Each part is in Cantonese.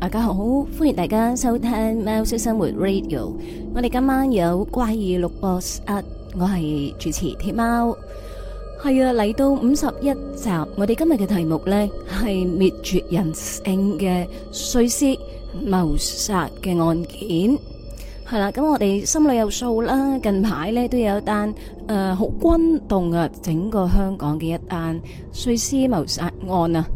大家好，歡迎大家收聽喵式生活 Radio。我哋今晚有怪異錄播室，我係主持天喵，係啊，嚟到五十一集。我哋今日嘅題目呢係滅絕人性嘅碎屍謀殺嘅案件，係啦。咁我哋心裏有數啦。近排呢都有一單誒好轟動啊，整個香港嘅一單碎屍謀殺案啊，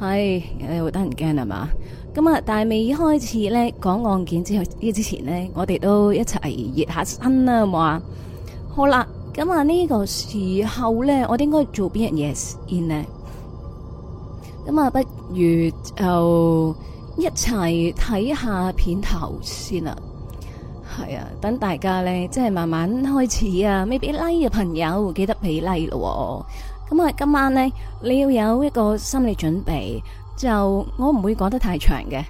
係誒好得人驚係嘛。咁啊，嗯，但係未開始咧，講案件之後呢，之前呢我哋都一齊熱下身啦，好冇啊？好啦，咁啊呢個時候咧，我哋應該做邊樣嘢先呢？咁，嗯，啊，嗯，不如就，呃，一齊睇下片頭先啦。係啊，等大家咧，即係慢慢開始啊，未俾 like 嘅朋友記得俾 like 咯。咁，嗯，啊，嗯，今晚咧，你要有一個心理準備。就我唔會講得太長嘅，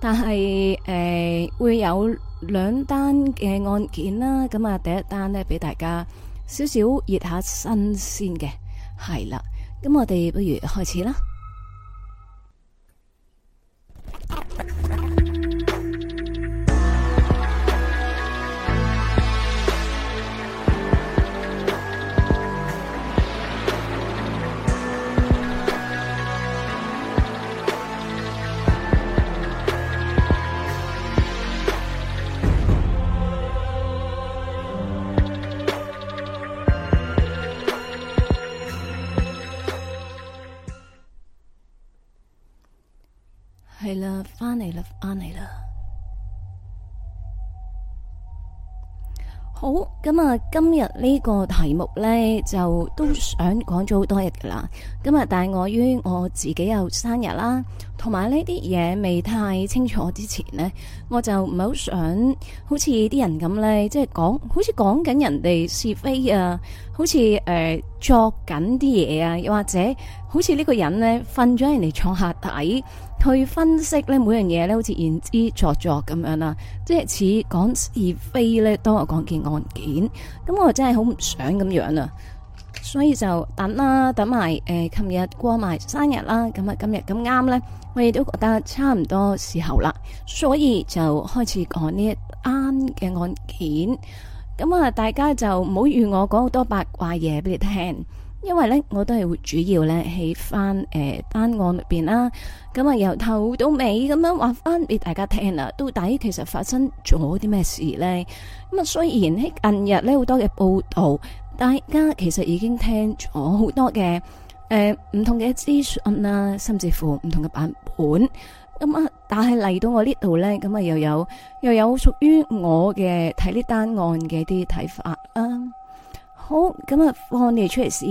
但係誒、呃、會有兩單嘅案件啦，咁啊第一單呢，俾大家少少熱下身先嘅，係啦，咁我哋不如開始啦。啊係啦，翻嚟啦，翻嚟啦。好，咁啊，今日呢個題目呢，就都想講咗好多日噶啦。今日但係我於我自己又生日啦，同埋呢啲嘢未太清楚之前呢，我就唔係好想好似啲人咁呢，即係講，好似講緊人哋是非啊，好似誒、呃、作緊啲嘢啊，又或者。好似呢個人呢，瞓咗人哋床下底去分析呢每樣嘢呢，好似言之鑿鑿咁樣啦，即係似講是非呢，當我講件案件，咁我真係好唔想咁樣啦、啊，所以就等啦、啊，等埋、啊、誒，琴、呃、日過埋生日啦，咁啊今日咁啱呢，我亦都覺得差唔多時候啦，所以就開始講呢一單嘅案件，咁啊大家就唔好怨我講好多八卦嘢俾你聽。因為咧，我都係會主要咧喺翻誒單案裏邊啦，咁啊由頭到尾咁樣話翻俾大家聽啦，到底其實發生咗啲咩事咧？咁啊雖然喺近日咧好多嘅報道，大家其實已經聽咗好多嘅誒唔同嘅資訊啦，甚至乎唔同嘅版本。咁啊，但係嚟到我呢度咧，咁啊又有又有屬於我嘅睇呢單案嘅啲睇法啦。好，咁啊，放你哋出嚟先。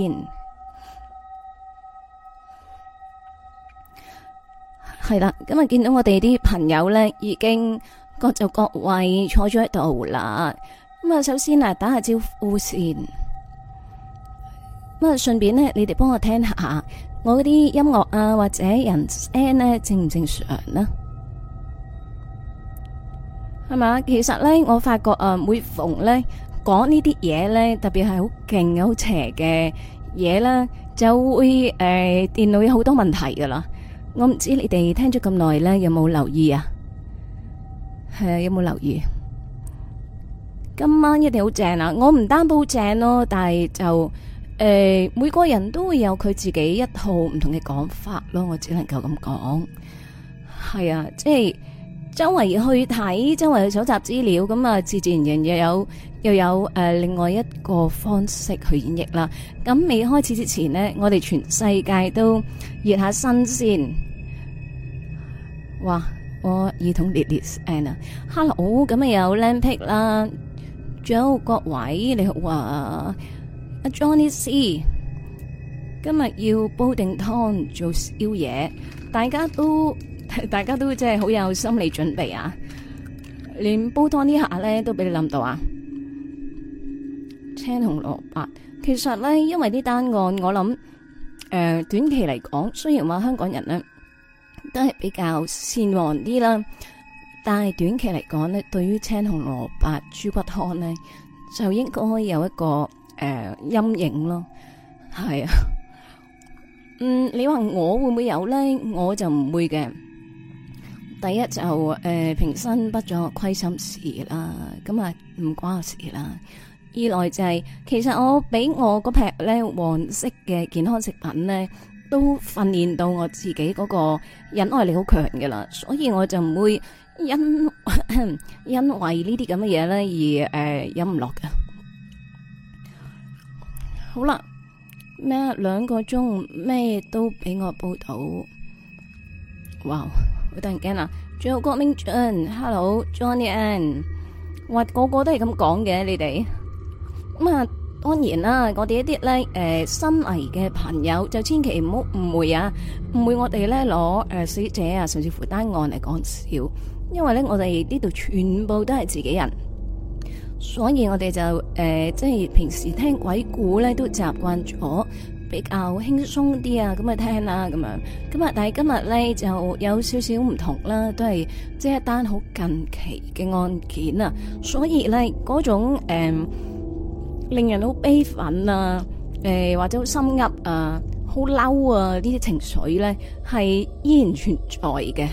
係啦，咁啊見到我哋啲朋友咧，已經各就各位坐咗喺度啦。咁啊，首先啊，打下招呼先。咁啊，順便呢，你哋幫我聽下我嗰啲音樂啊，或者人聲呢，正唔正常呢？係嘛，其實咧，我發覺誒，每逢咧。講呢啲嘢呢，特別係好勁嘅、好邪嘅嘢呢，就會誒、呃、電腦有好多問題噶啦。我唔知你哋聽咗咁耐呢，有冇留意啊？係啊，有冇留意？今晚一定好正啊！我唔擔保正咯，但係就誒、呃、每個人都會有佢自己一套唔同嘅講法咯。我只能夠咁講，係啊，即係。周圍去睇，周圍去搜集資料，咁啊，自自然然又有又有誒、呃，另外一個方式去演繹啦。咁未開始之前呢，我哋全世界都熱下身先。哇！我耳筒烈烈誒，hello，咁啊有 Lampick 啦，仲有各位你好啊 Johnny C，今日要煲定湯做宵夜，大家都。大家都真係好有心理準備啊！連煲湯呢下咧都俾你諗到啊！青紅蘿蔔，其實咧因為呢單案，我諗誒、呃、短期嚟講，雖然話香港人呢都係比較善良啲啦，但係短期嚟講呢對於青紅蘿蔔豬骨湯呢，就應該可以有一個誒陰、呃、影咯。係啊，嗯，你話我會唔會有呢？我就唔會嘅。第一就誒、是呃，平生不做虧心事啦，咁啊唔關我事啦。二來就係、是，其實我俾我個撇咧黃色嘅健康食品咧，都訓練到我自己嗰個忍耐力好強嘅啦，所以我就唔會因 因為呢啲咁嘅嘢咧而誒忍唔落嘅。好啦，咩兩個鐘咩都俾我煲到，哇！突然驚啦！仲有郭明俊，Hello，Johnny，Ann 話個個都係咁講嘅，你哋咁啊，當然啦、啊，我哋一啲咧誒，新嚟嘅朋友就千祈唔好誤會啊，誤會我哋咧攞誒死者啊，甚至乎單案嚟講笑，因為咧我哋呢度全部都係自己人，所以我哋就誒、呃，即係平時聽鬼故咧都習慣咗。比較好輕鬆啲啊，咁啊聽啦，咁樣，咁啊但係今日咧就有少少唔同啦，都係即係一單好近期嘅案件啊，所以咧嗰種誒、嗯、令人好悲憤啊，誒、呃、或者好心急啊，好嬲啊，這些緒呢啲情緒咧係依然存在嘅，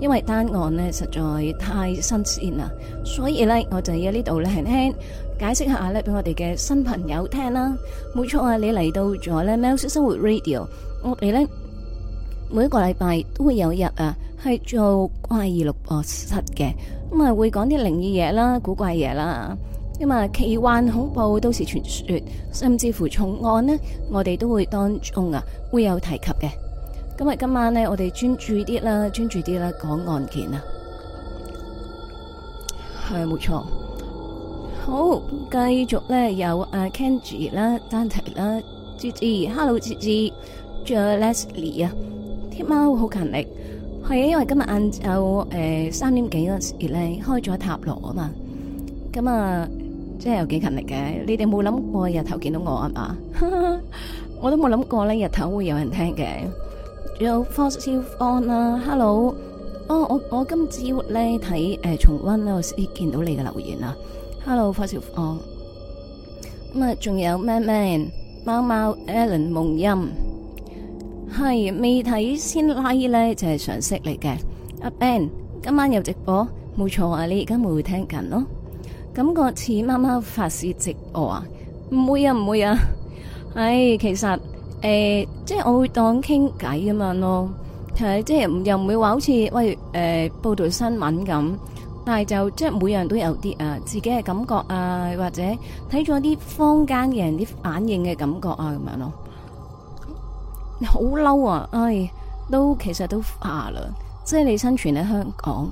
因為單案咧實在太新鮮啦，所以咧我就喺呢度咧聽。輕輕解釋下咧，俾我哋嘅新朋友聽啦。冇錯啊，你嚟到咗咧喵式生活 radio，我哋咧每一個禮拜都會有一日啊，係做怪異錄播室嘅，咁啊會講啲靈異嘢啦、古怪嘢啦，咁啊奇幻恐怖都市傳說，甚至乎重案呢，我哋都會當中啊會有提及嘅。今日今晚咧，我哋專注啲啦，專注啲啦，講案件啊。係，冇錯。好，繼續咧有阿、啊、Kenji 啦，丹提啦，Gigi，Hello Gigi，Julesly 啊，天貓好勤力。係啊因為今日晏晝誒三點幾嗰陣時咧開咗塔羅啊嘛，咁啊即係有幾勤力嘅，你哋冇諗過日頭見到我啊嘛， 我都冇諗過咧日頭會有人聽嘅，有 For y o On 啦、啊，Hello，哦我我今朝咧睇誒重温咧見到你嘅留言啊。Hello，花小鳳，咁啊，仲有咩咩貓貓 Alan 夢音係未睇先拉咧，就係、是、常識嚟嘅。阿 Ben 今晚有直播，冇錯啊！你而家會唔會聽緊咯？感、咁個似貓貓發洩直播啊？唔會啊，唔會啊！唉，其實誒、呃，即係我會當傾偈咁樣咯，係即係又唔會話好似喂誒、呃、報道新聞咁。但係就即係每樣都有啲啊，自己嘅感覺啊，或者睇咗啲坊間嘅人啲反應嘅感覺啊，咁樣咯。你好嬲啊！唉、哎，都其實都化啦。即係你生存喺香港，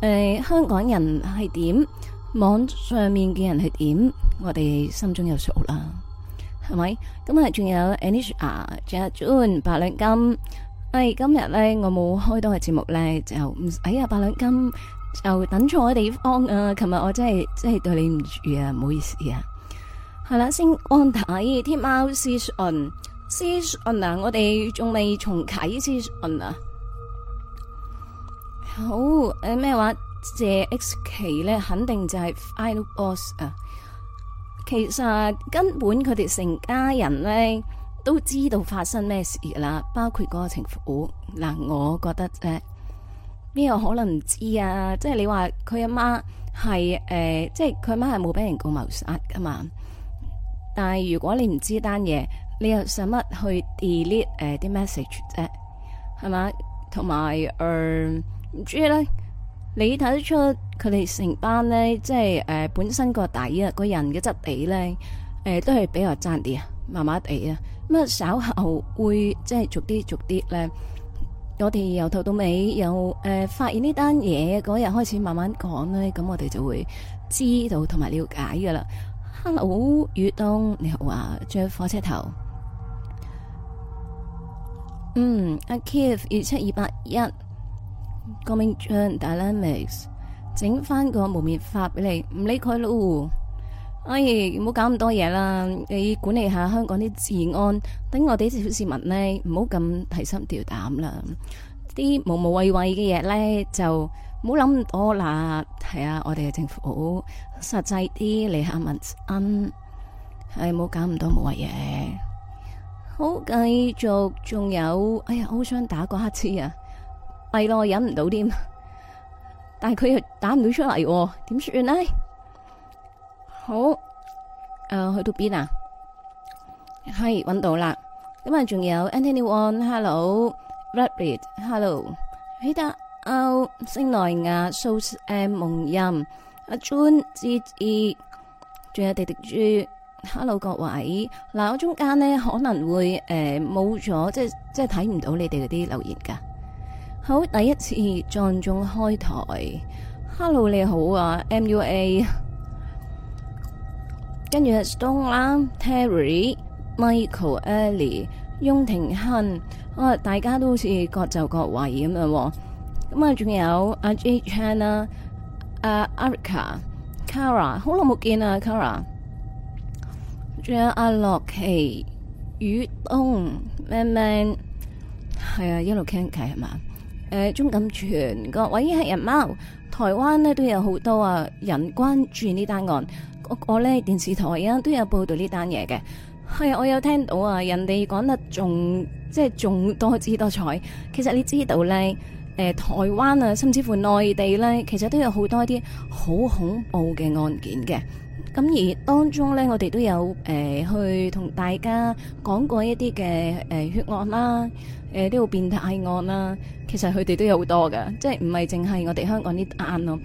誒、哎，香港人係點，網上面嘅人係點，我哋心中有數啦，係咪？今日仲有 Anisha、John、白兩金。今日咧我冇開多嘅節目咧，就唔哎呀，白兩金。就等錯嘅地方啊！琴日我真係真係對你唔住啊，唔好意思啊。係啦，先安睇天貓資訊資訊啊！我哋仲未重啟資訊啊。好誒，咩話？謝 X 琪咧，肯定就係 Final Boss 啊。其實根本佢哋成家人咧都知道發生咩事啦，包括嗰個情婦。嗱，我覺得咧。邊有可能唔知啊？即係你話佢阿媽係誒，即係佢阿媽係冇俾人告謀殺噶嘛？但係如果你唔知單嘢，你又使乜去 delete 誒啲 message 啫？係、呃、嘛？同埋誒，唔、呃、知咧，你睇得出佢哋成班咧，即係誒、呃、本身個底啊，個人嘅質地咧，誒、呃、都係比較差啲啊，麻麻地啊。咁啊，稍後會即係逐啲逐啲咧。我哋由頭到尾又，由、呃、誒發現呢單嘢嗰日開始慢慢講咧，咁我哋就會知道同埋了解噶啦。Hello，宇東你好啊，張火車頭。嗯，阿 Kev 二七二八一，郭 Dynamics 整翻個無面發俾你，唔理佢咯。哎，唔好搞咁多嘢啦！你管理下香港啲治安，等我哋小市民呢，唔好咁提心吊膽啦。啲無無畏畏嘅嘢呢，就唔好諗咁多啦。係啊，我哋嘅政府實際啲你下民生，係唔好搞咁多冇謂嘢。好，繼續仲有，哎呀，好想打個乞嗤啊，弊咯，我忍唔到添，但係佢又打唔到出嚟，點算呢？好，誒、呃，去到邊啊？係，揾到啦。咁啊，仲有 Antony One，Hello，Rabbit，Hello，希達歐，聖萊亞，蘇誒夢音，阿 June，Zee，仲有迪迪豬，Hello 各位，嗱、呃、我中間呢可能會誒冇咗，即係即係睇唔到你哋嗰啲留言噶。好，第一次撞中開台，Hello 你好啊，MUA。跟住 Stone、Terry、Michael、Ellie、雍廷亨，啊、哦，大家都好似各就各位咁喎。咁啊，仲有阿 J、Hannah、阿 a r i k a c a r a 好耐冇見啊 c a r a 仲有阿、啊、洛奇、宇東、咩咩，係啊，一路傾偈係嘛？誒，鍾錦全各位係人貓，台灣咧都有好多啊人關注呢單案。我咧電視台啊都有報道呢單嘢嘅，係我有聽到啊，人哋講得仲即係仲多姿多彩。其實你知道咧，誒、呃、台灣啊，甚至乎內地咧，其實都有好多啲好恐怖嘅案件嘅。咁而當中咧，我哋都有誒、呃、去同大家講過一啲嘅誒血案啦，誒呢個變態案啦。其實佢哋都有好多噶，即係唔係淨係我哋香港呢啲案咯。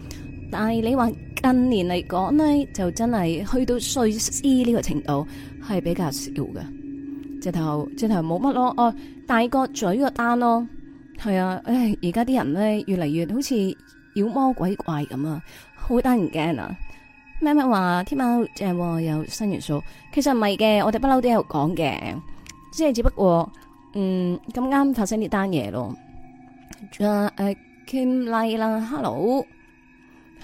但係你話？近年嚟講咧，就真係去到碎屍呢個程度，係比較少嘅。直頭直頭冇乜咯哦，啊，大個嘴個單咯，係啊，唉，而家啲人咧越嚟越好似妖魔鬼怪咁啊，好得人驚啊！咩咩話，天貓即係有新元素，其實唔係嘅，我哋不嬲都有講嘅，即係只不過嗯咁啱頭先啲單嘢咯。啊誒，Kim Lee 啦，Hello。啊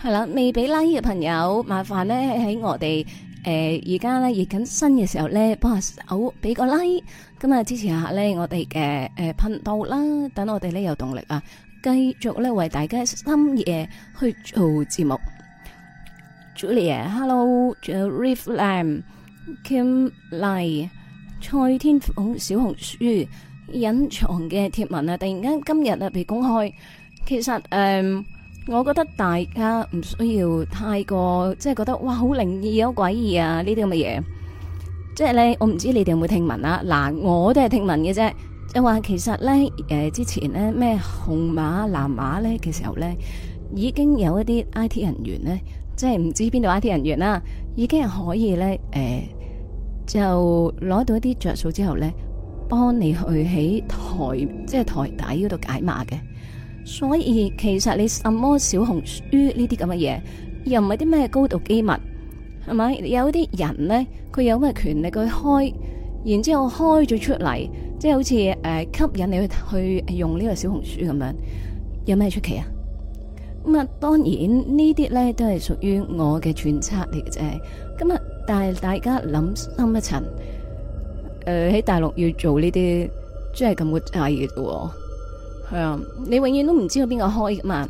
係啦，未俾 like 嘅朋友，麻煩咧喺我哋誒，而家咧熱緊身嘅時候咧，幫下手俾個 like，咁啊支持下咧我哋嘅誒頻道啦，等我哋咧有動力啊，繼續咧為大家深夜去做節目。Julia，Hello，仲有 Riff Lam，Kim Lai，蔡天鳳，小紅書隱藏嘅貼文啊，突然間今日啊被公開，其實誒。呃我覺得大家唔需要太過，即係覺得哇好靈異啊、好詭異啊呢啲咁嘅嘢。即係咧，我唔知你哋有冇聽聞啊？嗱，我都係聽聞嘅啫。就話其實咧，誒、呃、之前咧咩紅碼、藍碼咧嘅時候咧，已經有一啲 I T 人員咧，即係唔知邊度 I T 人員啦，已經係可以咧，誒、呃、就攞到一啲着數之後咧，幫你去喺台即係台底嗰度解碼嘅。所以其實你什麼小紅書呢啲咁嘅嘢，又唔係啲咩高度機密，係咪？有啲人咧，佢有咩權力去開，然之後開咗出嚟，即係好似誒、呃、吸引你去去用呢個小紅書咁樣，有咩出奇啊？咁、嗯、啊，當然這些呢啲咧都係屬於我嘅揣測嚟嘅啫。咁啊，但係大家諗深一層，誒、呃、喺大陸要做呢啲，即係咁嘅大嘢嘅。係啊，你永遠都唔知道邊個開噶嘛？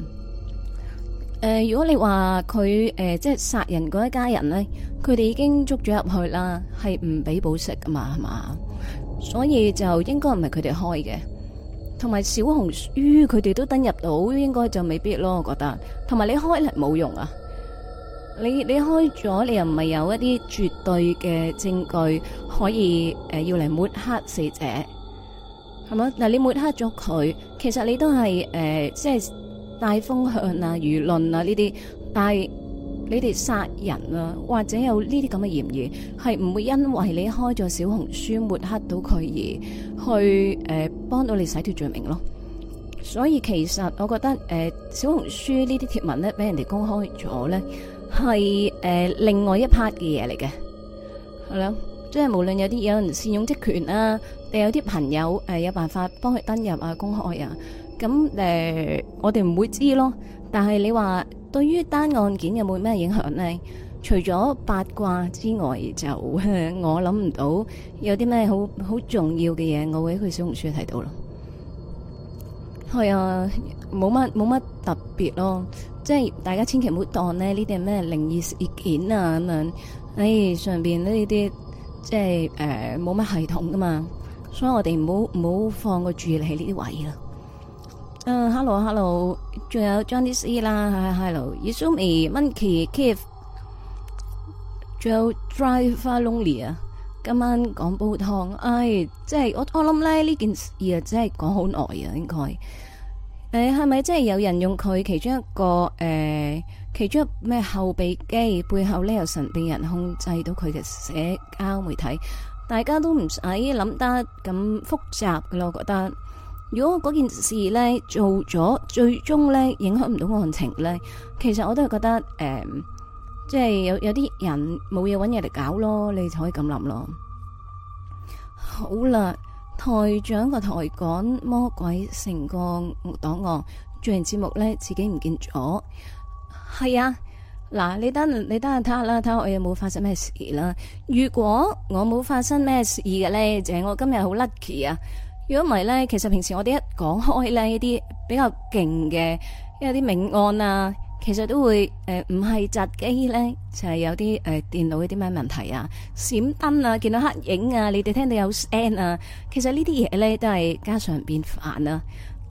誒、呃，如果你話佢誒，即係殺人嗰一家人咧，佢哋已經捉咗入去啦，係唔俾保釋噶嘛？係嘛？所以就應該唔係佢哋開嘅，同埋小紅書佢哋都登入到，應該就未必咯。我覺得，同埋你開嚟冇用啊！你你開咗，你又唔係有一啲絕對嘅證據可以誒、呃，要嚟抹黑死者。係咪你抹黑咗佢，其實你都係誒、呃，即係帶風向啊、輿論啊呢啲，但係你哋殺人啊或者有呢啲咁嘅嫌疑，係唔會因為你開咗小紅書抹黑到佢而去誒幫、呃、到你洗脱罪名咯。所以其實我覺得誒、呃，小紅書這些貼呢啲貼文咧俾人哋公開咗咧，係誒、呃、另外一 part 嘅嘢嚟嘅，係咯，即係無論有啲有人善用職權啊。有啲朋友、呃、有辦法幫佢登入啊公開啊，咁、呃、我哋唔會知咯。但係你話對於單案件有冇咩影響呢？除咗八卦之外，就、呃、我諗唔到有啲咩好好重要嘅嘢我會喺佢小紅書睇到咯。係、嗯、啊，冇乜冇乜特別咯，即係大家千祈唔好當呢啲係咩靈異事件啊咁樣。哎，上邊呢啲即係呃、冇乜系統噶嘛～所以我哋唔好唔好放個注意力喺呢啲位啦。uh, hello hello，仲有 Johnny C 啦，係 hello，Yusumi，Monkey，Kif，仲有 Drive 花龍利啊。今晚講煲湯，唉，即係我我諗咧呢件事啊，真係講好耐啊，應該。誒，係咪真係有人用佢其中一個誒，其中一咩後備機背後咧由神秘人控制到佢嘅社交媒體？大家都唔使諗得咁複雜噶咯，我覺得如果嗰件事呢做咗，最終呢影響唔到案情呢，其實我都係覺得誒、嗯，即係有有啲人冇嘢揾嘢嚟搞咯，你就可以咁諗咯。好啦，台長個台趕魔鬼成個檔案，做完節目呢，自己唔見咗，係啊。嗱，你等你等下睇下啦，睇下我有冇發生咩事啦。如果我冇發生咩事嘅咧，就係、是、我今日好 lucky 啊。如果唔係咧，其實平時我哋一講開咧呢啲比較勁嘅一啲命案啊，其實都會誒唔係窒機咧，就係、是、有啲誒、呃、電腦嗰啲咩問題啊、閃燈啊、見到黑影啊，你哋聽到有聲啊。其實呢啲嘢咧都係家常便飯啊。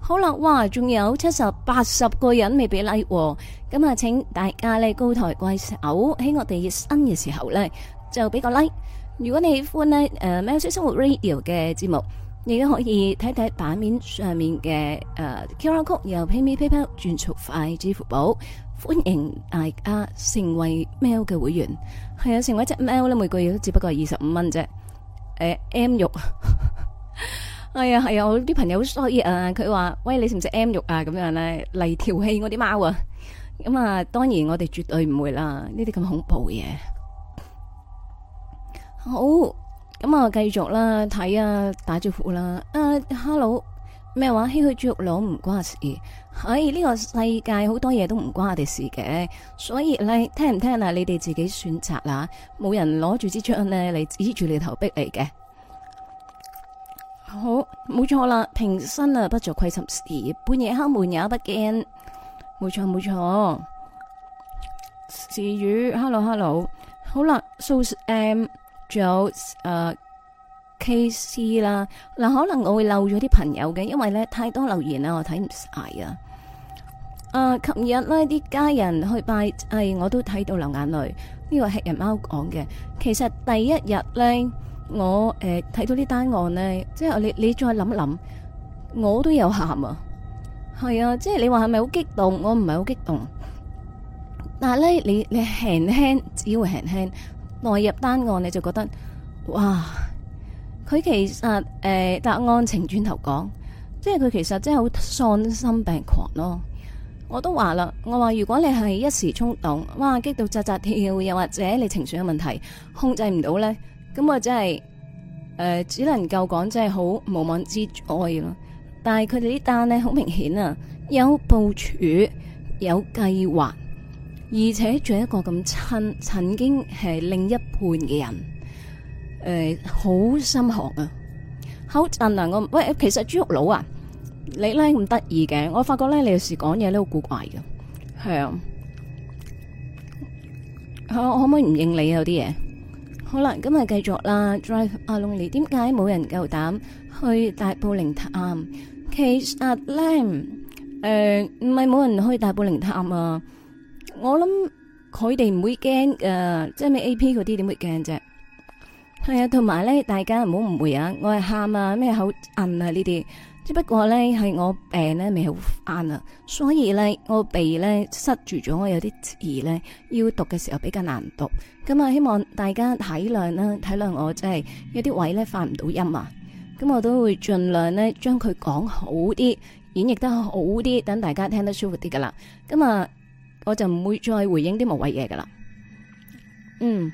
好啦，哇，仲有七十八十個人未俾 like，咁、哦、啊、嗯，請大家咧高抬貴手，喺我哋熱身嘅時候咧就畀個 like。如果你喜歡咧誒喵式生活 radio 嘅節目，亦都可以睇睇版面上面嘅誒、呃、QR Code，由 pay me paypal 轉數快支付寶，歡迎大家成為喵嘅會員，係、嗯、啊，成為一隻喵咧，每個月都只不過二十五蚊啫，誒、呃、M 肉。係啊係啊，我啲朋友可以啊，佢話喂，你食唔食 M 肉啊，咁樣咧嚟調戲我啲貓啊，咁啊當然我哋絕對唔會啦，呢啲咁恐怖嘢。好，咁啊繼續啦，睇啊打招呼啦。啊 hello 咩話？希去豬肉佬唔關事，所、哎、呢、呢個世界好多嘢都唔關我哋事嘅，所以咧聽唔聽啊，你哋自己選擇啦，冇人攞住支槍咧嚟指住你的頭壁嚟嘅。好，冇錯啦，平身啊，不做虧心事，半夜敲門也不驚。冇錯冇錯。至雨，hello hello，好啦，蘇 M，仲有誒 K C 啦。嗱、啊，可能我會漏咗啲朋友嘅，因為咧太多留言啦，我睇唔晒啊。啊，琴日呢啲家人去拜，誒、哎，我都睇到流眼淚。呢、這個係人貓講嘅，其實第一日咧。我誒睇、呃、到啲單案呢，即係你你再諗一諗，我都有喊啊，係啊，即係你話係咪好激動？我唔係好激動，但係呢，你你輕輕只會輕輕代入單案，你就覺得哇，佢其實誒答、呃、案情轉頭講，即係佢其實真係好喪心病狂咯。我都話啦，我話如果你係一時衝動，哇激到扎扎跳，又或者你情緒嘅問題控制唔到呢。咁啊，我真係誒、呃，只能夠講，真係好無妄之災咯。但係佢哋啲單咧，好明顯啊，有部署，有計劃，而且仲有一個咁親曾經係另一半嘅人，誒、呃，好心寒啊，好震啊！我喂，其實豬肉佬啊，你咧咁得意嘅，我發覺咧，你有時講嘢都好古怪嘅，係啊，可可唔可以唔認你、啊、有啲嘢？好啦，今日繼續啦，Drive 阿龍尼，點解冇人夠膽去大埔靈探？其實咧，誒，唔係冇人去大埔靈探啊！我諗佢哋唔會驚噶，即係咩 A P 嗰啲點會驚啫？係啊，同埋咧，大家唔好誤會啊！我係喊啊，咩口硬啊呢啲。只不過咧，係我病咧未好翻啦，所以咧我鼻咧塞住咗，我有啲字咧要讀嘅時候比較難讀。咁啊，希望大家體諒啦，體諒我即係有啲位咧發唔到音啊。咁我都會盡量咧將佢講好啲，演繹得好啲，等大家聽得舒服啲噶啦。咁啊，我就唔會再回應啲無謂嘢噶啦。嗯，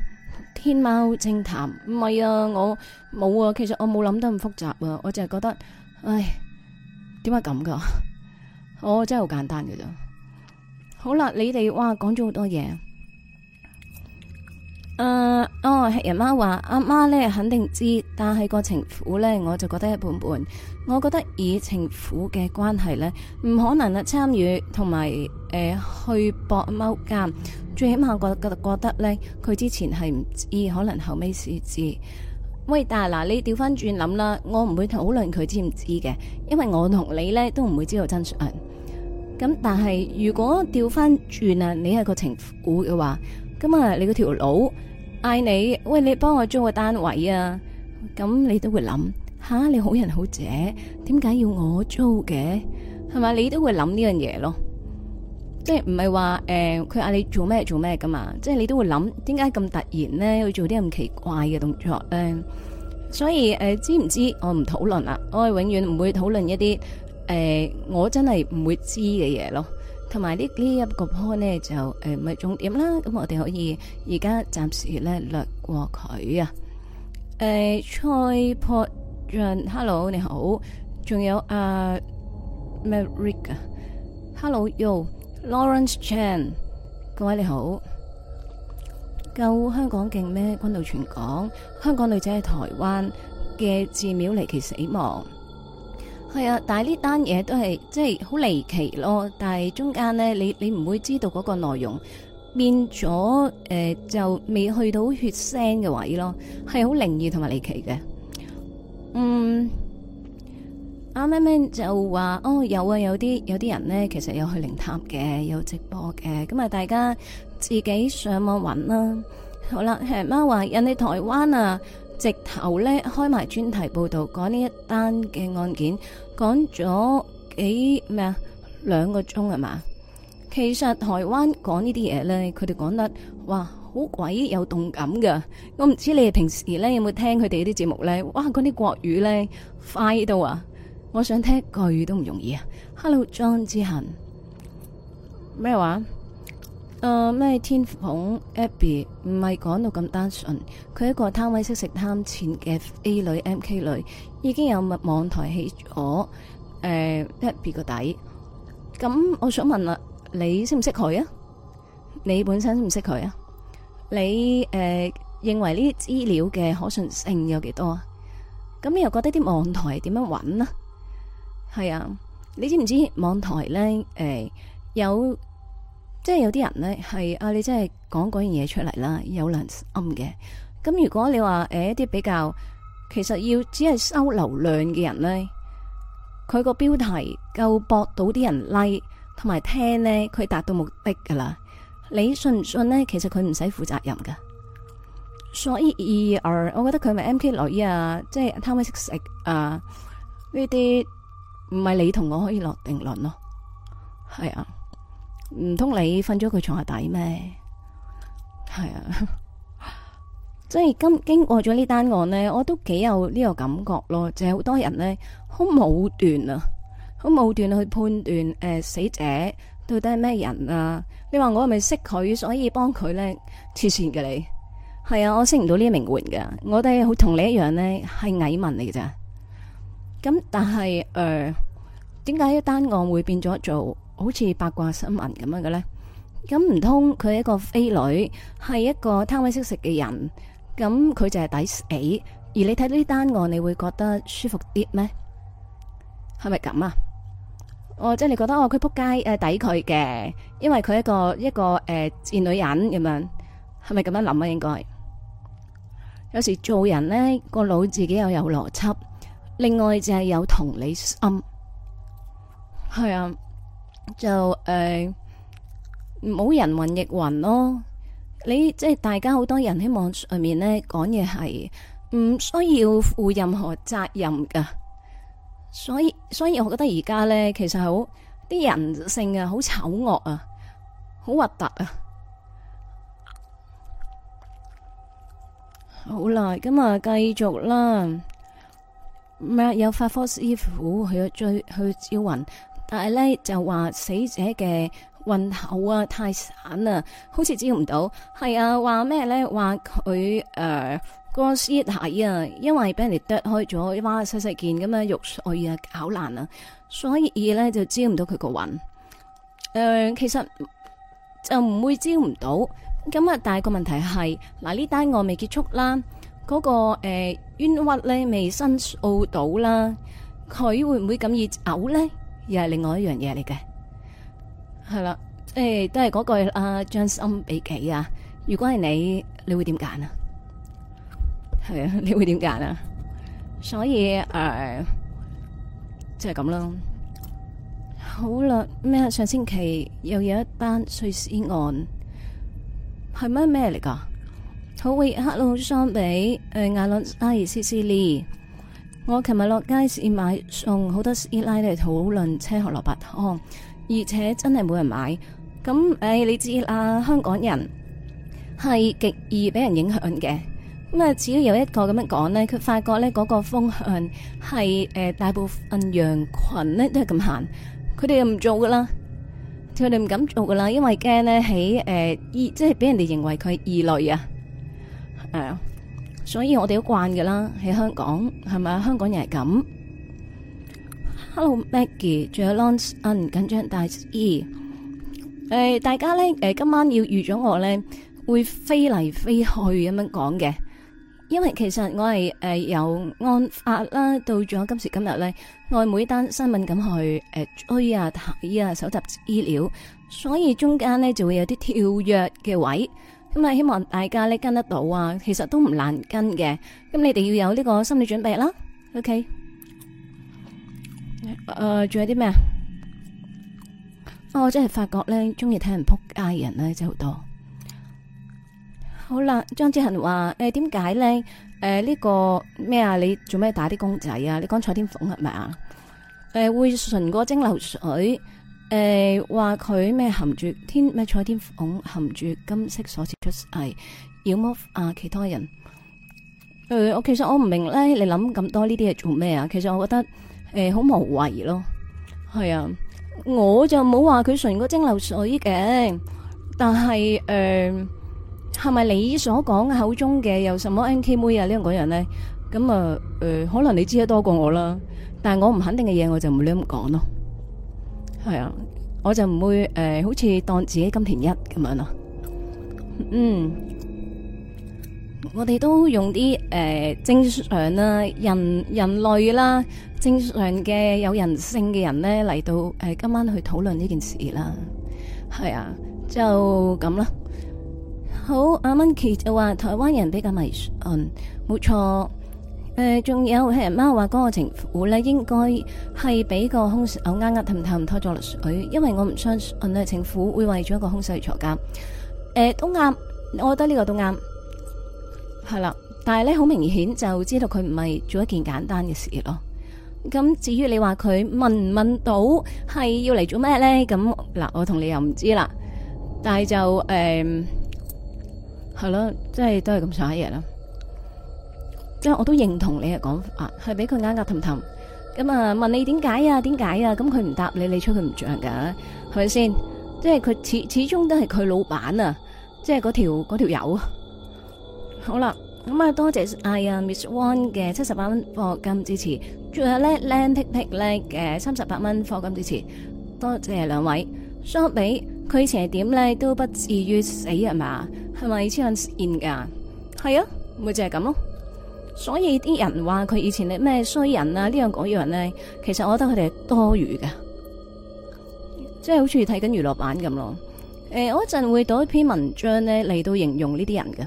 天貓清談唔係啊，我冇啊。其實我冇諗得咁複雜啊，我就係覺得，唉。點解咁噶？我、oh, 真係好簡單嘅咋。好啦，你哋哇講咗好多嘢。誒、uh,，哦，人媽話阿媽呢肯定知，但係個情婦呢，我就覺得一般般。我覺得以情婦嘅關係呢，唔可能啊參與同埋誒去搏踎監。最起碼個覺得呢，佢之前係唔知，可能後尾先知。喂，但係嗱，你調翻轉諗啦，我唔會討論佢知唔知嘅，因為我同你咧都唔會知道真相。咁但係如果調翻轉啊，你係個情婦嘅話，咁啊你個條佬嗌你，喂，你幫我租個單位啊，咁你都會諗吓，你好人好姐，點解要我租嘅？係咪？你都會諗呢樣嘢咯。即係唔係話誒，佢、呃、嗌你做咩做咩噶嘛？即係你都會諗，點解咁突然咧去做啲咁奇怪嘅動作咧、呃？所以誒、呃，知唔知我唔討論啦，我永遠唔會討論一啲誒、呃，我真係唔會知嘅嘢咯。同埋呢呢一個 point 咧就誒唔係重點啦。咁、嗯、我哋可以而家暫時咧略過佢啊。誒、呃，蔡博讓，hello 你好，仲有啊 Merrick，hello yo。Lawrence Chan，各位你好。夠香港勁咩？昆島，全港香港女仔喺台灣嘅寺廟離奇死亡，係啊，但係呢單嘢都係即係好離奇咯。但係中間呢，你你唔會知道嗰個內容變咗誒、呃，就未去到血腥嘅位咯，係好靈異同埋離奇嘅，嗯。啱啱就話哦，有啊，有啲有啲人呢，其實有去靈探嘅，有直播嘅，咁啊，大家自己上網揾啦。好啦，阿媽話人哋台灣啊，直頭呢開埋專題報道講呢一單嘅案件，講咗幾咩啊兩個鐘係嘛？其實台灣講呢啲嘢呢，佢哋講得哇好鬼有動感噶。我唔知你哋平時呢有冇聽佢哋啲節目呢？哇，嗰啲國語呢，快到啊！我想聽句都唔容易啊！Hello，John 之恒，咩話麼？誒、uh,，咩天鳳 Abby 唔係講到咁單純，佢一個貪威識食貪錢嘅 A 女 MK 女，已經有密網台起咗誒、uh, Abby 個底。咁我想問啦，你識唔識佢啊？你本身識唔識佢啊？你誒、uh, 認為呢啲資料嘅可信性有幾多啊？咁你又覺得啲網台點樣揾啊？係啊，你知唔知網台咧？誒、欸，有即係有啲人咧，係啊，你真係講嗰樣嘢出嚟啦，有兩暗嘅。咁如果你話誒、欸、一啲比較，其實要只係收流量嘅人咧，佢個標題夠博到啲人 like 同埋聽咧，佢達到目的噶啦。你信唔信咧？其實佢唔使負責任噶。所以而、呃、我覺得佢咪 MK 女啊，即係湯米食食啊呢啲。唔係你同我可以落定論咯，係啊，唔通你瞓咗佢床下底咩？係啊，即係今經過咗呢單案呢，我都幾有呢個感覺咯，就係、是、好多人呢，好武斷啊，好武斷去判斷誒、呃、死者到底係咩人啊？你話我係咪識佢所以幫佢呢？黐線嘅你，係啊，我識唔到呢名媛噶，我哋好同你一樣呢，係蟻民嚟嘅咋。咁但係誒，點解一單案會變咗做好似八卦新聞咁樣嘅咧？咁唔通佢係一個飛女係一個貪威識食嘅人，咁佢就係抵死，而你睇呢單案你會覺得舒服啲咩？係咪咁啊？哦，即係你覺得哦，佢撲街誒、呃，抵佢嘅，因為佢係一個一個誒賤、呃、女人咁樣，係咪咁樣諗啊？應該有時做人咧，個腦自己又有邏輯。另外就係有同理心，係、嗯、啊，就誒，冇、呃、人云亦云咯。你即係大家好多人喺網上面咧講嘢係唔需要負任何責任噶，所以所以我覺得而家咧其實好啲人性醜惡啊，好醜惡啊，好核突啊。好啦，咁啊，繼續啦。嗯、有法科師傅去再去招魂，但係咧就話死者嘅魂口啊太散啦，好似招唔到。係啊，話咩咧？話佢誒個屍體啊，因為俾人哋剁開咗，哇細細件咁啊肉碎啊咬爛啊，所以而咧就招唔到佢個魂。誒、呃，其實就唔會招唔到。咁啊，但係個問題係嗱，呢單案未結束啦。嗰、那個誒、欸、冤屈咧未申訴到啦，佢會唔會咁易嘔咧？又係另外一樣嘢嚟嘅，係啦了，即係、欸、都係嗰句阿將、啊、心比己啊！如果係你，你會點揀啊？係 啊，你會點揀啊？所以誒，即係咁咯。好啦，咩上星期又有一單碎屍案，係咩？咩嚟噶？好喂，Hello，桑比。誒、uh，亞倫阿爾斯斯利，我琴日落街市買餸好多師奶都係討論車河蘿蔔湯，而且真係冇人買。咁誒，你知啦，香港人係極易俾人影響嘅。咁啊，只要有一個咁樣講咧，佢發覺咧嗰個風向係誒、呃、大部分羊群咧都係咁行，佢哋又唔做噶啦，佢哋唔敢做噶啦，因為驚咧喺誒異即係俾人哋認為佢異類啊。係啊、嗯，所以我哋都慣嘅啦，喺香港係咪啊？香港人係咁。Hello Maggie，仲有 Lance，唔、嗯、緊張，但係誒，大家咧誒、呃，今晚要預咗我咧，會飛嚟飛去咁樣講嘅。因為其實我係誒、呃、由案發啦，到咗今時今日咧，我每單新聞咁去誒、呃、追啊睇啊搜集資料，所以中間咧就會有啲跳躍嘅位。咁啊，希望大家咧跟得到啊，其實都唔難跟嘅。咁你哋要有呢個心理準備啦。O K，誒，仲有啲咩啊？我真係發覺咧，中意睇人扑街嘅人咧，真係好多。好啦，張志恒話：誒，點解咧？誒，呢個咩啊？你做咩打啲公仔啊？你講蔡天鳳係咪啊？誒，會純過蒸餾水。誒，話佢咩含住天咩蔡天鳳含住金色鎖匙出世，要麼啊其他人，誒、呃、我其實我唔明咧，你諗咁多呢啲嘢做咩啊？其實我覺得誒好、呃、無謂咯，係啊，我就冇話佢純過蒸餾水嘅，但係誒係咪你所講口中嘅有什麼 MK 妹啊、這個、樣呢樣嗰樣咧？咁啊誒可能你知得多過我啦，但係我唔肯定嘅嘢我就唔理咁講咯。係啊，我就唔會誒、呃，好似當自己金田一咁樣咯、啊。嗯，我哋都用啲誒、呃、正常人人類啦，正常嘅有人性嘅人咧嚟到誒、呃、今晚去討論呢件事啦。係啊，就咁啦。好，阿 Micky 就話台灣人比較迷信，嗯，冇錯。誒，仲、呃、有黑人貓話嗰個情婦咧應該係俾個凶手壓壓氹氹拖咗落水，因為我唔相信情婦會為咗一個凶手而坐監。誒、呃，都啱，我覺得呢個都啱，係啦。但係咧，好明顯就知道佢唔係做一件簡單嘅事咯。咁至於你話佢問唔問到，係要嚟做咩咧？咁嗱，我同你又唔知啦。但係就誒、係、呃、咯、 嗯，即係都係咁上下嘢啦。即係我都認同你嘅講法，係俾佢眼眼氹氹咁啊。問你點解啊？點解啊？咁佢唔答你，你催佢唔漲嘅係咪先？即係佢始始終都係佢老闆啊，即係嗰條條友啊。好啦，咁啊，多謝哎呀，Miss One 嘅七十八蚊課金支持，仲有咧靚 c k 咧嘅三十八蚊課金支持，多謝兩位。相比佢以前係點咧，都不至於死係嘛？係咪穿線噶？係啊，咪就係咁咯。所以啲人話佢以前係咩衰人啊、這個、呢樣嗰樣咧，其實我覺得佢哋係多餘嘅，即係好似睇緊娛樂版咁咯。誒、欸，我一陣會，會讀一篇文章咧嚟到形容呢啲人嘅。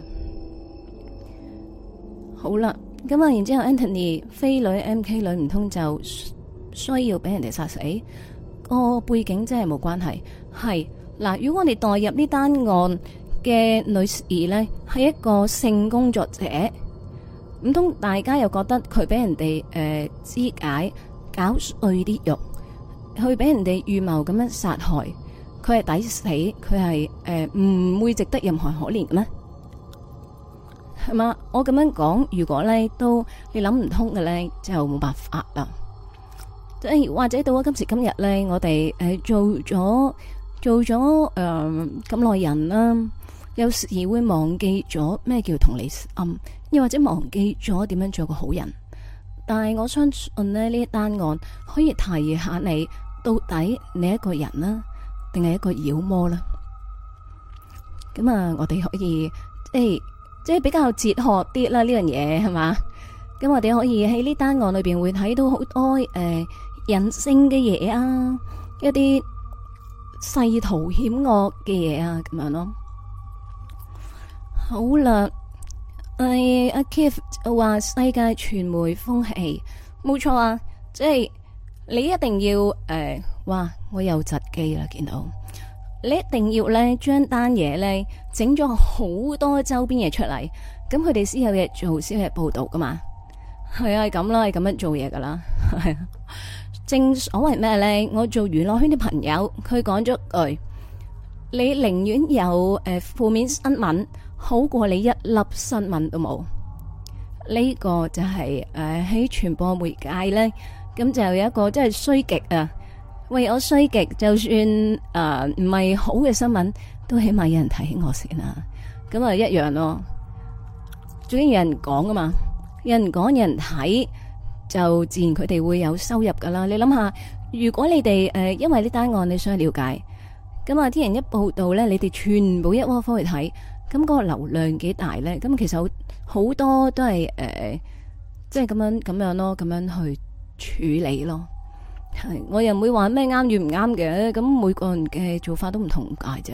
好啦，咁啊，然之後 Anthony 飛女 MK 女唔通就需要俾人哋殺死？個、哦、背景真係冇關係。係嗱，如果我哋代入呢單案嘅女士咧，係一個性工作者。唔通大家又覺得佢俾人哋誒肢解，搞碎啲肉，去俾人哋預謀咁樣殺害，佢係抵死，佢係誒唔會值得任何可憐嘅咩？係嘛，我咁樣講，如果咧都你諗唔通嘅咧，就冇辦法啦。即係或者到今時今日咧，我哋誒做咗做咗誒咁耐人啦。有時而會忘記咗咩叫同理心，嗯，又或者忘記咗點樣做個好人。但係我相信咧，呢一單案可以提下你到底你一個人啦，定係一個妖魔啦。咁啊，我哋可以、欸、即係即係比較哲學啲啦。呢、這個、樣嘢係嘛？咁我哋可以喺呢單案裏邊會睇到好多誒、呃、人性嘅嘢啊，一啲世途險惡嘅嘢啊，咁樣咯。好啦，誒、哎，阿 Kif 話世界傳媒風氣冇錯啊，即、就、係、是、你一定要誒、呃，哇！我又窒機啦，見到你一定要咧，將單嘢咧整咗好多周邊嘢出嚟。咁佢哋先有嘢做，先有報道噶嘛？係啊，係咁啦，係咁樣做嘢噶啦。 正所謂咩咧？我做娛樂圈啲朋友，佢講咗句：你寧願有誒負、呃、面新聞。好過你一粒新聞都冇呢，這個就係誒喺傳播媒介呢，咁就有一個真係衰極啊。為我衰極，就算誒唔係好嘅新聞，都起碼有人睇我先啦。咁啊，一樣咯，總之有人講噶嘛，有人講，有人睇，就自然佢哋會有收入噶啦。你諗下，如果你哋誒、呃、因為呢單案你想了解，咁啊，啲人一報道呢，你哋全部一窩蜂去睇。咁嗰個流量幾大咧？咁其實好多都係誒，即係咁樣咁樣咯，咁樣去處理咯。係我又唔會話咩啱與唔啱嘅，咁每個人嘅做法都唔同界啫。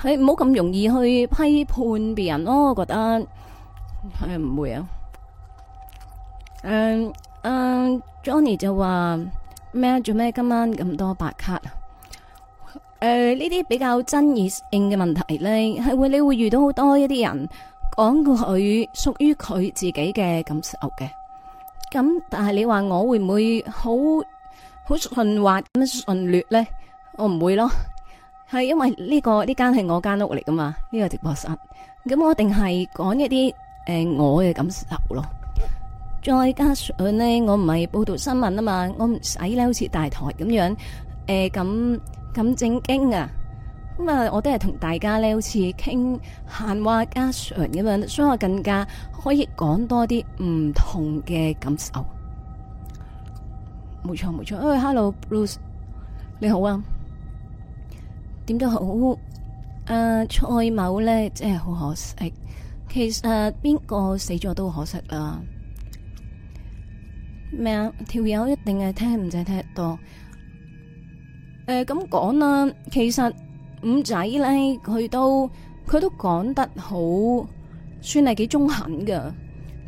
係唔好咁容易去批判別人咯。我覺得係唔會啊。嗯嗯，Johnny 就話咩啊？做咩今晚咁多白卡？誒、呢啲、呃、比較爭議性嘅問題咧，係會你會遇到好多一啲人講過佢屬於佢自己嘅感受嘅。咁但係你話我會唔會好好順滑咁順劣咧？我唔會咯，係因為呢、呢個呢間係我間屋嚟噶嘛，呢、呢個直播室。咁我一定係講一啲誒、呃、我嘅感受咯。再加上咧，我唔係報道新聞啊嘛，我唔使咧好似大台咁樣咁。呃咁正經啊！咁、嗯、啊，我都係同大家咧，好似傾閒話家常咁樣，所以我更加可以講多啲唔同嘅感受。冇錯，冇錯。誒、hey,，Hello，Bruce，你好啊。點都好。誒、啊，蔡某咧，真係好可惜。其實邊個、呃、死咗都可惜啦。咩啊？條、這、友、個、一定係聽唔止聽得多。誒，咁講啦，其實五仔咧，佢都佢都講得好，算係幾中肯噶，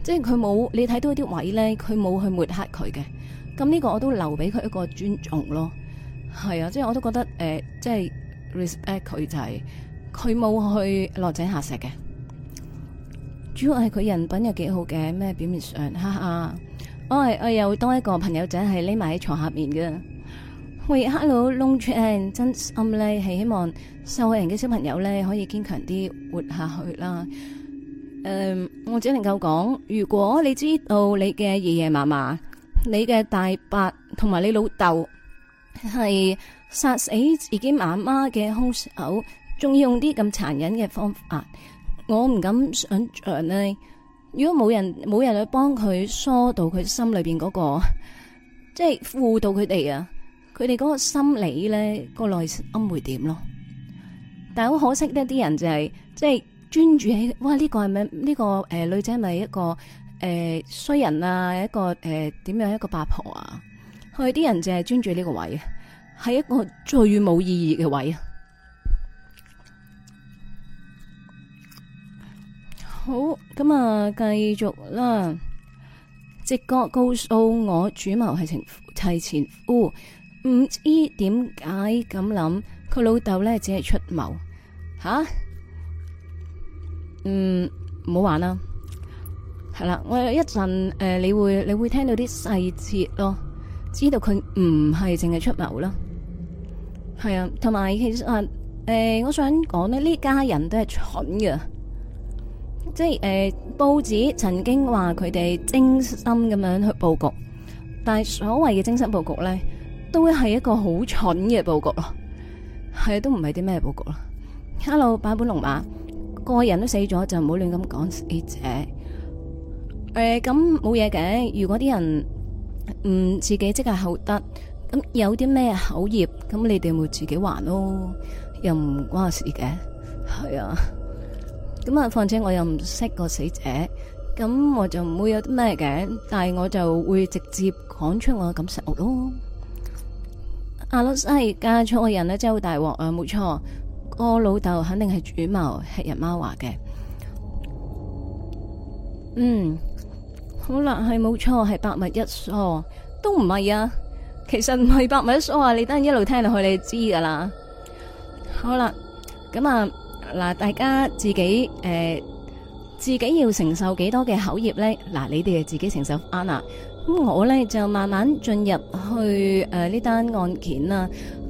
即係佢冇你睇到一啲位咧，佢冇去抹黑佢嘅，咁呢個我都留俾佢一個尊重咯，係啊，即係我都覺得誒、呃，即係 respect 佢就係、是，佢冇去落井下石嘅，主要係佢人品又幾好嘅，咩表面上，哈哈，哦、我係我又當一個朋友仔係匿埋喺床下面嘅。喂，Hello，Long Chen，真心咧，係希望受害人嘅小朋友咧可以堅強啲，活下去啦。嗯，我只能夠講，如果你知道你嘅爺爺嫲嫲，你嘅大伯同埋你老豆係殺死自己媽媽嘅兇手，仲要用啲咁殘忍嘅方法，我唔敢想象呢，如果冇人冇人去幫佢疏導佢心裏邊嗰個，即係輔導佢哋啊。佢哋嗰個心理咧，個內心會點咯？但係好可惜呢啲人就係即係專注喺哇呢、呢個係咪呢個誒、呃、女仔係咪一個誒衰、呃、人啊？一個誒點、呃、樣一個八婆啊？佢啲人就係專注呢個位啊，係一個最冇意義嘅位啊。好咁啊，繼續啦！直覺告訴我，主謀係情係前夫。哦唔知點解咁諗，佢老豆咧只係出謀吓。嗯，唔好玩啦，係啦。我有一陣誒、呃，你會你會聽到啲細節咯，知道佢唔係淨係出謀咯。係啊，同埋其實誒、呃，我想講咧，呢家人都係蠢嘅，即係誒、呃，報紙曾經話佢哋精心咁樣去佈局，但係所謂嘅精心佈局咧。都係一個好蠢嘅佈局咯，係都唔係啲咩佈局咯。Hello，版本龍馬，個人都死咗就唔好亂咁講死者。誒、呃，咁冇嘢嘅。如果啲人唔自己即係口德，咁有啲咩口業，咁你哋會，會自己還咯，又唔關我事嘅。係啊，咁啊，況且我又唔識個死者，咁我就唔會有啲咩嘅，但係我就會直接講出我嘅感受咯。阿羅西嫁錯人咧，真係好大鑊啊！冇錯，個老豆肯定係主謀吃人貓話嘅。嗯，好啦，係冇錯，係百密一疏都唔係啊。其實唔係百密一疏啊，你等一路聽落去你就知噶啦。好啦，咁啊嗱，大家自己誒、呃、自己要承受幾多嘅口業咧？嗱，你哋係自己承受啊嗱咁我咧就慢慢進入去誒呢、呃、單案件啦、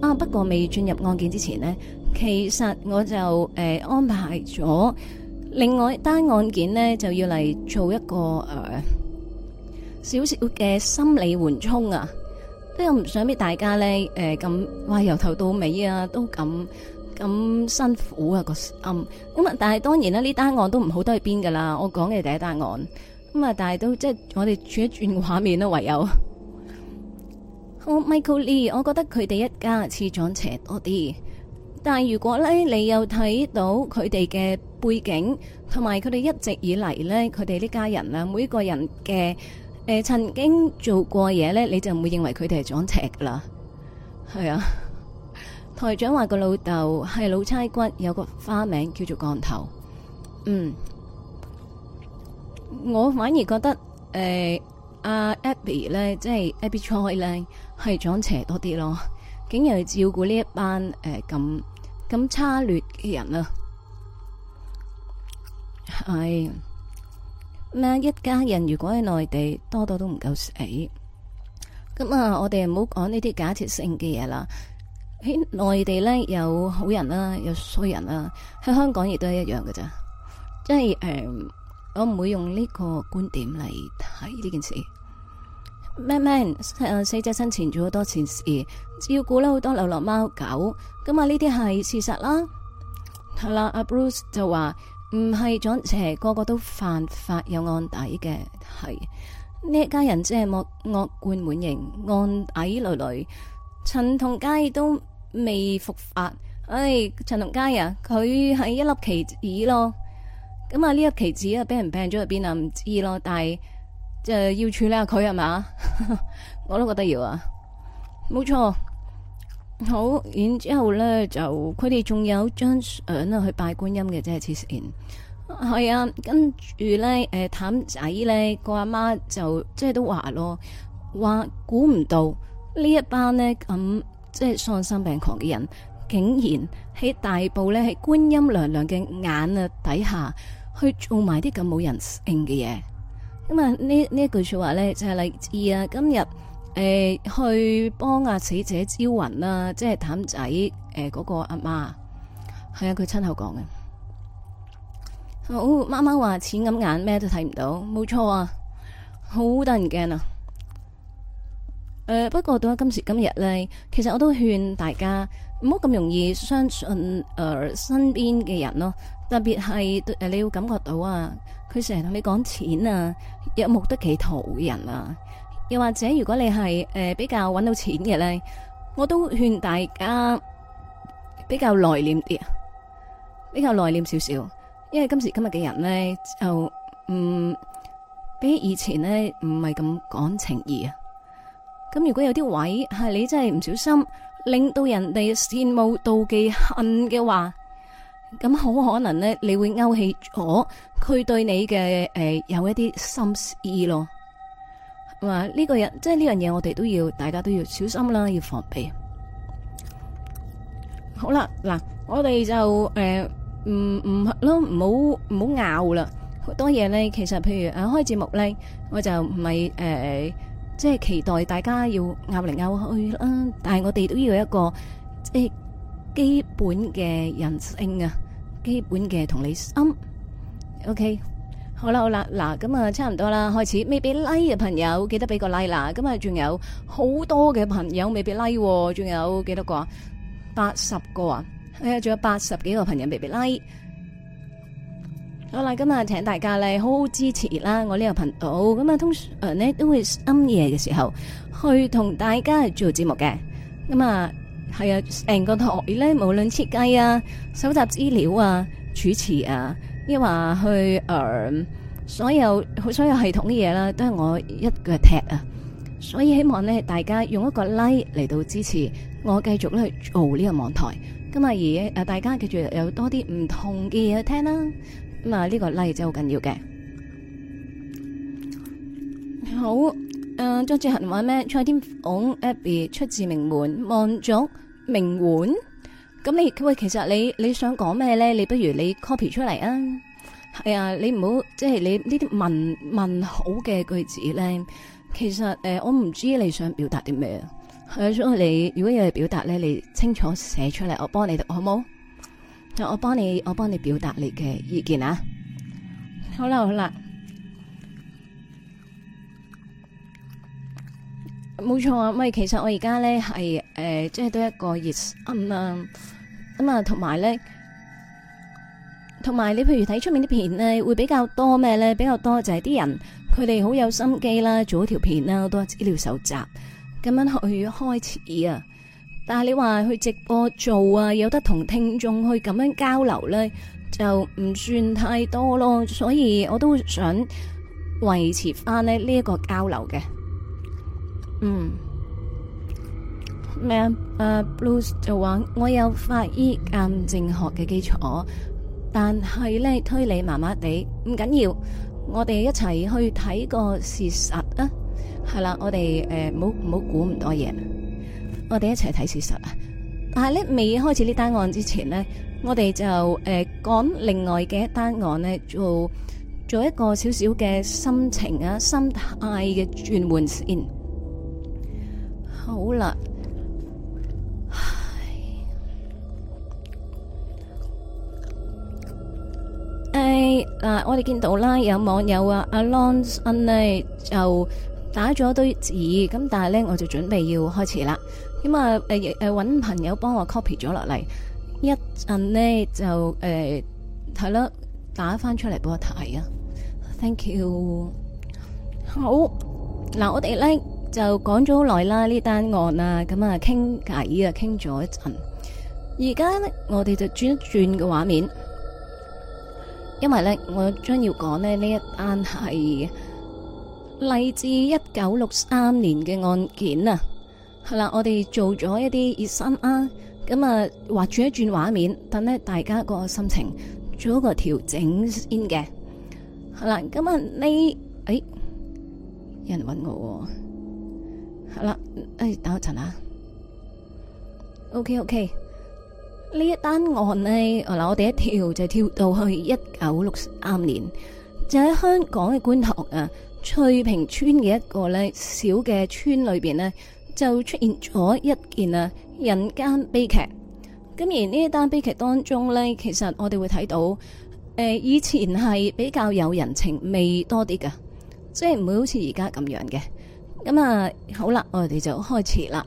啊。啊不過未進入案件之前呢，其實我就誒、呃、安排咗另外一單案件呢，就要嚟做一個誒、呃、小小嘅心理緩衝啊！都唔想俾大家呢誒咁哇由頭到尾啊都咁咁辛苦啊個嗯咁啊！但係當然啦，呢單案都唔好得去邊㗎啦。我講嘅第一單案。咁啊！但係都即係我哋轉一轉畫面咯、啊，唯有好。Michael Lee，我覺得佢哋一家似撞邪多啲。但係如果咧，你又睇到佢哋嘅背景，同埋佢哋一直以嚟咧，佢哋呢家人啊，每個人嘅誒、呃、曾經做過嘢咧，你就唔會認為佢哋係撞邪㗎啦。係啊，台長話個老豆係老差骨，有個花名叫做鋼頭。嗯。我反而覺得誒，阿、呃、Abby 咧，即係 Abby Choi 咧，係撞邪多啲咯，竟然去照顧呢一班誒咁咁差劣嘅人啦、啊，係咩？一家人如果喺內地，多多都唔夠死。咁啊，我哋唔好講呢啲假設性嘅嘢啦。喺內地咧有好人啦、啊，有衰人啦、啊，喺香港亦都係一樣㗎咋，即係誒。呃我唔會用呢個觀點嚟睇呢件事。咩咩？誒，死者生前做咗好多善事，照顧咗好多流浪貓狗。咁啊，呢啲係事實啦。係啦，阿 Bruce 就話唔係撞邪，個個都犯法有案底嘅。係呢一家人即係惡惡貫滿盈，案底累累。陳同佳都未伏法。唉、哎，陳同佳啊，佢係一粒棋子咯。咁啊！呢一期子啊，俾人病咗入邊啊，唔知咯。但係即係要處理下佢係嘛， 我都覺得要啊。冇錯，好。然之後咧，就佢哋仲有張相啊，去拜觀音嘅，啊嗯呃，即係黐線。係啊，跟住咧，誒，譚仔咧個阿媽就即係都話咯，話估唔到呢一班咧咁即係喪心病狂嘅人，竟然。喺大埔咧，喺觀音娘娘嘅眼啊底下去做埋啲咁冇人性嘅嘢。咁啊，這呢呢一句說話咧，就係嚟自啊，今日誒、欸、去幫阿死者招魂啦、啊，即係譚仔誒嗰、欸那個阿媽，係啊，佢親口講嘅。好，媽媽話淺咁眼咩都睇唔到，冇錯啊，好得人驚啊。誒、欸，不過到今時今日咧，其實我都勸大家。唔好咁容易相信誒、呃、身邊嘅人咯，特別係誒、呃、你要感覺到啊，佢成日同你講錢啊，有目的企圖嘅人啊，又或者如果你係誒、呃、比較揾到錢嘅咧，我都勸大家比較內斂啲啊，比較內斂少少，因為今時今日嘅人咧就嗯，比起以前咧唔係咁講情義啊，咁如果有啲位係你真係唔小心。令到人哋羨慕妒忌恨嘅話，咁好可能咧，你會勾起我佢對你嘅誒有一啲心思咯，話呢個人，即係呢樣嘢，我哋都要大家都要小心啦，要防備。好啦，嗱，我哋就誒唔唔都唔好唔好拗啦。好多嘢咧，其實譬如啊，開節目咧，我就唔係誒。即係期待大家要拗嚟拗去啦，但係我哋都要一個即係基本嘅人性啊，基本嘅同理心。OK，好啦好啦，嗱咁啊，差唔多啦，開始未俾 like 嘅朋友記得俾個 like 啦。咁啊，仲有好多嘅朋友未俾 like，仲有幾多個啊？八十個啊，呀，仲有八十幾個朋友未俾 like。好啦，今日請大家咧好好支持啦！我呢個頻道咁啊，通常咧都會深夜嘅時候去同大家做節目嘅。咁、嗯、啊，係啊，成個台咧，無論設計啊、搜集資料啊、主持啊，亦話去誒、嗯，所有所有系統嘅嘢啦，都係我一腳踢啊。所以希望呢，大家用一個 like 嚟到支持我，繼續咧做呢個網台。咁、嗯、啊，而大家繼續有多啲唔同嘅嘢去聽啦、啊。咁啊，呢個 like 真係好緊要嘅。好，誒、呃，張志恒話咩？蔡天鳳 Abby 出自名門望族名媛。咁你喂，其實你你想講咩咧？你不如你 copy 出嚟啊。係啊，你唔好即係你呢啲問問好嘅句子咧。其實誒、呃，我唔知你想表達啲咩啊。所以你如果要係表達咧，你清楚寫出嚟，我幫你讀好冇好？我幫你，我幫你表達你嘅意見啊！好啦，好啦，冇錯啊，咪其實我而家咧係誒，即、呃、係、就是、都一個熱心啊。咁、嗯、啊，同埋咧，同埋你譬如睇出面啲片咧，會比較多咩咧？比較多就係啲人佢哋好有心機啦，做一條片啦，好多資料搜集，咁樣去開始啊。但係你話去直播做啊，有得同聽眾去咁樣交流咧，就唔算太多咯。所以我都想維持翻咧呢一個交流嘅。嗯，咩啊？誒，Blues 就話我有法醫鑑證學嘅基礎，但係咧推理麻麻地，唔緊要。我哋一齊去睇個事實啊！係啦，我哋誒，唔好唔好估唔多嘢。我哋一齊睇事實啊！但係咧未開始呢單案之前咧，我哋就誒講另外嘅一單案咧，做做一個少少嘅心情啊、心態嘅轉換先。好啦，誒嗱，我哋見到啦，有網友啊，阿 Lance Unnie 就打咗堆字咁，但係咧我就準備要開始啦。咁啊誒誒，揾朋友幫我 copy 咗落嚟，一陣咧就誒係咯，打翻出嚟俾我睇啊！Thank you。好，嗱我哋咧就講咗好耐啦呢單案啊，咁啊傾偈啊，傾咗一陣。而家咧我哋就轉一轉嘅畫面，因為咧我將要講咧呢一單係嚟自一九六三年嘅案件啊。係啦、嗯，我哋做咗一啲熱身啊，咁、嗯、啊，畫住一轉畫面，等咧大家個心情做一個調整先嘅。係、嗯、啦，咁、嗯、啊，呢誒，有人搵我喎，哦。係、嗯、啦，誒、嗯，等我一陣啊。O K O K，呢一單案呢，嗱，我哋一跳就跳到去一九六三年，就喺香港嘅觀塘啊翠屏村嘅一個咧小嘅村裏邊呢，就出現咗一件啊人間悲劇，咁而呢一單悲劇當中呢，其實我哋會睇到，誒以前係比較有人情味多啲嘅，即係唔會好似而家咁樣嘅。咁啊好啦，我哋就開始啦。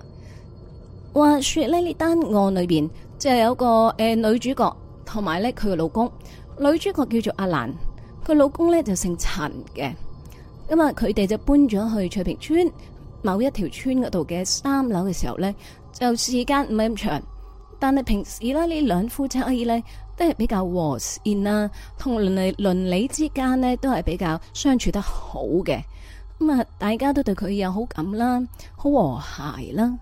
話說咧呢單案裏邊，即係有個誒女主角同埋咧佢嘅老公，女主角叫做阿蘭，佢老公咧就姓陳嘅。咁啊，佢哋就搬咗去翠屏村，某一條村嗰度嘅三樓嘅時候呢，就時間唔係咁長，但係平時呢，呢兩夫妻呢都係比較和善啦、啊，同鄰鄰里之間呢都係比較相處得好嘅，咁、嗯、啊大家都對佢有好感啦，好和諧啦。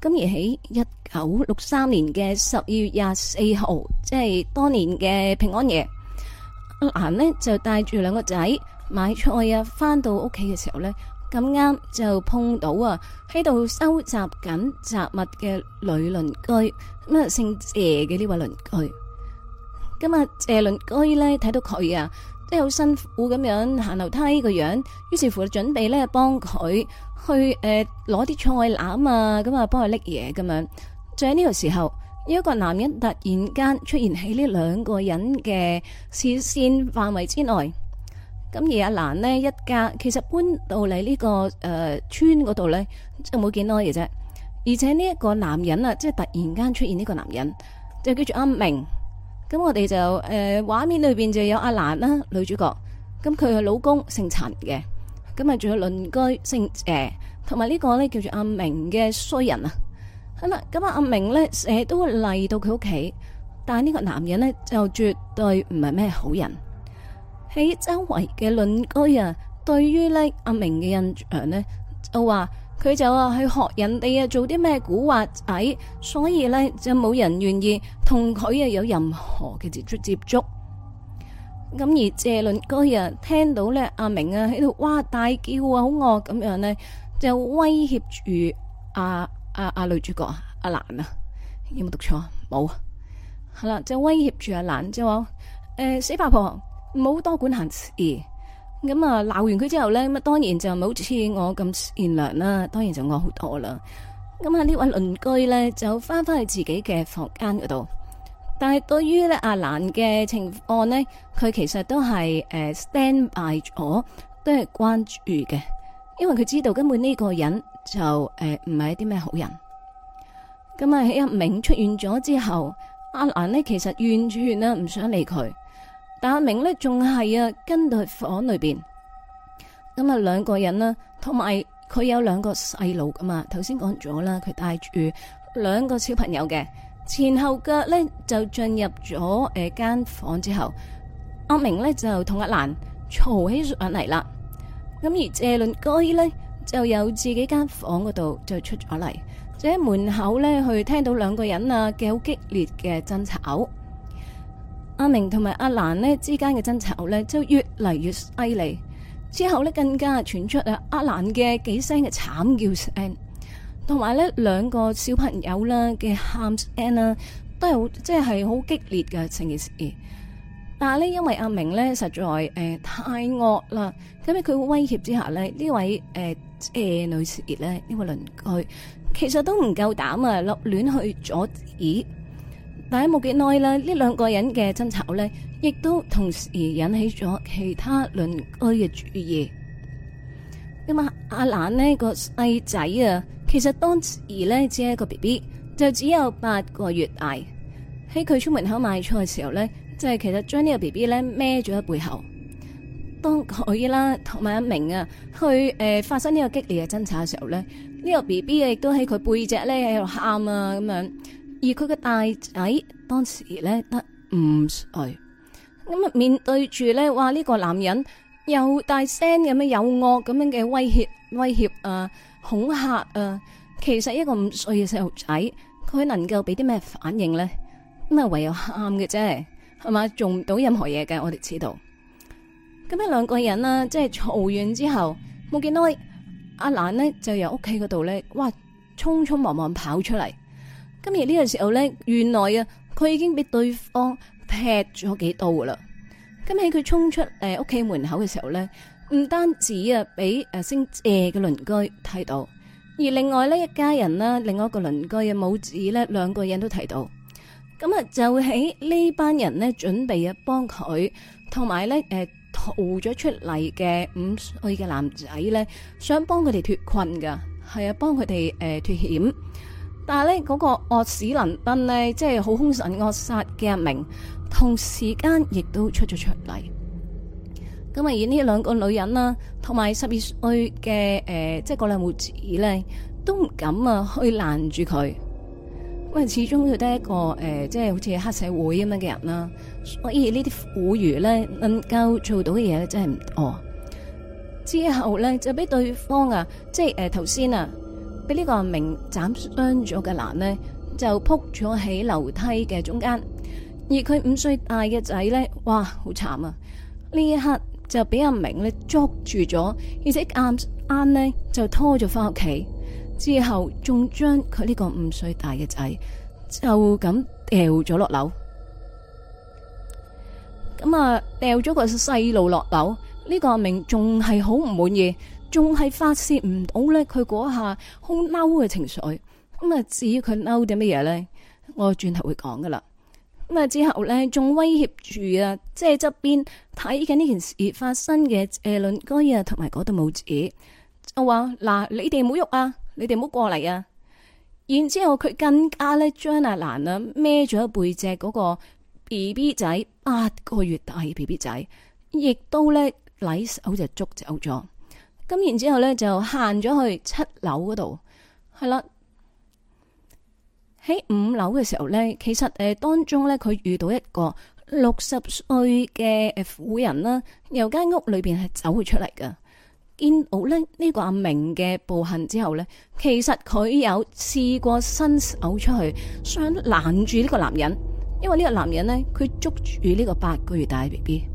咁而喺一九六三年嘅十二月廿四號，即係當年嘅平安夜，阿蘭呢就帶住兩個仔買菜啊，返到屋企嘅時候呢。咁啱就碰到啊，喺度收集緊雜物嘅女鄰居，咁啊姓謝嘅呢位鄰居，咁啊謝鄰居咧睇到佢啊，都係好辛苦咁樣行樓梯個樣，於是乎準備咧幫佢去誒攞啲菜籃啊，咁啊幫佢拎嘢咁樣。嗯、就喺呢個時候，一個男人突然間出現喺呢兩個人嘅視線範圍之內。咁而阿蘭呢一家其實搬到嚟呢、這個誒、呃、村嗰度咧，就係冇見到嘢啫。而且呢一個男人啊，即係突然間出現呢個男人，就叫做阿明。咁我哋就誒畫、呃、面裏邊就有阿蘭啦，女主角。咁佢嘅老公姓陳嘅，咁啊仲有鄰居姓誒，同埋呢個咧叫做阿明嘅衰人啊。好啦，咁阿明咧成日都會嚟到佢屋企，但係呢個男人咧就絕對唔係咩好人。喺周圍嘅鄰居啊，對於呢阿明嘅印象呢，就話佢就話去學人哋啊做啲咩古惑仔，所以呢就冇人願意同佢啊有任何嘅接觸接觸。咁而謝鄰居啊聽到咧阿明啊喺度哇大叫啊，好惡咁樣呢，就威脅住阿阿阿女主角阿、啊、蘭啊，啊，有冇讀錯？冇啊，係啦，就威脅住阿蘭，就話誒、欸、死八婆，婆。唔好多管閒事，咁啊鬧完佢之後咧，咁啊當然就唔好似我咁善良啦，當然就惡好多啦。咁啊呢位鄰居咧就翻翻去自己嘅房間嗰度，但係對於咧阿蘭嘅情況呢，佢其實都係誒 stand by 咗，都係關注嘅，因為佢知道根本呢個人就誒唔係一啲咩好人。咁啊喺一鳴出院咗之後，阿蘭呢其實完全啊唔想理佢。但阿明咧仲係啊，跟到房裏邊，咁啊兩個人啦，同埋佢有兩個細路噶嘛，頭先講咗啦，佢帶住兩個小朋友嘅，前後腳咧就進入咗誒間房之後，阿明咧就同阿蘭嘈起上嚟啦，咁而謝倫居呢，就有自己間房嗰度就出咗嚟，就喺門口咧去聽到兩個人啊嘅好激烈嘅爭吵。阿明同埋阿蘭咧之間嘅爭吵咧就越嚟越犀利，之後咧更加傳出啊阿蘭嘅幾聲嘅慘叫聲，同埋咧兩個小朋友啦嘅喊聲啦，都係好即係好激烈嘅整件事。但係咧因為阿明咧實在誒、呃、太惡啦，咁喺佢威脅之下咧呢位誒誒、呃呃呃、女士咧呢位、這個、鄰居其實都唔夠膽啊落亂去阻止。但係冇幾耐啦，呢兩個人嘅爭吵咧，亦都同時引起咗其他鄰居嘅注意。咁啊，阿蘭呢個細仔啊，其實當時咧只係一個 B B，就只有八個月大。喺佢出門口買菜嘅時候咧，即係其實將呢個 B B 咧孭咗喺背後。當佢啦，同埋阿明啊，去誒發生呢個激烈嘅爭吵嘅時候咧，呢個 B B 亦都喺佢背脊咧喺度喊啊咁樣。而佢嘅大仔當時咧得五歲，咁啊、嗯、面對住咧，話呢、這個男人又大聲咁樣，又惡咁樣嘅威脅、威脅啊、恐吓啊，其實一個五歲嘅細路仔，佢能夠俾啲咩反應咧？咁啊唯有喊嘅啫，係嘛，做唔到任何嘢嘅，我哋知道。咁呢兩個人啦、啊，即係嘈完之後，冇幾耐，阿蘭咧就由屋企嗰度咧，哇，匆匆忙忙跑出嚟。今日呢個時候咧，原來啊，佢已經俾對方劈咗幾刀噶啦。咁喺佢衝出誒屋企門口嘅時候咧，唔單止啊俾誒姓謝嘅鄰居睇到，而另外呢一家人啦，另外一個鄰居嘅母子咧，兩個人都睇到。咁啊，就喺呢班人呢準備啊幫佢，同埋咧誒逃咗出嚟嘅五歲嘅男仔咧，想幫佢哋脫困噶，係啊，幫佢哋誒脫險。但係咧，嗰個惡死能登咧，即係好凶神惡煞嘅一名，同時間亦都出咗出嚟。咁啊，呢兩個女人啦，同埋十二歲嘅誒，即係個兩母子咧，都唔敢啊去攔住佢，因為始終佢得一個誒，即、呃、係、就是、好似黑社會咁樣嘅人啦。所以婦呢啲婦孺咧，能夠做到嘅嘢真係唔多。之後咧就俾對方、呃、剛才啊，即係誒頭先啊。俾呢個明斬傷咗嘅男呢，就扑咗喺樓梯嘅中間，而佢五歲大嘅仔呢，哇，好慘啊！呢一刻就俾阿明咧捉住咗，而且啱啱呢，就拖咗翻屋企，之後仲將佢呢個五歲大嘅仔就咁掉咗落樓，咁啊掉咗個細路落樓，呢個阿明仲係好唔滿意。仲係發洩唔到咧，佢嗰下好嬲嘅情緒咁啊。至於佢嬲啲乜嘢咧，我轉頭會講噶啦。咁啊之後咧，仲威脅住啊，即係側邊睇緊呢件事發生嘅誒，輪哥啊，同埋嗰度母子就話，嗱，你哋唔好喐啊，你哋唔好過嚟啊。然之後佢更加咧，將阿蘭啊孭住背脊嗰個 B B 仔八個月大 B B 仔，亦都咧禮手就捉走咗。咁然之後咧，就行咗去七樓嗰度，係啦。喺五樓嘅時候咧，其實誒當中咧佢遇到一個六十歲嘅誒婦人啦，由間屋裏邊係走咗出嚟噶。見到呢個阿明嘅暴行之後咧，其實佢有試過伸手出去想攔住呢個男人，因為呢個男人咧佢捉住呢個八個月大 BB。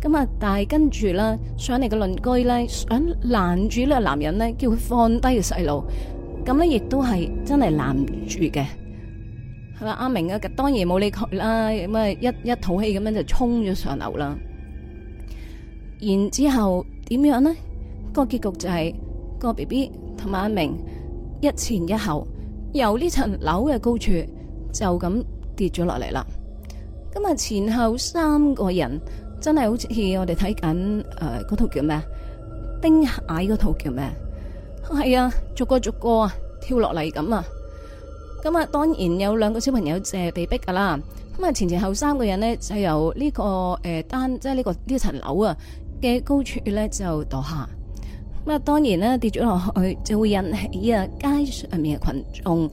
咁啊！但係跟住咧，上嚟嘅鄰居咧，想攔住呢個男人咧，叫佢放低個細路，咁咧亦都係真係攔住嘅。係啦，阿明啊，當然冇理佢啦，咁啊一一肚氣咁樣就衝咗上樓啦。然之後點樣呢？結就是、個結局就係個 B B 同埋阿明一前一後由呢層樓嘅高處就咁跌咗落嚟啦。咁啊，前後三個人。真係好似我哋睇緊嗰套叫咩？丁蟹嗰套叫咩？係、哎、啊，逐個逐個啊跳落嚟咁啊！咁、嗯、啊，當然有兩個小朋友就係被逼㗎啦。咁、嗯、啊，前前後三個人咧，就由呢、個、呃、單即係呢、個呢層樓啊嘅高處咧就墮下。咁、嗯、啊，當然啦，跌咗落去就會引起啊街上面嘅群眾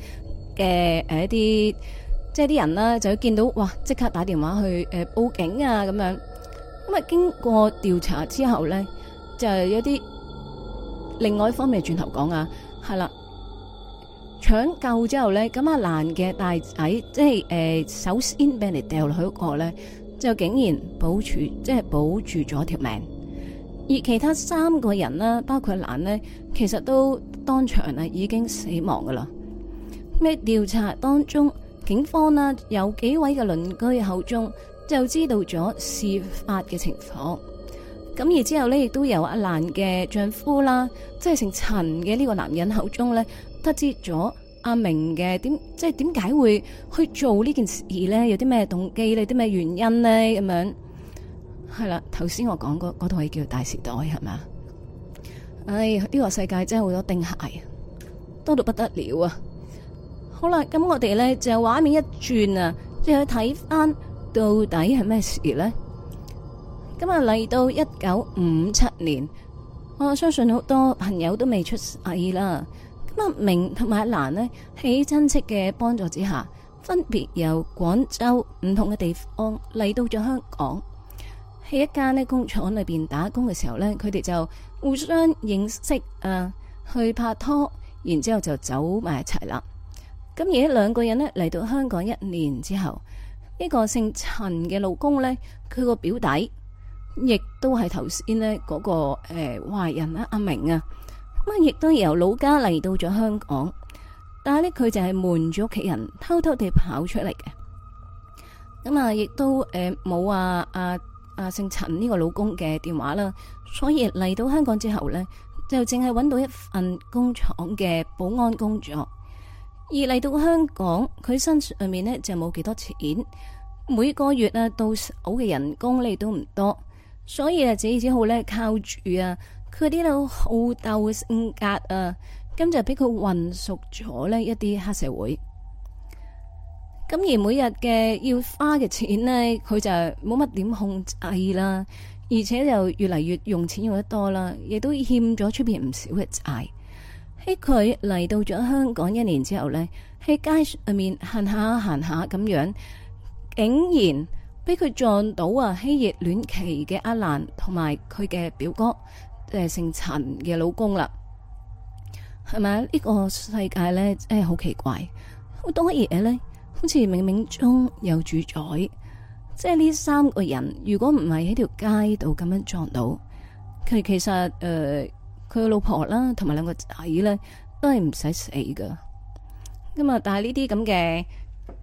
嘅一啲即係啲人啦、啊，就會見到哇！即刻打電話去誒、呃、報警啊咁樣。咁啊！經過調查之後咧，就有啲另外一方面轉頭講啊，係啦，搶救之後咧，咁阿蘭嘅，大仔即係誒，首先俾人掉落去嗰個咧，就竟然保住，即係保住咗條命，而其他三個人啦，包括蘭呢，其實都當場啊已經死亡噶啦。咩調查當中，警方啦有幾位嘅鄰居口中。就知道咗事發嘅情況，咁而之後咧，亦都有阿蘭嘅丈夫啦，即係姓陳嘅呢個男人口中咧得知咗阿明嘅點，即係點解會去做呢件事咧？有啲咩動機咧？啲咩原因咧？咁樣係啦。頭先我講嗰嗰套戲叫做《大時代》，係咪？唉，呢個世界真係好多丁蟹，多到不得了啊！好啦，咁我哋咧就畫面一轉啊，即係去睇翻。到底係咩事呢？今日嚟到一九五七年，我相信好多朋友都未出世啦。咁啊，明同埋阿蘭呢，喺親戚嘅幫助之下，分別由廣州唔同嘅地方嚟到咗香港，喺一間呢工廠裏邊打工嘅時候呢，佢哋就互相認識啊，去拍拖，然之後就走埋一齊啦。咁而呢兩個人呢，嚟到香港一年之後。呢個姓陳嘅老公呢，佢個表弟亦都係頭先呢嗰個誒壞、呃、人啦、啊，阿明啊，咁亦都由老家嚟到咗香港，但係呢，佢就係瞞住屋企人，偷偷地跑出嚟嘅，咁啊亦都誒冇、呃、啊。阿、啊、阿、啊、姓陳呢個老公嘅電話啦，所以嚟到香港之後呢，就淨係揾到一份工廠嘅保安工作。而嚟到香港，佢身上面呢就冇幾多錢，每個月啊到手嘅人工呢都唔多，所以啊，自己只好咧靠住啊佢啲好鬥嘅性格啊，咁就俾佢混熟咗呢一啲黑社會。咁而每日嘅要花嘅錢呢，佢就冇乜點控制啦，而且就越嚟越用錢用得多啦，亦都欠咗出邊唔少嘅債。喺佢嚟到咗香港一年之後呢，喺街上面行下行下咁樣，竟然俾佢撞到啊希熱戀奇嘅阿蘭同埋佢嘅表哥，誒、呃，姓陳嘅老公啦，係咪？呢個世界呢，真係好奇怪，好多嘢呢，好似冥冥中有主宰。即係呢三個人，如果唔係喺條街度咁樣撞到，佢其實誒。呃佢老婆啦，同埋兩個仔咧，都係唔使死噶。咁啊，但係呢啲咁嘅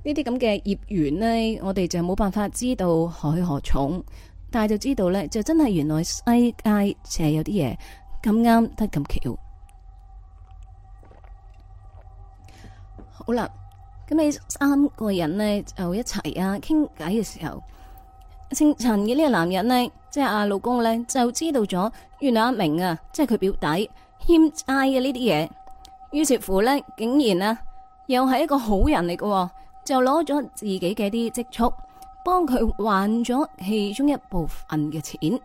呢啲咁嘅業緣呢，我哋就冇辦法知道何去何從，但係就知道咧，就真係原來世界真係有啲嘢咁啱得咁巧。好啦，咁你三個人呢，就一齊啊，傾偈嘅時候。姓陳嘅呢個男人呢，即係阿老公呢，就知道咗原來阿明啊，即係佢表弟欠債嘅呢啲嘢。於是乎呢，竟然咧又係一個好人嚟嘅，就攞咗自己嘅啲積蓄幫佢還咗其中一部分嘅錢。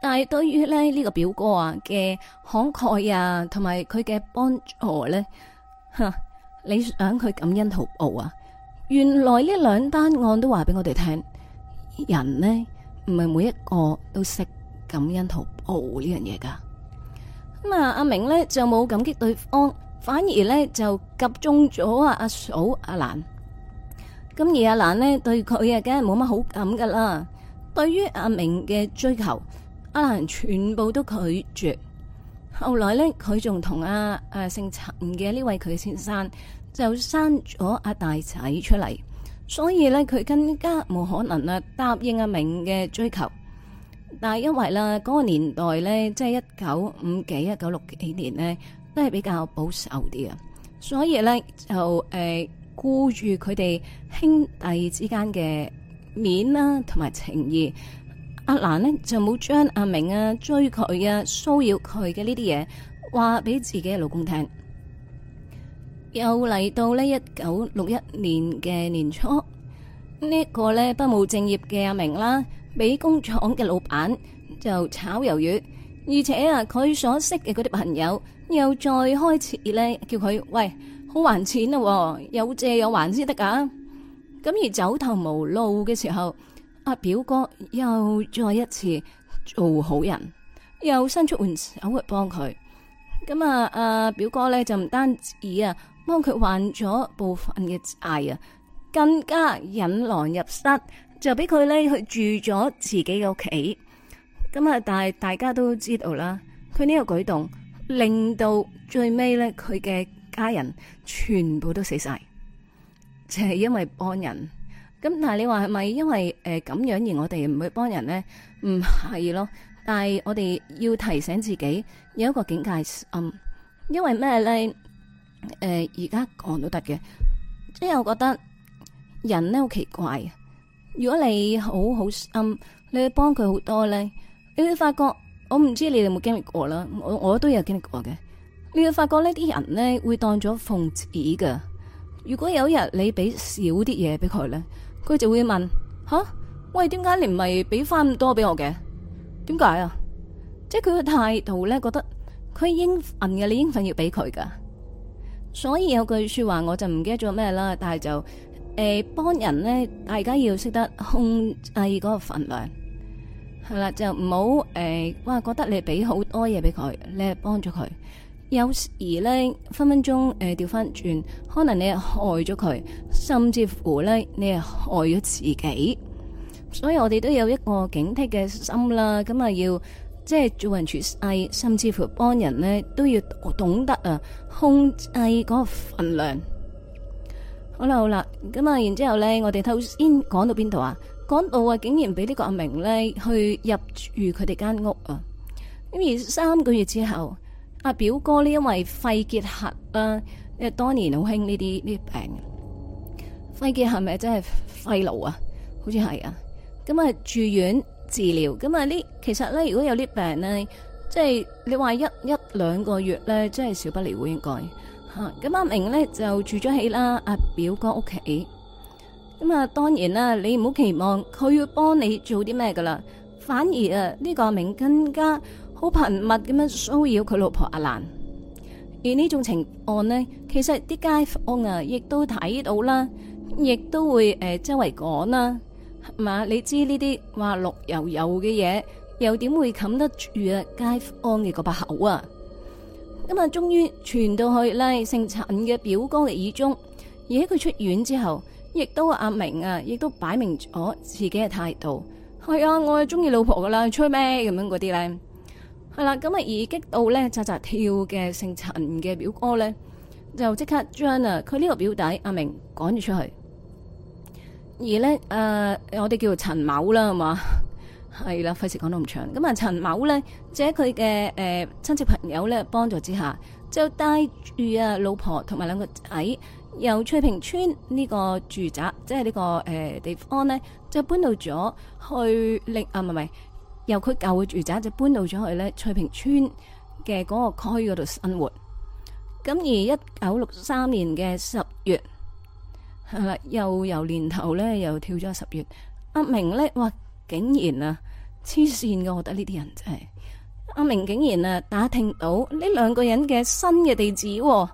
但係對於咧呢個表哥啊嘅慷慨啊，同埋佢嘅幫助咧，哼，你想佢感恩圖報啊？原來呢兩單案都話俾我哋聽。人呢，唔係每一個都識感恩圖報呢樣嘢噶，咁啊阿明呢，就冇感激對方，反而呢，就集中咗啊阿嫂阿蘭，咁而阿蘭呢，對佢啊梗係冇乜好感噶啦。對於阿明嘅追求，阿蘭全部都拒絕。後來呢，佢仲同阿誒姓陳嘅呢位佢先生就生咗阿、啊、大仔出嚟。所以咧，佢更加冇可能啊，答應阿明嘅追求。但係因為啦，嗰個年代咧，即係一九五幾、一九六幾年咧，都係比較保守啲啊。所以咧，就誒顧住佢哋兄弟之間嘅面啦，同埋情誼，阿蘭咧就冇將阿明啊追佢啊騷擾佢嘅呢啲嘢話俾自己嘅老公聽。又嚟到呢一九六一年嘅年初，呢、呢個呢不務正業嘅阿明啦，俾工廠嘅老闆就炒魷魚，而且啊，佢所識嘅嗰啲朋友又再開始咧叫佢喂好還錢啦、啊，有借有還先得㗎。咁而走投無路嘅時候，阿表哥又再一次做好人，又伸出援手去幫佢。咁啊，阿、啊、表哥咧就唔單止啊。幫佢還咗部分嘅債啊，更加引狼入室，就俾佢咧去住咗自己嘅屋企。咁啊，但係大家都知道啦，佢呢個舉動令到最尾咧，佢嘅家人全部都死晒，就係因為幫人。咁但係你話係咪因為誒咁樣而我哋唔會幫人咧？唔係咯。但係我哋要提醒自己有一個警戒，嗯，因為咩咧？誒，而家講都得嘅，即係我覺得人咧好奇怪啊。如果你好好心，你去幫佢好多咧，你會發覺我唔知你哋有冇經歷過啦。我我都有，有經歷過嘅，你會發覺呢啲人咧會當咗奉旨噶。如果有一日你俾少啲嘢俾佢咧，佢就會問吓喂，點解你唔係俾翻咁多俾我嘅？點解啊？即係佢嘅態度咧，覺得佢應份嘅，你應份要俾佢噶。所以有句說話，我就唔記得做咩啦，但係就誒幫人咧，大家要識得控制嗰個份量，係啦，就唔好誒，哇覺得你俾好多嘢俾佢，你係幫咗佢，有時咧分分鐘誒調翻轉，可能你係害咗佢，甚至乎咧你係害咗自己，所以我哋都有一個警惕嘅心啦，咁啊要，即係做人處世，甚至乎幫人咧，都要懂得啊，控制嗰個份量。好啦好啦，咁啊，然之後咧，我哋頭先講到邊度啊？講到啊，竟然俾呢個阿明咧去入住佢哋間屋啊。咁而三個月之後，阿表哥呢因為肺結核啊，因為當年好興呢啲啲呢病。肺結核咪真係肺癆啊？好似係啊。咁啊，住院。治療咁啊！呢其實咧，如果有啲病咧，即係你話一一兩個月咧，真係少不離會應該吓。咁、啊、阿明咧就住咗喺啦，阿表哥屋企。咁啊，當然啦，你唔好期望佢要幫你做啲咩噶啦。反而啊，呢個阿明更加好頻密咁樣騷擾佢老婆阿蘭。而呢種情況，呢，其實啲街坊啊，亦都睇到啦，亦都會誒周圍講啦。嘛、嗯，你知呢啲話綠油油嘅嘢，又點會冚得住坊的啊？街坊嘅嗰把口啊！咁啊，終於傳到去啦，姓陳嘅表哥嘅耳中。而喺佢出院之後，亦都阿明啊，亦都擺明咗自己嘅態度。係啊，我係中意老婆噶啦，吹咩咁樣嗰啲咧？係啦，咁啊而激到咧扎扎跳嘅姓陳嘅表哥咧，就即刻將啊佢呢個表弟阿明趕咗出去。而咧，誒、呃，我哋叫陳某啦，係嘛？係啦，費事講到咁長。咁啊，陳某咧，就喺佢嘅誒親戚朋友咧幫助之下，就帶住啊老婆同埋兩個仔，由翠屏村呢個住宅，即係呢、這個、呃、地方咧，就搬到咗去另啊，唔係唔係由佢舊嘅住宅就搬到咗去咧翠屏村嘅嗰個區嗰度生活。咁而一九六三年嘅十月。又由年頭咧，又跳咗十月。阿明咧，哇，竟然啊，黐線噶，我覺得呢啲人真係。阿明竟然啊，打聽到呢兩個人嘅新嘅地址啊，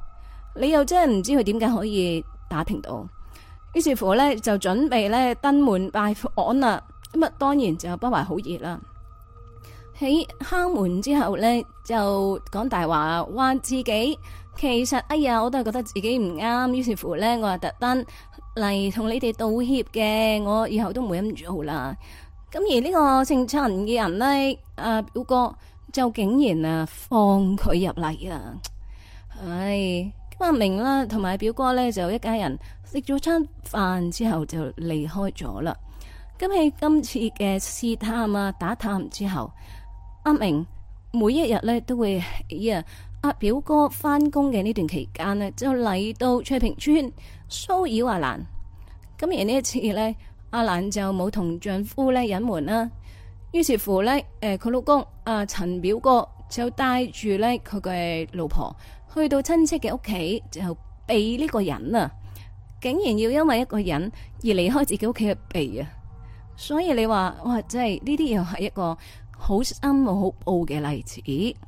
你又真係唔知佢點解可以打聽到。於是乎呢，就準備咧登門拜訪啦。咁啊，當然就不懷好意啦。喺敲門之後呢，就講大話，話自己。其實哎呀，我都係覺得自己唔啱，於是乎呢，我係特登嚟，同你哋道歉嘅，我以後都唔會咁做啦。咁而呢個姓陳嘅人呢，阿、啊、表哥就竟然啊放佢入嚟啊！唉，咁阿明啦，同埋表哥呢，就一家人食咗餐飯之後就離開咗啦。咁喺今次嘅試探啊打探之後，阿明每一日呢都會啊。哎呀阿表哥翻工嘅呢段期間呢，就嚟到翠屏村騷擾阿蘭。咁而呢一次呢，阿蘭就冇同丈夫咧隱瞞啦。於是乎呢，誒佢老公阿陳表哥就帶住呢佢嘅老婆去到親戚嘅屋企，就避呢個人啊。竟然要因為一個人而離開自己屋企去避啊！所以你話哇，真係呢啲又係一個好深好暴嘅例子。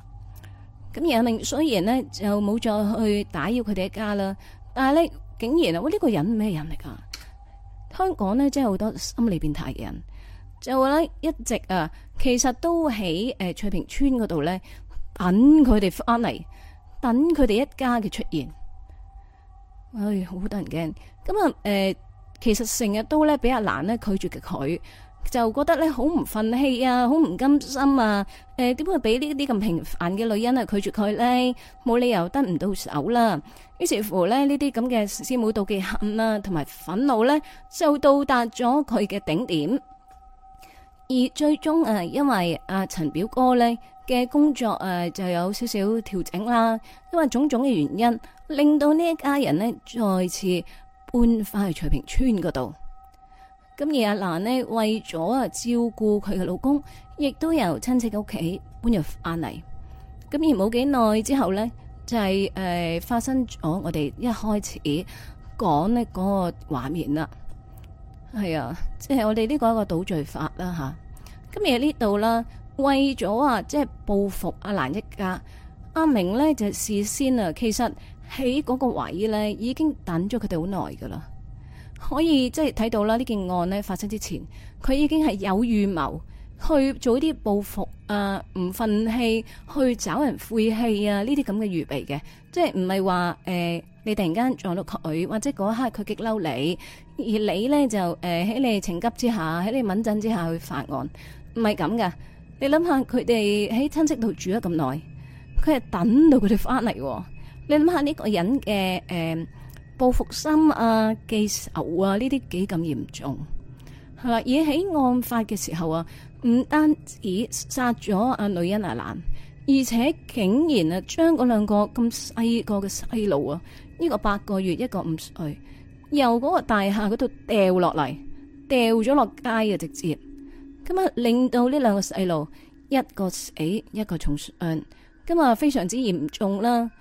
咁阿明，雖然咧就冇再去打擾佢哋一家啦。但係咧，竟然啊，喂呢、這個人咩人嚟噶？香港咧真係好多心理變態嘅人，就咧一直啊，其實都喺誒翠屏村嗰度咧等佢哋返嚟，等佢哋一家嘅出現。唉，好得人驚。咁啊，誒、呃，其實成日都咧比阿蘭咧拒絕佢。就覺得咧好唔忿氣啊，好唔甘心啊！誒，點會俾呢啲咁平凡嘅女人啊拒絕佢呢？冇理由得唔到手啦！於是乎呢啲咁嘅師母妒忌恨啦，同埋憤怒呢，就到達咗佢嘅頂點。而最終誒，因為阿陳表哥呢嘅工作誒就有少少調整啦，因為種種嘅原因，令到呢一家人呢再次搬翻去翠屏村嗰度。咁而阿蘭呢，為咗啊照顧佢嘅老公，亦都由親戚嘅屋企搬入返嚟。咁而冇幾耐之後咧，就係、是、誒、呃、發生咗我哋一開始講咧嗰個畫面啦。係啊，即、就、係、是、我哋呢個一個倒敘法啦吓、啊。今日呢度啦，為咗啊即係報復阿蘭一家，阿明咧就是、事先啊其實喺嗰個位咧已經等咗佢哋好耐噶啦。可以即係睇到啦，呢件案咧發生之前，佢已經係有預謀去做啲報復啊，唔憤氣去找人晦氣啊，呢啲咁嘅預備嘅，即係唔係話誒你突然間撞到佢，或者嗰一刻佢激嬲你，而你咧就誒喺、呃、你情急之下，喺你忟憎之下去犯案，唔係咁噶。你諗下佢哋喺親戚度住咗咁耐，佢係等到佢哋返嚟喎。你諗下呢個人嘅誒。呃報復心啊，記仇啊，呢啲幾咁嚴重係啦，啊！而喺案發嘅時候啊，唔單止殺咗阿女人阿蘭，而且竟然啊，將嗰兩個咁細個嘅細路啊，呢個八個月，一個五歲，由嗰個大廈嗰度掉落嚟，掉咗落街啊，直接咁啊，令到呢兩個細路一個死，一個重傷，咁啊，非常之嚴重啦。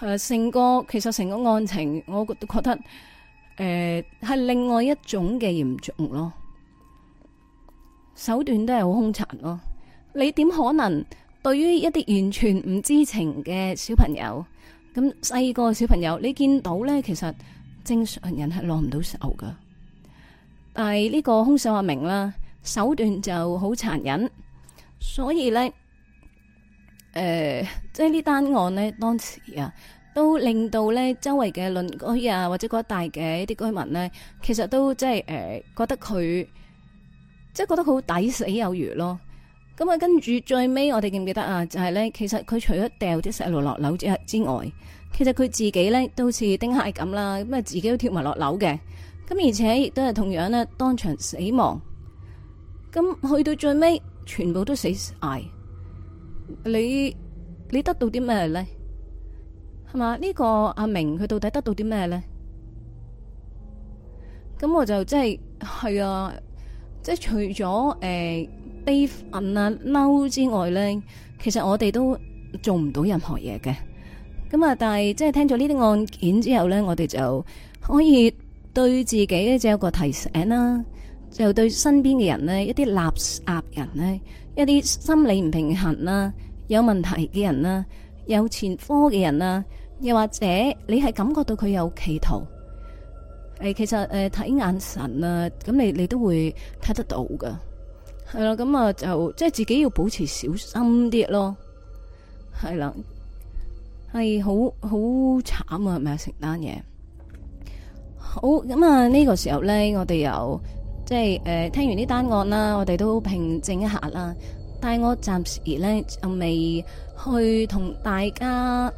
誒，成個其實成個案情，我覺覺得誒係、呃、另外一種嘅嚴重咯，手段都係好兇殘咯。你點可能對於一啲完全唔知情嘅小朋友，咁細個小朋友，你見到呢，其實正常人係攞唔到手噶。但係呢個兇手阿明啦，手段就好殘忍，所以呢。誒、呃，即係呢單案呢當時啊，都令到呢周圍嘅鄰居啊，或者嗰一帶嘅一啲居民呢，其實都即係誒，覺得佢即係覺得佢好抵死有餘咯。咁、嗯、啊，跟住最尾我哋記唔記得啊？就係、是、呢，其實佢除咗掉啲石落落樓之外，其實佢自己呢，都似丁蟹咁啦，咁啊自己都跳埋落樓嘅。咁、嗯、而且亦都係同樣呢當場死亡。咁、嗯、去到最尾，全部都死晒。你你得到啲咩咧？係嘛？呢、這個阿明佢到底得到啲咩咧？咁我就即係係啊！即、就、係、是、除咗誒、呃、悲憤啊、嬲之外咧，其實我哋都做唔到任何嘢嘅。咁啊，但係即係聽咗呢啲案件之後咧，我哋就可以對自己咧就有一個提醒啦，就對身邊嘅人咧，一啲垃圾人咧。一啲心理唔平衡啦，有問題嘅人啦，有前科嘅人啦，又或者你係感覺到佢有企圖，誒，其實誒睇眼神啊，咁你你都會睇得到噶。係啦，咁啊就即係自己要保持小心啲咯，係啦，係好好慘啊，係咪承擔嘢，好咁啊呢個時候咧，我哋又。即係誒、呃，聽完呢單案啦，我哋都平靜一下啦。但係我暫時咧就未去同大家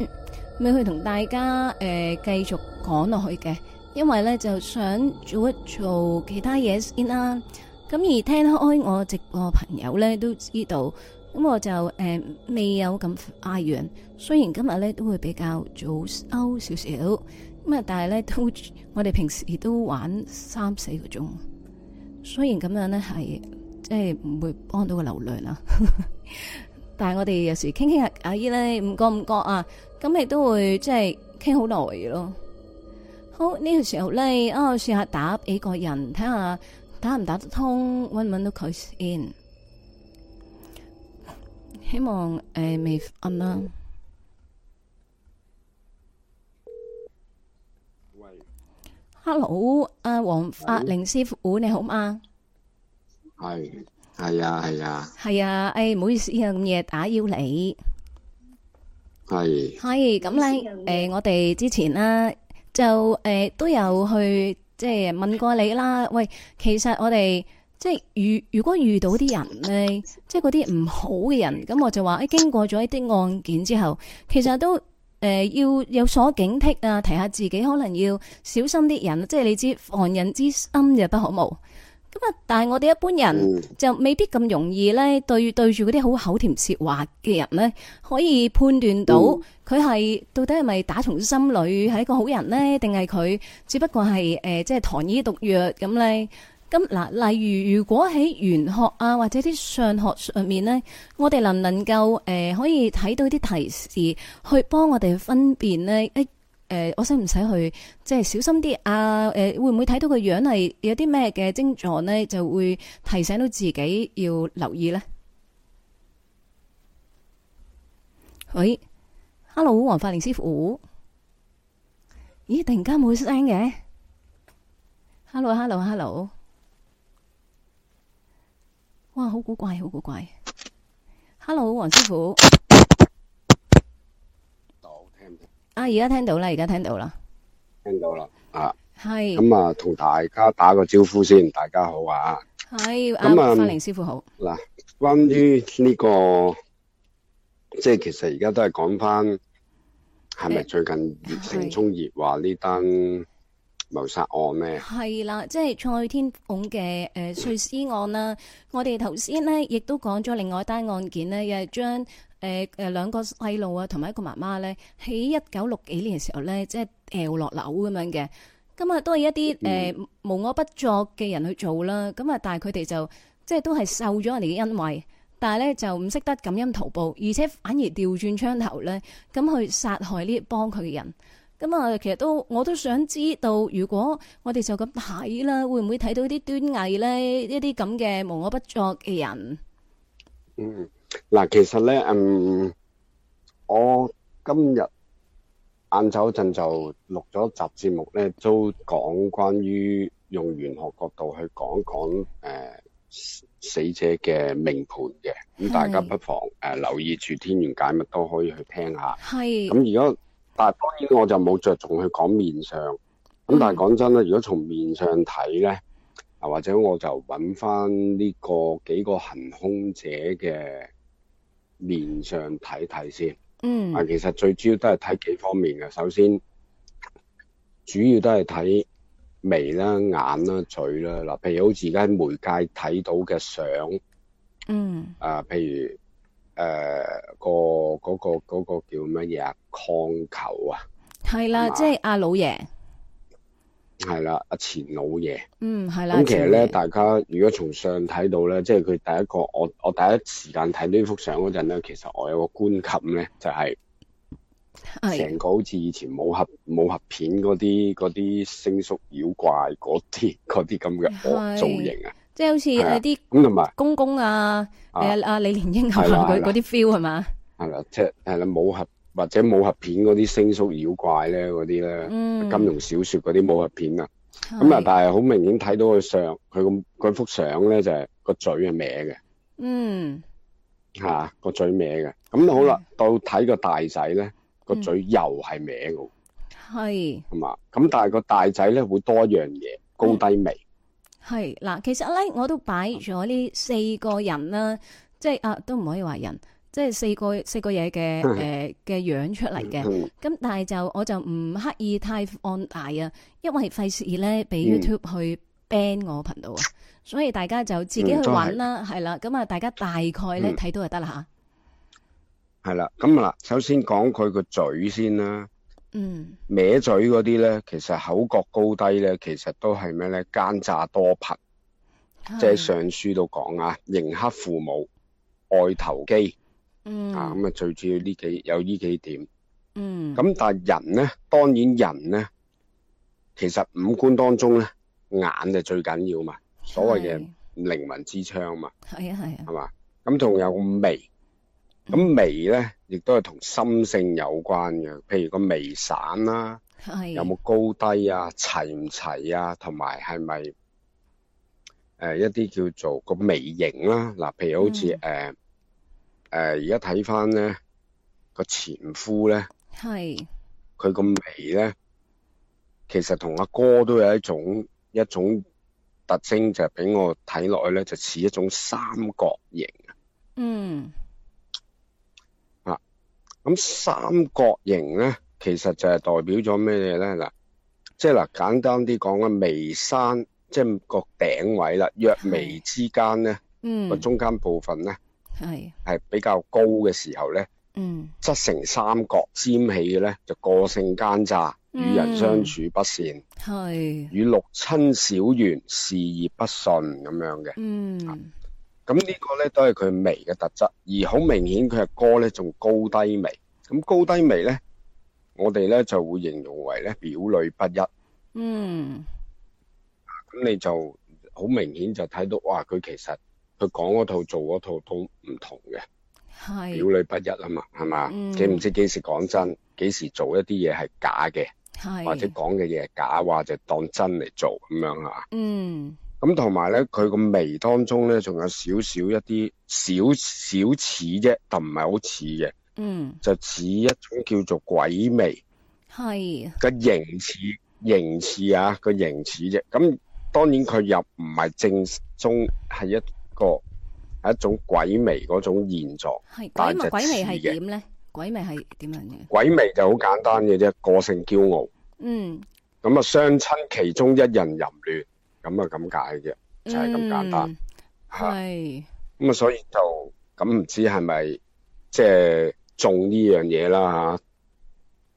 未去同大家誒繼、呃、續講落去嘅，因為咧就想做一做其他嘢先啦。咁而聽開我直播朋友咧都知道，咁我就誒、呃、未有咁哀怨。雖然今日咧都會比較早收少少。咁啊！但係咧，都我哋平時都玩三四個鐘，雖然咁樣咧係即係唔會幫到個流量啦，但係我哋有時傾傾下，阿姨咧，唔覺唔覺啊，咁亦都會即係傾好耐咯。好，呢個時候咧，啊，我試下打幾個人睇下打唔打得通，搵唔搵到佢先。希望誒，咪阿媽。Hello，阿黃法寧師傅你好嗎？係係啊係啊係啊，誒唔好意思啊，咁夜打擾你。係係咁咧，誒我哋之前啦就誒都有去即係問過你啦。喂，其實我哋即係遇如果遇到啲人咧，即係嗰啲唔好嘅人，咁我就話誒經過咗一啲案件之後，其實都。誒、呃，要有所警惕啊！提下自己，可能要小心啲人，即係你知防人之心亦不可無。咁啊，但係我哋一般人就未必咁容易咧，對對住嗰啲好口甜舌滑嘅人咧，可以判斷到佢係到底係咪打從心裏係一個好人呢定係佢只不過係誒、呃、即係糖衣毒藥咁咧？咁嗱，例如如果喺玄學啊或者啲上學上面咧，我哋能唔能夠誒、呃、可以睇到啲提示，去幫我哋分辨呢？誒、呃，我使唔使去即係、就是、小心啲啊？誒、呃，會唔會睇到個樣係有啲咩嘅症狀咧，就會提醒到自己要留意咧？喂，Hello，黃法寧師傅，咦，突然間冇聲嘅，Hello，Hello，Hello。Hello, Hello, Hello. 哇，好古怪，好古怪！Hello，黃師傅，啊，而家聽到啦，而家聽到啦，聽到啦，啊，係是，咁啊、嗯，同大家打個招呼先，大家好啊，係是，咁、嗯、啊，法寧師傅好。嗱，關於呢、這個，即係其實而家都係講翻，係咪最近疫情沖熱話呢單？謀殺案咩？係啦，即係蔡天鳳嘅誒碎屍案啦。 我哋頭先呢亦都講咗另外一單案件呢又係將誒誒兩個細路啊，同埋一個媽媽呢喺一九六幾年嘅時候呢，即係掉落樓咁樣嘅。今日都係一啲誒、 呃、無惡不作嘅人去做啦。咁啊，但係佢哋就即係都係受咗人哋嘅恩惠，但係呢就唔識得感恩圖報，而且反而調轉槍頭呢，咁去殺害呢幫佢嘅人。咁啊、嗯，其實都我都想知道，如果我哋就咁睇啦，會唔會睇到啲端倪咧？一啲咁嘅無我不作嘅人。嗯，嗱，其實咧，嗯，我今日晏晝嗰陣就錄咗集節目咧，都講關於用玄學角度去講講誒死者嘅命盤嘅。咁是大家不妨誒、呃、留意住天元解密都可以去聽下。係是。咁而家……但係當然我就冇着重去講面相，咁但係講真咧，如果從面相睇咧，啊或者我就揾翻，呢個幾個行兇者嘅面相睇睇先。嗯。啊，其實最主要都係睇幾方面嘅，首先主要都係睇眉啦、眼啦、嘴啦。嗱，譬如好似而家喺媒介睇到嘅相。嗯。啊，譬如。誒，呃那個嗰、那個、那個叫乜嘢啊？礦球啊，係啦的，是的即係阿老爺，係啦，阿前老爺，嗯係啦。咁其實咧，大家如果從上睇到咧，即係佢第一個，我我第一時間睇呢幅相嗰陣咧，其實我有個觀感咧，就係、是、成個好似以前武俠武俠片嗰啲嗰啲星宿妖怪嗰啲嗰啲咁嘅造型啊。即係好似誒啲公公啊，阿阿李連英啊，嗰嗰啲 feel 係嘛？係啦，即係啦，武俠或者武俠片嗰啲星宿妖怪咧，嗰啲咧，金庸小說嗰啲武俠片啊，咁啊，但係好明顯睇到佢相，佢咁嗰幅相咧就係個嘴係歪嘅。嗯，吓個嘴歪嘅，咁好啦，到睇個大仔咧，個嘴又係歪嘅。係。係嘛？咁但係個大仔咧會多一樣嘢，高低眉。係嗱，其實咧我都擺咗呢四個人啦，即係啊都唔可以話人，即係四個四個嘢嘅誒嘅樣子出嚟嘅，咁、嗯嗯、但係就我就唔刻意太放大啊，因爲費事咧俾 YouTube 去 ban 我頻道啊，嗯、所以大家就自己去揾啦，係、嗯、啦，咁啊大家大概咧睇到就得啦吓。係啦，咁啊啦，首先講佢個嘴先啦。嗯，歪嘴嗰啲咧，其實口角高低咧，其實都係咩咧？奸詐多貧，嗯、即係上書都講啊，刑克父母，愛投機，嗯啊，咁啊，最主要呢幾有呢幾點，嗯，咁但係人咧，當然人咧，其實五官當中咧，眼就最緊要嘛，所謂嘅靈魂之窗嘛，係啊係啊，係嘛，咁仲有五眉。咁眉咧，亦都係同心性有關嘅。譬如個眉散啦、啊，的有冇高低啊、齊唔齊啊，同埋係咪誒一啲叫做個眉形啦、啊。嗱、呃，譬如好似誒誒，而家睇翻咧個前夫咧，係佢個眉咧，其實同阿哥，哥都有一種一種特徵，就係俾我睇落去咧，就似一種三角形。嗯。咁三角形咧，其實就係代表咗咩嘢咧？嗱、就是，即係嗱簡單啲講咧，眉山即係、就是、個頂位啦，若眉之間咧，個、嗯、中間部分咧，係係是比較高嘅時候咧，嗯，則成三角尖起嘅咧，就個性奸詐，與人相處不善，係、嗯、與六親小緣，事業不順咁樣嘅，嗯。咁呢個咧都係佢眉嘅特質，而好明顯佢嘅歌咧仲高低眉。咁高低眉咧，我哋咧就會形容為咧表裏不一。嗯。咁你就好明顯就睇到，哇！佢其實佢講嗰套做嗰套都唔同嘅，係是表裏不一啊嘛，係嘛？佢唔知幾時講真，幾時做一啲嘢係假嘅是，或者講嘅嘢係假話就當真嚟做咁樣啊。嗯。咁同埋咧，佢個眉當中咧，仲有少少一啲少少似啫，但唔係好似嘅。嗯，就似一種叫做鬼眉。係。個形似，形似啊，個形似啫，啊。咁當然佢又唔係正中，係一個一種鬼眉嗰種現狀。係鬼眉，鬼眉係點咧？鬼眉係點樣嘅？鬼眉就好簡單嘅啫，個性驕傲。嗯。咁啊，雙親其中一人淫亂。咁啊咁解嘅，就係、是、咁簡單，係咁、嗯、啊、嗯，所以就咁唔、嗯、知係咪即係中呢樣嘢啦吓？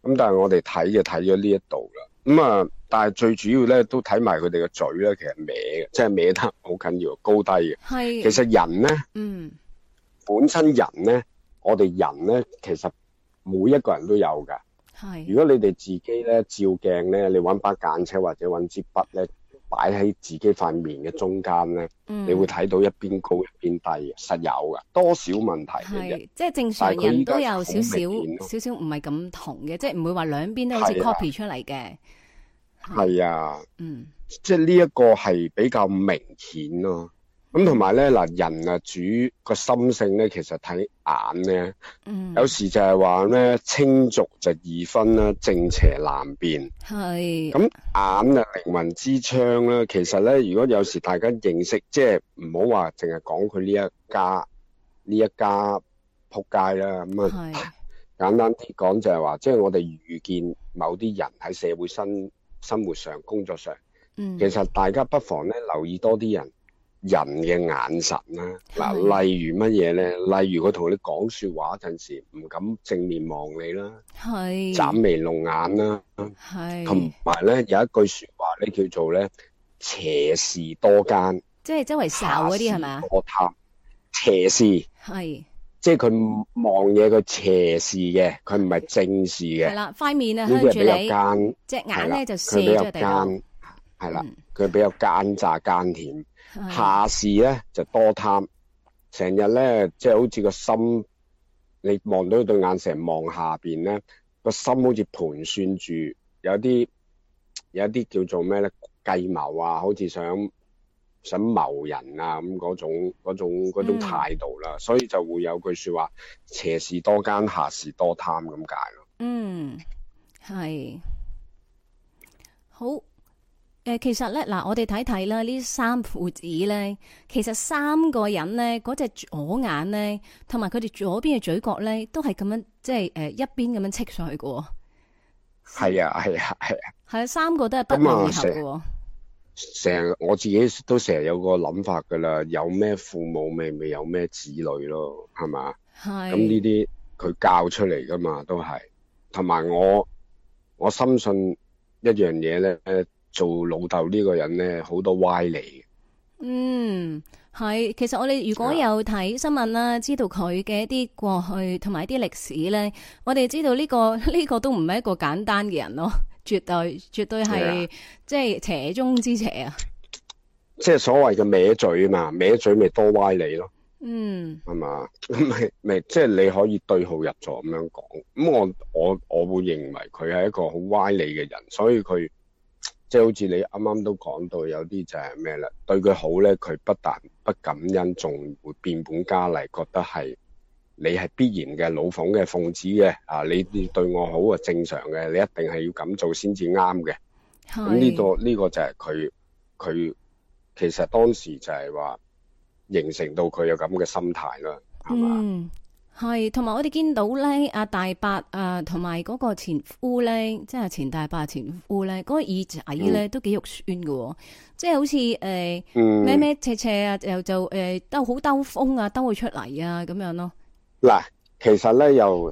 咁但係我哋睇就睇咗呢一度啦。咁啊，嗯、但係、嗯、最主要咧都睇埋佢哋個嘴咧，其實歪嘅，即、就、係、是、歪得好緊要高低嘅。係是，其實人咧，嗯，本身人咧，我哋人咧，其實每一個人都有噶。係是，如果你哋自己咧照鏡咧，你揾把間尺或者揾支筆咧，擺喺自己塊面嘅中間咧，你會睇到一邊高一邊低嘅，嗯、實有嘅，多少問題嘅。係，即係正常人、啊、都有少少少少唔係咁同嘅，即係唔會話兩邊都好似 copy 出嚟嘅。係啊，是，是啊嗯，即係呢一個係比較明顯咯、啊。咁同埋咧，嗱、嗯、人啊，主個心性咧，其實睇眼咧，嗯，有時就係話咧，清濁就易分啦，正邪難辨，係咁是、嗯、眼啊，靈魂之窗啦。其實咧，如果有時大家認識，即係唔好話淨係講佢呢一家呢一家仆街啦。咁、嗯、啊，是簡單啲講就係話，即係我哋遇見某啲人喺社會生生活上、工作上，嗯、其實大家不妨咧留意多啲人。人嘅眼神啦、啊，嗱是，例如乜嘢咧？例如佢同你講說話陣時，唔敢正面望你啦、啊，係是，眨眉弄眼啦、啊，係是，同埋咧有一句說話咧叫做咧，斜視多奸，即係周圍笑嗰啲係咪啊？我貪斜視係，是即係佢望嘢佢斜視嘅，佢唔係正視嘅，係啦的，塊面啊，呢啲係比較奸，隻眼咧就斜咗啲，係啦，佢比較奸詐奸甜。下事咧就多貪，成日咧即係好似個心，你望到佢對眼成日望下邊咧，個心好似盤算住有啲，有一啲叫做咩咧計謀啊，好似想想謀人啊咁嗰種嗰種嗰種態度啦，嗯、所以就會有句說話，邪事多奸，下事多貪咁解咯。嗯，係好。誒，其實咧嗱，我哋睇睇啦，呢三父子咧，其實三個人咧，嗰隻左眼咧，同埋佢哋左邊嘅嘴角咧，都係咁樣，即係誒一邊咁樣戚上去嘅。係啊，係啊，係啊，係啊，三個都係不謀而合嘅。成日我，我自己都成日有個諗法噶啦，有咩父母咪咪有咩子女咯，係嘛？係咁呢啲佢教出嚟噶嘛，都係同埋我我深信一樣嘢咧。做老豆呢個人咧，好多歪理嘅。嗯，係其實我哋如果有睇新聞啦，的知道佢嘅一啲過去同埋一啲歷史咧，我哋知道呢個呢個都唔係一個簡單嘅人咯，絕對絕對係的即係邪中之邪啊！即係所謂嘅歪嘴啊嘛，歪嘴咪多歪理咯。嗯，係嘛咪咪，即 係你可以對號入座咁樣講。咁我我我會認為佢係一個好歪理嘅人，所以佢。即係好似你啱啱都講到，有啲就係咩啦？對佢好咧，佢不但不感恩，仲會變本加厲，覺得係你係必然嘅老奉嘅奉旨嘅啊！你你對我好啊，正常嘅，你一定係要咁做先至啱嘅。咁呢個呢個就係佢佢其實當時就係話形成到佢有咁嘅心態啦，係嘛的？係，同埋我哋見到咧，阿大伯啊，同埋嗰個前夫咧，即係前大伯前夫咧，嗰、那個、耳仔咧、嗯、都幾肉酸噶、哦，即係好似誒咩咩赤赤啊，又就誒都好兜風啊，兜佢出嚟啊咁樣咯。嗱，其實咧又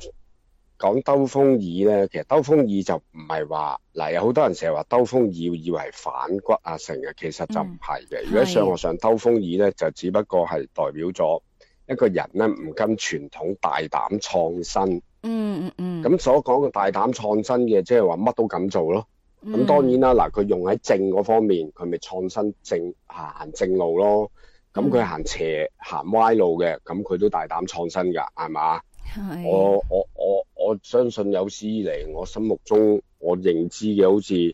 講兜風耳咧，其實兜風耳就唔係話嗱，有好多人成日話兜風耳以為係反骨啊，成日其實就唔係嘅。嗯、如果上學上兜風耳咧，就只不過係代表咗。一個人咧唔跟傳統，大膽創新。嗯嗯嗯。咁、嗯、所講嘅大膽創新嘅，即係話乜都敢做咯。咁、嗯、當然啦，嗱，佢用喺正嗰方面，佢咪創新正行正路咯。咁佢行斜、行歪路嘅，咁佢都大膽創新㗎，係嘛是？我我我我相信有史以嚟，我心目中我認知嘅，好似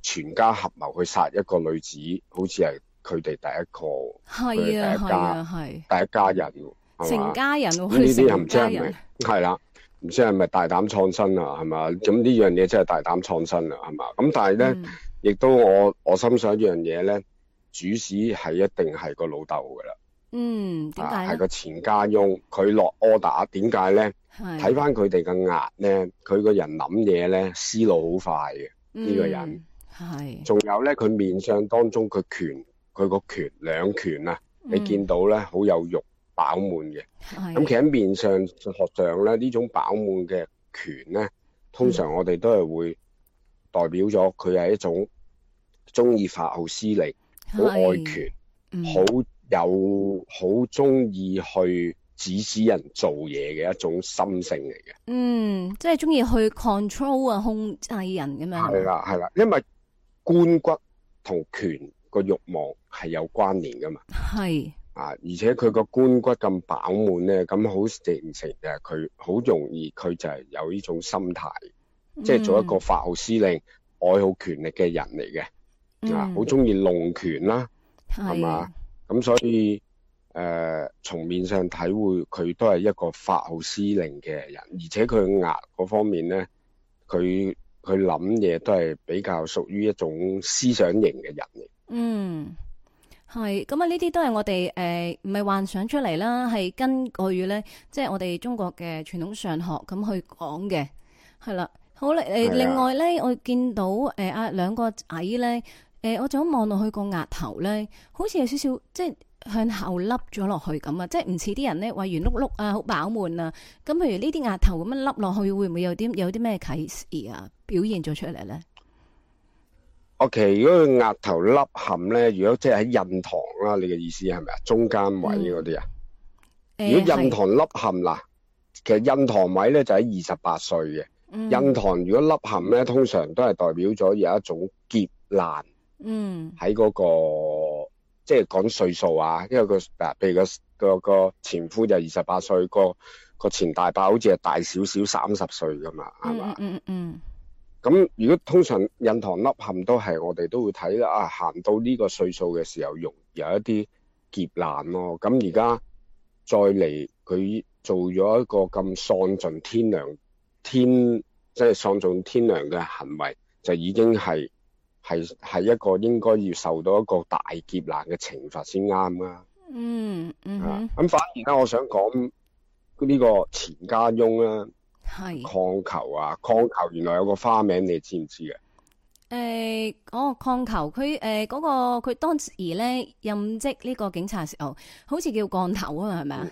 全家合謀去殺一個女子，好似係。佢哋第一個，佢、啊、第一家係、啊啊啊、第一家人，是成家人佢呢啲係唔知係咪係啦？唔知係咪大膽創新啊？係嘛？咁呢樣嘢真係大膽創新啦、啊，係嘛？咁。但係咧，亦、嗯、都我我心想一樣嘢咧，主使係一定係個老豆噶啦。嗯，點解係個前家翁？佢落 order 點解咧？睇翻佢哋嘅額咧，佢個人諗嘢咧，思路好快嘅呢、嗯、個人係仲是有咧，佢面相當中佢權。佢個顴兩顴啊，你見到咧好、嗯、有肉飽滿嘅。咁的其實面上學上咧，呢種飽滿嘅顴咧，通常我哋都係會代表咗佢係一種中意發號施令，好愛權、好、嗯、有好中意去指使人做嘢嘅一種心性嚟嘅。嗯，即係中意去 control 啊，控制人咁樣。係啦，係啦，因為顴骨同權個欲望係有關聯噶嘛？係是啊，而且佢個官骨咁飽滿咧，咁好形成就佢好容易，佢就係有呢種心態，即、就、係、是、做一個發號施令、嗯、愛好權力嘅人嚟嘅、嗯、啊，好中意弄權啦，係嘛咁，所以誒，從、呃、面上體會佢都係一個發號施令嘅人，而且佢額嗰方面咧，佢佢諗嘢都係比較屬於一種思想型嘅人嚟。嗯，係咁啊！呢啲都係我哋誒唔係幻想出嚟啦，係根據咧，即係我哋中國嘅傳統上學咁去講嘅，係啦。好啦，誒，另外咧，我見到誒阿兩個矮咧，誒，我仲想望落去個額頭咧，好似有少少即係向後凹咗落去咁啊！即係唔似啲人咧話圓碌碌啊，好飽滿啊。咁譬如呢啲額頭咁樣凹落去，會唔會有啲有啲咩啟示啊？表現咗出嚟咧？Ok，如果佢額頭凹陷咧，如果即係喺印堂啦、啊，你嘅意思係咪啊？中間位嗰啲啊？嗯、如果印堂凹陷嗱，欸、其實印堂位咧就喺二十八歲嘅。嗯、印堂如果凹陷咧，通常都係代表咗有一種劫難。嗯。喺嗰、嗰個即係、即係、講歲數啊，因為、嗰個，譬如個個前夫就二十八歲，個個前大伯好似係大少少三十歲㗎嘛，係嘛、嗯吧嗯？嗯嗯。咁如果通常印堂凹陷都係我哋都會睇啦，啊，行到呢個歲數嘅時候，容易有一啲劫難咯。咁而家再嚟佢做咗一個咁喪盡天良，天即係喪盡天良嘅行為，就已經係係係一個應該要受到一個大劫難嘅懲罰先啱啦。嗯嗯、mm，咁、hmm，反而咧，我想講呢個前家翁啦。係礦是球啊，礦球原來有個花名，你知唔知啊？誒、欸，嗰、哦、礦球佢誒，嗰、呃那個佢當時咧任職呢個警察時候，好似叫鋼頭、嗯、啊，嘛，係咪啊？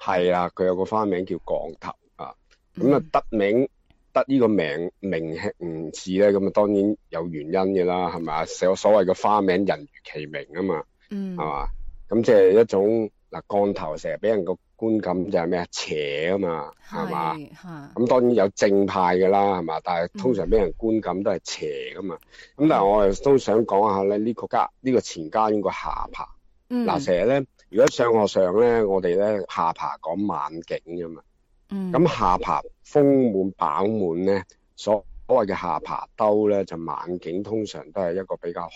係啊，佢有個花名叫鋼頭啊，咁、嗯、啊、嗯、得名得呢個名名唔字咧，咁啊當然有原因嘅啦，係嘛？所所謂嘅花名人如其名啊嘛，嗯，係嘛？咁即係一種。嗱，光頭成日俾人個觀感就係咩啊？邪啊嘛，係嘛是？咁當然有正派嘅啦，係嘛？但係通常俾人觀感都係邪啊嘛。咁、嗯、但係我哋都想講一下咧，呢個家呢、呢個前應該下巴，嗱、嗯，成日咧，如果上學上咧，我哋咧下巴講晚景嘅嘛。咁、嗯、下巴豐滿飽滿咧，所所謂嘅下巴兜咧，就晚景通常都係一個比較好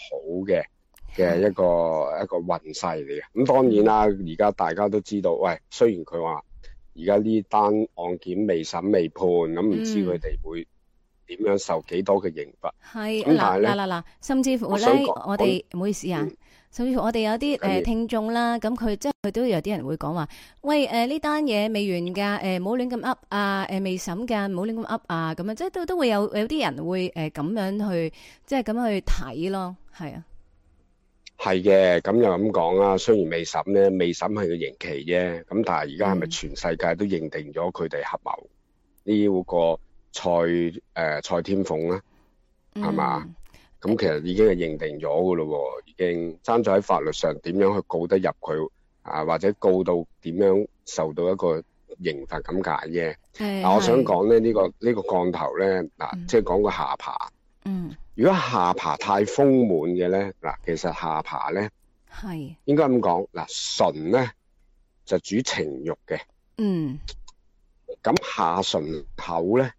嘅。嘅一個一個運勢嚟嘅，咁當然啦。而家大家都知道，喂，雖然佢話而家呢單案件未審未判，咁唔、嗯、知佢哋會點樣受幾多嘅刑罰。係是但係咧，嗱嗱嗱，甚至乎我哋唔們我好意思啊，嗯、甚至乎我哋有啲誒聽眾啦，咁佢即係佢都有啲人會講話，喂誒呢單嘢未完噶，誒唔好亂咁 up 啊，誒未審噶，唔好亂咁 up 啊，咁樣即係都都會有有啲人會誒咁、呃、樣去即係咁樣去睇咯，係啊。係嘅，咁又咁講啦。雖然未審咧，未審係個刑期啫。咁但係而家係咪全世界都認定咗佢哋合謀？呢個蔡誒、呃、蔡天鳳咧，係嘛、嗯？咁其實已經係認定咗噶咯，已經爭在喺法律上點樣去告得入佢啊，或者告到點樣受到一個刑罰咁解啫。嗱的，我想講咧呢的、這個呢、這個降頭咧嗱，啊嗯、即係講個下爬。嗯，如果下巴太豐滿嘅咧，嗱，其實下巴咧係應該咁講，嗱唇咧就主情慾，嘅，嗯，咁下唇厚咧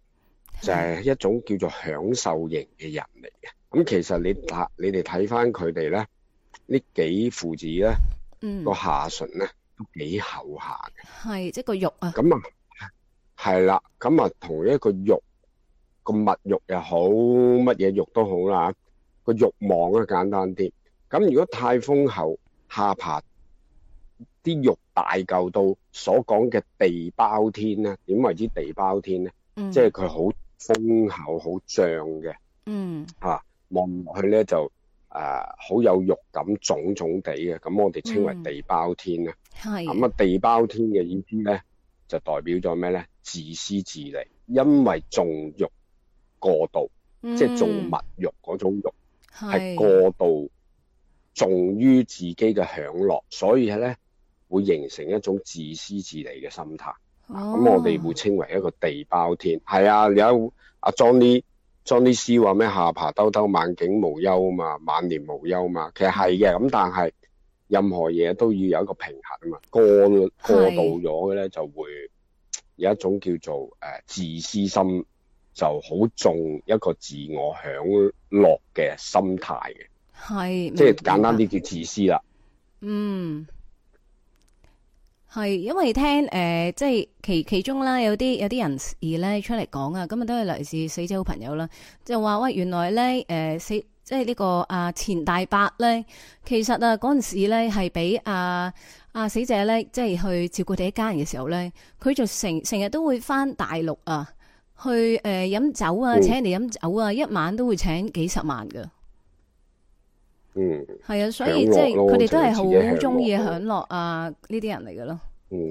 就係、是、一種叫做享受型嘅人嚟嘅。咁其實你打你哋睇翻佢哋咧呢這幾父子咧，個、嗯、下唇咧都幾厚下嘅，係即、就是、個肉啊。咁啊，係啦，咁啊同一個肉。個物慾又好，乜嘢慾都好啦。嚇個慾望咧簡單啲。咁如果太豐厚下巴啲肉大嚿到所講嘅地包天咧，點為之地包天咧？嗯，即係佢好豐厚、好脹嘅。嗯，望落去咧就好、呃、有肉感、腫腫地嘅。咁我哋稱為地包天咧。係咁啊！地包天嘅意思咧就代表咗咩咧？自私自利，因為縱慾。過度，即係重物慾嗰、嗯、種慾係過度重於自己嘅享樂，的所以咧會形成一種自私自利嘅心態。咁、哦啊、我哋會稱為一個地包天。係啊，有阿、啊、John Johnny Johnny Sir 話咩下巴兜兜，晚景無憂啊嘛，晚年無憂啊嘛。其實係嘅，咁但係任何嘢都要有一個平衡啊嘛。過過度咗咧，的就會有一種叫做誒、呃、自私心。就好重一個自我享樂嘅心態嘅，係即係簡單啲叫自私啦。嗯，係因為聽誒，即、呃、係、就是、其其中啦，有啲有啲人士咧出嚟講啊，咁啊都係嚟自死者好朋友啦，就話喂，原來咧誒、呃、死即係、這、呢個啊前大伯咧，其實啊嗰陣時咧係俾啊死者咧即係去照顧第一家人嘅時候咧，佢就成成日都會翻大陸啊。去誒飲、呃、酒啊，請人哋飲酒啊，嗯、一晚都會請幾十萬噶。嗯，係啊，所以即係佢哋都係好中意享樂啊，呢啲人嚟噶咯。嗯、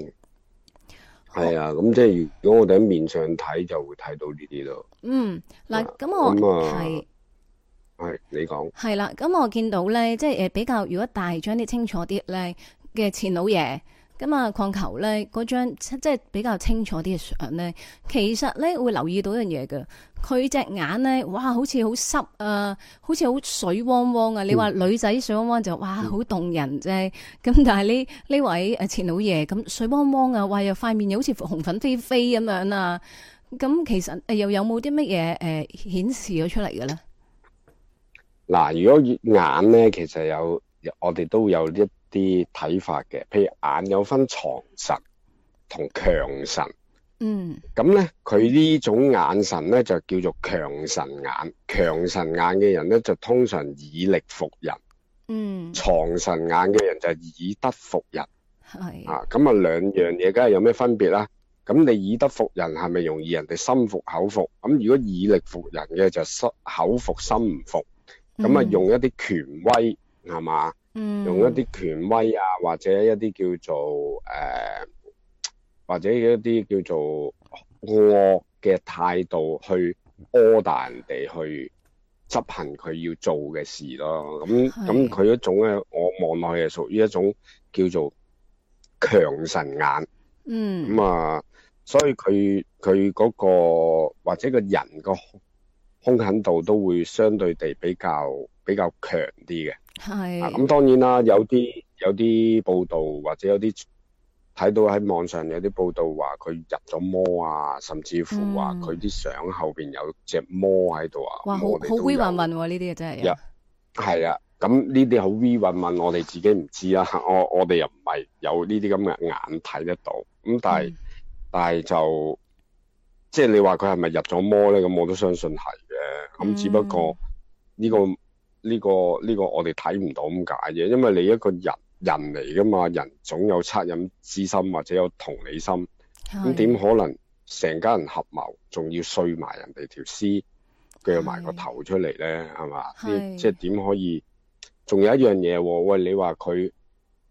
係、嗯、啊，咁即係如果我哋喺面上睇，就會睇到呢啲咯。嗯的，嗱，咁我係係你講係啦，咁我見到咧，即係誒比較如果大張啲清楚啲咧嘅前老爺。咁啊，礦球咧嗰張即係比較清楚啲嘅相咧，其實咧會留意到一樣嘢嘅，佢隻眼咧，哇，好似好濕啊，好似好水汪汪啊。嗯、你話女仔水汪汪就哇，好動人啫、啊。咁、嗯、但係呢呢位誒前老爺咁水汪汪啊，哇又塊面又好似紅粉飛飛咁樣啊。咁其實又有冇啲乜嘢誒顯示咗出嚟嘅咧？嗱，如果眼咧，其實有我哋都有啲。啲睇法嘅，譬如眼有分藏神同強神，嗯，咁咧佢呢種眼神咧就叫做強神眼，強神眼嘅人咧就通常以力服人，嗯，藏神眼嘅人就以德服人，係是啊，咁啊兩樣嘢梗係有咩分別啦？咁你以德服人係咪容易人哋心服口服？咁如果以力服人嘅就口服心唔服，咁啊用一啲權威係嘛？用一啲權威啊，或者一啲叫做誒、呃，或者一啲叫做惡嘅態度去 order 人哋去執行佢要做嘅事咯。咁咁佢一種咧、啊，我望落係屬於一種叫做強神眼。嗯。咁啊，所以佢佢嗰個或者個人個凶狠度都會相對地比較比較強啲嘅。係咁，是啊、當然啦，有啲有啲報道或者有啲睇到喺網上有啲報道話佢入咗魔啊，甚至乎話佢啲相後邊有隻魔喺度啊、嗯。哇，好好 v 幻問呢啲啊，這些真係。係、yeah, 啊，咁呢啲好 v 幻問，我哋自己唔知啊。我我哋又唔係有呢啲咁嘅眼睇得到。咁、嗯嗯、但係但係就即係你話佢係咪入咗魔咧？咁我都相信係嘅。咁只不過呢個。嗯呢個呢個我哋睇唔到咁解啫，因為你一個人人嚟噶嘛，人總有惻隱之心或者有同理心，咁點是可能成家人合謀仲要碎埋人哋條屍，鋸埋個頭出嚟咧？係嘛是？即係點可以？仲有一樣嘢喎，喂，你話佢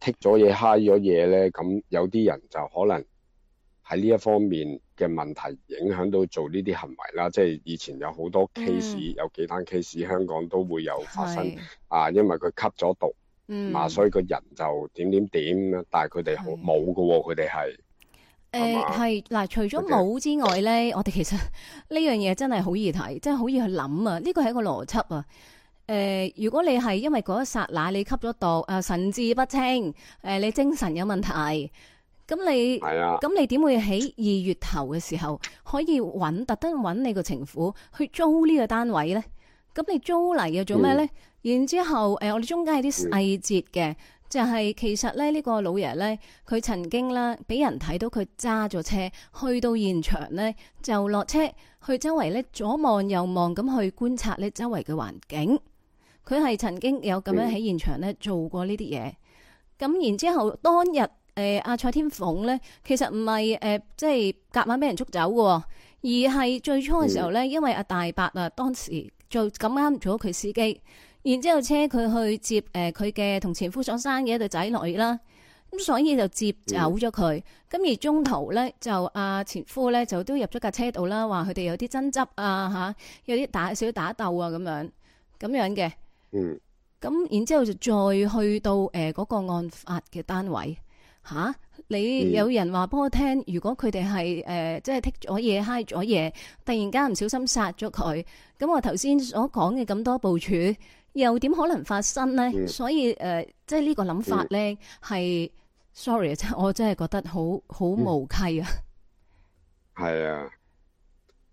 剔咗嘢，揩咗嘢咧，咁有啲人就可能喺呢一方面。嘅問題影響到做呢啲行為啦，即係以前有好多 case、嗯、有幾單 case 香港都會有發生是啊，因為佢吸咗毒，嘛、嗯，所以個人就點點點。但係佢哋冇嘅喎，佢哋係誒係嗱，除咗冇之外咧，他們 我哋其實呢樣嘢真係好易睇，即係好易去諗啊！呢個係一個邏輯啊。誒、呃，如果你係因為嗰一剎那你吸咗毒，誒、呃、神志不清，誒、呃、你精神有問題。咁你咁的你點會喺二月頭嘅時候可以揾特登揾你個情婦去租呢個單位呢？咁你租嚟又做咩呢？嗯、然之後誒、呃，我哋中間有啲細節嘅，嗯、就係其實咧呢、呢個老爺呢，佢曾經啦俾人睇到佢揸咗車去到現場呢，就落車去周圍咧左望右望咁去觀察咧周圍嘅環境。佢係曾經有咁樣喺現場咧、嗯、做過呢啲嘢。咁然之後當日。誒，阿、呃、蔡天鳳咧，其實唔係誒，即係夾硬俾人捉走嘅，而係最初嘅時候咧，因為阿大伯啊，當時就咁啱做咗佢司機，然之後車佢去接誒佢嘅同前夫所生嘅一對仔女啦。咁所以就接走咗佢。咁、嗯、而中途咧就阿、啊、前夫咧就都入咗架車度啦，話佢哋有啲爭執啊，吓有啲打少少打鬥啊，咁、啊、樣咁、嗯、樣嘅。嗯，咁然之後就再去到誒嗰、呃那個案發嘅單位。吓、啊！你有人話幫我聽，嗯、如果佢哋係誒，即係剔咗嘢、嗨咗嘢，突然間唔小心殺咗佢，咁我頭先所講嘅咁多部署，又點可能發生咧？嗯、所以誒、呃，即係呢個諗法咧，係、嗯、sorry 我覺得很很無啊，我真係覺得好好無稽啊！係啊，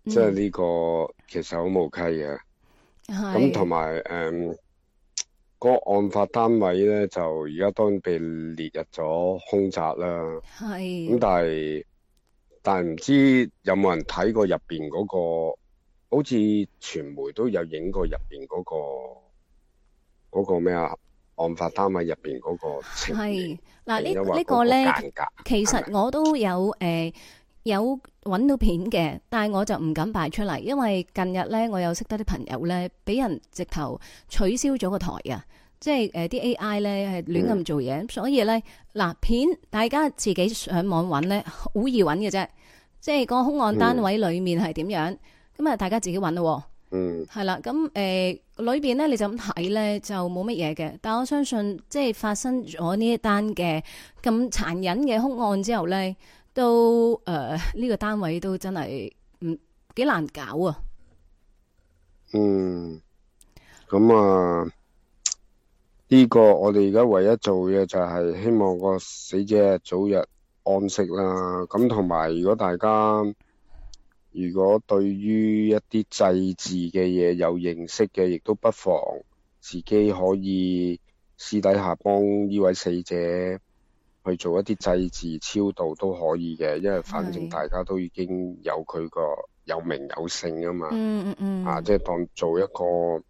即係呢個其實好無稽嘅、啊。咁同埋誒。是嗰案發單位咧，就而家當然被列入咗凶宅啦。係是。咁、嗯、但係但唔知有冇人睇過入邊嗰個，好似傳媒都有影過入邊嗰個嗰、嗰個咩啊？案發單位入邊嗰個係嗱呢呢個咧，其實我都有誒。是有揾到片嘅，但係我就唔敢擺出嚟，因為近日呢，我有識得啲朋友呢，俾人直頭取消咗個台啊！即係誒，啲、呃、AI 呢係亂咁做嘢，嗯、所以呢，嗱片，大家自己上網揾呢，好易揾嘅啫，即係個凶案單位裏面係點樣，咁啊，大家自己揾咯、哦，嗯，係啦，咁、呃、誒裏邊呢你就咁睇呢，就冇乜嘢嘅，但我相信即係發生咗呢一單嘅咁殘忍嘅凶案之後呢。都誒，呢、呃，這個單位都真係唔幾難搞啊。嗯，咁啊，呢、這個我哋而家唯一做嘅就係希望個死者早日安息啦。咁同埋，如果大家如果對於一啲祭祀嘅嘢，有認識嘅，亦都不妨自己可以私底下幫呢位死者，去做一啲祭祀超度都可以嘅，因為反正大家都已經有佢個有名有姓啊嘛，mm hmm. 啊即係、就是、當做一個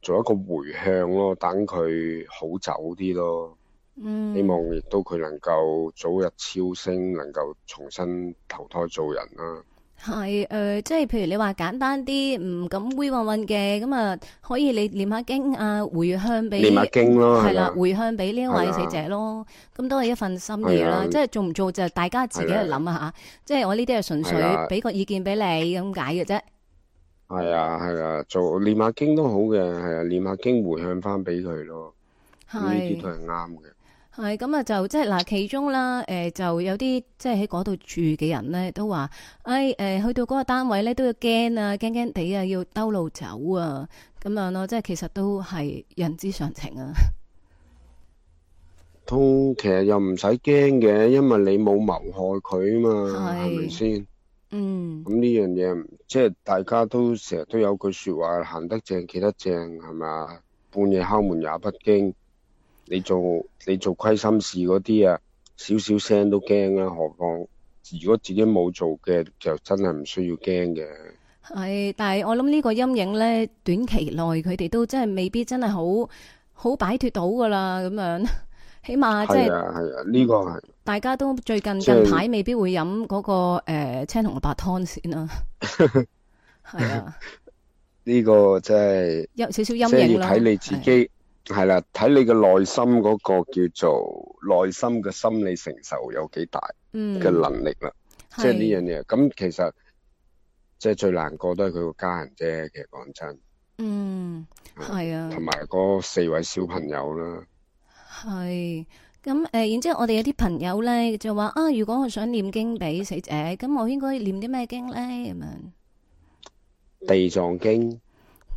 做一個回向咯，等佢好走啲咯，mm hmm. 希望亦都佢能夠早日超升，能夠重新投胎做人啦、啊。係誒，即係譬如你話簡單啲，唔敢揮混混嘅，咁啊可以你念下經啊回向俾念下經咯，係啦回向俾呢一位死者咯，咁都係一份心意啦。即係做唔做就大家自己去諗下。即係我呢啲係純粹俾個意見俾你咁解嘅啫。係啊係啊，做念下經都好嘅，係啊念下經回向翻俾佢咯，呢啲都係啱嘅。係咁啊，就即係嗱，其中啦，誒、呃，就有啲即係喺嗰度住嘅人咧，都話，誒、哎，誒、呃，去到嗰個單位咧，都要驚啊，驚驚地啊，要兜路走啊，咁樣咯，即、呃、係其實都係人之常情啊。都其實又唔使驚嘅，因為你冇謀害佢啊嘛，係咪先？吧嗯。咁呢樣嘢，即係大家都成日都有句說話，行得正，企得正，係咪啊？半夜敲門也不驚。你做你做虧心事嗰啲啊，少少聲都驚啦、啊，何況如果自己冇做嘅，就真係唔需要驚嘅。係，但係我諗呢個陰影咧，短期內佢哋都真係未必真係好好擺脫到噶啦，咁樣起碼即係係啊，呢、啊這個係大家都最近近排未必會飲嗰、那個誒、就是呃、青紅蘿蔔湯先啦。係啊，呢、 啊、個即、就、係、是、有少少陰影要睇你自己。係啦，睇你嘅內心嗰個叫做內心嘅心理承受有幾大嘅能力啦，即係呢樣嘢。咁其實即係、就是、最難過都係佢個家人啫。其實講真，嗯，係啊，同埋嗰四位小朋友啦。係咁誒，然之後我哋有啲朋友咧就話啊，如果我想念經俾死者，咁我應該念啲咩經咧？咁樣地藏經。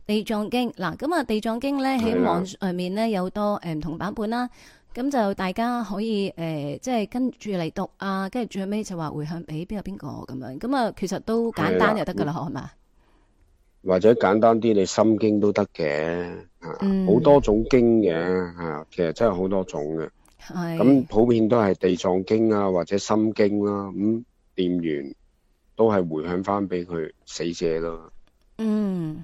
地藏經嗱，咁啊地藏經咧喺網上面咧有多誒，唔同版本啦。咁就大家可以誒，即係跟住嚟讀啊，跟住最後尾就話回向誒，俾邊個邊個咁樣。咁啊，其實都簡單就得噶啦，係嘛？或者簡單啲，你心經都得嘅啊，好多種經嘅啊，其實真係好多種嘅。係咁普遍都係地藏經啊，或者心經啦。咁念完都係回向翻俾佢死者咯。嗯。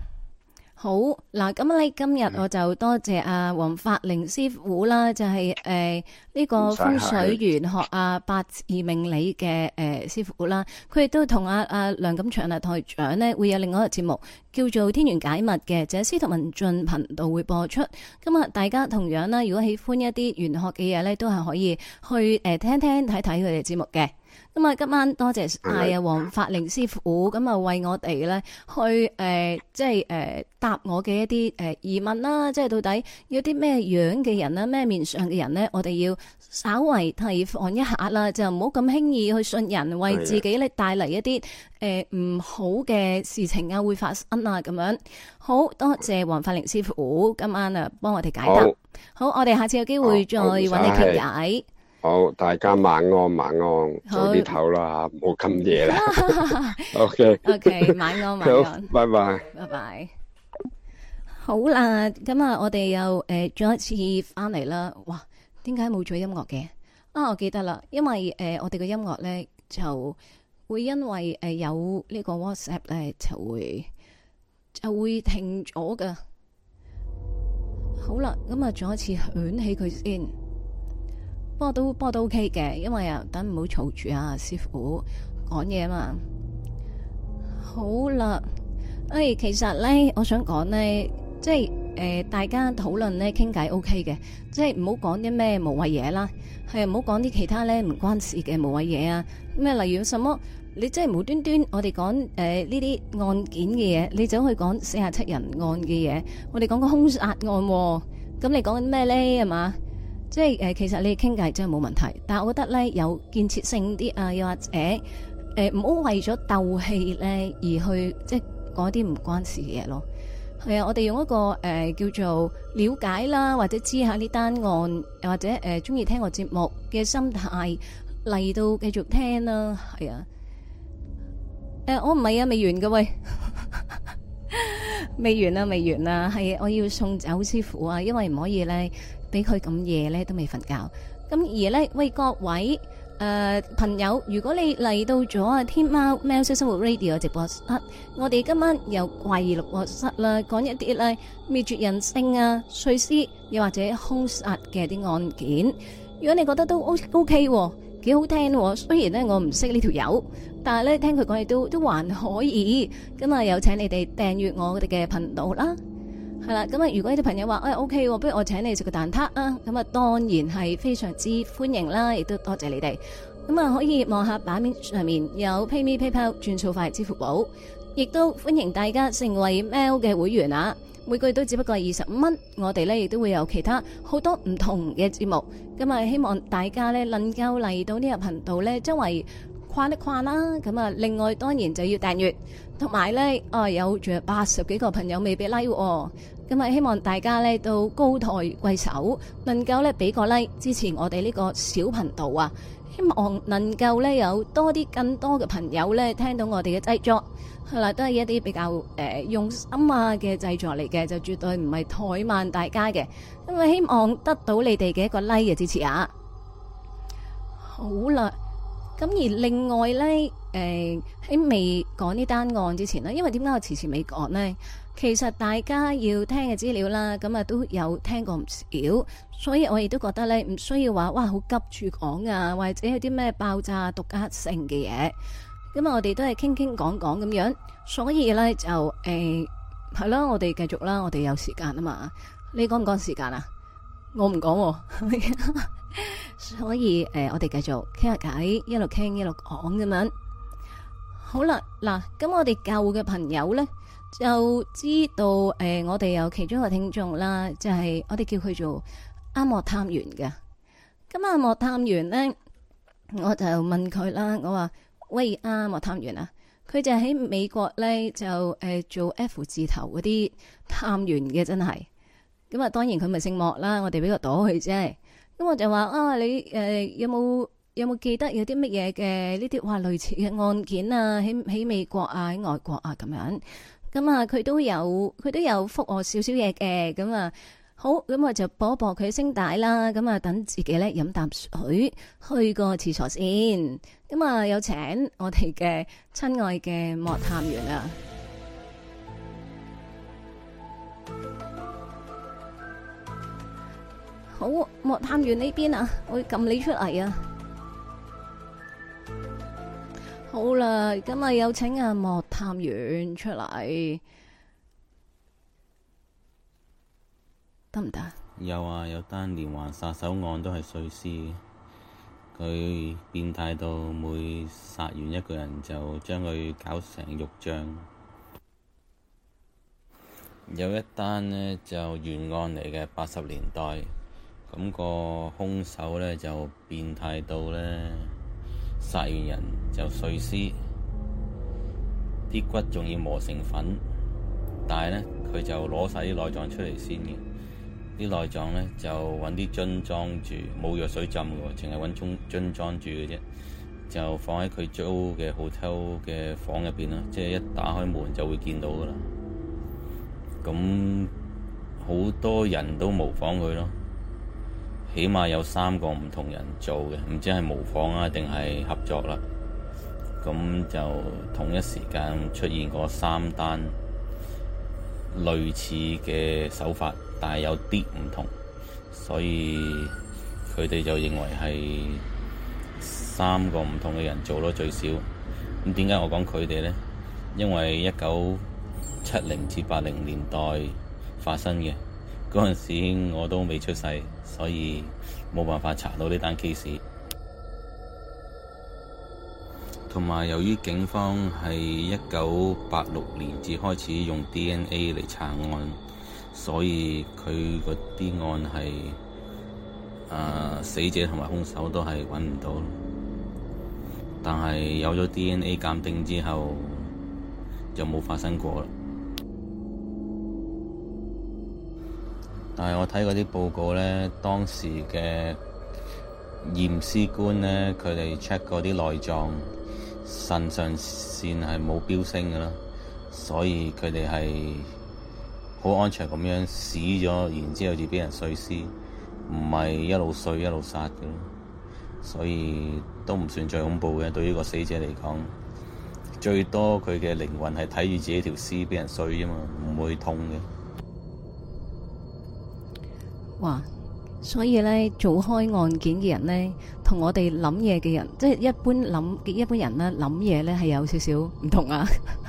好嗱，咁咧今日我就多謝阿黃法寧師傅啦，嗯、就係誒呢個風水玄學啊八字命理嘅，誒、呃、師傅啦。佢亦都同阿阿梁錦祥啊台長呢會有另外一個節目叫做《天元解密》嘅，就喺、是、司徒文進頻道會播出。咁啊大家同樣啦，如果喜歡一啲玄學嘅嘢咧，都係可以去誒聽聽睇睇佢哋節目嘅。咁啊，今晚多謝啊黃法寧師傅，咁啊為我哋咧去誒、呃，即係誒、呃、答我嘅一啲誒疑問啦，即係到底有啲咩樣嘅人啦，咩面相嘅人咧，我哋要稍為提防一下啦，就唔好咁輕易去信人為自己咧帶嚟一啲誒唔好嘅事情啊，會發生啊，咁樣好多謝黃法寧師傅今晚啊幫我哋解答，好，好，我哋下次有機會再揾你傾偈。好，大家晚安，晚安，早啲唞啦，唔好咁夜啦。O K，O K，晚 Okay. okay, 安，晚安，拜拜，拜拜。好啦，咁啊，我哋又誒，再一次翻嚟啦。哇，點解冇咗音樂嘅？啊，我記得啦，因為誒、呃，我哋嘅音樂咧就會因為誒、呃、有個呢個 WhatsApp 咧，就會就會停咗噶。好啦，咁啊，再一次響起佢先。不過都不過都 OK 嘅，因為啊，等唔好嘈住啊，師傅講嘢啊嘛。好啦，誒，其實咧，我想講咧，即係誒、呃，大家討論咧，傾偈 OK 嘅，即係唔好講啲咩無謂嘢啦，係唔好講啲其他咧唔關事嘅無謂嘢啊。咩例如什麼？你即係無端端我哋講誒呢啲案件嘅嘢，你走去講四十七人案嘅嘢，我哋講個凶殺案，啊，咁你講緊咩咧？係嘛？即係誒，其實你哋傾偈真係冇問題，但係我覺得咧有建設性啲啊，又或者誒唔好為咗鬥氣咧而去即係講啲唔關事嘅嘢咯。係、呃、啊，我哋用一個誒、呃、叫做了解啦，或者知下呢單案，又或者誒中意聽我節目嘅心態嚟到繼續聽啦。係啊，誒我唔係啊，未完噶喂，未 完啦，未完啦，係、啊、我要送走師傅啊，因為唔可以咧。俾佢咁夜咧都未瞓覺，咁而咧喂，各位誒朋友，如果你嚟到咗啊天貓喵式生活 radio 直播室，我哋今晚又怪異錄播室啦，講一啲咧滅絕人性啊、碎屍又或者凶殺嘅啲案件，如果你覺得都 O O K，幾好聽，雖然咧我唔識呢條友，但係咧聽佢講嘢都都還可以，咁啊有請你哋訂閱我哋嘅頻道啦。係啦，咁啊，如果呢啲朋友話誒，OK，不如我請你食個蛋撻啊，咁啊，當然係非常之歡迎啦，亦都多謝你哋。咁啊，可以望下版面上面有 PayMe PayPal 轉數快、支付寶，亦都歡迎大家成為 Mail 嘅會員啊！每個月都只不過二十五蚊，我哋咧亦都會有其他好多唔同嘅節目。咁啊，希望大家咧能夠嚟到呢個頻道咧，周圍，跨一跨啦，咁啊，另外當然就要訂閱，同埋呢，啊有仲有八十幾個朋友未俾 like 喎，咁、嗯、啊希望大家呢都高抬貴手，能夠呢俾個 like 支持我哋呢個小頻道啊，希望能夠呢有多啲更多嘅朋友呢聽到我哋嘅製作，係、嗯、啦，都係一啲比較誒、呃、用心啊嘅製作嚟嘅，就絕對唔係怠慢大家嘅，咁、嗯、啊希望得到你哋嘅一個 like 嘅支持啊。好啦。咁而另外呢，誒喺未講呢單案之前咧，因為點解我遲遲未講呢？其實大家要聽嘅資料啦，咁啊都有聽過唔少，所以我亦都覺得呢，唔需要話哇好急住講啊，或者有啲咩爆炸、獨家性嘅嘢。咁啊，我哋都係傾傾講講咁樣，所以呢，就誒係啦我哋繼續啦，我哋有時間啊嘛。你趕唔趕時間啊？我唔講，所以誒、呃，我哋繼續傾下偈，一路傾一路講咁樣。好啦，嗱，咁我哋舊嘅朋友咧，就知道誒、呃，我哋有其中一個聽眾啦，就係、是、我哋叫佢做阿莫探員嘅。咁阿莫探員咧，我就問佢啦，我話喂，阿莫探員啊，佢就喺美國咧，就誒、呃、做 F 字頭嗰啲探員嘅，真係。咁啊，當然佢咪姓莫啦，我哋比較賭佢啫。咁我就話啊，你誒有冇有冇記得有啲乜嘢嘅呢啲話類似嘅案件啊？喺喺美國啊，喺外國啊咁樣。咁啊，佢都有佢都有覆我少少嘢嘅。咁啊，好，咁我就播一播佢聲帶啦。咁啊，等自己咧飲啖水，去個廁所先。咁啊，有請我哋嘅親愛嘅莫探員啊！好，莫探員呢邊啊，我要撳你出嚟啊！好啦，今日有請啊莫探員出嚟得唔得？有啊，有單連環殺手案都係碎屍，佢變態到每殺完一個人就將佢搞成肉醬。有一單呢就懸案嚟嘅，八十年代。咁個兇手咧就變態到咧，殺完人就碎屍，啲骨仲要磨成粉，但係咧佢就攞晒啲內臟出嚟先嘅，啲內臟咧就揾啲樽裝住，冇藥水浸喎，淨係揾樽樽裝住嘅啫，就放喺佢租嘅 hotel 嘅房入邊啦，即係一打開門就會見到噶啦，咁好多人都模仿佢咯。起碼有三個唔同的人做嘅，唔知係模仿啊定係合作啦，啊。咁就同一時間出現過三單類似嘅手法，但係有啲唔同，所以佢哋就認為係三個唔同嘅人做咯，最少。咁點解我講佢哋呢？因為一九七零至八零年代發生嘅嗰陣時，我都未出世。所以冇辦法查到呢單 case，同埋由於警方係一九八六年至開始用 DNA 嚟查案，所以佢嗰啲案係，誒、呃、死者同埋凶手都係揾唔到，但係有咗 DNA 鑑定之後，就冇發生過啦。但係我睇嗰啲報告咧，當時嘅驗屍官咧，佢哋 check 嗰啲內臟，腎上腺係冇飆升嘅咯，所以佢哋係好安全咁樣死咗，然之後就畀人碎屍，唔係一路碎一路殺嘅，所以都唔算最恐怖嘅。對於個死者嚟講，最多佢嘅靈魂係睇住自己條屍畀人碎啊嘛，唔會痛嘅。哇！所以咧，做開案件嘅人咧，同我哋諗嘢嘅人，即係一般諗嘅一般人咧，諗嘢咧係有少少唔同啊。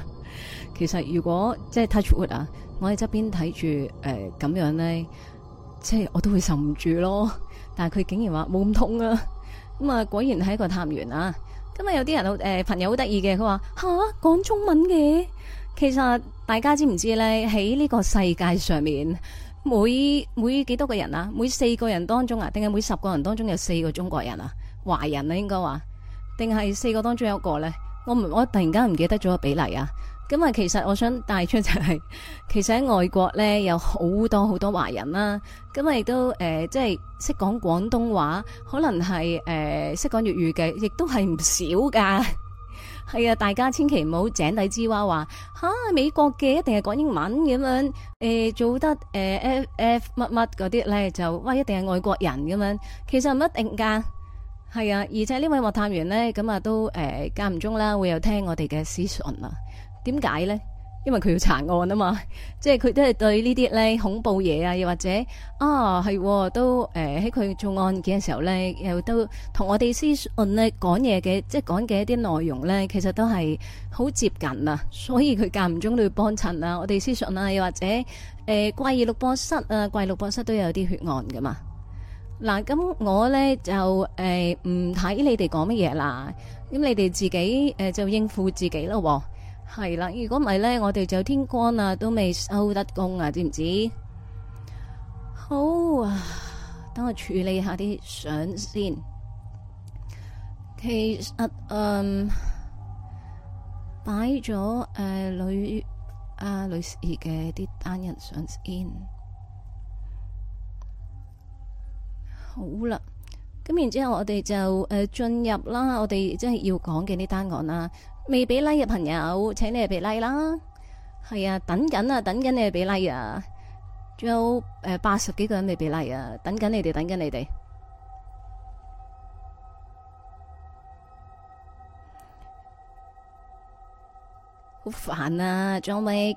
其實如果即係 touch wood 啊，我喺側邊睇住誒咁樣咧，即係我都會受唔住咯。但係佢竟然話冇咁痛啊！咁啊，果然係一個探員啊。咁啊有啲人誒、呃，朋友好得意嘅，佢話吓講中文嘅。其實大家知唔知咧？喺呢個世界上面。每每幾多個人啊？每四個人當中啊，定係每十個人當中有四個中國人啊？華人啊？應該話，定係四個當中有一個呢？我唔我突然間唔記得咗個比例啊！咁啊，其實我想帶出就係、是，其實喺外國呢，有好多好多華人啦、啊，咁啊亦都誒、呃，即係識講廣東話，可能係誒識講粵語嘅，亦都係唔少噶。係啊，大家千祈唔好井底之蛙話吓美國嘅，一定係講英文咁樣，誒，做得誒誒誒乜乜嗰啲咧就哇，一定係外國人咁樣，其實唔一定噶。係啊，而且呢位莫探員咧，咁啊都誒間唔中啦，會有聽我哋嘅 discussion 啊？點解咧？因為佢要查案啊嘛，即係佢都係對呢啲咧恐怖嘢啊，又或者啊係都誒喺佢做案件嘅時候咧，又都同我哋私訊咧講嘢嘅，即係講嘅一啲內容咧，其實都係好接近啊，所以佢間唔中都要幫襯啊，我哋私訊啊，又或者誒、呃、怪異錄播室啊，怪錄播室都有啲血案噶嘛，嗱咁我咧就誒唔睇你哋講乜嘢啦，咁、呃、你哋自己誒、呃、就應付自己咯。係啦，如果唔係咧，我哋就天光啦，都未收得工啊，知唔知？好啊，等我處理下啲相先。其實誒，擺咗誒女阿、呃、女士嘅啲單人相先。好啦，咁然之後我哋就誒進入啦，我哋即係要講嘅啲單案啦。未俾拉嘅朋友，請你哋俾拉啦。係啊，等緊啊，等緊你哋俾拉啊。仲有誒，八十幾個人未俾拉、like、啊，等緊你哋，等緊你哋。好煩啊！仲有未？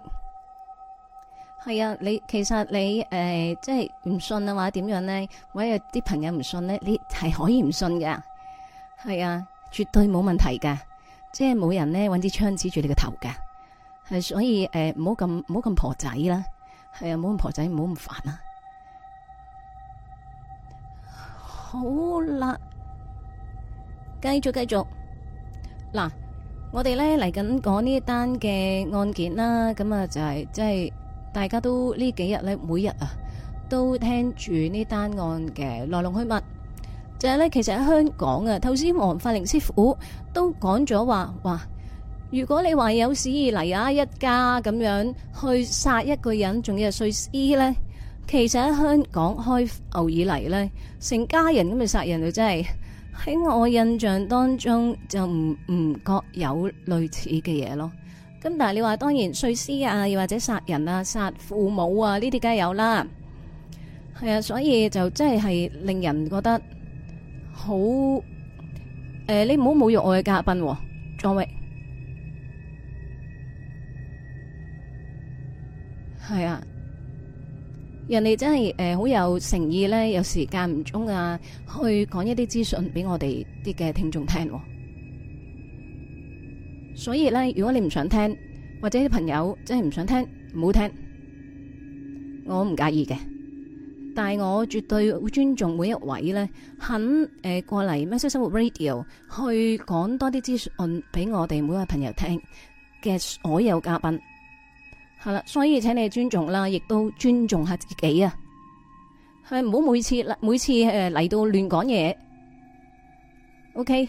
係啊，你其實你誒、呃，即係唔信啊，或者點樣咧？或者有啲朋友唔信咧，你係可以唔信㗎。係啊，絕對冇問題㗎。即係冇人呢揾支槍指住你個頭嘅，係所以誒唔好咁，唔好咁婆仔啦，係啊，唔好咁婆仔，唔好咁煩啊。好啦，繼續繼續。嗱，我哋咧嚟緊講呢單嘅案件啦，咁啊就係即係大家都呢幾日咧，每日啊都聽住呢單案嘅來龍去脈。誒，咧，其實喺香港啊，頭先黃法寧師傅都講咗話：話如果你話有史以嚟啊，一家咁樣去殺一個人，仲要係碎屍呢，其實喺香港開埠以嚟呢，成家人咁嚟殺人就真係喺我印象當中就唔唔覺有類似嘅嘢咯。咁但係你話當然碎屍啊，又或者殺人啊，殺父母啊，呢啲梗係有啦。係啊，所以就真係係令人覺得。好誒、呃，你唔好侮辱我嘅嘉賓、哦，莊域係啊！人哋真係誒好有誠意咧，有時間唔中啊，去講一啲資訊俾我哋啲嘅聽眾聽、哦。所以咧，如果你唔想聽，或者啲朋友真係唔想聽，唔好聽，我唔介意嘅。但係我絕對會尊重每一位咧肯誒過嚟喵式生活 Radio 去講多啲資訊俾我哋每位朋友聽嘅所有嘉賓，係啦，所以請你尊重啦，亦都尊重下自己啊，係唔好每次啦，每次誒嚟到亂講嘢，OK。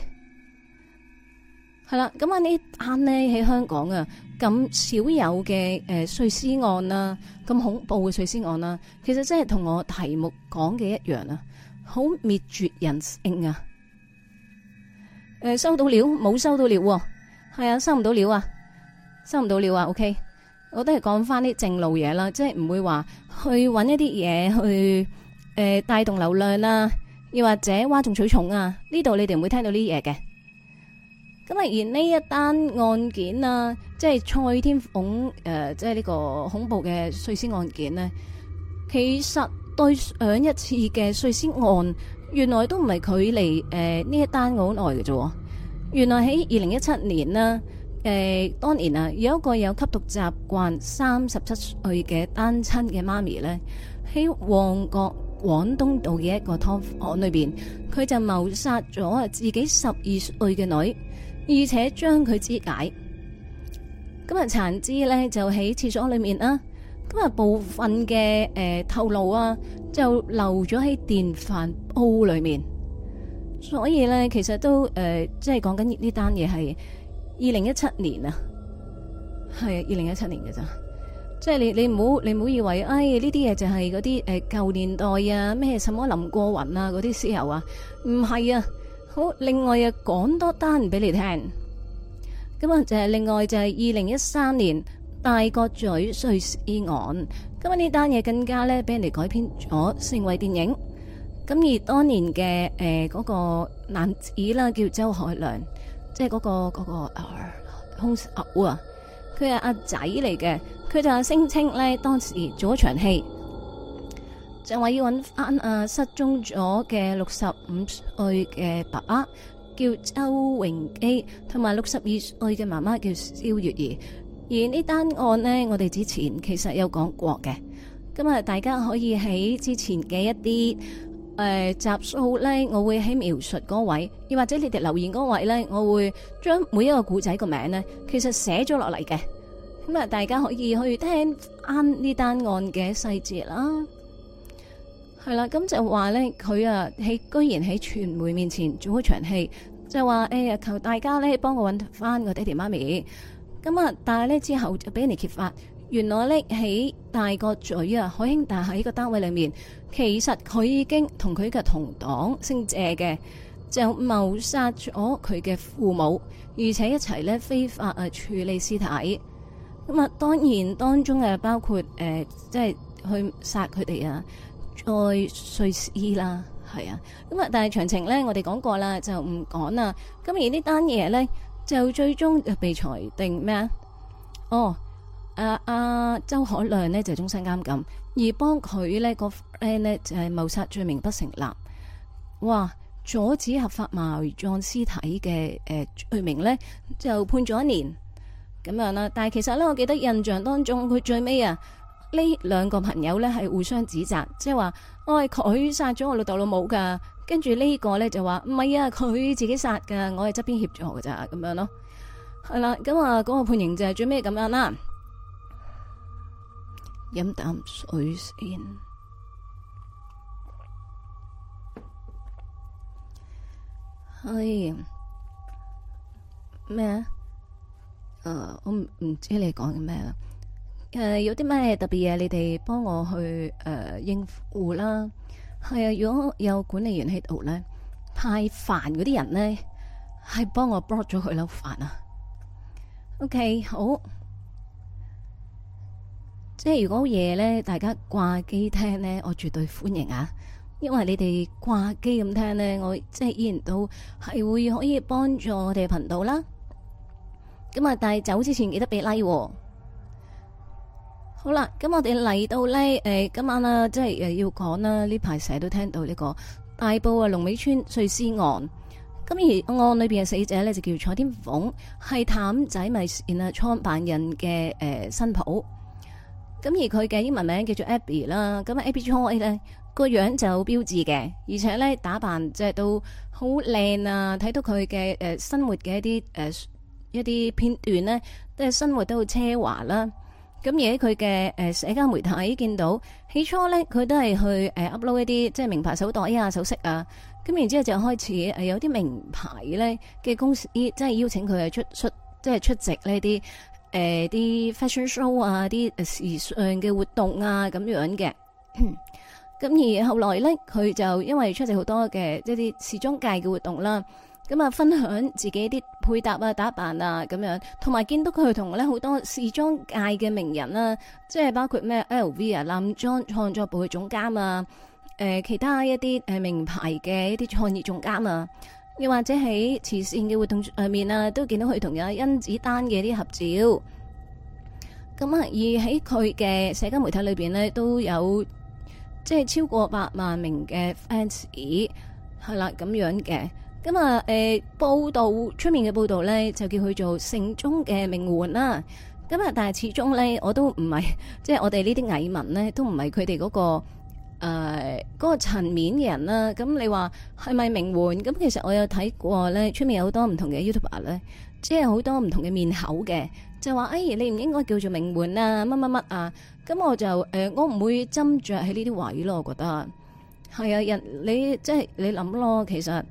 係啦，咁、呃、啊，你呢喺香港啊，咁少有嘅碎屍案啦，咁恐怖嘅碎屍案啦，啊，其實真係同我題目講嘅一樣啊，好滅絕人性啊！呃、收到料冇收到料喎？係啊，收唔到料啊，啊收唔到料啊。OK，我都係講翻啲正路嘢啦，即係唔會話去揾一啲嘢去誒、呃、帶動流量啦，啊，又或者嘩眾取寵啊。呢度你哋唔會聽到呢嘢嘅。咁啊！而呢一單案件啊，即係蔡天鳳、呃、即係呢個恐怖嘅碎屍案件呢，其實對上一次嘅碎屍案，原來都唔係距離誒呢、呃、一單好耐嘅啫。原來喺二零一七年咧，誒、呃、當年啊，有一個有吸毒習慣、三十七歲嘅單親嘅媽咪呢，喺旺角廣東道嘅一個湯房裏面，佢就謀殺咗自己十二歲嘅女。而且將佢肢解，今日殘肢咧就喺廁所裏面啦。今日部分嘅誒頭顱啊，就漏咗喺電飯煲裏面。所以咧，其實都誒、呃，即係講緊呢單嘢係二零一七年啊，係啊二零一七年嘅咋。即係你你唔好你唔好以為，哎呢啲嘢就係嗰啲誒舊年代啊，咩什,什麼林過雲啊嗰啲時候啊，唔係啊。好，另外啊，又講多單俾你聽，咁啊就係另外就係二零一三年大角咀碎屍案，咁啊呢單嘢更加咧俾人哋改編咗成為電影，咁而當年嘅誒嗰個男子啦，叫周海亮，即係嗰個嗰個啊凶手啊，佢係阿仔嚟嘅，佢就聲稱咧當時做一場戲。就話要揾翻啊，失蹤咗嘅六十五歲嘅爸爸叫周榮基，同埋六十二歲嘅媽媽叫蕭月兒。而呢單案呢，我哋之前其實有講過嘅。咁啊，大家可以喺之前嘅一啲誒、呃、集數呢，我會喺描述嗰位，又或者你哋留言嗰位呢，我會將每一個古仔個名呢，其實寫咗落嚟嘅。咁啊，大家可以去聽翻呢單案嘅細節啦。係啦，咁就話咧，佢啊喺居然喺傳媒面前做咗場戲，就話誒、欸、求大家咧幫我揾翻我爹哋媽咪。咁啊，但係咧之後俾人揭發，原來咧喺大角咀啊，海興大廈呢個單位裏面，其實佢已經同佢嘅同黨姓謝嘅，就謀殺咗佢嘅父母，而且一齊咧非法誒處理屍體。咁啊，當然當中誒包括誒，即、呃、係、就是、去殺佢哋啊。在瑞士啦，係啊、哎，咁啊，但係詳情咧，我哋講過啦，就唔講啦。咁而這呢單嘢咧，就最終被裁定咩啊？哦，啊啊，周海亮呢，就是、終身監禁，而幫佢咧個 friend 咧就係、是、謀殺罪名不成立。哇！阻止合法埋葬屍體嘅誒、呃、罪名咧就判咗一年。咁樣啦，但係其實咧，我記得印象當中佢最尾啊～呢兩個朋友咧係互相指責，即係話我係佢殺咗我老豆老母噶跟住呢個咧就話唔係啊，佢自己殺噶，我係側邊協助噶咋咁樣咯。係啦，咁啊，嗰個判刑就係做咩？咁樣啦。飲啖水先。哎，咩啊？誒，我唔唔知你講緊咩啦。誒、呃，有啲咩特別嘢你哋幫我去誒、呃、應付啦？係啊，如果有管理員喺度咧，太煩嗰啲人咧，係幫我 block 咗佢啦，好煩啊！OK，好，即係如果好夜咧，大家掛機聽咧，我絕對歡迎啊！因為你哋掛機咁聽咧，我即係依然都係會可以幫助我哋頻道啦。咁啊，但係走之前記得俾拉、like 哦。好啦，咁我哋嚟到咧，誒、呃，今晚啊，即係誒要講啦。呢排成日都聽到呢個大埔啊龍尾村碎屍案，咁而案裏邊嘅死者咧就叫做蔡天鳳，係譚仔米線啊創辦人嘅誒新抱，咁、呃、而佢嘅英文名叫做 Abby 啦，咁 Abby Choi 咧個樣就好標致嘅，而且咧打扮即係都好靚啊！睇到佢嘅誒生活嘅一啲誒、呃、一啲片段咧，都係生活都好奢華啦。咁而喺佢嘅誒社交媒體見到起初咧，佢都係去 upload、呃、一啲即係名牌手袋啊、首飾啊。咁然後之後就開始誒有啲名牌咧嘅公司即係邀請佢係出出即係出席呢啲誒啲 fashion show 啊、啲時尚嘅活動啊咁樣嘅。咁 而後來咧，佢就因為出席好多嘅即啲時裝界嘅活動啦、啊。咁啊，分享自己啲配搭啊、打扮啊咁樣，同埋見到佢同咧好多時裝界嘅名人啊，即係包括咩 L.V. 啊、男裝創作部嘅總監啊，誒、呃、其他一啲誒名牌嘅一啲創業總監啊，又或者喺慈善嘅活動上面啊，都見到佢同阿甄子丹嘅啲合照。咁啊，而喺佢嘅社交媒體裏邊呢，都有即係超過百萬名嘅 fans 係啦，咁樣嘅。咁啊，誒、嗯呃、報道出面嘅報道咧，就叫佢做城中嘅名媛啦。咁、嗯、啊，但係始終咧，我都唔係即係我哋呢啲蟻民咧，都唔係佢哋嗰個誒嗰、呃那個、層面嘅人啦。咁、嗯、你話係咪名媛？咁、嗯、其實我有睇過咧，出面有好多唔同嘅 YouTuber 咧，即係好多唔同嘅面口嘅，就話哎，你唔應該叫做名媛啊，乜乜乜啊。咁、嗯、我就誒、呃，我唔會斟酌喺呢啲位咯。我覺得係啊，人你即係你諗咯，其實。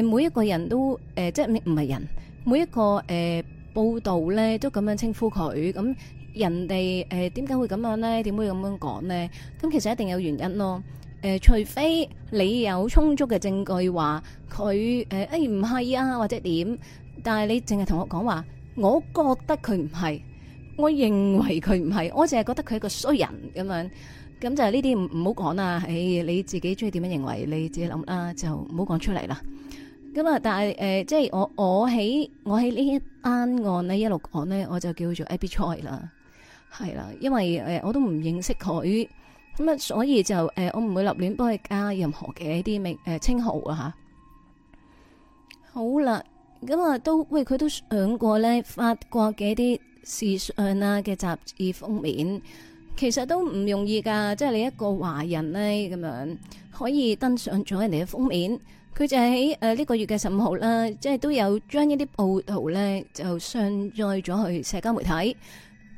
誒，每一個人都誒、呃，即係你唔係人，每一個誒、呃、報道咧都咁樣稱呼佢，咁人哋誒點解會咁樣咧？點會咁樣講咧？咁其實一定有原因咯。誒、呃，除非你有充足嘅證據話佢誒，哎唔係啊，或者點？但係你淨係同我講話，我覺得佢唔係，我認為佢唔係，我淨係覺得佢係個衰人咁樣。咁就係呢啲唔唔好講啦。誒、哎，你自己中意點樣認為，你自己諗啦，就唔好講出嚟啦。咁啊！但係誒、呃，即係我我喺我喺呢一單案呢，一路講呢，我就叫做 Abby Choi 啦，係啦，因為誒、呃、我都唔認識佢，咁啊，所以就誒、呃、我唔會立亂幫佢加任何嘅一啲名誒稱、呃、號啊吓，好啦，咁、嗯、啊都喂，佢都想過呢，法國嘅一啲時尚啊嘅雜誌封面，其實都唔容易噶，即係你一個華人呢，咁樣可以登上咗人哋嘅封面。佢就喺誒呢個月嘅十五號啦，即係都有將一啲報道咧，就上載咗去社交媒體，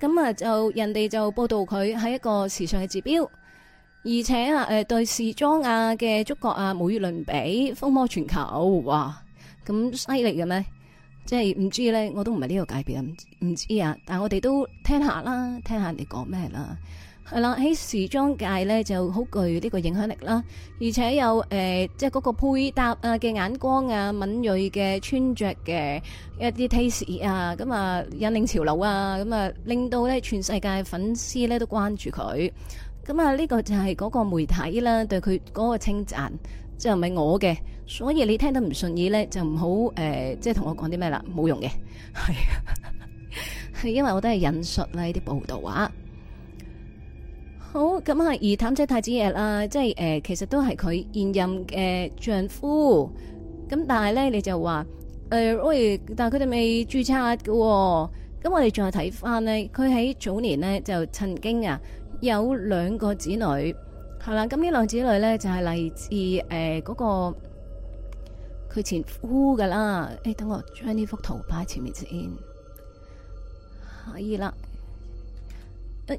咁啊就人哋就報道佢係一個時尚嘅指標，而且啊誒、呃、對時裝啊嘅觸覺啊無與倫比，風靡全球哇！咁犀利嘅咩？即係唔知咧，我都唔係呢個界別啊，唔知啊，但係我哋都聽下啦，聽下你講咩啦。係啦，喺時裝界咧就好具呢個影響力啦，而且有誒即係嗰個配搭啊嘅眼光啊，敏銳嘅穿着嘅一啲 taste 啊，咁啊引領潮流啊，咁啊令到咧全世界粉絲咧都關注佢，咁啊呢個就係嗰個媒體啦對佢嗰個稱讚，即係唔係我嘅，所以你聽得唔順耳咧就唔好誒即係同我講啲咩啦，冇用嘅，係，係因為我都係引述啦呢啲報道啊。好咁係而譚仔太子爺啦，即係誒、呃，其實都係佢現任嘅丈夫。咁但係咧，你就話誒、呃，但係佢哋未註冊嘅。咁我哋再睇翻咧，佢喺早年咧就曾經啊有兩個子女，係啦。咁呢兩個子女咧就係、是、嚟自誒嗰、呃那個佢前夫噶啦。誒、欸，等我將呢幅圖擺喺前面先，可以啦。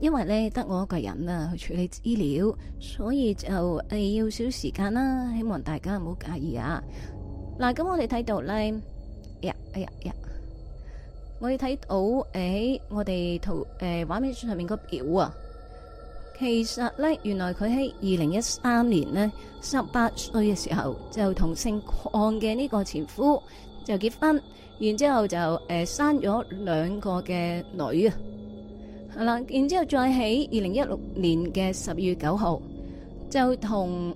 因為咧得我一個人啊，去處理資料，所以就誒要少少時間啦。希望大家唔好介意啊！嗱，咁我哋睇到咧，呀，哎呀，呀，我哋睇到誒，我哋圖誒畫面上面個表啊，其實咧原來佢喺二零一三年咧十八歲嘅時候就同姓鄺嘅呢個前夫就結婚，然之後就誒、欸、生咗兩個嘅女啊。然之後再喺二零一六年嘅十月九號，就同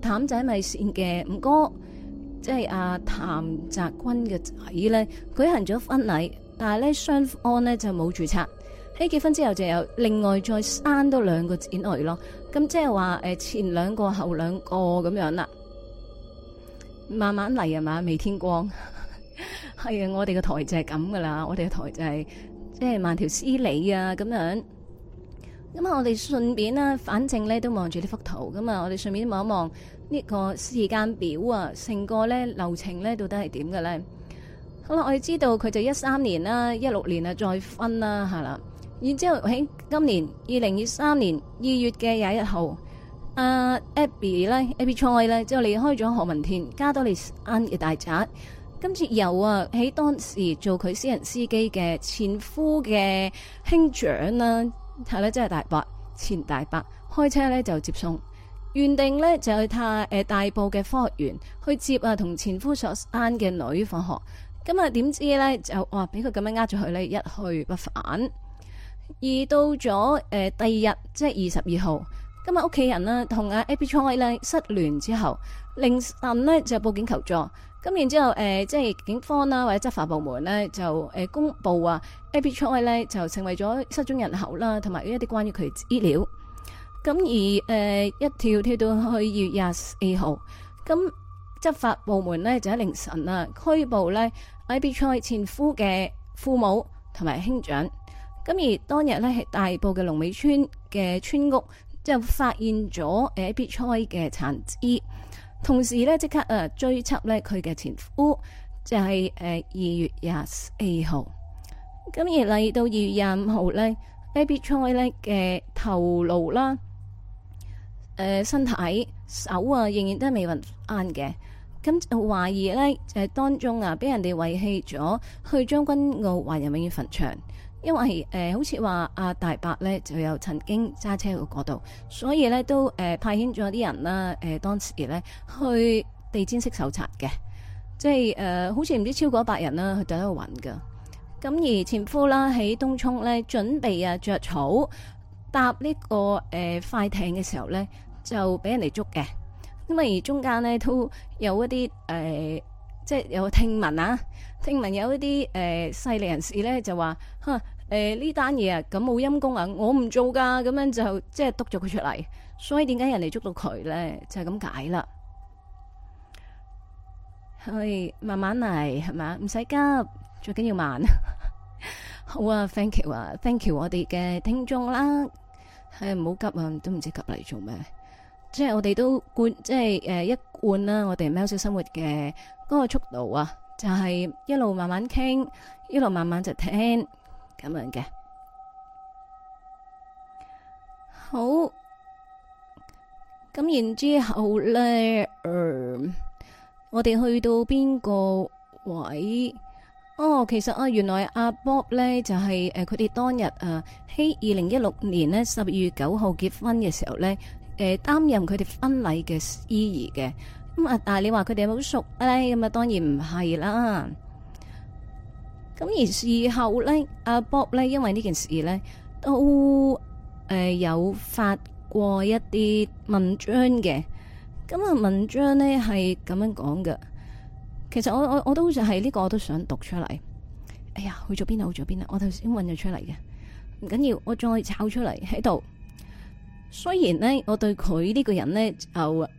譚仔米線嘅五哥，即係阿譚澤君嘅仔咧，舉行咗婚禮，但係咧雙方咧就冇註冊。喺結婚之後就有另外再生多兩個子女咯，咁即係話誒前兩個後兩個咁樣啦，慢慢嚟係嘛，未天光，係 啊，我哋嘅台就係咁噶啦，我哋嘅台就係、是。即係慢條斯理啊，咁樣。咁、嗯、啊，我哋順便啦，反正咧都望住呢幅圖咁啊、嗯，我哋順便望一望呢個時間表啊，成個咧流程咧到底係點嘅咧？好啦，我哋知道佢就一三年啦，一六年啊再分啦，係啦。然之後喺今年二零二三年二月嘅廿一號，阿、啊、Abby 咧，Abby 蔡咧就離開咗何文田加多利山嘅大宅。今次又啊，喺當時做佢私人司機嘅前夫嘅兄長啦，係、啊、啦真係大伯，前大伯開車咧就接送，原定咧就去探誒、呃、大埔嘅科學園去接啊同前夫所生嘅女放學，咁啊點知咧就哇俾佢咁樣呃咗佢咧，一去不返，而到咗、呃、第二日即係二十二號，今日屋企人啦同阿 Abby Choi 咧失聯之後，凌晨咧就報警求助。咁然之後，呃、即係警方啦，或者執法部門咧，就、呃、公布啊，Abby Choi 咧就成為咗失蹤人口啦，同埋一啲關於佢資料。咁而、呃、一跳跳到去二月廿二號，咁執法部門咧就喺凌晨啊，拘捕咧 Abby Choi 前夫嘅父母同埋兄長。咁而當日咧係大埔嘅龍尾村嘅村屋，就發現咗 Abby Choi 嘅殘肢。同時咧，即刻啊追緝咧佢嘅前夫，就係誒二月廿四號，咁而嚟到二月廿五號咧 Abby Choi 咧嘅頭顱啦，誒、呃、身體手啊仍然都係未揾翻嘅，咁懷疑咧誒、就是、當中啊俾人哋遺棄咗，去將軍澳華人永遠墳場。因為誒、呃，好似話阿大伯咧，就有曾經揸車去嗰度，所以咧都誒、呃、派遣咗啲人啦，誒、呃、當時咧去地氈式搜查嘅，即係誒、呃，好似唔知超過一百人啦，去第一度搵噶。咁而前夫啦喺東涌咧準備啊着草搭呢、這個誒、呃、快艇嘅時候咧，就俾人哋捉嘅。咁而中間咧都有一啲誒、呃，即係有聽聞啊，聽聞有一啲誒、呃、勢力人士咧就話，哼。誒，呢單嘢啊，咁冇陰功啊，我唔做噶，咁樣就即係督咗佢出嚟。所以點解人哋捉到佢咧，就係咁解啦。係慢慢嚟係嘛，唔使急，最緊要慢。 好啊，Thank you 啊，Thank you 我哋嘅聽眾啦，係唔好急啊，都唔知急嚟做咩。即係我哋都管，即係誒、呃、一貫啦，我哋喵式生活嘅嗰個速度啊，就係、是、一路慢慢傾，一路慢慢就聽。咁樣嘅，好，咁然之後咧、呃，我哋去到邊個位？哦，其實啊，原來阿、啊、Bob 咧就係誒佢哋當日誒喺二零一六年咧十二月九號結婚嘅時候咧，誒、呃、擔任佢哋婚禮嘅司儀嘅。咁、嗯、啊，但係你話佢哋好熟咧，咁啊當然唔係啦。咁而事後咧，阿 Bob 咧，因為呢件事咧，都誒有發過一啲文章嘅。咁啊，文章咧係咁樣講嘅。其實我我我都好似係呢個，我都想讀出嚟。哎呀，去咗邊啦？去咗邊啦？我頭先搵咗出嚟嘅，唔緊要，我再抄出嚟喺度。雖然咧，我對佢呢個人咧就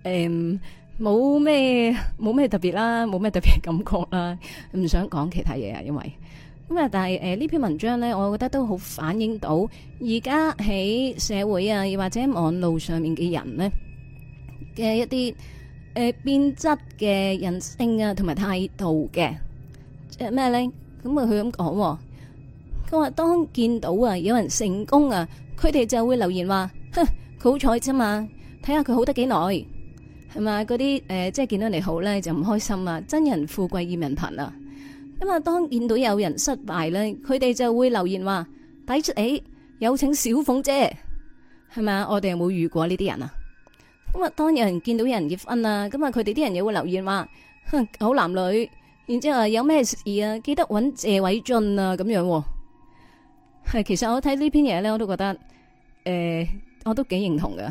誒冇咩冇咩特別啦，冇咩特別感覺啦，唔想講其他嘢啊，因為。咁啊！但係誒，呢、呃、篇文章咧，我覺得都好反映到而家喺社會啊，或者網絡上面嘅人呢嘅一啲誒、呃、變質嘅人性啊，同埋態度嘅，即係咩咧？咁啊，佢咁講，佢話當見到啊有人成功啊，佢哋就會留言話：，哼，佢好彩啫嘛，睇下佢好得幾耐，係咪嗰啲誒，即係見到你好咧，就唔開心啊！憎人富貴厭人貧啊！咁啊！當見到有人失敗咧，佢哋就會留言話，抵出嚟，有請小鳳姐係咪啊？我哋有冇遇過呢啲人啊？咁啊，當有人見到有人結婚啦，咁啊，佢哋啲人又會留言話：，狗男女，然之後有咩事啊，記得搵謝偉俊啊，咁樣係。其實我睇呢篇嘢咧，我都覺得誒、欸，我都幾認同嘅，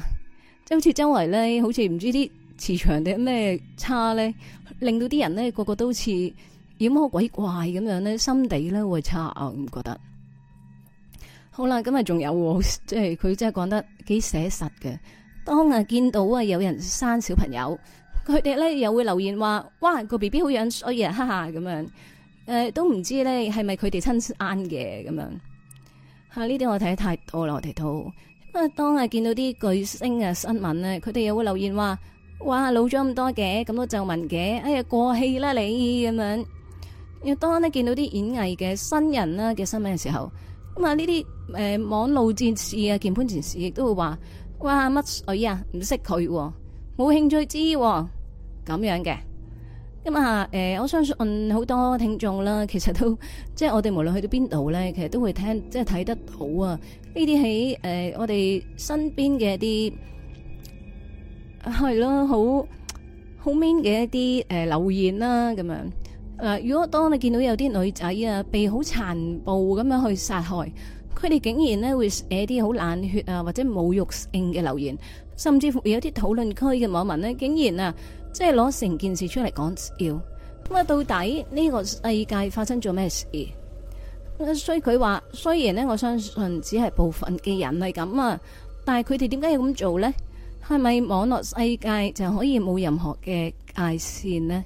即係好似周圍咧，好似唔知啲磁場定咩差咧，令到啲人咧個個都好似。妖魔鬼怪咁樣咧，心地咧會差啊，咁覺得。好啦，咁啊仲有，即係佢真係講得幾寫實嘅。當啊見到啊有人生小朋友，佢哋咧又會留言話：哇，個 BB 好樣衰啊，哈哈咁樣。誒、呃，都唔知咧係咪佢哋親生嘅咁樣。吓、啊，呢啲我睇得太多啦，我哋都。咁啊，當見到啲巨星嘅新聞啊，佢哋、啊、又會留言話：哇，老咗咁多嘅，咁多皺紋嘅，哎呀，過氣啦你咁樣。要當咧見到啲演藝嘅新人啦嘅新聞嘅時候，咁啊呢啲誒網路戰士啊、鍵盤戰士亦都會話：哇，乜水啊，唔識佢，冇興趣知咁樣嘅。咁啊誒，我相信好多聽眾啦，其實都即係我哋無論去到邊度咧，其實都會聽即係睇得到啊呢啲喺誒我哋身邊嘅一啲係咯，好好 man 嘅一啲誒、呃、留言啦咁樣。誒，如果當你見到有啲女仔啊，被好殘暴咁樣去殺害，佢哋竟然呢會寫啲好冷血啊或者侮辱性嘅留言，甚至乎有啲討論區嘅網民呢，竟然啊，即係攞成件事出嚟講笑。咁啊，到底呢個世界發生咗咩事？所以佢話，雖然呢，我相信只係部分嘅人係咁啊，但係佢哋點解要咁做呢？係咪網絡世界就可以冇任何嘅界線呢？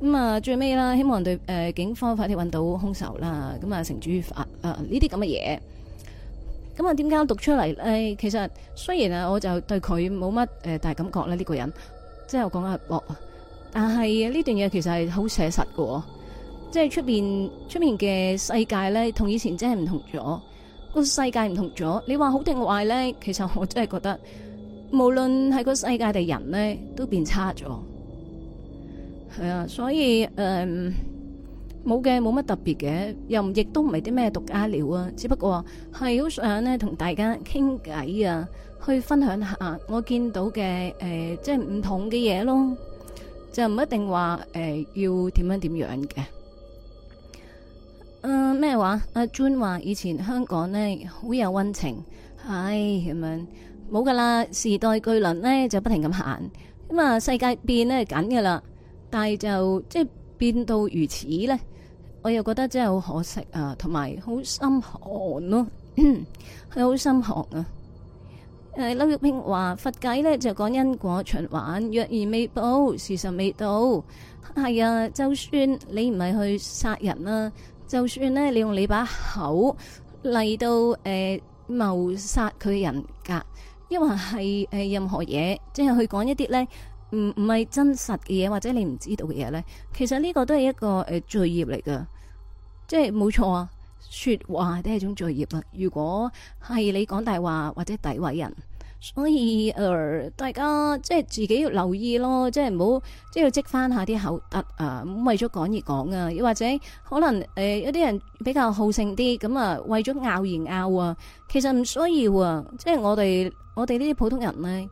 咁啊，最尾啦，希望對誒警方快啲揾到凶手啦。咁啊，繩之於法，呢啲咁嘅嘢。咁啊，點解讀出嚟咧？其實雖然啊，我就對佢冇乜誒大感覺咧，呢、這個人即係我講啊。但係呢段嘢其實係好寫實噶，即係出邊出邊嘅世界咧，同以前真係唔同咗。個世界唔同咗，你話好定壞咧，其實我真係覺得，無論係個世界地人咧，都變差咗。係啊、嗯，所以誒，冇、嗯、嘅，冇乜特別嘅，又唔亦都唔係啲咩獨家料啊。只不過係好想呢同大家傾偈啊，去分享下我見到嘅誒、呃，即係唔同嘅嘢咯。就唔一定話誒、呃、要點樣點樣嘅。誒、嗯、咩話？阿 June 話以前香港呢好有溫情，唉，咁樣冇噶啦。時代巨輪呢就不停咁行，咁啊世界變呢緊噶啦。但係就即係變到如此呢，我又覺得真係好可惜啊，同埋好心寒咯，係好心寒啊！誒，劉、 啊呃、玉平話佛偈呢，就講因果循環，若然未報，時辰未到。係、哎、啊，就算你唔係去殺人啦，就算呢你用你把口嚟到誒謀殺佢嘅人格，因為係誒任何嘢，即係去講一啲呢。唔唔係真實嘅嘢，或者你唔知道嘅嘢咧，其實呢個都係一個誒、呃、罪業嚟噶，即係冇錯啊，說話都係一種罪業啊。如果係你講大話或者詆毀人，所以誒、呃、大家即係自己要留意咯，即係唔好即係要積翻下啲口德啊。咁、呃、為咗講而講啊，又或者可能誒有啲、呃、人比較好勝啲，咁啊為咗拗而拗啊，其實唔需要啊。即係我哋我哋呢啲普通人咧。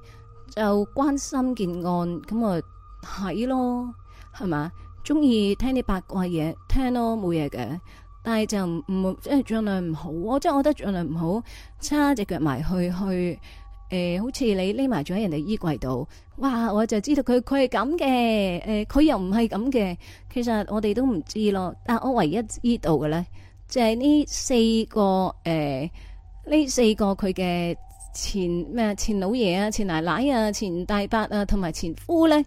就關心件案咁啊睇咯，係嘛？中意聽啲八卦嘢聽咯冇嘢嘅，但係就唔即係盡量唔好、啊、好。我即係覺得盡量唔好叉隻腳埋去去誒、呃，好似你匿埋咗喺人哋衣櫃度。哇！我就知道佢佢係咁嘅，誒佢、呃、又唔係咁嘅。其實我哋都唔知咯。但係我唯一知道嘅咧，就係、是、呢四個誒呢、呃、四個佢嘅。前咩前老爺啊，前奶奶啊，前大伯啊，同埋前夫咧，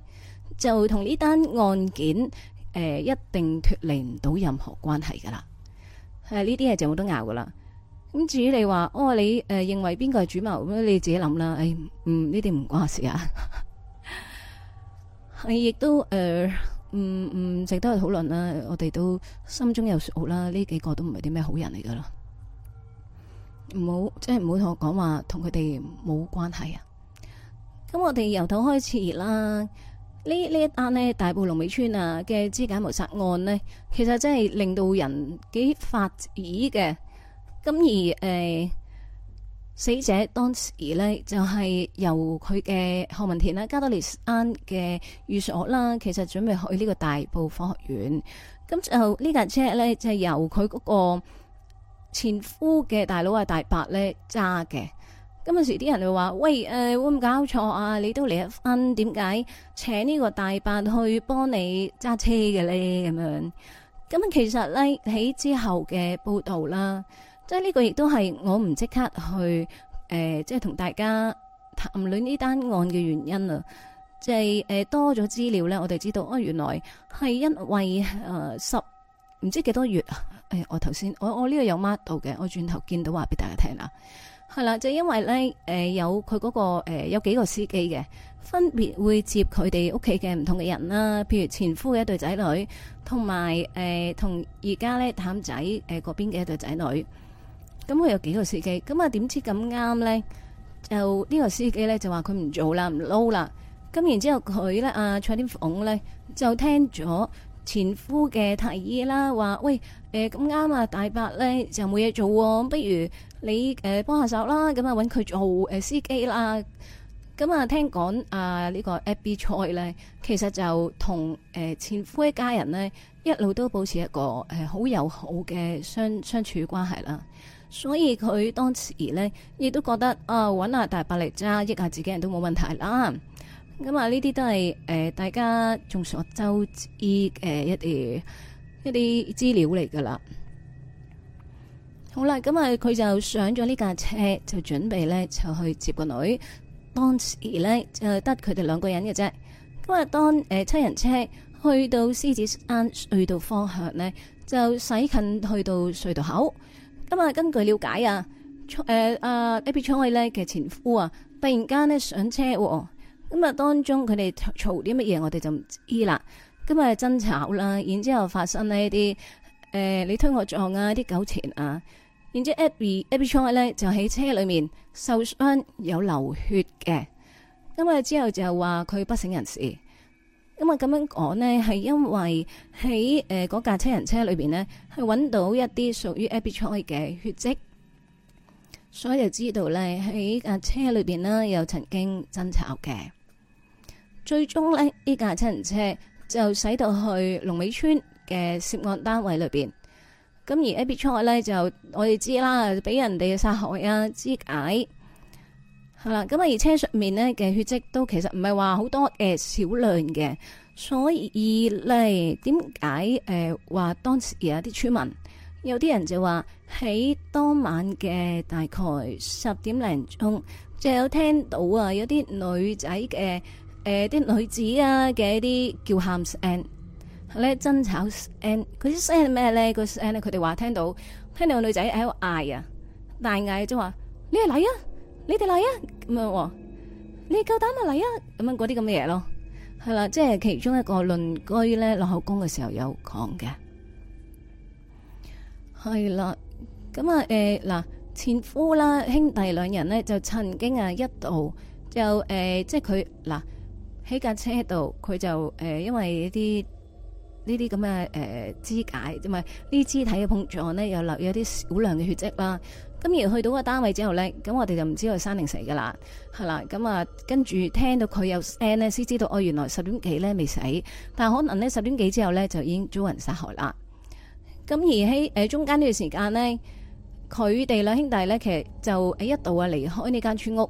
就同呢單案件誒、呃，一定脫離唔到任何關係噶啦。誒、呃，呢啲係就冇得拗噶啦。咁至於你話，哦，你誒、呃、認為邊個係主謀，你自己諗啦。誒、哎，呢啲唔關我事啊。係 亦都誒，唔唔值得去討論啦。我哋都心中有數啦。呢幾個都唔係啲咩好人嚟噶啦。唔好，即係唔好同我講話同佢哋冇關係啊！咁我哋由頭開始啦，呢呢一單呢，大埔龍尾村啊，嘅肢解謀殺案呢，其實真係令到人幾髮指嘅。咁而誒、呃，死者當時呢，就係、是、由佢嘅何文田啦，加多利山嘅寓所啦，其實準備去呢個大埔科學院。咁就呢架車呢，就係、是、由佢嗰、那個。前夫嘅大佬啊，大伯咧揸嘅，咁有時啲人就話：喂，誒、呃，會唔搞錯啊？你都嚟一份，點解請呢個大伯去幫你揸車嘅咧？咁樣，咁其實咧喺之後嘅報道啦，即係呢個亦都係我唔即刻去誒、呃，即係同大家談論呢單案嘅原因啊，即係誒、呃、多咗資料咧，我哋知道啊、哦，原來係因為誒、呃、十唔知幾多月、啊。誒、哎，我頭先，我我呢個有 mark 到嘅，我轉頭見到話俾大家聽啦，係啦，就因為咧，誒、呃、有佢嗰、那個誒、呃、有幾個司機嘅，分別會接佢哋屋企嘅唔同嘅人啦，譬如前夫嘅一對仔女，同埋誒同而家咧譚仔誒嗰邊嘅一對仔女，咁佢有幾個司機，咁啊點知咁啱咧，就呢個司機咧就話佢唔做啦，唔撈啦，咁然之後佢咧啊蔡天鳳咧就聽咗。前夫嘅提議啦，話喂，誒咁啱啊，大伯咧就冇嘢做，不如你誒、呃、幫下手啦，咁啊揾佢做誒、呃、司機啦。咁、嗯、啊聽講啊呢個 Abby Choi 咧，其實就同、呃、前夫一家人咧一路都保持一個好、呃、友好嘅相相處關係啦，所以佢當時咧亦都覺得啊揾下大伯嚟揸益下自己人都冇問題啦。咁啊！呢啲都係誒大家眾所周知嘅一啲一啲資料嚟噶啦。好啦，咁啊，佢就上咗呢架車，就準備咧就去接個女。當時咧就得佢哋兩個人嘅啫。咁啊，當誒七人車去到獅子山隧道方向咧，就駛近去到隧道口。咁啊，根據了解啊，誒阿 Abby Choi 咧嘅前夫啊，突然間咧上車喎。咁啊，當中佢哋嘈啲乜嘢，我哋就唔知啦。咁啊，爭吵啦，然之後發生呢一啲，誒、呃，你推我撞啊，啲糾纏啊。然之後 Abby Abby Choi 咧就喺車裏面受傷有流血嘅。咁啊，之後就話佢不省人事。咁啊，咁樣講呢，係因為喺誒嗰架車人車裏邊呢，係搵到一啲屬於 Abby Choi 嘅血跡，所以就知道咧喺架車裏邊呢，有曾經爭吵嘅。最終呢呢架七人車就駛到去龍尾村嘅涉案單位裏面。咁而 Abby 咧，就我哋知啦，俾人哋殺害啊，肢解係啦。咁啊，而車上面呢嘅血跡都其實唔係話好多嘅，呃，少量嘅。所以呢，點解誒話當時有啲村民有啲人就話喺當晚嘅大概十點零鐘就有聽到啊，有啲女仔嘅。誒，啲女子啊嘅一啲叫喊聲咧，爭吵聲。佢啲聲咩咧？佢聲咧，佢哋話聽到聽到個女仔喺度嗌啊，大嗌，即係話你嚟啊，你哋嚟啊咁啊，你夠膽咪嚟啊咁樣嗰啲咁嘅嘢咯，係啦。即係其中一個鄰居咧落口供嘅時候有講嘅，係啦。咁啊，誒嗱，前夫啦，兄弟兩人咧就曾經啊一度就誒，即係佢嗱。喺架車度，佢就誒、呃，因為一啲呢啲咁嘅，誒肢解，即係呢肢體嘅碰撞咧，又留有啲少量嘅血跡啦。咁而去到個單位之後咧，咁我哋就唔知佢生定死噶啦，係啦。咁啊，跟住聽到佢有聲呢，先知道哦，原來十點幾咧未死，但係可能呢十點幾之後咧就已經遭人殺害啦。咁而喺誒、呃、中間呢段時間呢，佢哋兩兄弟咧其實就一度啊離開呢間村屋。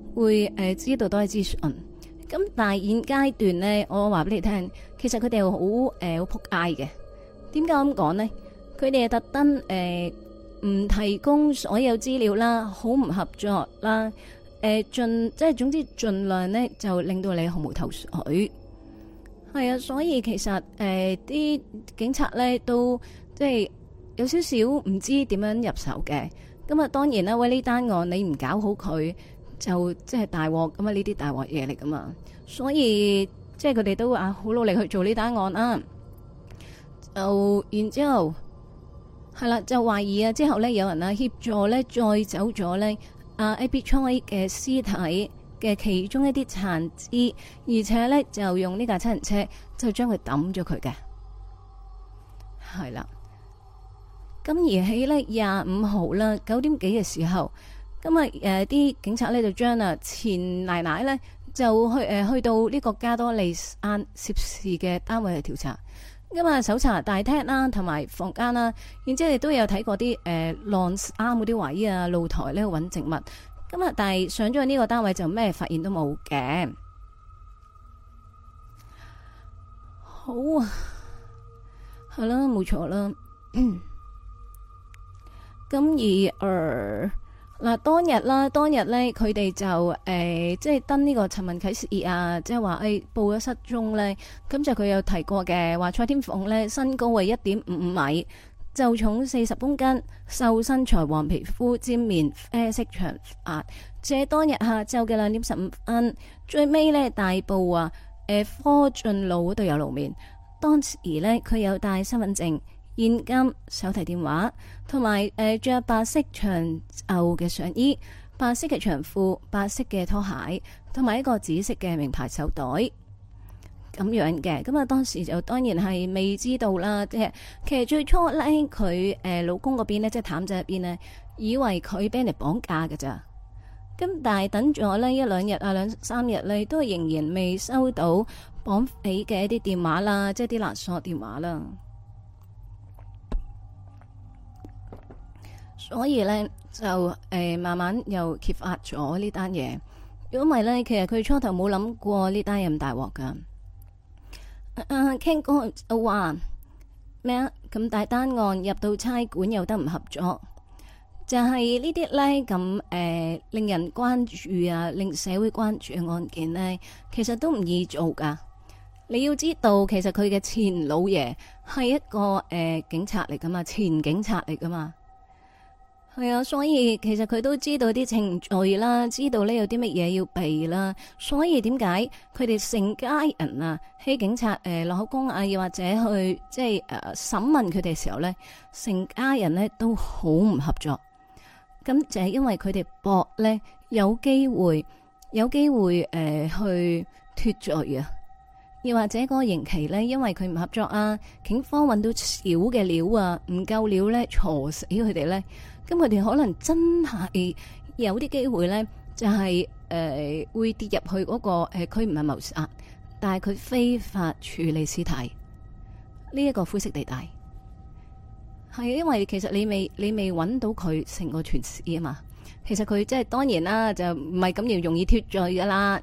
會誒、呃、知道多啲資訊咁，但係現階段呢，我話俾你聽，其實佢哋好誒好撲街嘅。點解咁講呢？佢哋係特登誒唔提供所有資料啦，好唔合作啦，誒、呃、盡即係總之盡量呢就令到你毫無頭緒，係啊。所以其實誒啲、呃、警察，呢都即係有點少少唔知點樣入手嘅。咁啊，當然啦，喂呢單案你唔搞好佢。就即係大鑊咁啊！呢啲大鑊嘢嚟噶嘛，所以即係佢哋都啊好努力去做呢單案啦。就然之後係啦，就懷疑啊之後呢，有人啊協助呢，再走咗呢、 啊、阿 Abby 蔡嘅屍體嘅其中一啲殘肢，而且呢，就用呢架七人車就將佢抌咗佢嘅，係啦。咁而喺呢，廿五號啦，九點幾嘅時候。咁啊，啲、呃、警察呢，就將啊前奶奶呢，就去、呃、去到呢個加多利山涉事嘅單位去調查，咁啊搜查大廳啦、啊，同埋房間啦、啊，然之後亦都有睇過啲誒晾衫嗰啲位啊、露台度揾植物，咁啊，但係上咗呢個單位就咩發現都冇嘅，好啊，係啦，冇錯啦，咁 而、呃嗱，當日啦，當日咧，佢哋就誒，即係登呢個尋人啟事，啊、就是，即係話誒報咗失蹤咧。咁就佢有提過嘅，話蔡天鳳咧身高係一點五五米，就重四十公斤，瘦身材，黃皮膚，尖、呃、面，啡色長髮。且當日下晝嘅兩點十五分，最尾咧大埔啊，誒、呃、科進路度有露面。當時咧，佢有帶身份證。現金、手提電話同埋誒着白色長袖嘅上衣，白色嘅長褲，白色嘅拖鞋，同埋一個紫色嘅名牌手袋，咁樣嘅。咁啊，當時就當然係未知道啦。即係其實最初呢佢誒老公嗰邊呢，即係譚仔入邊呢，以為佢俾人綁架㗎咋。咁但係等咗呢一兩日啊，兩三日呢，都仍然未收到綁匪嘅一啲電話啦，即係啲勒索電話啦。所以咧就誒、呃、慢慢又揭發咗呢單嘢，如果唔係咧，其實佢初頭冇諗過呢單咁大鑊噶。阿 King 哥話咩啊？咁、啊、大單案入到差館又得唔合作？就係、是、呢啲咧咁令人關注啊，令社會關注嘅案件咧，其實都唔易做噶。你要知道，其實佢嘅前老爺係一個、呃、警察嚟噶嘛，前警察嚟噶嘛。係啊，所以其實佢都知道啲程序啦，知道呢有啲乜嘢要避啦，所以點解佢哋成家人啊，喺警察誒、呃、落口供啊，又或者去即係誒審問佢哋嘅時候呢，成家人呢都好唔合作。咁就係因為佢哋搏呢，有機會，有機會誒、呃、去脫罪啊，又或者個刑期呢，因為佢唔合作啊，警方搵到少嘅料啊，唔夠料呢，坐死佢哋呢。咁佢哋可能真係有啲機會咧，就係、是呃、會跌入去嗰、那個誒，佢唔係謀殺，但係佢非法處理屍體呢一、這個灰色地帶，係因為其實你未你未揾到佢成個全屍啊嘛。其實佢即係當然啦，就唔係咁容易脫罪噶啦。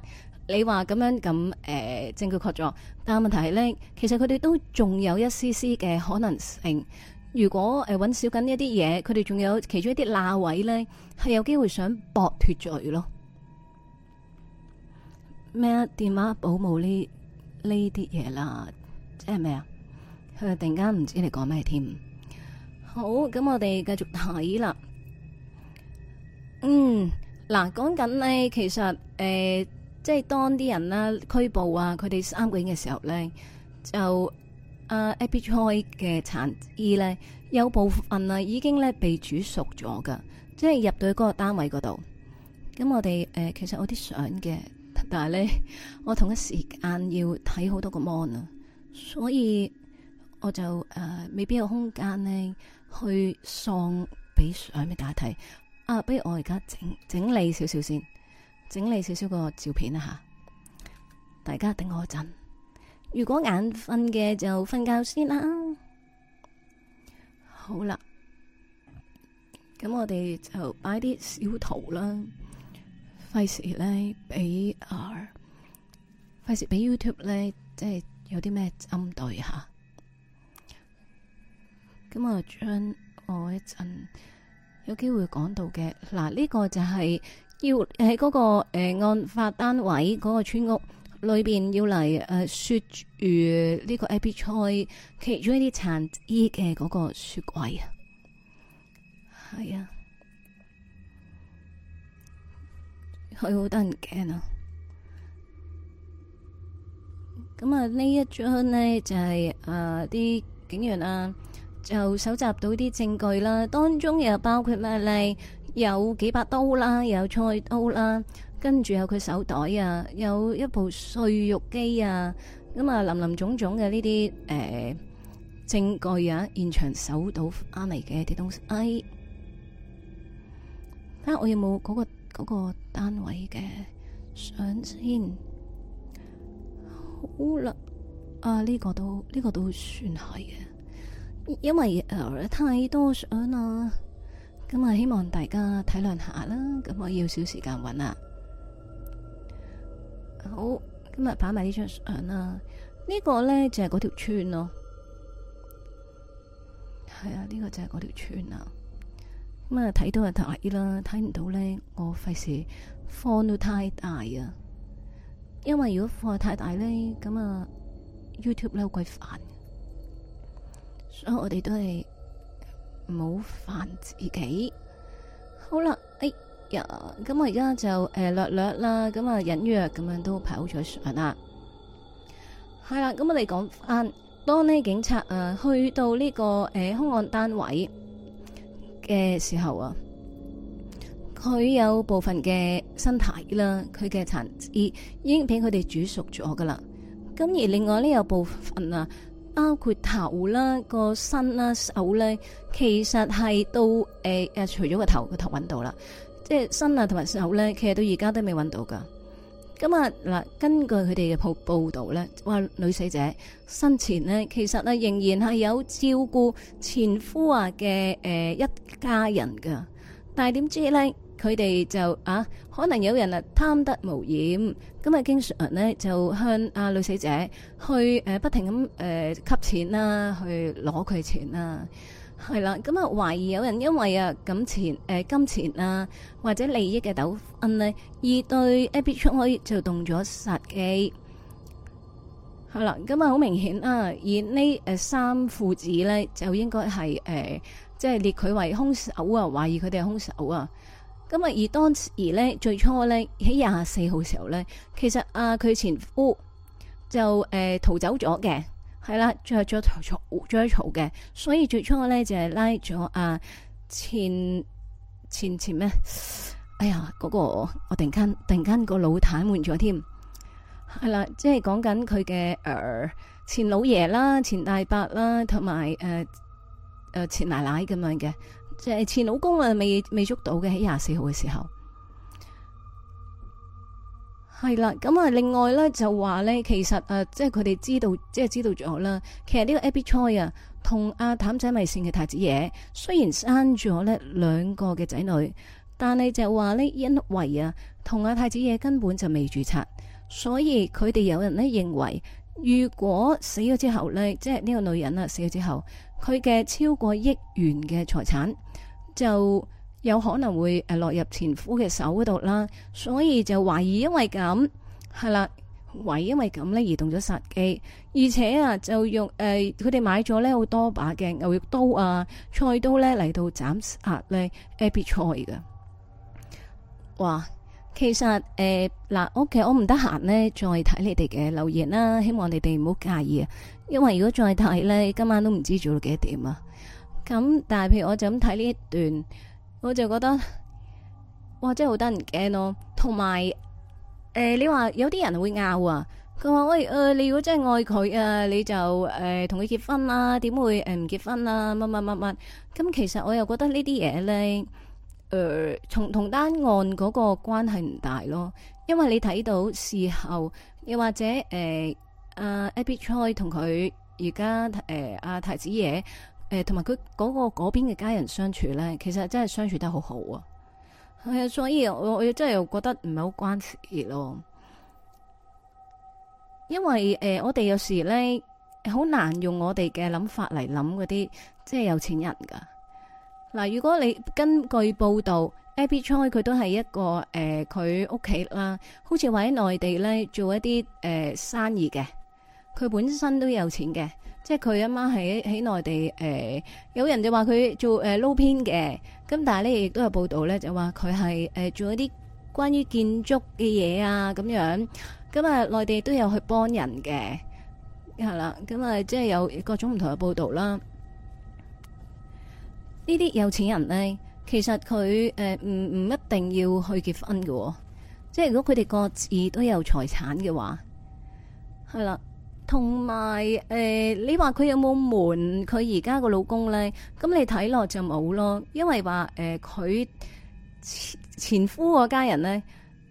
你話咁樣咁誒、呃、證據確鑿，但係問題係咧，其實佢哋都仲有一絲絲嘅可能性。如果誒揾，呃，少緊一啲嘢，佢哋仲有其中一啲罅位咧，係有機會想駁脫罪咯。咩電話保姆呢呢啲嘢啦，即係咩啊？佢突然間唔知你講咩添。好，咁我哋繼續睇啦。嗯，嗱，講緊呢，其實誒、呃，即係當啲人咧拘捕啊，佢哋三個人嘅時候咧，就。啊，Abby Choi 嘅殘衣咧，有部分啊已經咧被煮熟咗噶，即係入到去嗰個單位嗰度。咁我哋誒、呃、其實我啲相嘅，但係咧我同一時間要睇好多個 mon 啊，所以我就誒、呃、未必有空間呢去送俾相俾大家睇。啊，不如我而家整整理少少先，整理少少個照片啊嚇，大家等我一陣。如果眼瞓嘅就瞓覺先啦。好啦，咁我哋就擺啲小圖啦。費事咧俾啊，費事俾 YouTube 咧，即係有啲咩針對吓。咁啊，將我一陣有機會講到嘅嗱，呢個就係要喺嗰、那個誒、呃、案發單位嗰個村屋，裏邊要嚟誒、啊、雪住呢個 A B 賽，其中一啲殘衣嘅嗰個雪櫃係啊，係啊，佢好得人驚啊！咁啊，呢一張呢，就係誒啲警員啊，就搜集到啲證據啦，當中又包括咩咧？有幾把刀啦，有菜刀啦。跟住有佢手袋啊，有一部碎肉機啊，咁啊，林林種種嘅呢啲誒證據啊，現場搜到返嚟嘅啲東西。睇下我有冇嗰個嗰個單位嘅相先？好啦，啊呢個都呢個都算係嘅，因為、呃、太多相啦，咁啊希望大家體諒下啦。咁我要少時間揾啦。好，今日擺埋呢張相啦。呢個咧就係嗰條村咯，係啊，呢、這個就係嗰條村啊。咁啊，睇到就大啦，睇唔到咧，我費事放到太大啊。因為如果放得太大咧，咁啊，YouTube 咧好鬼煩。所以我哋都係唔好煩自己。好啦，誒、哎。咁我而家就誒、呃、略略啦，咁啊隱約咁樣都排好咗，上啦。係啦，咁我哋講翻，當呢警察啊去到呢、這個誒兇案單位嘅時候啊，佢有部分嘅身體啦，佢嘅殘肢已經俾佢哋煮熟咗噶啦。咁而另外呢有部分啊，包括頭啦、個身啦、手咧，其實係都誒誒、呃，除咗個頭個頭搵到啦。即係身啊，同埋手咧，其實到而家都未揾到噶。咁啊嗱，根據佢哋嘅報報道咧，哇，女死者生前咧，其實咧仍然係有照顧前夫啊嘅誒一家人噶。但係點知咧，佢哋就啊，可能有人啊貪得無厭，咁啊經常咧就向啊女死者去誒、呃、不停咁誒給錢啦去攞佢錢啦。係啦，咁啊懷疑有人因為啊金錢誒、呃、金錢啊或者利益嘅糾紛呢而對 A p 出開就動咗殺機。係啦，咁啊好明顯啊，而呢誒三父子咧就應該係誒即係列佢為凶手啊，懷疑佢哋係凶手啊。咁、嗯、啊而當時咧最初咧喺廿四號時候咧，其實阿、啊、佢前夫就誒、呃、逃走咗嘅。係啦，著咗頭草，著咗草嘅，所以最初咧就係、是、拉咗啊，前前前咩？哎呀，嗰、那個我突然間突然間個老坦換咗添，係啦，即係講緊佢嘅誒前老爺啦，前大伯啦，同埋誒誒前奶奶咁樣嘅，即、就、係、是、前老公啊未未捉到嘅，喺廿四號嘅時候。係啦，咁啊，另外咧就話咧，其實誒，即係佢哋知道，即係知道咗啦。其實呢個 Abby Choi 啊，同阿譚仔米線嘅太子爺，雖然生咗咧兩個嘅仔女，但係就話呢，因為啊，同阿太子爺根本就未註冊，所以佢哋有人咧認為，如果死咗之後咧，即係呢個女人啊，死咗之後，佢嘅超過億元嘅財產就。有可能會誒落入前夫嘅手嗰度啦，所以就懷疑因為咁係啦，懷疑因為咁咧移動咗殺機，而且啊就用誒佢哋買咗咧好多把嘅牛肉刀啊菜刀咧嚟到斬殺咧 Abby Choi 嘅。哇，其實誒嗱、呃、，OK，我唔得閒呢，再睇你哋嘅留言啦，希望你哋唔好介意啊，因為如果再睇咧今晚都唔知道做到幾點啊。咁但係譬如我就咁睇呢一段。我就覺得，哇，真係好得人驚咯！同埋，誒、呃，你話有啲人會拗啊，佢話喂，誒、哎呃，你如果真係愛佢啊，你就誒同佢結婚啦，點會誒唔、呃、結婚啊？乜乜乜乜，咁其實我又覺得呢啲嘢咧，誒、呃，從同單案嗰個關係唔大咯，因為你睇到事後，又或者誒，阿 Abby Choi 同佢而家誒阿太子爺。誒，同埋佢嗰個嗰邊嘅家人相處咧，其實真係相處得好好啊！係啊，所以我我真係覺得唔係好關事咯。因為誒、呃，我哋有時咧，好難用我哋嘅諗法嚟諗嗰啲即係有錢人噶。嗱、呃，如果你根據報道 ，Abby Choi 佢都係一個誒，佢屋企啦，好似話喺內地咧做一啲誒、呃、生意嘅，佢本身都有錢嘅。即係佢阿媽係喺內地，誒、呃，有人就話佢做誒撈偏嘅，咁、呃、但係咧亦都有報道咧，就話佢係誒做一啲關於建築嘅嘢啊咁樣，咁啊內地都有去幫人嘅，係啦，咁、嗯、啊、嗯、即係有各種唔同嘅報道啦。呢啲有錢人咧，其實佢誒唔唔一定要去結婚嘅，哦，即係如果佢哋各自都有財產嘅話，係啦。同埋、呃、你話佢有冇瞞佢而家個老公呢？咁你睇落就冇咯，因為話佢、呃、前前夫個家人呢，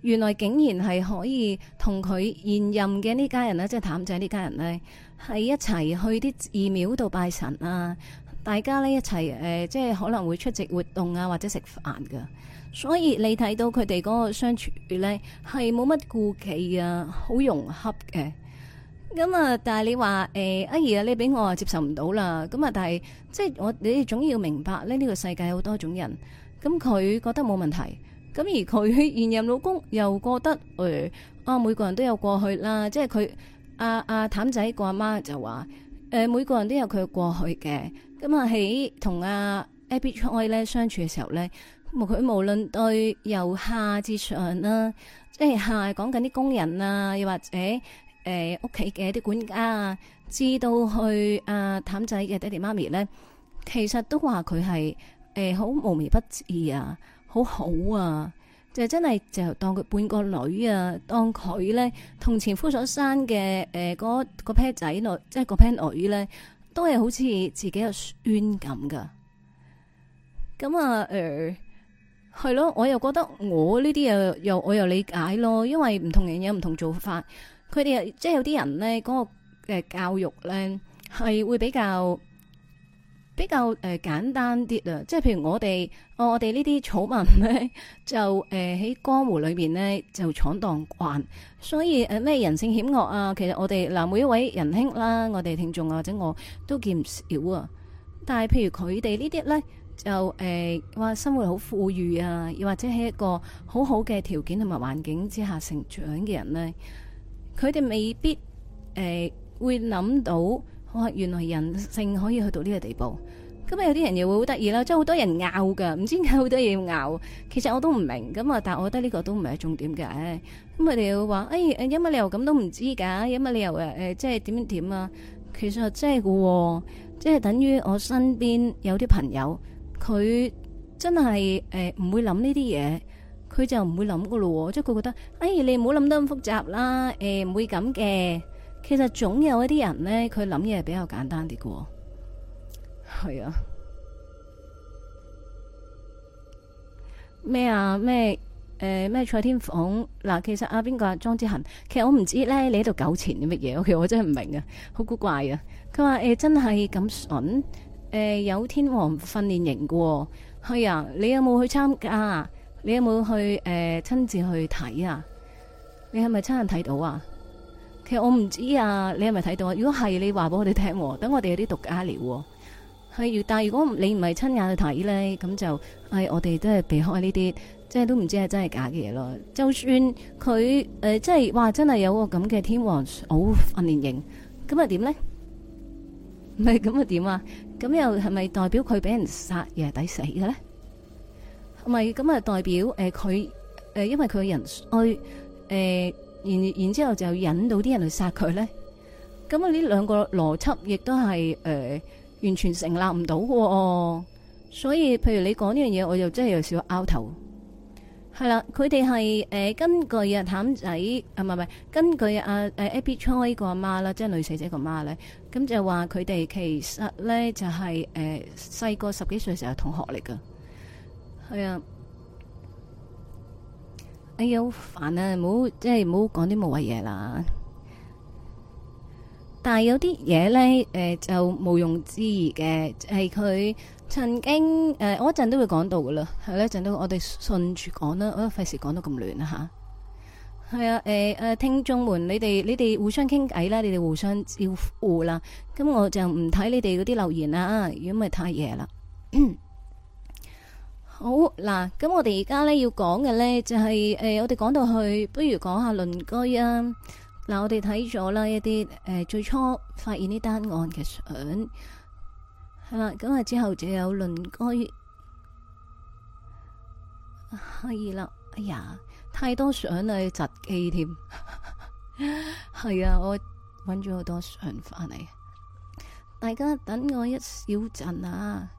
原來竟然係可以同佢現任嘅呢家人呢，即係譚仔呢家人呢，係一齊去啲寺廟度拜神啊！大家呢，一、呃、齊即係可能會出席活動啊，或者食飯噶。所以你睇到佢哋嗰個相處呢，係冇乜顧忌啊，好融洽嘅。咁啊、欸！但係你話誒，阿怡啊，你俾我啊接受唔到啦。咁啊，但係即係我你哋總要明白咧，呢、這個世界好多種人。咁佢覺得冇問題，咁而佢現任老公又覺得誒、欸，啊每個人都有過去啦。即係佢阿阿譚仔個阿媽就話誒、欸，每個人都有佢嘅過去嘅。咁啊喺同阿 Abby Choi 咧相處嘅時候咧，咁佢無論對由下至上啦，即係下講緊啲工人啊，又或者。欸誒，屋企嘅啲管家至啊，知到去啊，譚仔嘅爹哋媽咪咧，其實都話佢係誒好無微不至啊，好好啊，就係、真係就當佢半個女啊，當佢咧同前夫所生嘅誒嗰仔女即係個 p 女咧，都係好似自己個孫咁噶。咁啊，誒係咯，我又覺得我呢啲又又我又理解咯，因為唔同嘅嘢，唔同做法。佢哋即係有啲人咧，嗰個嘅教育咧係會比較比較誒、呃、簡單啲啊！即係譬如我哋、哦，我哋呢啲草民咧，就誒喺、呃、江湖裏邊咧就闖蕩慣，所以誒咩、呃、人性險惡啊！其實我哋嗱、呃、每一位仁兄啦，我哋聽眾、啊、或者我都見唔少啊。但係譬如佢哋呢啲咧，就誒話、呃、生活好富裕啊，又或者喺一個好好嘅條件同埋環境之下成長嘅人咧。佢哋未必誒、欸、會諗到，哇！原來人性可以去到呢個地步。咁、嗯、啊，有啲人又會好得意啦，即係好多人拗㗎，唔知點解好多嘢要拗。其實我都唔明咁啊，但係我覺得呢個都唔係重點嘅。咁佢哋又話：誒、哎、誒，有乜理由咁都唔知㗎？有乜理由誒誒、呃？即係點點點啊？其實真係㗎喎，即係等於我身邊有啲朋友，佢真係誒唔會諗呢啲嘢。佢就唔會諗噶咯，即係佢覺得，哎，你唔好諗得咁複雜啦，誒、欸，唔會咁嘅。其實總有一啲人咧，佢諗嘢係比較簡單啲嘅。係啊，咩啊咩誒咩？蔡、欸、天鳳嗱，其實阿邊個阿莊子恒，其實我唔知咧，你喺度糾纏啲乜嘢？其實我真係唔明啊，好古怪啊！佢話誒真係咁筍，誒、欸、有天王訓練營嘅，係啊，你有冇去參加？你有冇去誒、呃、親自去睇啊？你係咪親眼睇到啊？其實我唔知道啊，你係咪睇到啊？如果係你話俾我哋聽，等我哋有啲獨家料。係，但係如果你唔係親眼去睇咧，咁就係、哎、我哋都係避開呢啲，即係都唔知係真係假嘅嘢咯。就算佢誒，即係話真係有個咁嘅天王好、哦、訓練營，咁係點呢？唔係咁嘅點啊？咁又係咪代表佢俾人殺又係抵死嘅咧？唔係咁啊！就代表誒，佢、呃、誒、呃，因為佢個人愛誒、呃，然然之後就引到啲人去殺佢咧。咁啊，呢兩個邏輯亦都係誒、呃，完全成立唔到、哦。所以，譬如你講呢樣嘢，我又真係有少拗頭。係啦，佢哋係誒，根據啊譚仔啊，唔係唔係，根據阿誒 Abby Choi 個阿媽啦，即係女死者個媽咧，咁就話佢哋其實咧就係、是、誒，細、呃、個十幾歲嘅時候同學嚟噶。係啊！哎呀，好煩啊！唔好即係唔好講啲無謂嘢啦。但係有啲嘢咧，誒、呃、就毋庸置疑嘅，係、就、佢、是、曾經誒、呃，我一陣都會講到㗎啦。係啦、啊，一陣都我哋順住講啦，我好費事講到咁亂啊吓。係啊，誒誒、啊呃，聽眾們，你哋你哋互相傾偈啦，你哋互相招呼啦。咁我就唔睇你哋嗰啲留言啦，如果唔係太夜啦。 好嗱，咁我哋而家咧要講嘅咧就係、是、誒、呃，我哋講到去，不如講下鄰居啊。嗱、呃，我哋睇咗啦一啲誒、呃、最初發現呢單案嘅相，係啦，咁啊之後就有鄰居可以啦。哎呀，太多相啦，窒機添。係 啊，我揾咗好多相翻嚟，大家等我一小陣啊。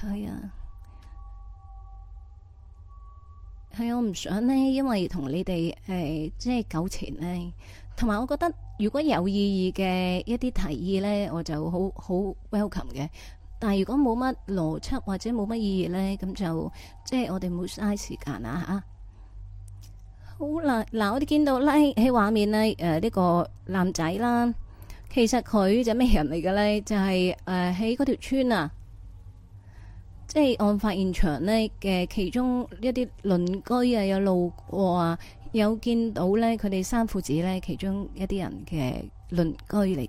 係啊，係我唔想呢，因為同你哋誒、呃，即係糾纏呢，同埋，我覺得如果有意義嘅一啲提議呢，我就好好 welcome 嘅。但係如果冇乜邏輯或者冇乜意義呢，咁就即係我哋冇嘥時間啊！吓，好啦，嗱，我哋見到咧喺畫面呢，誒、呃，呢、這個男仔啦，其實佢就係咩人嚟嘅呢？就係誒喺嗰條村啊。即係案發現場呢，嘅其中一啲鄰居啊，有路過啊，有見到呢，佢哋三父子呢，其中一啲人嘅鄰居嚟嘅。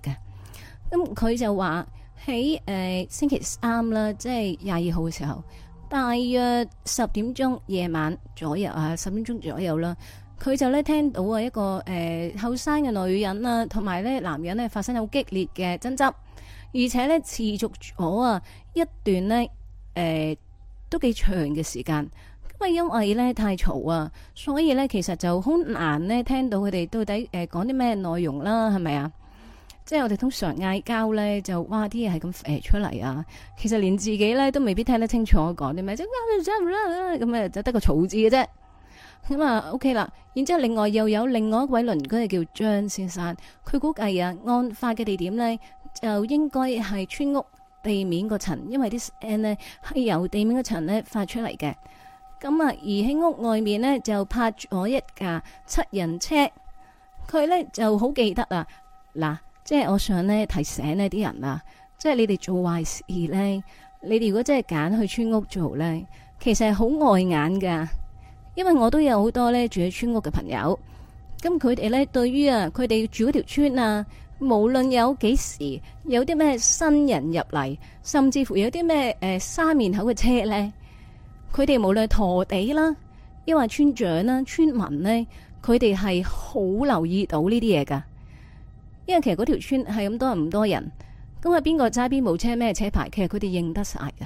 咁、嗯、佢就話喺誒星期三啦，即係廿二號嘅時候，大約十點鐘夜晚左右啊，十點鐘左右啦，佢就呢聽到啊一個誒後生嘅女人啦，同埋呢男人呢，發生好激烈嘅爭執，而且呢持續咗啊一段呢。誒、哎，都幾長嘅時間，咁啊，因為咧太嘈啊，所以咧其實就好難咧聽到佢哋到底誒、呃、講啲咩內容啦，係咪啊？即係我哋通常嗌交咧就哇啲嘢係咁誒出嚟啊，其實連自己咧都未必聽得清楚我講啲咩，咁啊，就得個嘈字嘅啫。咁、嗯、啊，OK 啦。然之後另外又有另外一位鄰居就叫張先生，佢估計啊，案發嘅地點咧就應該係村屋。地面個層，因為啲聲呢係由地面個層咧發出嚟嘅。咁啊，而喺屋外面呢，就泊咗一架七人車，佢呢就好記得喇。嗱，即係我想呢提醒呢啲人啊，即係你哋做壞事呢，你哋如果真係揀去村屋做呢，其實係好礙眼噶。因為我都有好多呢住喺村屋嘅朋友，咁佢哋呢對於啊，佢哋住嗰條村啊。無論有幾時有啲咩新人入嚟，甚至乎有啲咩誒沙面口嘅車呢？佢哋無論係陀地啦，亦或村長啦、村民呢，佢哋係好留意到呢啲嘢噶。因為其實嗰條村係咁多人唔多人，咁啊邊個揸邊部車咩車牌，其實佢哋認得晒噶。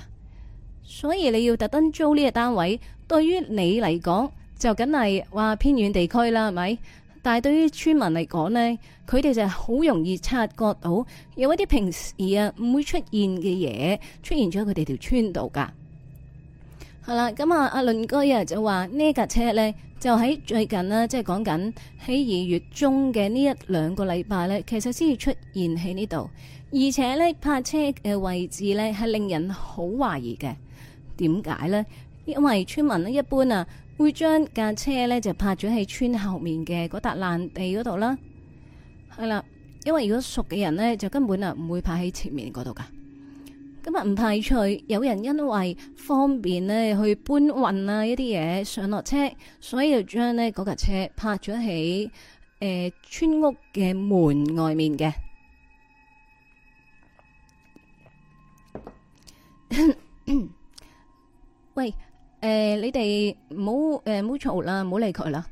所以你要特登租呢個單位，對於你嚟講就梗係話偏遠地區啦，係咪？但係對於村民嚟講呢，佢哋就係好容易察覺到有一啲平時啊唔會出現嘅嘢，出現咗佢哋條村度噶。係、嗯、啦，咁啊阿倫哥啊就話呢架車呢就喺最近啦，即係講緊喺二月中嘅呢一兩個禮拜呢，其實先至出現喺呢度，而且呢，泊車嘅位置呢係令人好懷疑嘅。點解呢？因為村民呢一般啊。會將架車咧，就泊咗喺村後面嘅嗰笪爛地嗰度啦，係啦，因為如果熟嘅人咧，就根本啊唔會泊喺前面嗰度噶今日唔排除有人因為方便咧，去搬運啊一啲嘢上落車，所以就將咧，嗰架車泊咗喺誒村屋嘅門外面嘅。喂。誒、呃，你哋唔好誒唔好嘈啦，唔好理佢啦。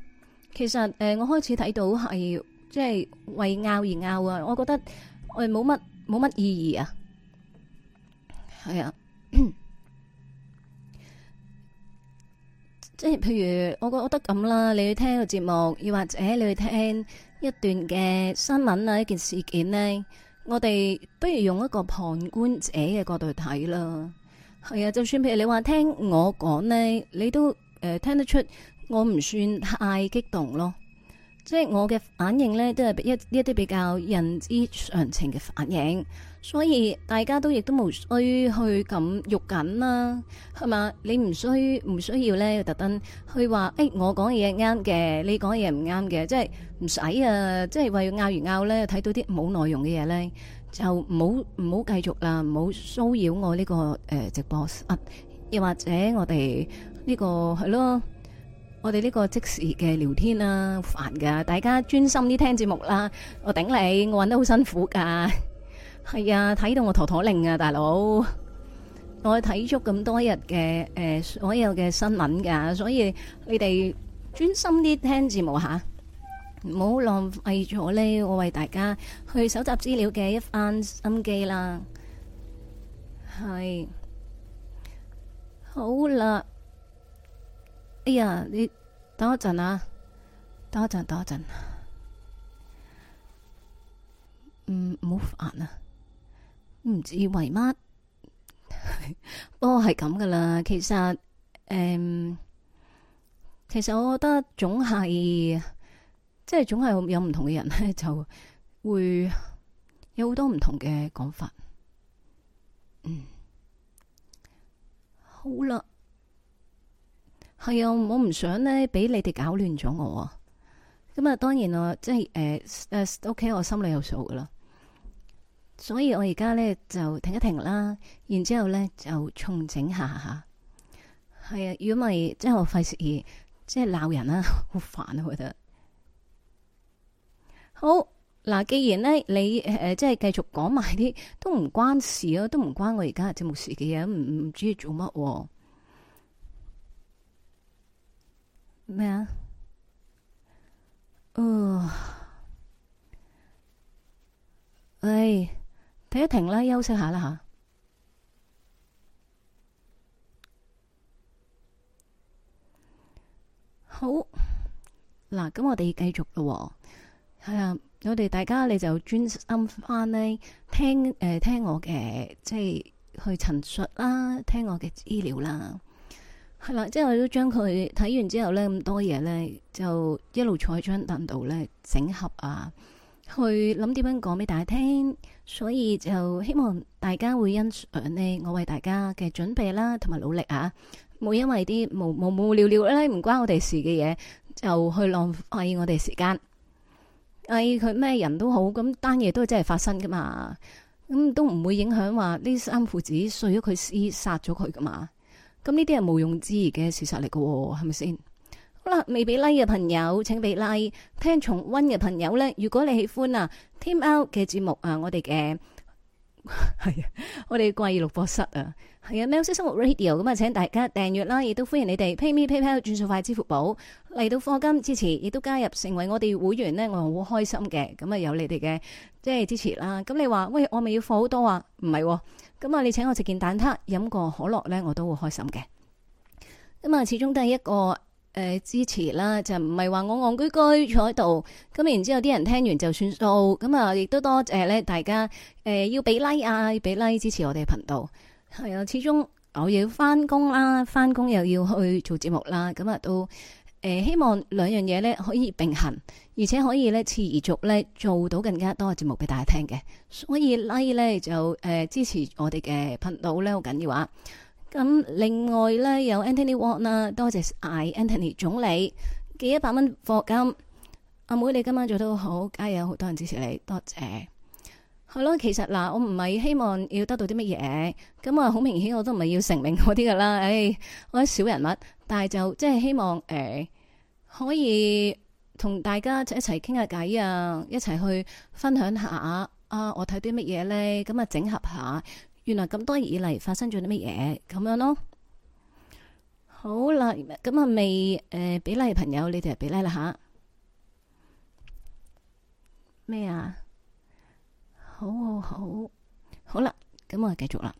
其實誒、呃，我開始睇到係即係為拗而拗啊，我覺得我哋冇乜冇乜意義啊。係啊， 即係譬如我覺得咁啦，你去聽個節目，又或者你去聽一段嘅新聞啊，一件事件呢，我哋不如用一個旁觀者嘅角度去睇啦。係啊，就算譬如你話聽我講呢，你都誒聽得出我唔算太激動咯，即係我嘅反應呢，都係一一啲比較人之常情嘅反應，所以大家都亦都冇需去咁喐緊啦，係嘛？你唔需唔需要呢？特登去，哎，話誒我講嘢啱嘅，你講嘢唔啱嘅，即係唔使啊！即係話要拗完拗咧睇到啲冇內容嘅嘢呢。就唔好唔好繼續啦，唔好騷擾我呢個誒直播室！又或者我哋呢個係咯，我哋呢個即時嘅聊天啦，煩噶！大家專心啲聽節目啦，我頂你，我搵得好辛苦噶，係啊，睇到我妥妥令啊大佬，我睇足咁多日嘅誒所有嘅新聞噶，所以你哋專心啲聽節目吓。唔好浪費咗呢。我為大家去搜集資料嘅一番心機啦。係，好啦，哎呀，你等一陣啊，等一陣，等一陣。唔唔好煩啊，唔知為乜，不過係咁噶啦。其實誒、嗯，其實我覺得總係。即係總係有唔同嘅人咧，就會有好多唔同嘅講法。嗯，好啦，係啊，我唔想咧俾你哋搞亂咗我。啊。咁啊，當然啊，即係誒誒，OK，我心裏有數噶啦。所以我而家咧就停一停啦，然之後咧就重整下下。係啊，如果咪即係我費事，即係鬧人啦，好煩啊，我覺得。好嗱、啊，既然咧，你誒、呃，即係繼續講埋啲都唔關事啊，都唔關我而家節目時嘅嘢，唔唔知要做乜咩啊？誒，停、呃、一停啦，休息一下啦，吓好嗱，咁、啊、我哋繼續咯、啊。係啊！我哋大家你就專心翻呢，聽、呃、誒，聽我嘅即係去陳述啦，聽我嘅資料啦。係啦、啊，即係我都將佢睇完之後咧，咁多嘢咧，就一路坐喺張凳度咧整合啊，去諗點樣講俾大家聽。所以就希望大家會欣賞呢，我為大家嘅準備啦，同埋努力啊。冇因為啲無無無聊聊咧唔關我哋事嘅嘢就去浪費我哋時間。係佢咩人都好，咁單嘢都真係發生噶嘛，咁、嗯、都唔會影響話呢三父子碎咗佢屍，殺咗佢噶嘛，咁呢啲係無庸置疑嘅事實嚟喎、哦，係咪先？好啦，未俾 like 嘅朋友請俾 e、like、聽重溫嘅朋友咧，如果你喜歡啊 team out 嘅節目啊，我哋嘅。係 啊，我哋怪異錄播室啊，係啊喵式生活 Radio 咁啊，請大家訂閱啦，亦都歡迎你哋 PayMe、PayPal Pay、轉數快、支付寶嚟到課金支持，亦都加入成為我哋會員呢。我好開心嘅。咁啊，有你哋嘅即係支持啦。咁你話喂，我咪要貨好多啊？唔係，咁啊，你請我食件蛋撻，飲個可樂呢，我都會開心嘅。咁啊，始終都係一個。誒、呃，支持啦，就唔係話我戇居居坐喺度，咁然之後啲人聽完就算數，咁啊亦都多謝咧，大家誒、呃、要俾 like 啊，要俾 like 支持我哋頻道，係啊，始終我要翻工啦，翻工又要去做節目啦，咁啊都誒希望兩樣嘢咧可以並行，而且可以咧持續咧做到更加多嘅節目俾大家聽嘅，所以 like 咧就誒、呃、支持我哋嘅頻道咧好緊要啊！咁另外咧，有 Anthony Watt 啦，多謝 I Anthony 總理嘅一百蚊課金。阿妹你今晚做得好，加油！好多人支持你，多謝。係咯，其實嗱，我唔係希望要得到啲乜嘢，咁啊好明顯我都唔係要成名嗰啲噶啦，唉、哎，我係小人物，但係就即係希望誒、哎，可以同大家一齊傾下偈啊，一齊去分享下啊，我睇啲乜嘢咧，咁啊整合下。原來咁多以嚟，發生咗啲乜嘢，咁樣咯好？好啦，咁啊未誒，比拉朋友，你哋係比拉啦吓？咩啊？好好好，好啦，咁我就繼續啦。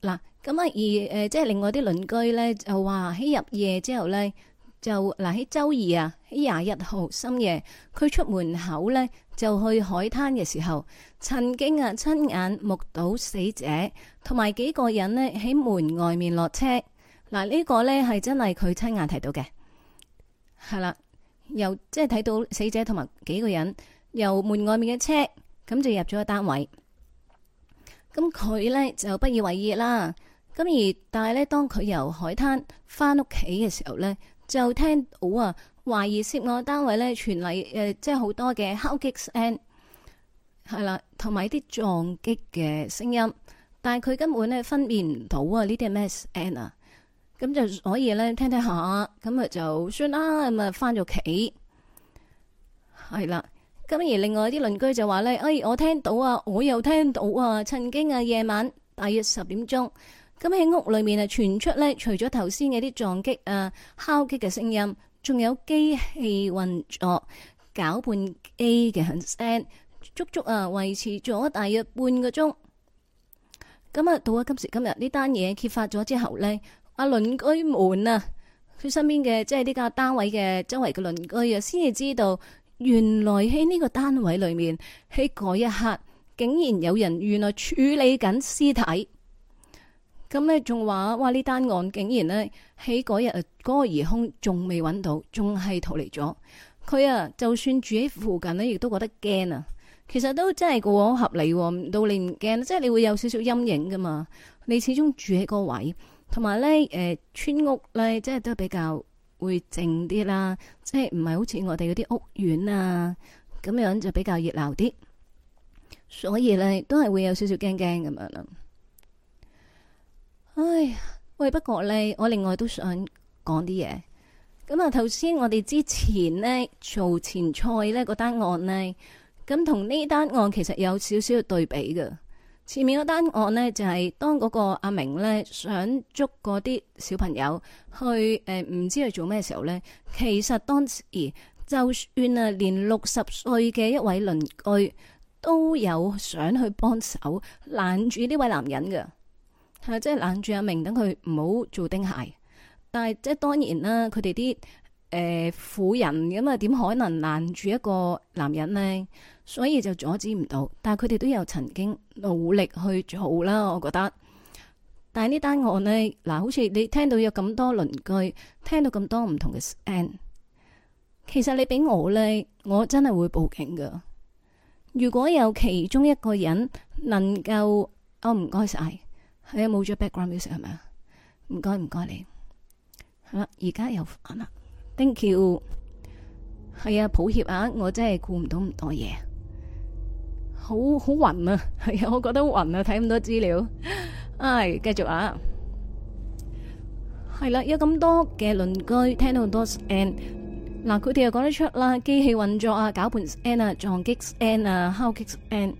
嗱，咁啊而誒、呃，即係另外啲鄰居咧就話喺入夜之後咧。就嗱，喺周二啊，喺廿一號深夜，佢出門口呢，就去海灘嘅時候，曾經啊親眼目睹死者同埋幾個人呢喺門外面落車。嗱，呢個呢係真係佢親眼睇到嘅，係啦，又即係睇到死者同埋幾個人由門外面嘅車咁就入咗個單位。咁佢呢就不以為意啦。咁而但係呢，當佢由海灘翻屋企嘅時候呢。就聽到啊，懷疑涉案單位咧傳嚟誒、呃，即係好多嘅敲擊聲，係啦，同埋啲撞擊嘅聲音。但係佢根本咧分辨唔到啊，呢啲係咩聲啊？咁就可以咧聽聽下，咁啊就算啦，咁啊翻咗屋企係啦。咁而另外啲鄰居就話咧，哎，我聽到啊，我又聽到啊，曾經啊夜晚大約十點鐘。咁喺屋裏面啊，傳出咧，除咗頭先嘅啲撞擊啊、敲擊嘅聲音，仲有機器運作、攪拌機嘅響聲，足足啊維持咗大約半個鐘。咁啊，到咗今時今日呢單嘢揭發咗之後咧，阿鄰居們啊，佢身邊嘅即係呢個單位嘅周圍嘅鄰居啊，先至知道原來喺呢個單位裏面喺嗰一刻，竟然有人原來處理緊屍體。咁咧仲話哇！呢單案竟然咧喺嗰日個嗰個疑兇仲未揾到，仲係逃離咗。佢啊，就算住喺附近咧，亦都覺得驚啊！其實都真係個，個合理喎、啊，唔到你唔驚，即係你會有少少陰影噶嘛。你始終住喺個位，同埋咧誒村屋咧，即係都比較會靜啲啦，即係唔係好似我哋嗰啲屋苑啊咁樣就比較熱鬧啲，所以咧都係會有少少驚驚咁樣啦。唉，喂！不過咧，我另外都想講啲嘢。咁啊，頭先我哋之前呢做前菜呢嗰單案呢，咁同呢單案其實有少少嘅對比嘅。前面嗰單案呢，就係當嗰個阿明呢想捉嗰啲小朋友去誒，唔知去做咩時候呢。其實當時就算啊，連六十歲嘅一位鄰居都有想去幫手攔住呢位男人嘅。係即係攔住阿明，等佢唔好做丁鞋。但係即係當然啦，佢哋啲誒婦人，咁啊，點可能攔住一個男人呢？所以就阻止唔到。但係佢哋都有曾經努力去做啦。我覺得，但係呢單案呢，嗱，好似你聽到有咁多鄰居聽到咁多唔同嘅，其實你俾我呢，我真係會報警噶。如果有其中一個人能夠，哦，唔該晒。係啊，冇咗 background music 係咪啊？唔該唔該，你係啦。而家又煩啦。Thank you，係啊，抱歉啊，我真係顧唔到咁多嘢，好好暈啊。係啊，我覺得好暈啊，睇咁多資料。唉，繼續啊。係啦，有咁多嘅鄰居聽到多，and 嗱佢哋又講得出啦，機器運作啊，攪拌，and 撞擊，and 敲擊，and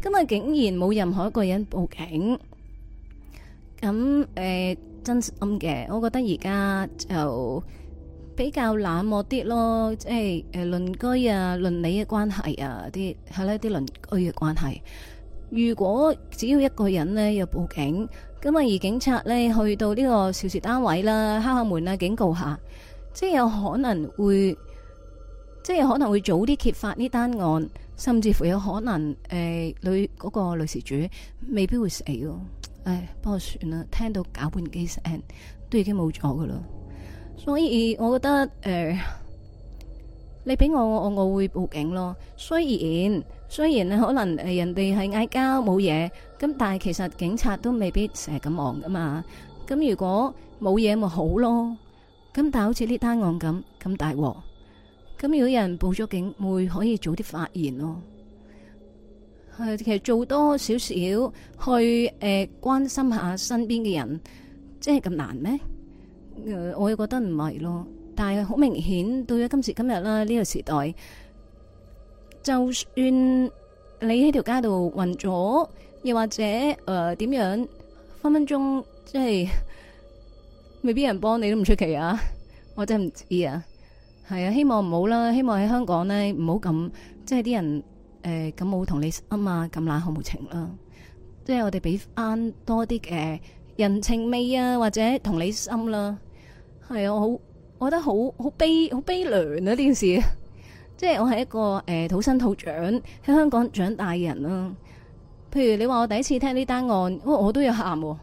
今日竟然冇任何一個人報警。咁誒，真心嘅，我覺得而家就比較冷漠啲咯，即係誒，鄰居啊，鄰里嘅關係啊，啲係啦，啲鄰居嘅關係。如果只要一個人呢，又報警，咁啊，而警察呢，去到呢個肇事單位啦，敲下門啊，警告下，即係有可能會，即係可能會早啲揭發呢單案，甚至乎有可能誒，女嗰個女事主未必會死咯。誒，不過算啦，聽到攪拌機聲都已經冇咗噶啦，所以我覺得誒、呃，你俾我我我會報警咯。雖然雖然咧可能誒人哋係嗌交冇嘢，咁但係其實警察都未必成日咁忙噶嘛。咁如果冇嘢咪好咯，咁但係好似呢單案咁咁大鑊，咁如果有人報咗警會可以早啲發現咯。誒，其實做多少少去誒關心下身邊嘅人，即係咁難咩？誒，我又覺得唔係咯，但係好明顯到咗今時今日啦，呢個時代，就算你喺條街度暈咗，又或者誒點樣分分鐘，即係未必有人幫你都唔出奇啊！我真係唔知啊，係啊，希望唔好啦，希望喺香港呢唔好咁即係啲人。誒咁冇同理心啊，咁冷酷無情啦、啊，即係我哋俾翻多啲嘅人情味啊，或者同理心啦、啊。係、啊、我好，我覺得好好悲好悲涼啊！呢件事、啊，即係我係一個誒、欸、土生土長喺香港長大嘅人啦、啊。譬如你話我第一次聽呢單案，我都有喊喎，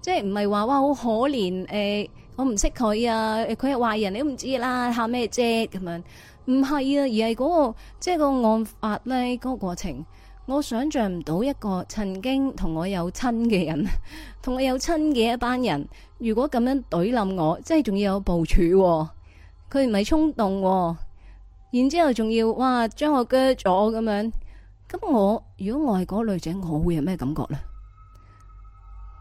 即係唔係話哇好可憐誒、欸？我唔識佢啊，佢係壞人，你都唔知啦，喊咩啫咁樣。唔係啊，而係嗰個即係個案發咧，嗰個過程，我想象唔到一個曾經同我有親嘅人，同我有親嘅一班人，如果咁樣懟冧我，即係仲要有部署喎，佢唔係衝動喎，然之後仲要哇將我鋸咗咁樣，咁我如果我係嗰個女仔，我會有咩感覺咧？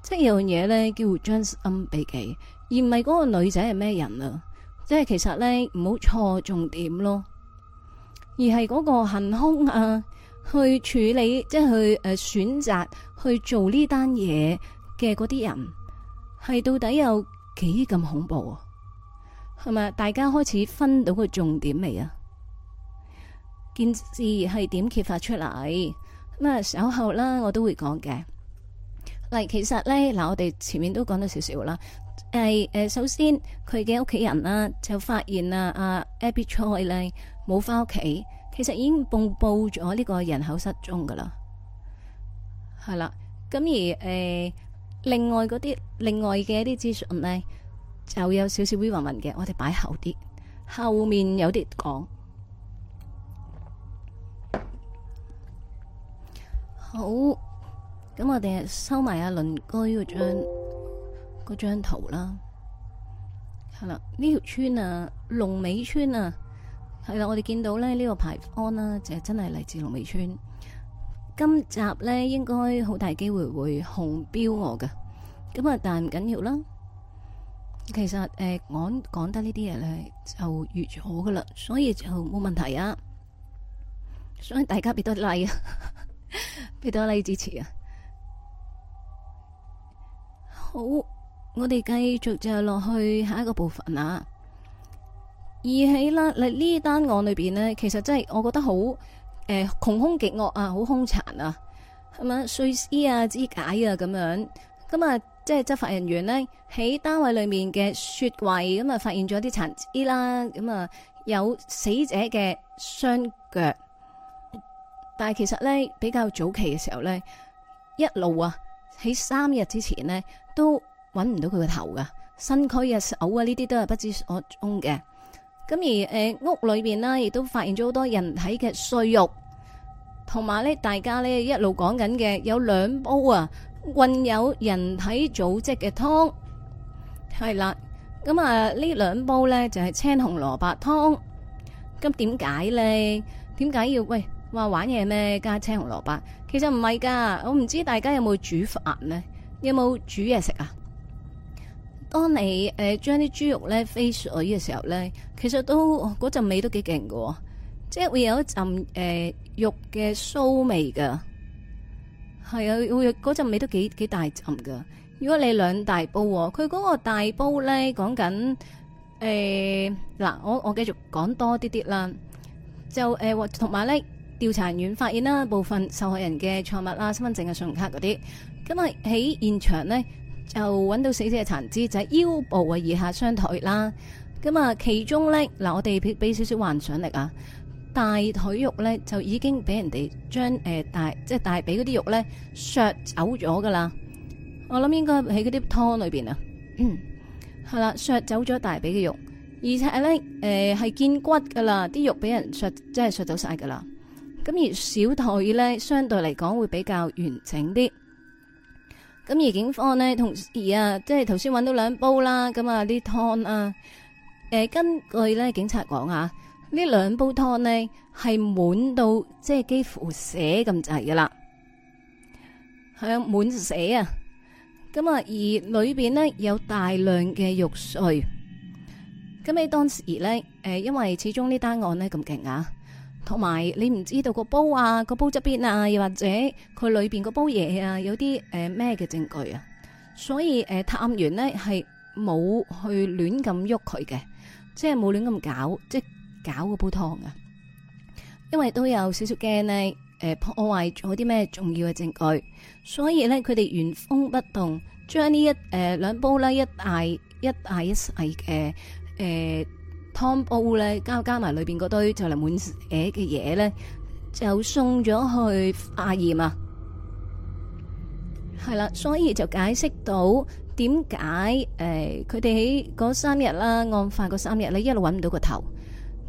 即係有樣嘢咧，叫將心比己，而唔係嗰個女仔係咩人啊？即係其實咧，唔好錯重點咯，而係嗰個行凶啊，去處理即係去誒選擇去做呢單嘢嘅嗰啲人，係到底有幾咁恐怖啊？係咪？大家開始分到個重點未啊？件事係點揭發出嚟？咁啊，稍後啦，我都會講嘅。嗱，其實咧嗱，我哋前面都講咗少少啦。係誒、哎，首先佢嘅屋企人啦，就發現啦，阿、啊、Abby Choi 咧冇翻屋企，其實已經報報咗呢個人口失蹤噶啦，係啦。咁而誒、哎，另外嗰啲另外嘅一啲資訊咧，就有少少 weave 雲嘅，我哋擺後啲，後面有啲講。好，咁我哋收埋阿鄰居嗰張。嗰張圖啦，係啦，呢條村啊，龍尾村啊，係啦，我哋見到咧呢個牌坊啦、啊，就係、真係嚟自龍尾村。今集咧應該好大機會會紅標我噶，咁啊但唔緊要啦。其實誒，我、呃、講得這些呢啲嘢咧就預咗噶啦，所以就冇問題啊。所以大家俾多啲、like、啊，俾 多啲、like、支持啊！好。我哋繼續就落去下一個部分啦。而喺啦，嗱，呢單案裏邊呢，其實真係我覺得好誒，窮凶極惡啊，好凶殘啊，係咪碎屍啊、肢解啊咁樣咁啊、嗯？即係執法人員呢，喺單位裏面嘅雪櫃咁啊，發現咗啲殘肢啦，咁、嗯、啊、嗯、有死者嘅雙腳，嗯、但係其實呢，比較早期嘅時候呢，一路啊喺三日之前呢，都。揾唔到佢個頭噶，身軀啊、手啊呢啲都係不知所蹤嘅。咁而誒、呃、屋裏邊呢，亦都發現咗好多人體嘅碎肉，同埋呢，大家呢一路講緊嘅有兩煲啊，混有人體組織嘅湯係啦。咁啊呢兩煲呢，就係、是、青紅蘿蔔湯。咁點解呢？點解要喂話玩嘢咩？加青紅蘿蔔？其實唔係噶，我唔知大家有冇煮飯呢？有冇煮嘢食啊？當你誒將啲豬肉咧飛水嘅時候咧， 其實都嗰陣味都幾勁嘅，即係會有一陣誒、呃、肉嘅臊味嘅，係啊，會嗰陣味都幾幾大陣嘅。如果你兩大煲，佢嗰個大煲咧講緊誒嗱，我我繼續講多啲啲啦，就誒同埋咧，調查人員發現啦，部分受害人嘅財物啦，身份證啊、信用卡嗰啲，咁喺現場咧。就搵到死者嘅殘肢，就係、是、腰部啊以下雙腿啦。咁啊，其中咧嗱，我哋俾少少幻想力啊，大腿肉咧就已經俾人哋將誒、呃、大即係大髀嗰啲肉咧削走咗噶啦。我諗應該喺嗰啲湯裏邊啊，嗯，係啦，削走咗大髀嘅肉，而且咧誒係見骨噶啦，啲肉俾人削，即係削走晒噶啦。咁而小腿咧相對嚟講會比較完整啲。咁而警方咧，同時啊，即係頭先揾到兩煲啦。咁啊，啲湯啊，誒，根據咧，警察講啊，呢兩煲湯咧係滿到即係幾乎瀉咁滯噶啦，係啊，滿瀉啊。咁啊，而裏邊咧有大量嘅肉碎。咁喺當時咧，誒，因為始終呢單案咧咁勁啊。同埋你唔知道個煲啊，個煲側邊啊，又或者佢裏邊個煲嘢啊，有啲誒咩嘅證據啊，所以誒、呃、探員呢，係冇去亂咁喐佢嘅，即係冇亂咁搞，即係搞個煲湯啊，因為都有少少驚呢，誒破壞咗啲咩重要嘅證據，所以呢，佢哋原封不動將呢一誒兩、呃、煲呢，一大一大一細嘅誒。呃湯煲咧，加加埋裏邊嗰堆就嚟滿嘢嘅嘢咧，就送咗去化驗啊。係啦，所以就解釋到點解誒，佢哋喺嗰三日啦，案發嗰三日咧，一路揾唔到個頭。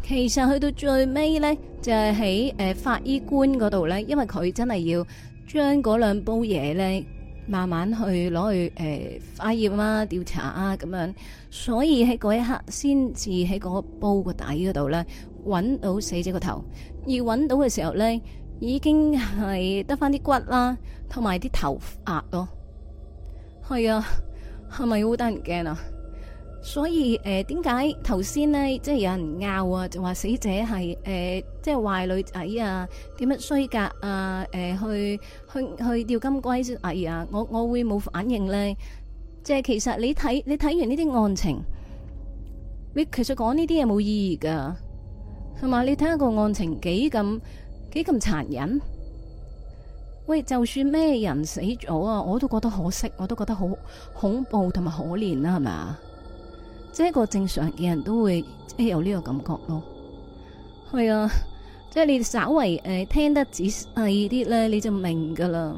其實去到最尾咧，就係喺誒法醫官嗰度咧，因為佢真係要將嗰兩煲嘢咧。慢慢去攞去誒、欸，化驗啊，調查啊，咁樣，所以喺嗰一刻先至喺嗰個煲個底嗰度咧，揾到死者個頭。而揾到嘅時候咧，已經係得翻啲骨啦，同埋啲頭壓咯。係啊，係咪好得人驚啊？所以誒，點解頭先咧，即係有人拗啊，就話死者係誒、呃，即係壞女仔啊，點樣衰格啊？誒、呃，去去去釣金龜啊！哎、呀，我我會冇反應咧，即係其實你睇你睇完呢啲案情，你其實講呢啲嘢冇意義噶，係嘛？你睇下個案情幾咁幾咁殘忍，喂，就算咩人死咗啊，我都覺得可惜，我都覺得好恐怖同埋可憐啦，係咪啊？即係個正常嘅人都會即係有呢個感覺咯，係啊，即係你稍微誒、呃、聽得仔細啲咧，你就明噶啦。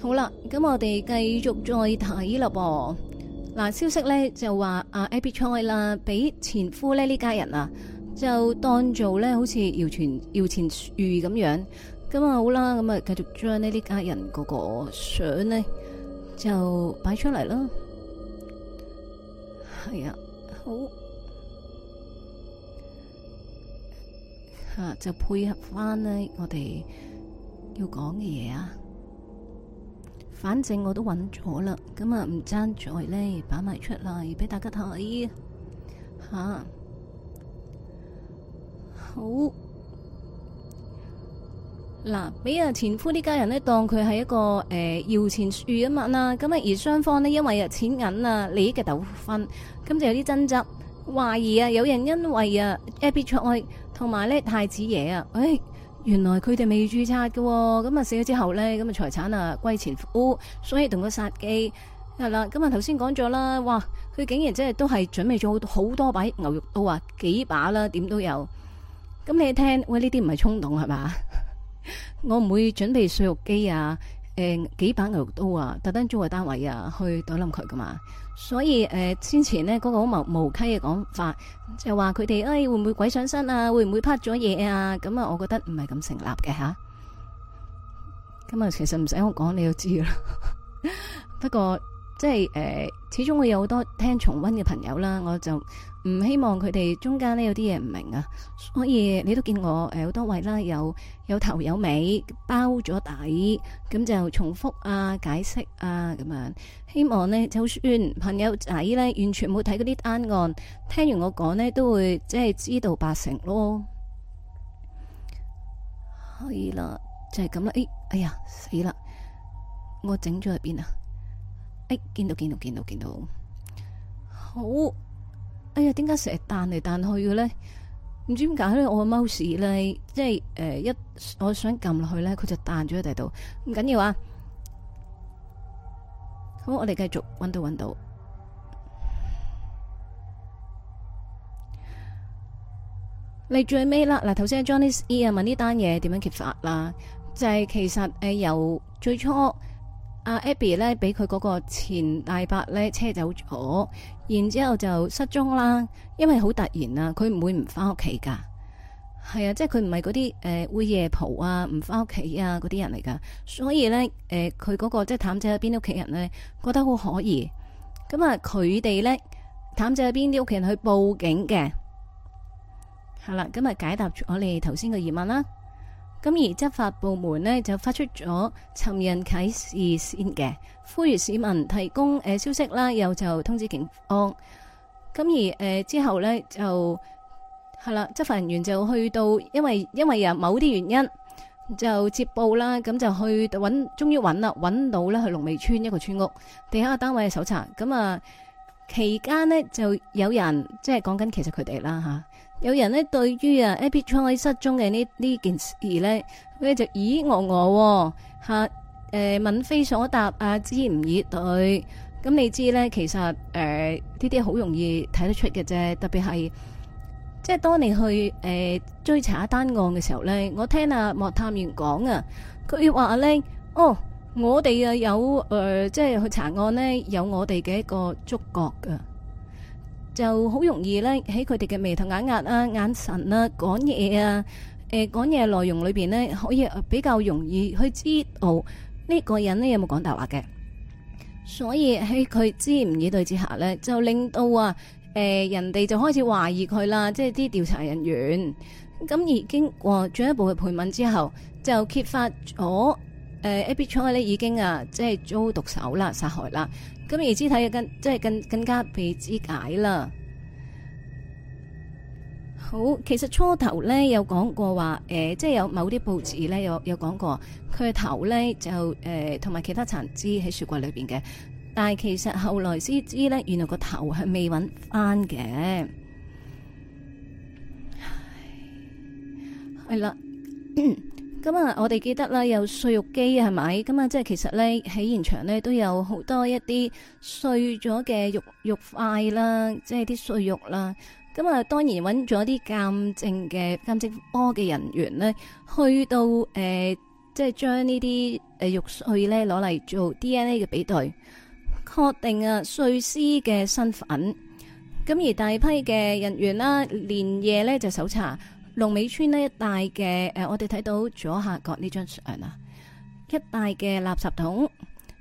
好啦，咁我哋繼續再睇啦噃。嗱，消息咧就話阿、啊、Abby Choi 啦，俾前夫呢呢家人啊，就當做咧好似搖錢搖錢樹咁樣。咁、嗯、啊好啦，咁、嗯、啊繼續將呢呢家人嗰個相咧就擺出嚟啦。係啊，好吓、啊、就配合翻呢我哋要講嘅嘢啊。反正我都揾咗啦，咁啊唔爭在呢，擺埋出嚟畀大家睇吓、啊，好。嗱，俾啊前夫呢家人咧當佢係一個誒搖錢樹啊嘛啦，咁、欸、啊而雙方呢因為啊錢銀啊利益嘅糾紛，咁就有啲爭執，懷疑啊有人因為啊 Abby 出愛同埋咧太子爺啊，誒、哎、原來佢哋未注冊嘅，咁啊死咗之後咧，咁啊財產啊歸前夫，所以同佢殺機係啦。咁啊頭先講咗啦，哇，佢竟然即係都係準備咗好多把牛肉刀啊，幾把啦，點都有。咁你聽，喂呢啲唔係衝動係嘛？我唔會準備碎肉機啊，誒幾把牛肉刀啊，特登租個單位啊去打冧佢噶嘛。所以誒、呃，先前咧嗰、那個好無稽嘅講法，就話佢哋誒會唔會鬼上身啊，會唔會拍咗嘢啊？咁啊，我覺得唔係咁成立嘅吓。咁啊，其實唔使我講你都知啦。 不過即係誒、呃，始終會有好多聽重温嘅朋友啦，我就。唔希望佢哋中間呢有啲嘢唔明啊，所以你都見我誒，好多位啦，有有頭有尾，包咗底，咁就重複啊，解釋啊，咁樣。希望呢就算朋友仔呢完全冇睇嗰啲單案，聽完我講呢都會即係知道八成咯。可以啦，就係咁啦。誒、哎，哎呀，死啦！我整咗入邊啊！誒、哎，見到見到見到見到，好。點解成日彈嚟彈去嘅咧？唔知點解咧，我個 mouse 咧、就是，即係誒、呃，一我想撳落去咧，佢就彈咗喺第度。唔緊要啊，咁我哋繼續搵到搵到嚟最尾啦。嗱，頭先阿 Johnny E 啊問呢單嘢點樣揭發啦，就係、是、其實誒由最初。阿 Abby 咧俾佢嗰個前大伯咧車走咗，然之後就失蹤啦。因為好突然啊，佢唔會唔翻屋企噶，係啊，即係佢唔係嗰啲誒會夜蒲啊，唔翻屋企啊嗰啲人嚟噶。所以咧，誒佢嗰個即係譚仔邊啲屋企人咧，覺得好可疑。咁啊，佢哋咧，譚仔邊啲屋企人去報警嘅，係啦。咁啊，解答住我哋頭先嘅疑問啦。咁而執法部門呢，就發出咗尋人啟事先嘅，呼籲市民提供、呃、消息啦，又就通知警方。咁、嗯、而、呃、之後呢，就係啦，執法人員就去到，因為因為有某啲原因就接報啦，咁就去揾，終於揾啦，揾到啦，去龍尾村一個村屋地下單位搜查。咁啊期間呢，就有人即係講緊其實佢哋啦吓有人呢對於啊，A.P.C. 失蹤嘅呢呢件事呢，佢就咦鵝我嚇誒，問、呃呃、非所答啊，知唔以對？咁、嗯、你知呢？其實誒呢啲好容易睇得出嘅啫。特別係即係當你去誒、呃、追查一單案嘅時候呢。我聽阿莫探員講啊，佢話呢：「哦，我哋啊有誒、呃，即係去查案呢，有我哋嘅一個觸覺噶。就好容易咧，喺佢哋嘅眉頭眼壓啊、眼神啊、講嘢啊，誒，講嘢內容裏邊咧，可以比較容易去知道呢個人咧有冇講大話嘅。所以喺佢支吾以對之下咧，就令到啊，誒，人哋就開始懷疑佢啦，即係啲調查人員。咁而經過進一步嘅盤問之後，就揭發咗誒、呃、Abby Choy 咧已經啊，即係遭毒手啦，殺害啦。咁而肢體嘅更即係更更加被肢解啦。好，其實初頭咧有講過話，誒、呃，即係有某啲報紙咧有有講過，佢嘅頭咧就誒同埋其他殘肢喺雪櫃裏邊嘅，但係其實後來先知咧，原來個頭係未揾翻嘅。係啦。咁啊、嗯，我哋記得啦，有碎肉機啊，係咪？咁、嗯、啊，即係其實咧，喺現場咧都有好多一啲碎咗嘅肉肉塊啦，即係啲碎肉啦。咁、嗯、啊，當然揾咗啲鑑證嘅鑑證科嘅人員咧，去到誒、呃，即係將呢啲誒肉碎咧攞嚟做 D N A 嘅比對，確定啊碎屍嘅身份。咁、嗯、而大批嘅人員啦，連夜咧就搜查。龍尾村呢一帶嘅誒，我哋睇到左下角呢張相啦，一帶嘅垃圾桶、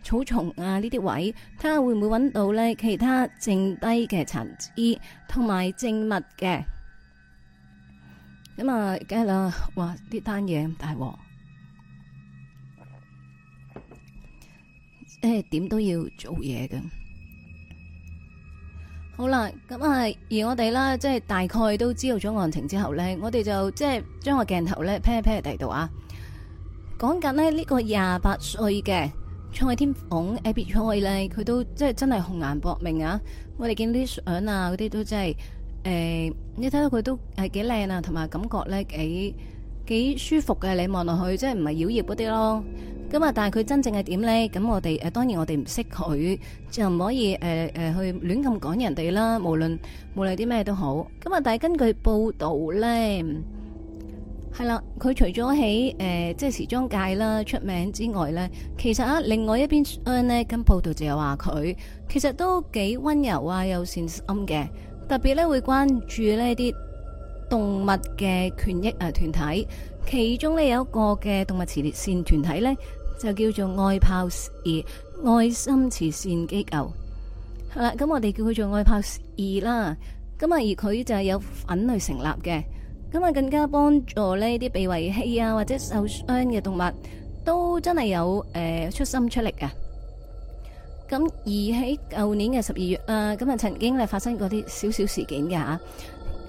草叢啊呢啲位，睇下會唔會揾到咧其他剩低嘅殘肢同埋證物嘅。咁啊，梗係啦，哇呢單嘢咁大鑊，即係，點都要做嘢嘅。好啦，咁啊，而我哋啦，即係大概都知道咗案情之後咧，我哋就即係將個鏡頭咧，撇一撇喺度啊，講緊咧呢個廿八歲嘅蔡天鳳 Abby Choi，佢都即係真係紅顏薄命啊！我哋見啲相啊，嗰啲都即係誒、欸，你睇到佢都係幾靚啊，同埋感覺咧幾。幾舒服嘅，你望落去，即係唔係妖孽嗰啲咯。咁啊，但係佢真正係點呢？咁我哋誒，當然我哋唔識佢，就唔可以誒誒、呃呃、去亂咁講人哋啦。無論無論啲咩都好。咁啊，但係根據報道呢，係啦，佢除咗喺誒即係時裝界啦出名之外呢，其實啊，另外一邊呢，咁報道就有話佢其實都幾溫柔啊，又善心嘅，特別呢，會關注呢啲。動物嘅權益啊團體，其中咧有一個嘅動物慈善團體咧，就叫做愛泡二愛心慈善機構，係啦，咁我哋叫佢做愛泡二啦。咁啊，而佢就係有份去成立嘅，咁啊，更加幫助咧啲被遺棄啊或者受傷嘅動物，都真係有誒出心出力噶。咁而喺舊年嘅十二月啊，咁啊曾經咧發生過啲小小事件嘅吓。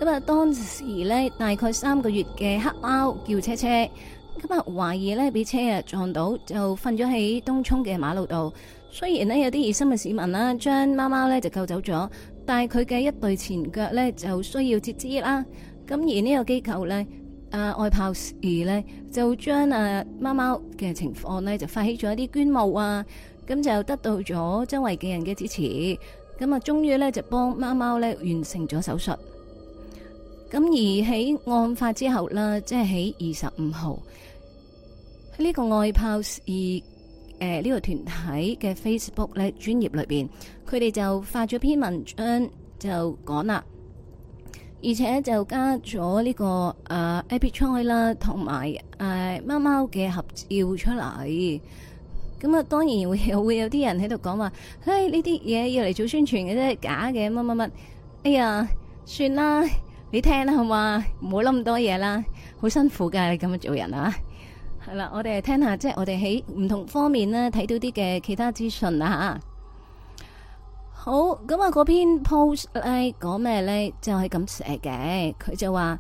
咁啊，當時呢大概三個月嘅黑貓叫車車，咁啊懷疑呢俾車啊撞到，就瞓咗喺東涌嘅馬路度。雖然呢有啲熱心嘅市民啦，將貓貓呢就救走咗，但係佢嘅一對前腳呢就需要截肢啦。咁而呢個機構呢啊外跑時呢就將啊貓貓嘅情況呢就發起咗一啲捐募啊，咁就得到咗周圍嘅人嘅支持，咁啊終於呢就幫貓貓呢完成咗手術。咁而喺案發之後啦，即係喺二十五號呢個外拋事誒呢個團體嘅 Facebook 咧，專業裏邊，佢哋就發咗篇文章就講啦，而且就加咗呢、這個誒、呃、Abby Choi 啦，同埋誒貓貓嘅合照出嚟。咁啊，當然會有會有啲人喺度講話，誒呢啲嘢要嚟做宣傳嘅啫，假嘅乜乜乜，哎呀，算啦。你聽啦，好嘛？唔好諗咁多嘢啦，好辛苦噶，你咁樣做人啊！係啦，我哋嚟聽下，即係我哋喺唔同方面咧睇到啲嘅其他資訊啊！吓，好咁啊，嗰篇 post 咧講咩咧？就係咁寫嘅，佢就話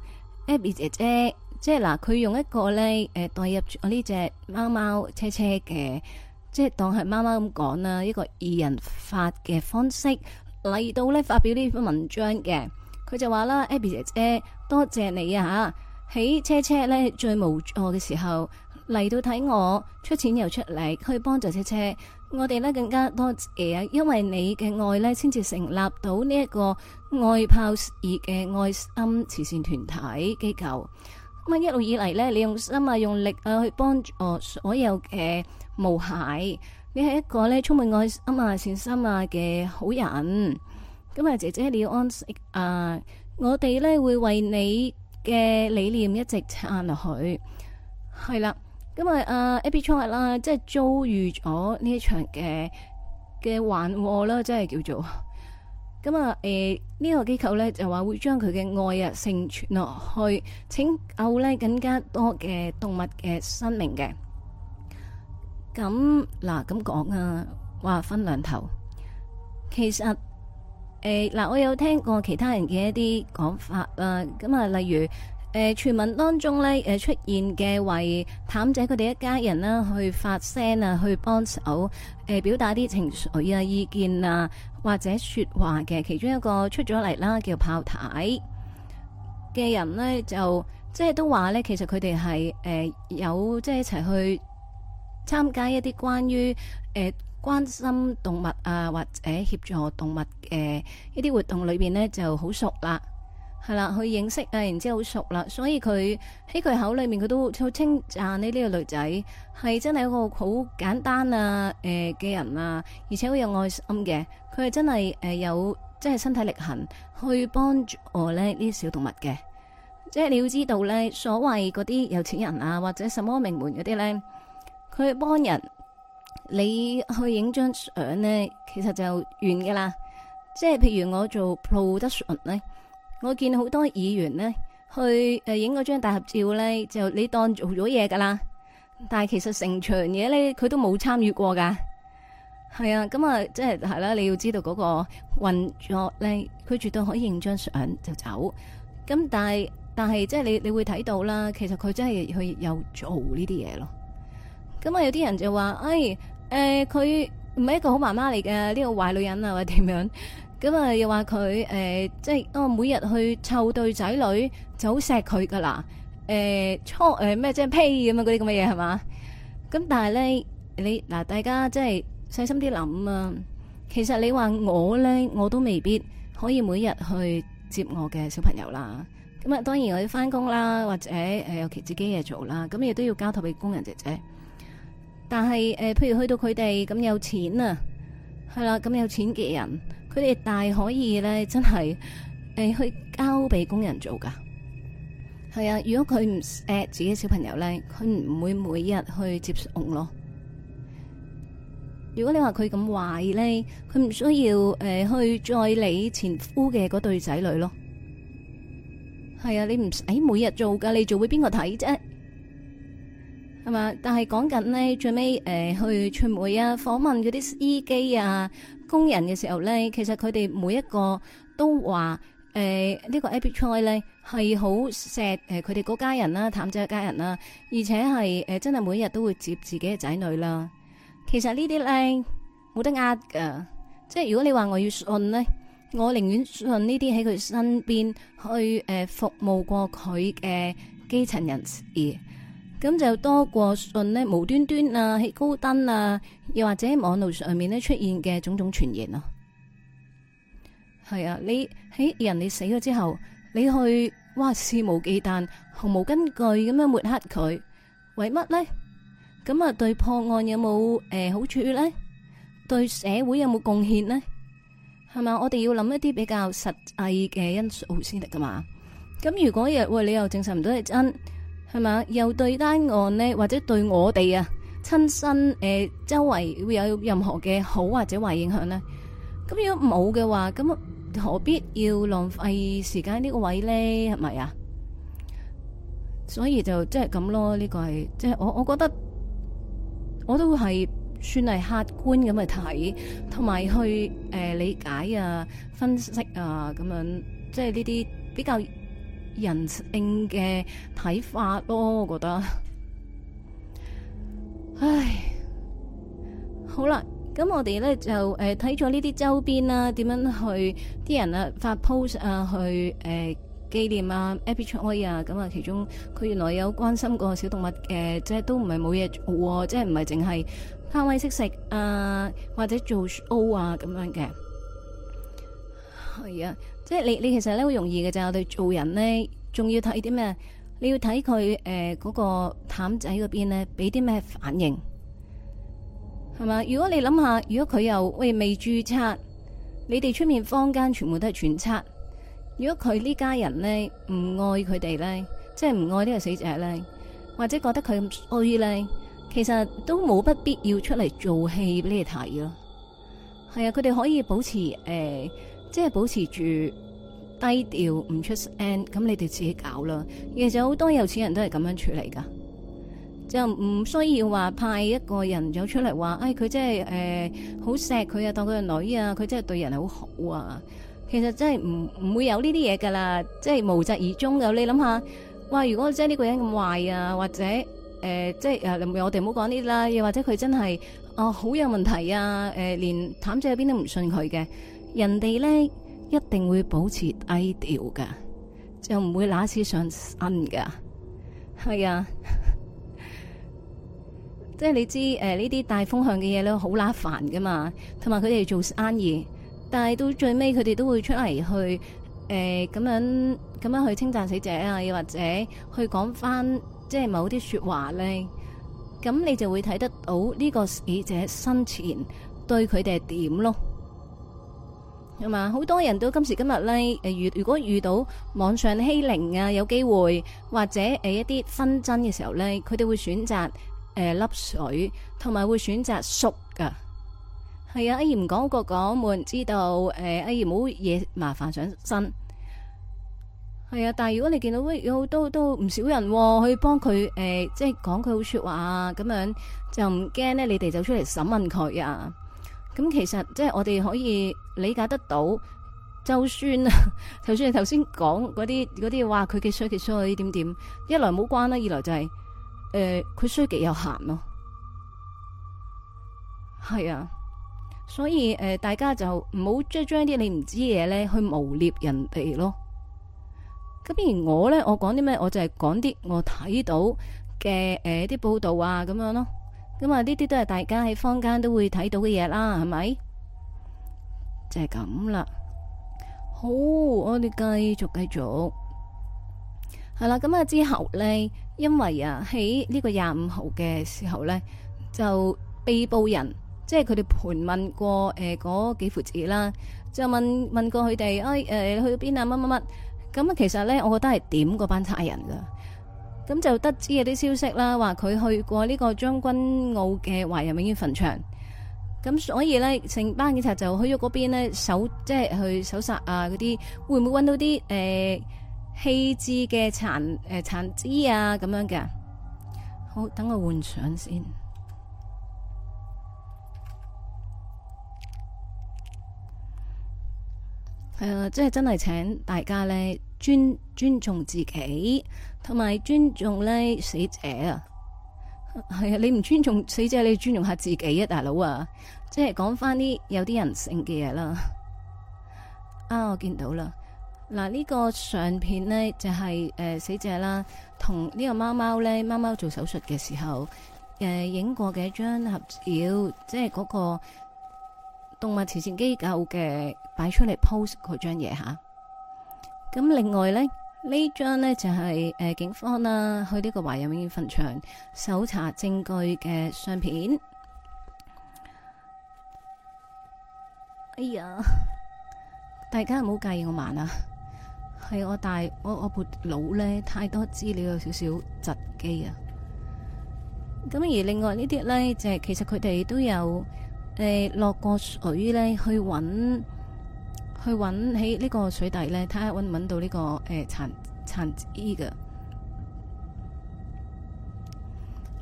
Abby 姐姐，即係嗱，佢用一個咧誒代入我呢隻貓貓車車嘅，即係當係貓貓咁講啦，一個二人發嘅方式嚟到咧發表呢篇文章嘅。佢就話啦，Abby 姐姐，多謝你啊！吓，喺車車咧最無助嘅時候嚟到睇我，出錢又出力去幫助車車，我哋咧更加多謝啊！因為你嘅愛咧，先至成立到呢一個愛泡爾嘅愛心慈善團體機構。咁、嗯、啊，一路以嚟咧，你用心啊，用力啊，去幫助所有嘅毛孩，你係一個咧充滿愛心啊、善心啊嘅好人。咁啊，姐姐你要安息啊！我哋咧會為你嘅理念一直撐落去。係啦，咁啊，阿 Abby Choy 啦，即係遭遇咗呢一場嘅嘅橫禍啦，即係叫做。咁啊，誒，呢個機構咧就話會將佢嘅愛啊，承傳落去，拯救咧更加多嘅動物嘅生命嘅。咁嗱，咁講啊，話分兩頭，其實。誒，嗱，我有聽過其他人嘅一啲講法啊，咁啊，例如，誒、呃，傳聞當中咧，誒，出現嘅為譚仔佢哋一家人啦，去發聲啊，去幫手，啊，誒、呃，表達啲情緒啊、意見啊，或者說話嘅，其中一個出咗嚟啦，叫炮太嘅人咧，就即係都話咧，其實佢哋係誒有即係一齊去參加一啲關於誒。呃關心動物啊，或者協助動物嘅呢啲活動裏邊呢，就好熟啦，係啦，去認識啊，然之後好熟啦，所以佢喺佢口裏面，佢都好稱讚呢呢個女仔係真係一個好簡單啊誒嘅、呃、人啊，而且好有愛心嘅，佢係真係誒有即係、呃、身體力行去幫助我呢啲小動物嘅，即係你要知道呢，所謂嗰啲有錢人啊，或者什麼名門嗰啲呢，佢幫人。你去影張相咧，其實就完噶啦。即係譬如我做 production 咧，我見好多議員咧去誒影嗰張大合照咧，就你當做咗嘢噶啦。但係其實成場嘢咧，佢都冇參與過噶。係啊，咁啊，即係係啦。你要知道嗰個運作咧，佢絕對可以影張相就走。咁但係但係，即係你你會睇到啦。其實佢真係去有做呢啲嘢咯。咁啊，有啲人就話，誒、哎。誒，佢唔係一個好媽媽嚟嘅，呢、這個壞女人啊，或者點樣？咁、呃、啊，又話佢誒，即係哦，每日去湊對仔女就好錫佢噶啦。誒、呃，初誒咩即係屁咁樣嗰啲咁嘅嘢係嘛？咁但係咧，你嗱、呃，大家即係細心啲諗啊，其實你話我咧，我都未必可以每日去接我嘅小朋友啦。咁、嗯、啊，當然我要翻工啦，或者誒、呃、有其他嘢做啦，咁亦都要交託俾工人姐姐。但係誒、呃，譬如去到佢哋咁有錢啊，係啦、啊，咁有錢嘅人，佢哋大可以咧，真係誒、呃、去交俾工人做噶。係啊，如果佢唔錫自己小朋友咧，佢唔會每日去接送咯。如果你話佢咁壞咧，佢唔需要誒、呃、去再理前夫嘅嗰對仔女咯。係啊，你唔使每日做噶，你做俾邊個睇啫？係嘛？但係講緊呢，最尾誒、呃、去傳媒啊、訪問嗰啲司機啊、工人嘅時候咧，其實佢哋每一個都話呢、呃這個 Abby Choi 咧係好錫佢哋嗰家人啦、啊、譚仔嘅家人啦、啊，而且係、呃、真係每日都會接自己嘅仔女啦。其實呢啲咧冇得呃㗎，即係如果你話我要信呢，我寧願信呢啲喺佢身邊去、呃、服務過佢嘅基層人士。咁就多過信咧，無端端啊喺高登啊，又或者喺網絡上面咧出現嘅種種傳言咯。係啊，你喺人哋死咗之後，你去哇肆無忌憚、毫無根據咁樣抹黑佢，為乜咧？咁啊，對破案有冇誒好處咧？對社會有冇貢獻咧？係嘛，我哋要諗一啲比較實際嘅因素先得噶嘛。咁如果又喂你又證實唔到係真？係嘛？又對單案呢，或者對我哋啊，親身誒、呃、周圍會有任何嘅好或者壞影響呢？咁如果冇嘅話，咁何必要浪費時間呢個位呢？係咪啊？所以就即係咁咯，呢、這個係即係我我覺得我都係算係客觀咁去睇，同埋去誒理解啊、分析啊咁樣，即係呢啲比較。人性嘅睇法咯，我覺得。 唉，好啦，咁我哋咧就誒睇咗呢啲周邊啦、啊，點樣去啲人啊發 post 啊，去誒、呃、紀念啊 appetite 啊，咁 啊，其中佢原來有關心過小動物嘅，即係都唔係冇嘢做，啊，即係唔係淨係拍位識食啊，或者做 show 啊咁樣嘅，係 啊、哎。即係你，你其實咧好容易嘅就係我哋做人咧，仲要睇啲咩？你要睇佢、誒嗰個譚仔嗰邊咧，俾啲咩反應係嘛？如果你諗下，如果佢又喂未注冊，你哋出面坊間全部都係揣測。如果佢呢家人咧唔愛佢哋咧，即係唔愛呢個死者咧，或者覺得佢咁衰咧，其實都冇乜必要出嚟做戲俾你哋睇咯。係啊，佢哋可以保持誒。呃即係保持住低調，唔出聲，咁你哋自己搞啦。其實好多有錢人都係咁樣處理噶，就唔需要話派一個人走出嚟話，誒、哎，佢真係誒好錫佢啊，當佢個女啊，佢真係對人係好好啊。其實真係唔唔會有呢啲嘢噶啦，即係無疾而終噶。你諗下，哇，如果真係呢個人咁壞啊，或者誒、呃，即係誒，我哋唔好講呢啲啦，又或者佢真係哦好有問題啊，誒、呃，連譚姐喺邊都唔信佢嘅。人哋咧一定會保持低調噶，就唔會乸屎上身噶。係啊， 即係你知誒，呢、呃、啲大風向嘅嘢咧好乸煩噶嘛。同埋佢哋做生意，但係到最尾佢哋都會出嚟去誒咁、呃、樣咁樣去稱讚死者啊，又或者去講翻即係某啲說話咧。咁你就會睇得到呢個死者生前對佢哋係點咯。嘛，好多人都今時今日咧，誒，如如果遇到網上欺凌啊，有機會或者誒一啲紛爭嘅時候咧，佢哋會選擇誒、粒水，同埋會選擇縮噶。係啊，阿嚴講個講，冇人知道誒，阿嚴冇嘢惹麻煩上身。係啊，但係如果你見到喂有好多都唔少人、啊、去幫佢誒，即係講佢好說話啊，咁樣就唔驚咧，你哋走出嚟審問佢啊。咁其實即係我哋可以理解得到，就算啊，就算你頭先講嗰啲嗰啲，哇，佢嘅衰極衰呢點點，一來冇關啦，二來就係、是、誒，佢衰極有限咯，係啊，所以誒、呃，大家就唔好即係將啲你唔知嘢咧去誣衊人哋咯。咁譬如我咧，我講啲咩，我就係講啲我睇到嘅誒啲報道啊，咁樣咯。咁啊！呢啲都係大家喺坊間都會睇到嘅嘢啦，係咪？就係咁啦。好，我哋繼續繼續。係啦，咁啊之後咧，因為啊喺呢個廿五號嘅時候咧，就被捕人，即係佢哋盤問過誒嗰幾父子啦，就問問過佢哋，哎誒去邊啊乜乜乜。咁啊，其實咧，我覺得係點嗰班差人噶。咁就得知有啲消息啦，話佢去過呢個將軍澳嘅華人永遠墳場，咁所以呢，成班警察就去咗嗰邊呢，搜即係去搜查啊，嗰啲會唔會揾到啲誒棄置嘅殘誒殘肢啊咁樣嘅？好，等我換相先。啊、呃，即係真係，請大家呢，尊尊重自己。同埋尊重咧死者啊，係啊！你唔尊重死者，你尊重下自己啊，大佬啊！即係講翻啲有啲人性嘅嘢啦。啊，我見到啦，嗱、啊、呢、呢個相片呢，就係、是、誒、呃、死者啦，同呢個貓貓咧貓貓做手術嘅時候，誒、呃、影過嘅一張合照，即係嗰個動物慈善機構嘅擺出嚟 post 嗰張嘢吓。咁、啊、另外咧。呢張呢，就係、是、誒、呃、警方啦、啊、去呢個華人永遠墳場搜查證據嘅相片。哎呀，大家唔好介意我慢啊，係我大我我部腦咧太多資料有少少窒機啊。咁而另外呢啲呢，就係、是、其實佢哋都有誒落、呃、過水呢，去揾。去揾起呢個水底咧，睇下揾唔揾到呢、這個誒殘殘肢嘅。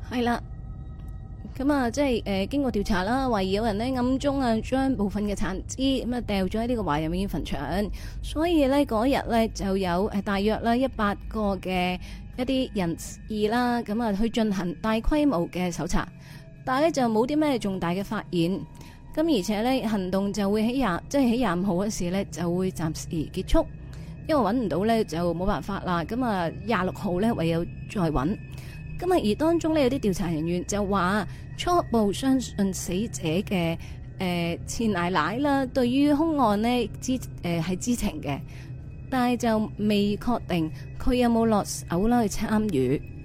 係、呃、啦，咁啊，即係誒、呃、經過調查啦，懷疑有人呢暗中啊將部分嘅殘肢咁啊掉咗喺呢個華人永遠墳場，所以呢嗰日呢就有誒大約啦一百個嘅一啲人士啦，咁啊去進行大規模嘅搜查，但係咧就冇啲咩重大嘅發現。咁而且咧，行動就會喺廿，即係喺廿五號嗰時咧，就會暫時結束，因為揾唔到咧，就冇辦法啦。咁啊，廿六號咧，唯有再揾。咁啊，而當中咧，有啲調查人員就話，初步相信死者嘅誒前奶奶啦，對於凶案呢知誒係知情嘅，但係就未確定佢有冇落手啦去參與。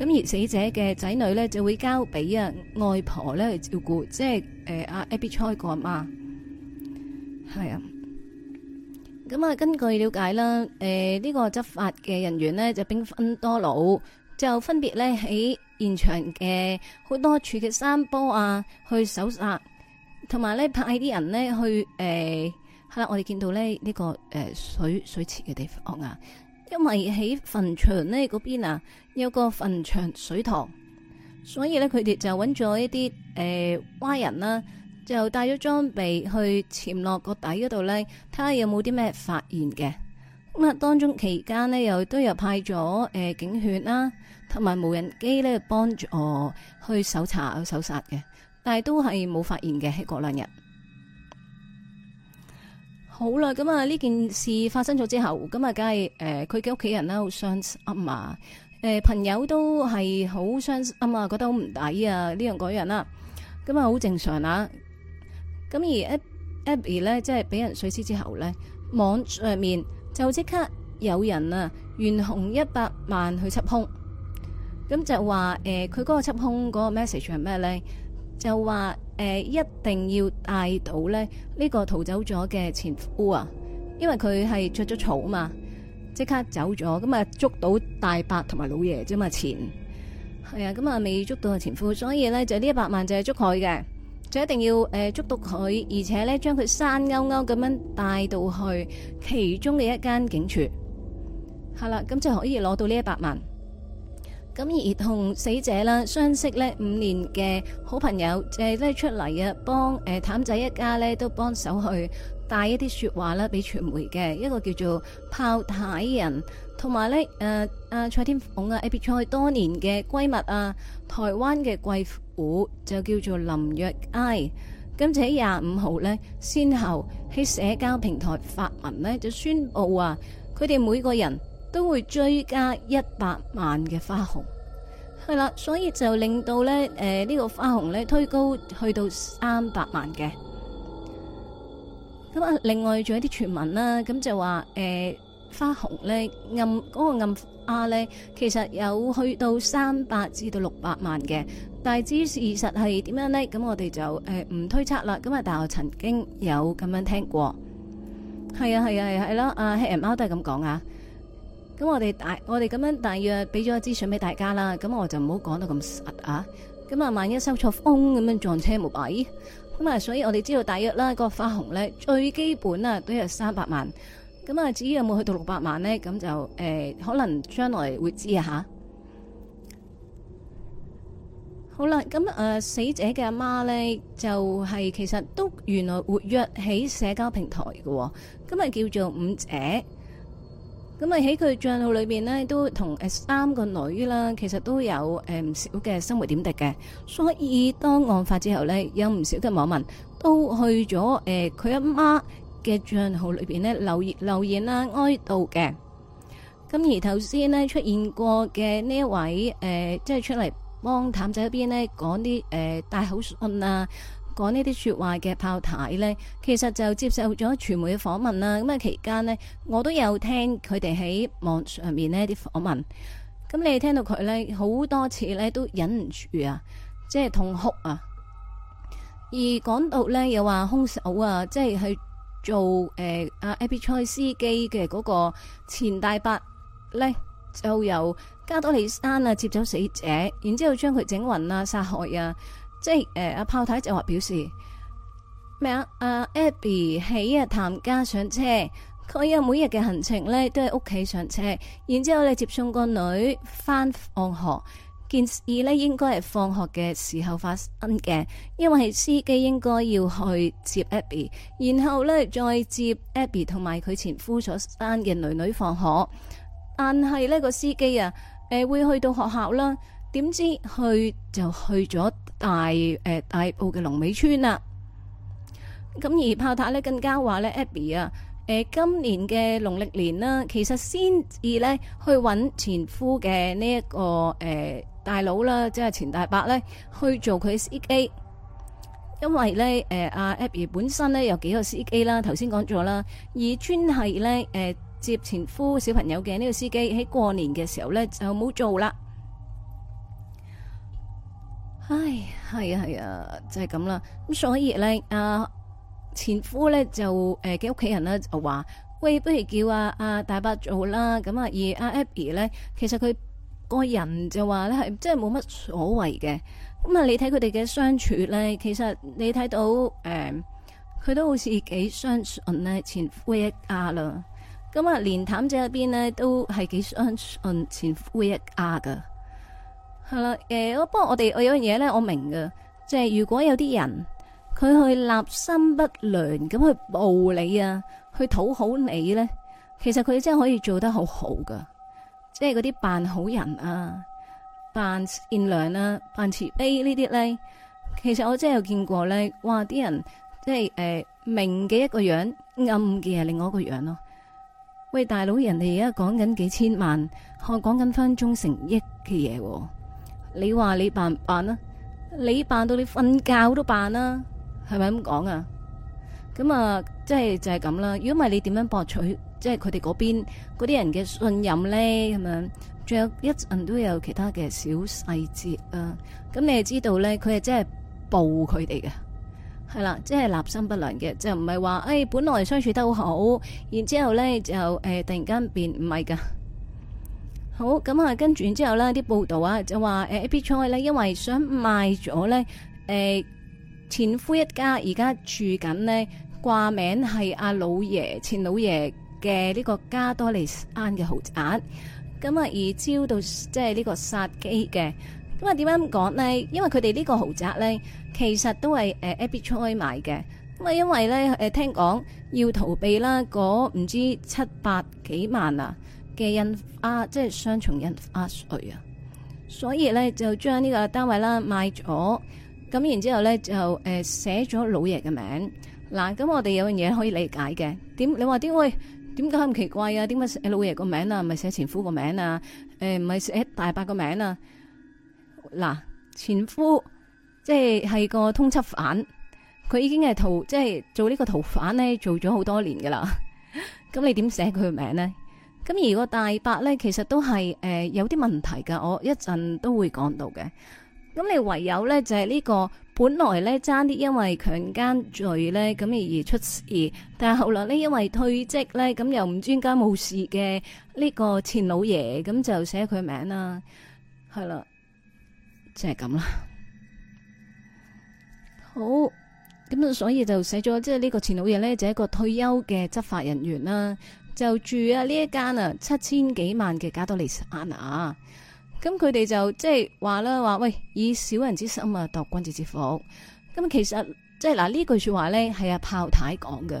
咁而死者嘅仔女咧，就會交俾啊外婆咧去照顧，即係誒阿 Abby Choi 個阿媽，係、呃 mm hmm. 啊。咁啊，根據了解啦，誒、呃、呢、這個執法嘅人員呢，就兵分多路，就分別咧喺現場嘅好多處嘅山坡啊去搜查，同埋咧派啲人呢去誒，係、呃、啦，我哋見到咧呢、這個誒、呃、水水池嘅地方啊。因為喺墳場呢嗰邊啊，有個墳場水塘，所以咧佢哋就揾咗一啲誒蛙人啦，呃、ion，就帶咗裝備去潛落個底嗰度咧，睇下有冇啲咩發現嘅。咁啊當中期間呢，又都有派咗誒、呃、警犬啦，同埋無人機咧幫助去搜查去搜殺嘅，但係都係冇發現嘅，喺嗰兩日。好啦，咁啊呢件事發生咗之後，咁啊梗係誒，佢嘅屋企人啦好傷心啊，誒、呃、朋友都係好傷心啊，覺得好唔抵啊，呢樣嗰樣啦，咁啊好正常啊。咁而 Abby 咧，即係俾人碎屍之後咧，網上面就即刻有人啊懸紅一百萬去緝凶，咁就話誒，佢、呃、嗰個緝凶嗰個 message 係咩咧？就話誒、呃，一定要帶到咧呢、這個逃走咗嘅前夫啊，因為佢係着咗草嘛，即刻走咗，咁啊捉到大伯同埋老爺啫嘛，前係啊，咁啊未捉到個前夫，所以咧就呢一百萬就係捉佢嘅，就一定要誒、呃、捉到佢，而且咧將佢山勾勾咁樣帶到去其中嘅一間警署，係啦、啊，咁就可以攞到呢一百萬。咁而同死者啦相識咧五年嘅好朋友，就係咧出嚟啊幫誒譚仔一家咧都幫手去帶一啲說話啦俾傳媒嘅，一個叫做炮太人，同埋咧誒阿蔡天鳳啊，a p 蔡去多年嘅閨蜜啊，台灣嘅貴婦就叫做林若亞，今次喺廿五號咧，先後喺社交平台發文咧就宣布啊，佢哋每個人。都會追加一百萬嘅花紅，係啦，所以就令到咧，誒、呃、呢、這個花紅咧推高去到三百萬嘅。咁啊，另外仲有啲傳聞啦，咁就話誒、呃、花紅咧暗嗰、那個暗壓咧，其實有去到三百至到六百萬嘅。但係至於事實係點樣呢？咁我哋就誒唔、呃、推測啦。咁啊，但我曾經有咁樣聽過。係啊係啊係係啦，阿 M R 都係咁講啊。咁我哋大我哋咁樣大約俾咗一資訊俾大家啦，咁我就唔好講到咁實啊！咁啊，萬一收錯風咁樣撞車冇位，咁啊，所以我哋知道大約啦、個花紅咧最基本啊都有三百萬，咁啊至於有冇去到六百萬呢？咁就誒、呃、可能將來會知啊吓。好啦，咁誒、呃、死者嘅阿媽咧就係、是、其實都原來活躍喺社交平台嘅、哦，咁啊叫做五姐。咁咪喺佢賬號裏面呢，都同三個女啦，其實都有呃、唔少嘅生活點滴嘅。所以當案發之後呢，有唔少嘅網民都去咗佢阿媽嘅賬號裏面呢留留言啦，哀悼嘅。咁而頭先呢出現過嘅呢一位即係、呃就是、出嚟幫譚仔嗰邊呢講啲誒、呃、帶口信啊。講呢啲說話嘅炮台呢，其實就接受咗傳媒嘅訪問啦。咁啊期間呢，我都有聽佢哋喺網上面呢啲訪問。咁你聽到佢呢，好多次呢都忍唔住啊，即係痛哭啊。而講到呢，又話兇手啊，即係去做誒、呃、Abby 蔡司機嘅嗰個前大伯呢，就由加多利山啊接走死者，然之後將佢整暈啊殺害啊。即係誒，阿炮太就話表示咩啊？阿 Abby 喺啊，譚家上車，佢啊每日嘅行程咧都係屋企上車，然之後咧接送個女返放學。件事咧應該係放學嘅時候發生嘅，因為係司機應該要去接 Abby，然後咧再接 Abby 同埋佢前夫所生嘅女女放學。但係呢個司機啊，誒、呃、會去到學校啦。點知去就去咗大誒，大埔嘅龍尾村啦。咁而炮塔咧更加話咧，Abby，啊誒，今年嘅農曆年啦，其實先至咧去揾前夫嘅呢一個誒大佬啦，即係前大伯咧去做佢司機，因為咧誒阿 Abby 本身咧有幾個司機啦，頭先講咗啦，而專係咧誒接前夫小朋友嘅呢個司機喺過年嘅時候咧就冇做啦。唉，係啊係啊，就係咁啦。咁所以咧，啊前夫咧就誒嘅屋企人咧就話，喂，不如叫阿、啊、阿、啊、大伯做啦。咁啊，而阿、啊、Abby 咧，其實佢個人就話咧係，即係冇乜所謂嘅。咁、嗯、啊，你睇佢哋嘅相處咧，其實你睇到誒，佢、呃、都好似幾相信咧前夫一家啦。咁啊，連譚仔入邊咧都係幾相信前夫一家噶。嗯係啦，誒，不 過樂、嗯、我哋我有樣嘢咧，我明噶，即係如果有啲人佢去立心不良咁去暴你啊，去討好你咧，其實佢真係可以做得好好噶，即係嗰啲扮好人啊、扮善良啊、扮慈悲呢啲咧，其實我真係有見過咧，哇！啲人即係誒明嘅一個樣，暗嘅係另外一個樣咯。喂，大佬，人哋而家講緊幾千萬，我講緊翻中成億嘅嘢喎。你話你辦唔辦啦？你辦到你瞓覺都辦啦，係咪咁講啊？咁啊，即係就係咁啦。如果唔係你點樣博取，即係佢哋嗰邊嗰啲人嘅信任咧？咁樣，仲有一陣都有其他嘅小細節啊。咁你就知道咧，佢係真係暴佢哋嘅，係啦，即係立心不良嘅，即係唔係話誒本來相處得好好，然之後咧就誒、呃、突然間變唔係噶。好咁啊，跟住之後呢啲報道啊就話誒 Abby Choi 咧，因為想賣咗呢誒前夫一家而家住緊呢掛名係阿老爺前老爺嘅呢個加多利山嘅豪宅。咁啊，而招到即係呢個殺機嘅。咁啊，點樣講呢？因為佢哋呢個豪宅呢，其實都係誒 Abby Choi 買嘅。咁啊，因為呢，誒聽講要逃避啦，嗰唔知七百幾萬啊。嘅印花即係雙重印花稅啊，所以咧就將呢個單位啦賣咗，咁然之後咧就誒寫咗老爺嘅名。嗱、啊，咁我哋有樣嘢可以理解嘅，點你話點喂？點解咁奇怪啊？點解寫老爺個名啊，唔係寫前夫個名啊？誒，唔係寫大伯個名啊？嗱，前夫即係係個通緝犯，佢已經係逃即係做呢個逃犯咧，做咗好多年噶啦。咁 你點寫佢嘅名咧？咁而個大伯咧，其實都係誒、呃、有啲問題㗎。我一陣都會講到嘅。咁你唯有咧就係、是、呢、呢個本來咧爭啲，因為強姦罪咧咁而而出事，但係後來呢因為退職咧，咁又唔專家冇事嘅呢個前老爺，咁就寫佢名啦，係啦，即係咁啦。好，咁樣所以就寫咗，即係呢個前老爺咧就係、一個退休嘅執法人員啦。就住啊呢一間啊七千幾萬嘅加多利山啊，咁佢哋就即係話啦，話喂，以小人之心啊度君子之腹，咁其實即係嗱、啊、呢句，啊、說話咧係阿炮太講嘅，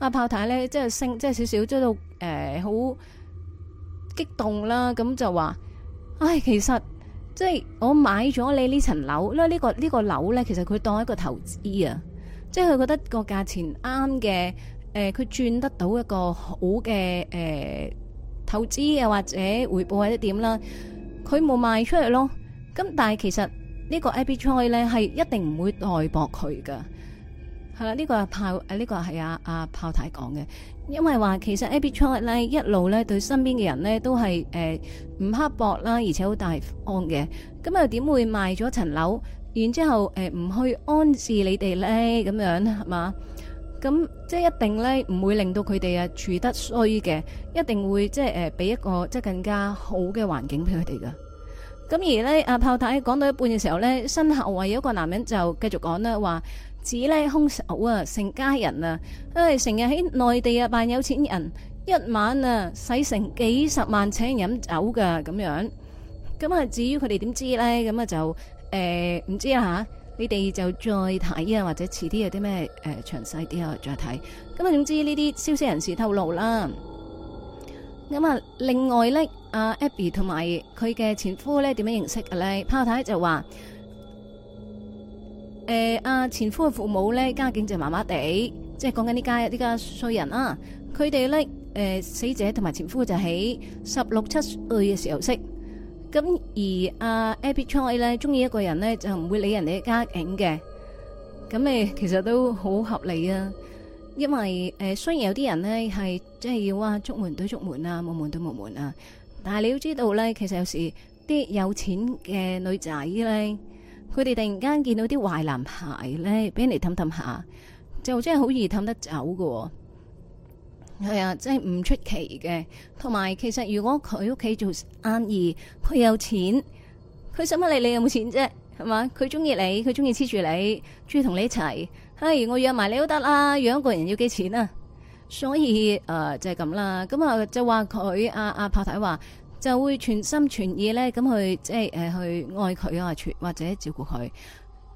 阿炮太咧即係升即係少少追到誒好、呃、激動啦，咁就話，唉、哎、其實即係我買咗你呢層樓，因為、這個這個、樓呢個呢個樓咧其實佢當一個投資啊，即係佢覺得個價錢啱嘅。誒，佢轉得到一個好嘅誒投資，又或者回報或者點啦，佢冇賣出去咯。咁但係其實呢個 Abby Choi 咧係一定唔會代薄佢噶，係啦，呢個係炮誒，呢個係阿阿炮太講嘅，因為話其實 Abby Choi 咧一路咧對身邊嘅人咧都係誒唔刻薄啦，而且好大方嘅。咁又點會賣咗層樓，然之後誒唔去安置你哋咧咁樣係嘛？咁即係一定咧，唔會令到佢哋啊住得衰嘅，一定會即係誒俾一個即係更加好嘅環境俾佢哋噶。咁而咧阿炮太講到一半嘅時候咧，身後有個男人就繼續講啦，話指咧兇手啊，成家人啊，因成日喺內地啊扮有錢人，一晚啊使成幾十萬請飲酒噶咁樣。咁啊至於佢哋點知咧，咁啊就誒唔知啊吓。你哋就再睇啊，或者遲啲有啲咩誒詳細啲啊，再睇。咁啊，總之呢啲消息人士透露啦。咁啊，另外咧，阿 Abby 同埋佢嘅前夫咧點樣認識咧？炮太太就話：誒、呃，阿前夫嘅父母咧家境就麻麻地，即係講緊呢家呢家衰人啊。佢哋咧誒，死者同埋前夫就喺十六七歲嘅時候識。咁而阿 Abby Choi 咧，中意一個人咧就唔會理人哋嘅家境嘅。咁你其實都好合理啊，因為誒、呃、雖然有啲人咧係即係要啊，竹門對竹門啊，木門對木門啊，但係你要知道咧，其實有時啲有錢嘅女仔咧，佢哋突然間見到啲壞男孩咧，俾人嚟氹氹下，就真係好易氹得走噶，哦。係啊，即係唔出奇嘅。同埋，其實如果佢屋企做生意，佢有錢，佢使乜理你你有冇錢啫？係嘛？佢中意你，佢中意黐住你，中意同你一齊。嘿，我養埋你都得啦。養一個人要幾錢啊？所以誒、呃，就係、是、咁啦。咁啊，就話佢阿阿炮仔話，太就會全心全意咧咁去，即係誒、啊、去愛佢啊，或者照顧佢。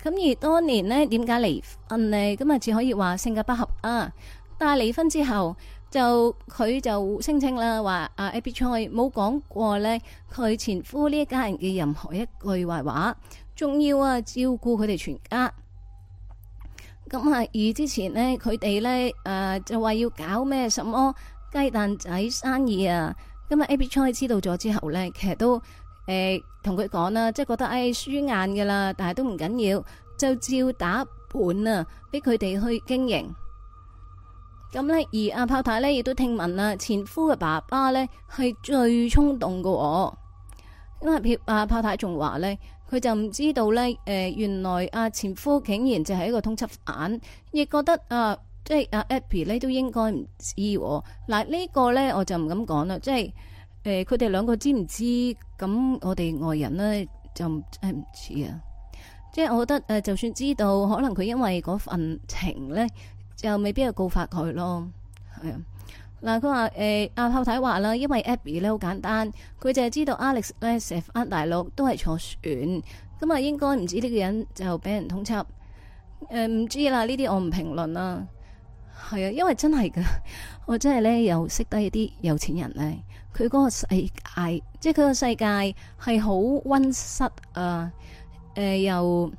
咁而當年呢，點解離婚呢？咁啊，只可以話性格不合啊。但係離婚之後。就佢就聲稱啦，話阿 Abby 蔡冇講過呢，佢前夫呢一家人嘅任何一句壞話，仲要啊照顧佢哋全家。咁啊而之前呢，佢哋呢，誒、呃、就話要搞咩什麼雞蛋仔生意啊，咁啊 Abby 蔡知道咗之後呢，其實都誒同佢講啦，即係覺得誒輸、哎、眼㗎啦，但係都唔緊要，就照打本啊，俾佢哋去經營。咁咧，而阿炮太咧亦都聽聞啦，前夫嘅爸爸咧係最衝動嘅。因為阿炮太仲話咧，佢就唔知道咧，誒，原來阿前夫竟然就係一個通緝犯，亦覺得啊，即係阿 Eddie 咧都應該唔知。嗱呢個咧，我就唔敢講啦，即係誒，佢哋兩個知唔知？咁我哋外人咧就係唔知啊。即係我覺得誒，就算知道，可能佢因為嗰份情咧。就未必去告發佢咯，係啊。嗱，佢話誒，阿炮太話啦，因為 Abby 咧好簡單，佢淨係知道 Alex 咧成日翻大陸都係坐船，咁啊應該唔知呢個人就俾人通緝，誒、呃、唔知啦，呢啲我唔評論啦。係啊，因為真係噶，我真係咧又識得一啲有錢人咧，佢嗰個世界，即係佢個世界係好溫室啊，啊、呃、誒又。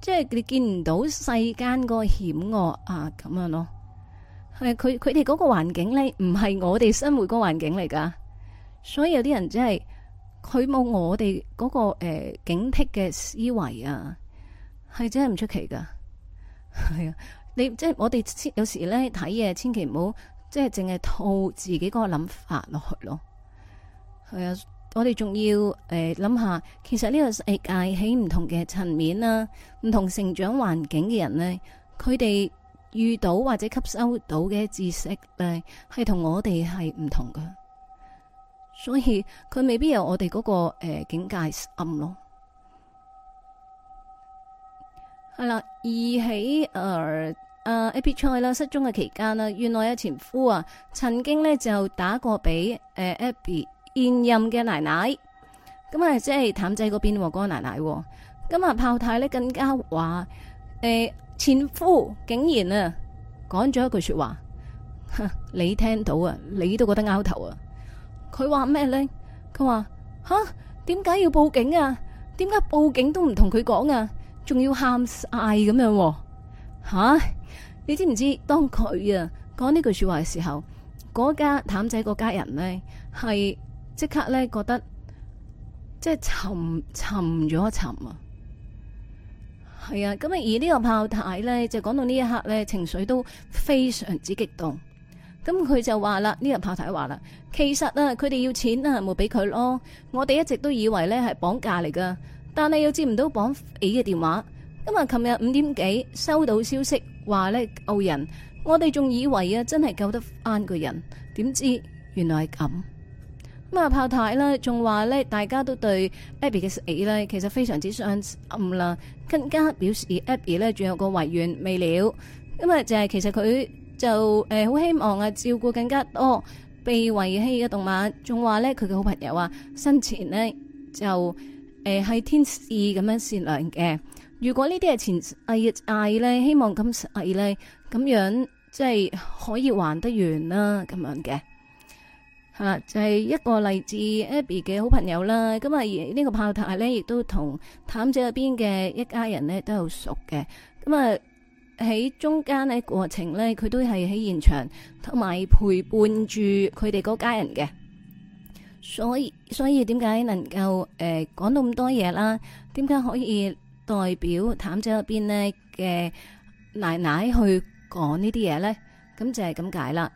即係你見唔到世間個險惡啊咁樣咯，係佢佢哋嗰個環境咧，唔係我哋生活個環境嚟噶，所以有啲人真係佢冇我哋嗰、嗰個誒、呃、警惕嘅思維啊，係真係唔出奇噶，係啊，你即係我哋有時咧睇嘢，千祈唔好即係淨係套自己嗰個諗法落去咯，係啊。我哋仲要誒諗下，其實呢個世界喺唔同嘅層面啦，唔同成長環境嘅人咧，佢哋遇到或者吸收到嘅知識咧，係同我哋係唔同噶，所以佢未必有我哋嗰、那個誒、欸、境界暗咯。係、呃啊、啦，而喺誒誒 Abby 啦失蹤嘅期間啦，原來阿前夫啊曾經咧就打過俾誒、呃、Abby 現任嘅奶奶，咁啊即係譚仔嗰邊嗰個奶奶，咁啊炮太咧更加話誒、欸、前夫竟然啊講咗一句說話哼，你聽到啊，你都覺得拗頭啊？佢話咩咧？佢話吓點解要報警啊？點解報警都唔同佢講啊？仲要喊晒咁樣？吓你知唔知當佢啊講呢句說話嘅時候，嗰家譚仔嗰家人咧係？即刻咧，覺得即係沉沉咗沉啊！係啊，咁啊，而呢個炮台咧，就講到呢一刻咧，情緒都非常之激動。咁佢就話啦，呢個炮台話啦，其實啊，佢哋要錢啊，冇俾佢咯。我哋一直都以為咧係綁架嚟噶，但係又接唔到綁匪嘅電話。今日琴日五點幾收到消息，話咧救人，我哋仲以為啊，真係救得返個人，點知原來係咁。咁啊，炮太呢仲話咧，大家都對 Abby 嘅死咧，其實非常之傷暗啦，更加表示 Abby 咧，仲有個遺願未了。因為，就係其實佢就誒好希望啊照顧更加多被遺棄嘅動物。仲話咧，佢嘅好朋友啊，生前咧就誒係天使咁樣善良嘅。如果呢啲係前世咧，希望今世咧咁樣，即係可以還得完啦咁樣嘅。啊，就係一個嚟自，Abby 嘅好朋友啦。咁啊，呢個炮台咧，亦都同譚仔入邊嘅一家人咧都好熟嘅。咁啊，喺中間嘅過程咧，佢都係喺現場，同埋陪伴住佢哋嗰家人嘅。所以，所以點解能夠誒講到咁多嘢啦？點解可以代表譚仔入邊咧嘅奶奶去講呢啲嘢咧？咁就係咁解啦。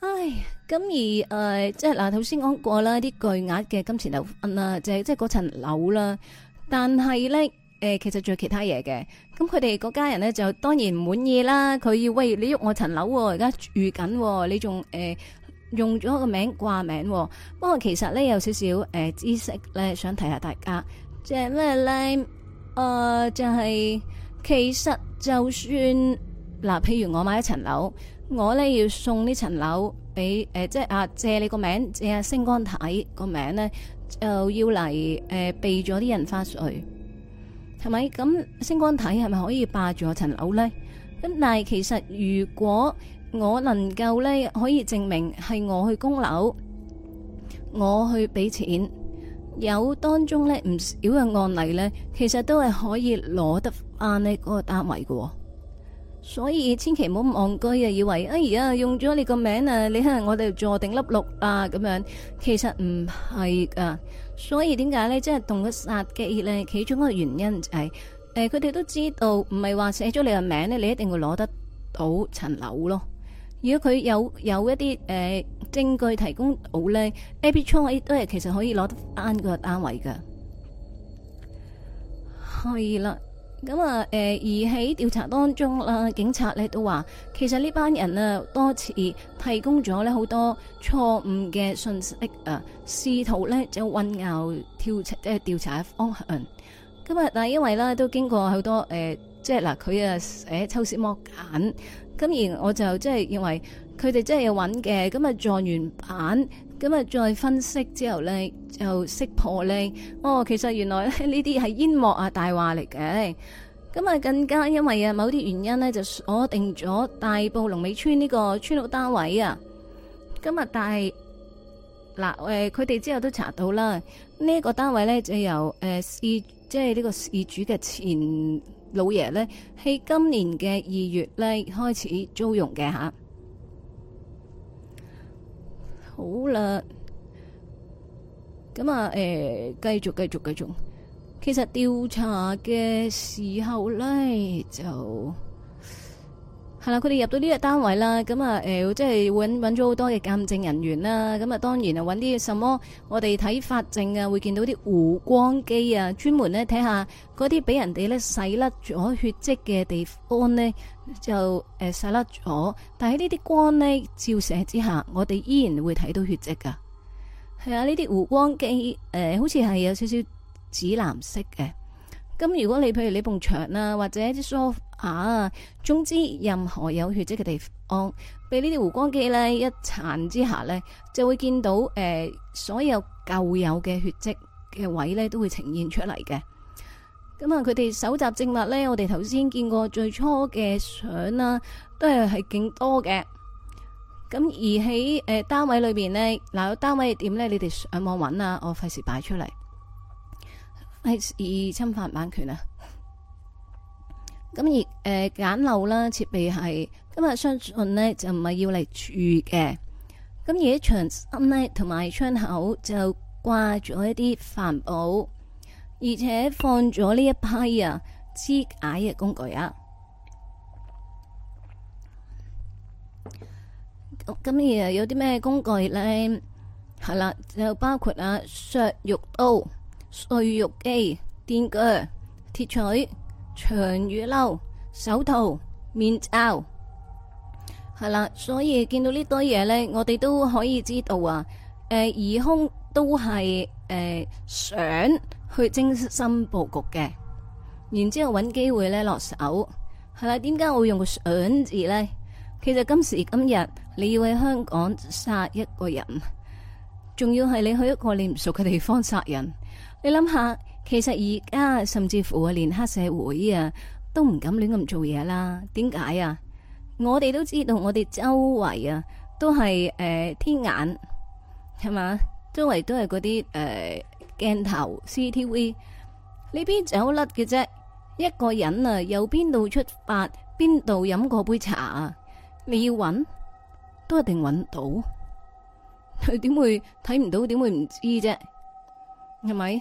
唉，咁而誒、呃，即係嗱，頭先講過啦，啲巨額嘅金錢流分啦、啊，即係即係嗰層樓啦。但係咧，誒、呃，其實仲有其他嘢嘅。咁佢哋嗰家人咧，就當然唔滿意啦。佢要喂，你喐我層樓、喔，而家住緊，你仲誒、呃、用咗個名掛名、喔。不過其實咧，有少少、呃、知識咧，想提下大家，即係咩咧？誒、呃，就係、是、其實就算嗱、呃，譬如我買一層樓。我呢要送呢層樓俾誒、呃，即係啊借你個名，借阿、啊、星光體個名呢，就要嚟誒、呃、避咗啲人花稅，係咪？咁星光體係咪可以霸住我層樓呢？咁但係其實如果我能夠呢可以證明係我去供樓，我去俾錢，有當中呢唔少嘅案例呢，其實都係可以攞得翻呢個單位嘅、哦。所以千祈唔好咁戇居啊！以為哎呀，用咗你個名啊，你係我哋坐定粒六啊咁樣，其實唔係啊！所以點解咧，即係同佢殺機咧，其中一個原因係、就、誒、是，佢、呃、哋都知道，唔係話寫咗你個名咧，你一定會攞得到層樓咯。如果佢有有一啲誒、呃、證據提供到咧，A B 窗位都係其實可以攞得翻個單位噶，可以啦。咁啊，誒、嗯，而喺調查當中啦，警察咧都話，其實呢班人啊多次提供咗咧好多錯誤嘅信息啊，試圖咧就混淆調查誒調查嘅方向。咁、嗯、啊,但係因為咧都經過好多誒、呃，即係嗱，佢啊誒抽絲剝繭。咁而我就即係認為真，佢哋即係要揾嘅，咁啊撞完板咁啊，再分析之後呢，就識破呢。哦，其實原來呢啲係煙幕啊、大話嚟嘅。咁啊，更加因為啊某啲原因呢，就鎖定咗大埔龍尾村呢個村屋單位啊。咁啊但係嗱誒，佢哋、呃、之後都查到啦。呢、這、一個單位呢、呃，就由誒事，即係呢個事主嘅前老爺呢，喺今年嘅二月呢開始租用嘅嚇。好啦，咁啊，誒、呃，繼續繼續繼續，其實調查嘅時候咧就。係啦，佢哋入到呢個單位啦，咁啊，誒、呃，即係搵搵咗好多嘅鑑證人員啦，咁啊，當然啊，揾啲什麼我哋睇法證啊，會見到啲弧光機啊，專門咧睇下嗰啲俾人哋咧洗甩咗血跡嘅地方呢，就誒、呃、洗甩咗，但係呢啲光呢，照射之下，我哋依然會睇到血跡噶。係啊，呢啲弧光機誒、呃，好似係有少少紫藍色嘅。咁如果你譬如你埲牆啊，或者一啲梳化啊，總之任何有血跡嘅地方，俾呢啲湖光機呢一殘之下呢，就會見到誒、呃、所有舊有嘅血跡嘅位呢都會呈現出嚟嘅。咁、嗯、啊，佢哋搜集證物呢，我哋頭先見過最初嘅相啦，都係係勁多嘅。咁、嗯、而喺誒、呃、單位裏邊呢，嗱、呃，單位點呢？你哋上網揾啊，我費事擺出嚟。係以侵犯版權啊！咁而誒、呃、簡陋啦，設備係今日相信呢就唔係要嚟住嘅。咁而喺牆身呢同埋窗口就掛咗一啲帆布，而且放咗呢一批啊肢解嘅工具啊！咁而有啲咩工具咧？係啦，就包括啊削肉刀。碎肉機、電鋸、鐵錘、長雨褸、手套、面罩，係啦。所以見到呢堆嘢呢，我哋都可以知道啊。誒、呃，疑兇都係誒、呃、想去精心布局嘅，然之後搵機會落手，係啦。點解我會用個想字呢？其實今時今日你要喺香港殺一個人，仲要係你去一個你唔熟嘅地方殺人。你諗下，其實而家甚至乎啊，連黑社會啊都唔敢亂咁做嘢啦。點解啊？我哋都知道我們都，我哋周圍啊都係誒天眼係嘛，周圍都係嗰啲誒鏡頭 CTV。你邊走甩嘅啫。一個人啊，由邊度出發，邊度飲過杯茶啊？你要搵，都一定搵到。佢點會睇唔到？點會唔知啫？係咪？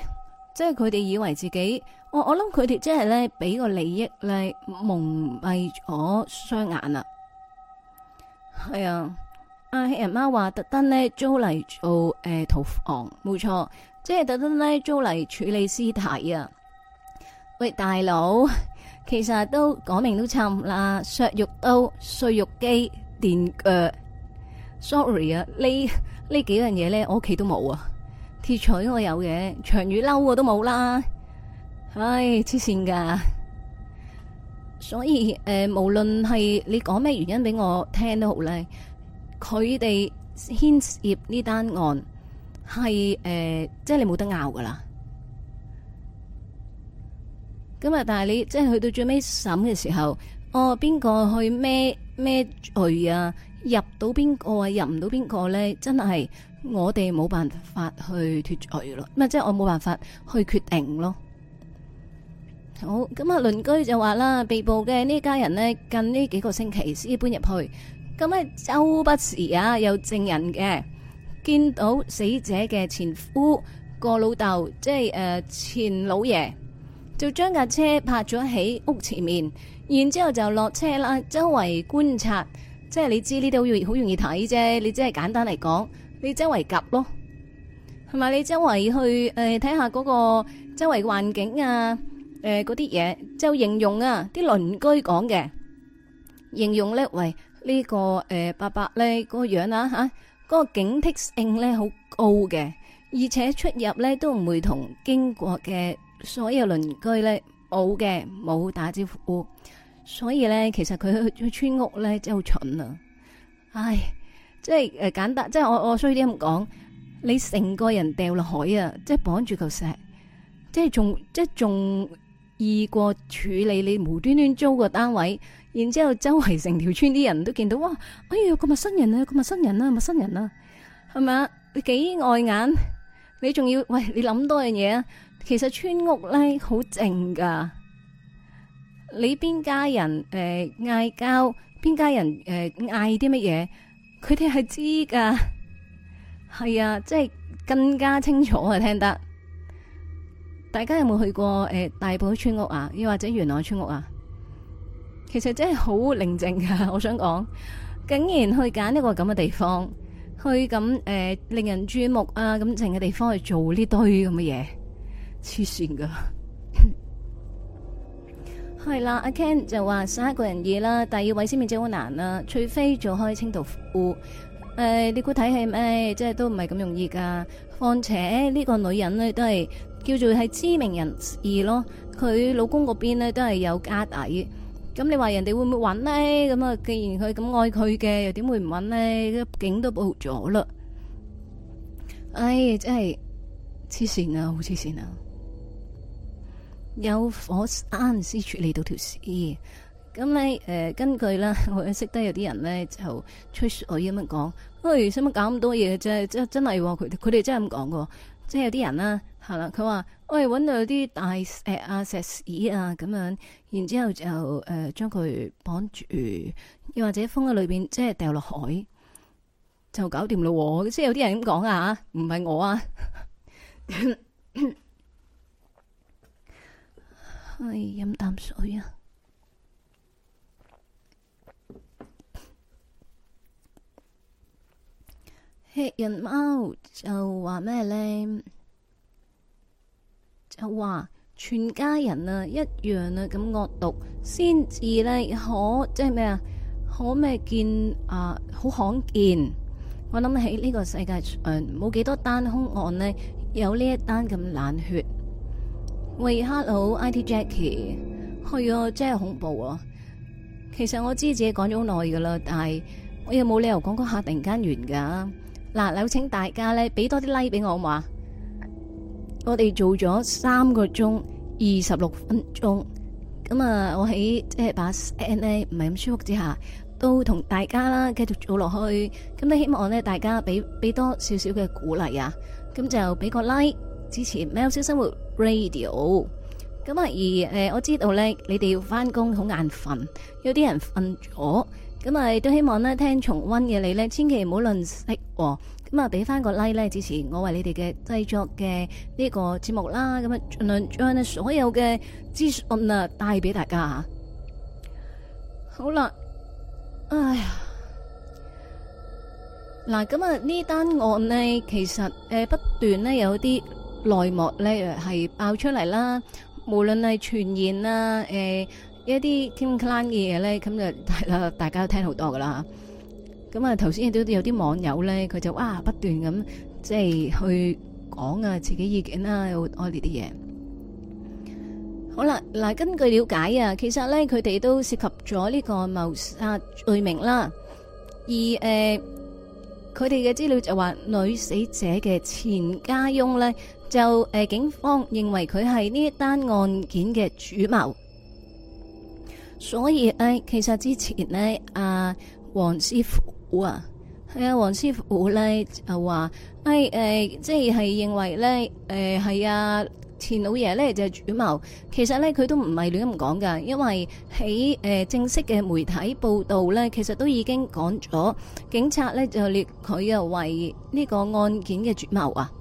即係佢哋以為自己，我我諗佢哋即係咧俾個利益咧蒙蔽咗雙眼啦。係啊，阿人媽話特登呢租嚟做誒屠、欸、房，冇錯，即係特登呢租嚟處理屍體啊。喂，大佬，其實都講明都差唔多啦，削肉刀、碎肉機、電誒，sorry 啊，呢呢幾樣嘢咧，我屋企都冇啊。竊取我有嘅，長雨褸我都冇啦，唉，黐線噶所以誒、呃，無論係你講咩原因俾我聽都好咧，佢哋牽涉呢單案係誒、呃，即係你冇得拗噶啦。咁啊，但係你即係去到最尾審嘅時候，哦，邊個去咩咩罪啊？入到邊個啊？入唔到邊個咧？真係。我哋冇辦法去脱罪咯，咪即係我冇辦法去決定咯。好，咁啊，鄰居就話啦，被捕嘅呢家人呢，近呢幾個星期先搬入去。咁咧，周不時啊有證人嘅見到死者嘅前夫個老豆，即係誒前老爺，就將架車泊咗喺屋前面，然之後就落車啦，周圍觀察。即係你知呢度好容易好容易睇啫，你即係簡單嚟講。你周圍夾咯，同埋你周圍去誒睇下嗰個周圍環境啊，誒嗰啲嘢，就形容啊啲鄰居講嘅，形容咧喂，呢個誒伯伯咧嗰個樣啊吓，嗰個警惕性咧好高嘅，而且出入咧都唔會同經過嘅所有鄰居咧冇嘅冇打招呼，所以咧其實佢去去村屋咧真係好蠢啊，唉。即係誒，簡單即係我我衰啲咁講，你成個人掉落海啊！即係綁住嚿石，即係仲即係仲易過處理，你無端端租個單位，然之後周圍成條村啲人都見到哇！哎呀，個陌生人啊，個陌生人啊，陌生人啊，係咪啊？你幾礙眼？你仲要喂？你諗多樣嘢啊！其實村屋咧好靜噶，你邊家人誒嗌交，邊家人誒嗌啲乜嘢？佢哋係知噶係啊，即係更加清楚啊！聽得，大家有冇去過誒、呃、大埔村屋啊，又或者元朗村屋啊？其實真係好寧靜噶，我想講，竟然去揀一個咁嘅地方，去咁誒、呃、令人注目啊咁靜嘅地方去做呢堆咁嘅嘢，黐線噶！係啦，阿 Ken 就話三個人嘢啦，第二位先面姐好難啦，除非做開清道夫，誒、哎，你估睇戲咩？即係都唔係咁容易噶。況且呢、這個女人咧都係叫做係知名人士咯，佢老公嗰邊咧都係有家底。咁你話人哋會唔會揾呢？咁啊，既然佢咁愛佢嘅，又點會唔揾咧？警都報咗啦。唉、哎，真係痴線啊，好痴線啊！有火鵰屍處理到條屍，咁你誒根據啦，我認識得有啲人咧就吹水咁樣講，喂、欸，使乜搞咁多嘢？即係真真係喎，佢佢哋真係咁講嘅，即係有啲人啦，係、欸、啦，佢話，喂，搵到啲大石啊、石屎啊咁樣，然之後就誒將佢綁住，又或者封喺裏邊，即係掉落海，就搞掂咯、啊。即係有啲人咁講啊嚇，唔係我啊。 唉，飲啖水啊！吃人貓就話咩咧？就話全家人啊一樣啊，咁惡毒，先至咧可即係咩啊？可咩見啊？好罕見！我諗起呢個世界上冇幾多單凶案呢，有呢一單咁冷血。喂，Hello，IT Jackie，係啊、哎，真係恐怖啊！其實我知自己講咗好耐噶啦，但係我又冇理由講講下突然間完噶。嗱，有請大家咧，俾多啲 like 俾我好嘛？我哋做咗三個鐘二十六分鐘，咁啊，我喺即係把聲呢唔係咁舒服之下，都同大家啦繼續做落去。咁都希望咧大家俾俾多少少嘅鼓勵啊！咁就俾個 like。之前喵式生活 radio 咁啊，而誒我知道咧，你哋要返工好眼瞓，有啲人瞓咗，咁啊都希望呢，聽重溫嘅你呢，千祈唔好吝嗇，咁啊俾返個 like 呢，支持我為你哋嘅製作嘅呢個節目啦，咁啊盡量將所有嘅資訊啊帶俾大家吓。好啦，哎呀，嗱咁啊呢單案呢，其實誒不斷呢，有啲。內幕咧係爆出嚟啦，無論係傳言啊，誒一啲 Kim Clan 嘅嘢咧，咁就係啦，呃、大家都聽好多噶啦咁、嗯、啊，頭先亦都有啲網友咧，佢就哇不斷咁即係去講啊自己意見啦，我呢啲嘢。好啦，嗱，根據了解啊，其實咧佢哋都涉及咗呢個謀殺罪名啦，而誒佢哋嘅資料就話女死者嘅前家翁咧。就誒、呃，警方認為佢係呢單案件嘅主謀，所以誒，其實之前呢，阿黃師傅啊，係啊，黃、啊、師傅咧就話，誒、哎、誒，即、呃、係、就是、認為咧，誒、呃、係啊，錢老爺咧就係、是、主謀。其實咧，佢都唔係亂咁講噶，因為喺誒、呃、正式嘅媒體報道咧，其實都已經講咗，警察咧就列佢啊為呢個案件嘅主謀啊。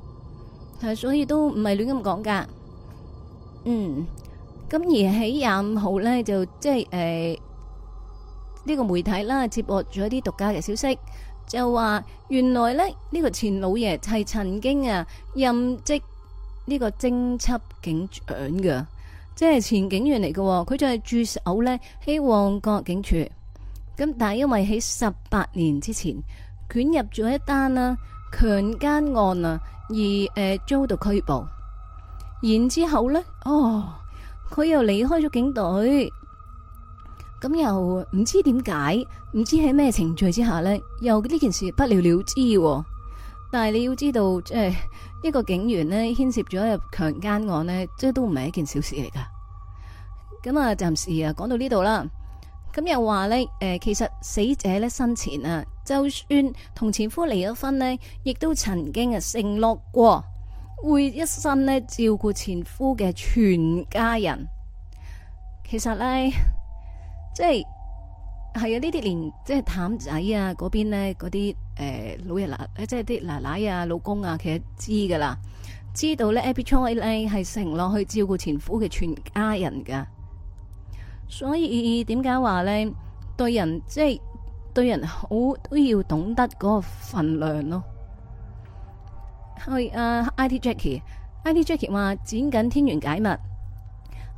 係，所以都唔係亂咁講噶。嗯，咁而喺廿五號咧，就即係誒，呢、就是呃呢個媒體啦，接獲咗啲獨家嘅消息，就話原來咧呢、呢個前老爺係曾經啊任職呢個偵緝警長嘅，即係前警員嚟嘅。佢就係駐守咧喺旺角警署，咁但係因為喺十八年之前捲入咗一單啦、啊。強姦案啊，而誒遭、呃、到拘捕，然之後咧，哦，佢又離開咗警隊，咁又唔知點解，唔知喺咩程序之下咧，又呢件事不了了之。但係你要知道，即、呃、係一個警員咧牽涉咗入強姦案咧，即係都唔係一件小事嚟㗎。咁啊，暫時啊，講到呢度啦。咁又話咧，誒，其實死者咧生前啊，就算同前夫離咗婚呢，亦都曾經啊承諾過會一生咧照顧前夫嘅全家人。其實咧，即係係啊，呢啲連、呃、即係譚仔啊嗰邊咧嗰啲誒老爺啦，即係啲奶奶啊老公啊，其實知噶啦，知道咧 Abby Choi 咧係承諾去照顧前夫嘅全家人噶。所以點解話咧？對人即係、就是、對人好都要懂得嗰個份量咯。係啊、uh,，IT Jackie，IT Jackie 話 Jackie 剪緊天元解密。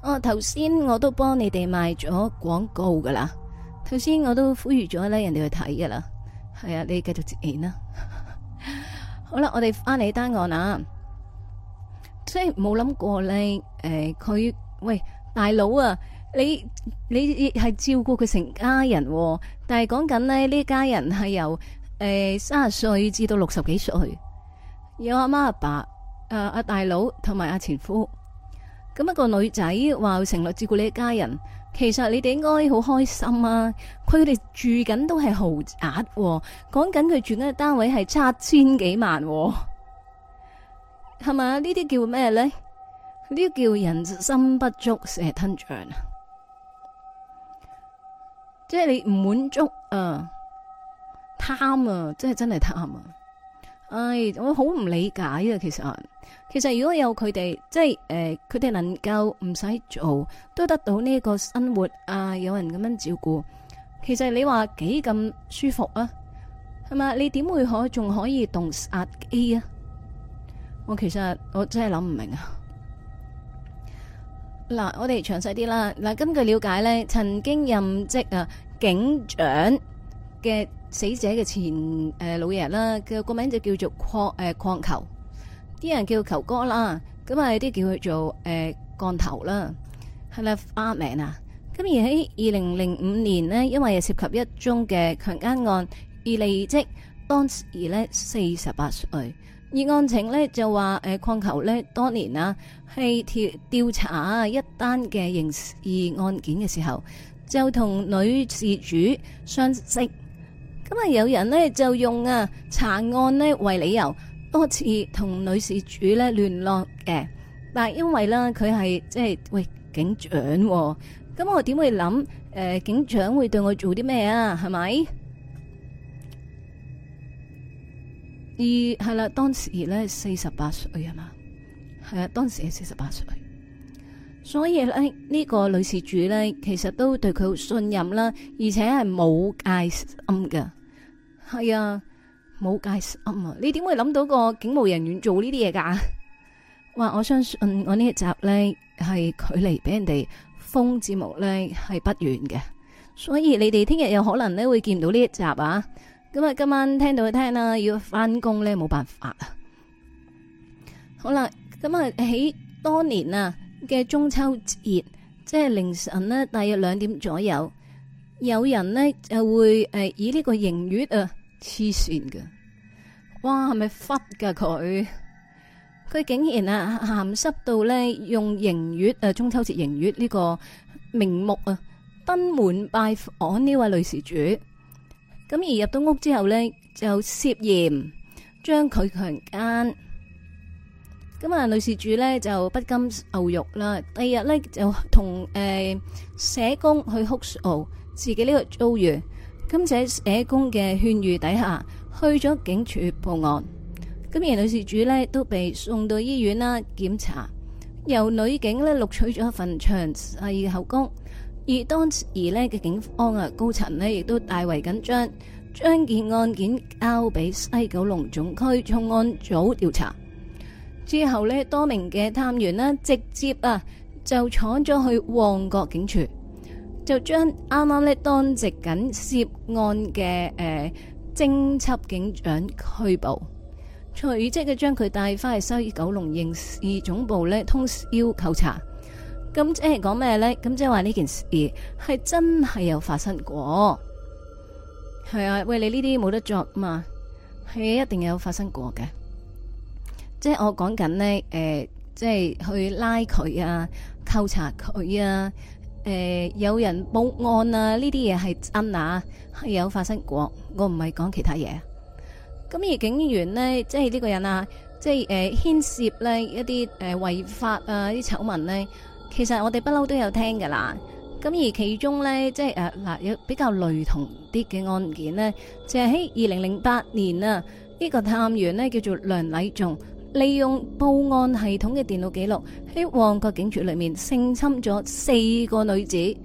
哦、啊，頭先我都幫你哋賣咗廣告噶啦。頭先我都呼籲咗咧，人哋去睇噶啦。係啊，你繼續接言啦。 好啦，我哋翻嚟單案、哎、啊。即係冇諗過咧，誒，佢喂大佬啊！你你係照顧佢成家人、哦，但係講緊咧呢一家人係由誒卅、呃、歲至到六十幾歲，有阿媽阿爸，誒、呃、阿大佬同埋阿前夫，咁、那、一個女仔話承諾照顧呢一家人，其實你哋應該好開心啊！佢哋住緊都係豪宅、哦，講緊佢住緊嘅單位係七千幾萬、哦，係嘛？這些叫什麼呢啲叫咩咧？呢啲叫人心不足蛇吞象啊！即係你唔滿足啊，貪啊，即係真係貪啊！唉，我好唔理解啊，其實，其實如果有佢哋，即係誒，佢哋能夠唔使做，都得到呢個生活啊，有人咁樣照顧，其實你話幾咁舒服啊？係咪？你點會可仲可以動殺機啊？我其實我真係諗唔明啊！嗱，我哋詳細啲啦。嗱，根據了解咧，曾經任職啊警長嘅死者嘅前誒、呃、老爺啦，嘅個名就叫做礦誒礦球，啲人叫球哥啦，咁啊有啲叫佢做誒礦、呃、頭啦，係啦花名啊。咁而喺二零零五年呢，因為涉及一宗嘅強奸案而離職，當時咧四十八歲。而案情咧，就話，誒，礦球咧當年啊，係調調查啊一單嘅刑事案件嘅時候，就同女事主相識。咁啊，有人咧就用啊查案咧為理由，多次同女事主咧聯絡嘅。但係因為咧佢係即係喂警長、哦，咁我點會諗？誒、呃，警長會對我做啲咩啊？係咪？而係啦，當時咧四十八歲吖嘛，係啊，當時係四十八歲，所以咧呢、這個女事主咧，其實都對佢好信任啦，而且係冇戒心嘅，係啊，冇戒心啊，你點會諗到個警務人員做呢啲嘢噶？哇，我相信我呢一集咧係距離俾人哋封節目咧係不遠嘅，所以你哋聽日有可能咧會見到呢一集啊。咁啊，今晚聽到佢聽啦，要翻工咧，冇辦法。好啦，咁啊喺當年啊嘅中秋節，即係凌晨呢，大約兩點左右，有人呢就會誒以呢個盈月啊，黐線㗎，哇係咪忽噶佢？佢竟然啊鹹濕到咧用盈月啊，中秋節盈月呢個名目啊，登門拜訪呢位女事主。咁而入到屋之後呢，就涉嫌將佢強姦。咁啊，女事主呢就不甘受辱啦。第二日呢就同誒社工去哭訴自己呢個遭遇。咁喺社工嘅勸喻底下，去咗警署報案。咁而女事主呢都被送到醫院啦檢查。由女警呢錄取咗一份詳細嘅口供。而當時呢嘅警方啊高層呢，亦都大為緊張，將件案件交俾西九龍總區重案組調查。之後呢，多名嘅探員呢，直接啊就闖咗去旺角警署，就將啱啱呢當值緊涉案嘅誒、呃、偵緝警長拘捕，隨即嘅將佢帶翻去西九龍刑事總部呢，通宵扣查。咁即係講咩咧？咁即係話呢件事係真係有發生過，係啊！喂，你呢啲冇得作吖嘛？係一定有發生過嘅。即係我講緊呢，誒、呃，即係去拉佢啊，扣查佢啊，誒、呃，有人報案啊，呢啲嘢係真啊，係有發生過。我唔係講其他嘢。咁而警員呢，即係呢個人啊，即係誒牽涉咧一啲誒違法啊啲醜聞呢。其實我哋不嬲都有聽㗎啦，咁而其中咧，即係誒嗱有比較雷同啲嘅案件咧，就係喺二零零八年啊，呢個探員咧叫做梁禮仲，利用報案系統嘅電腦記錄喺旺角警署裏面性侵咗四個女子，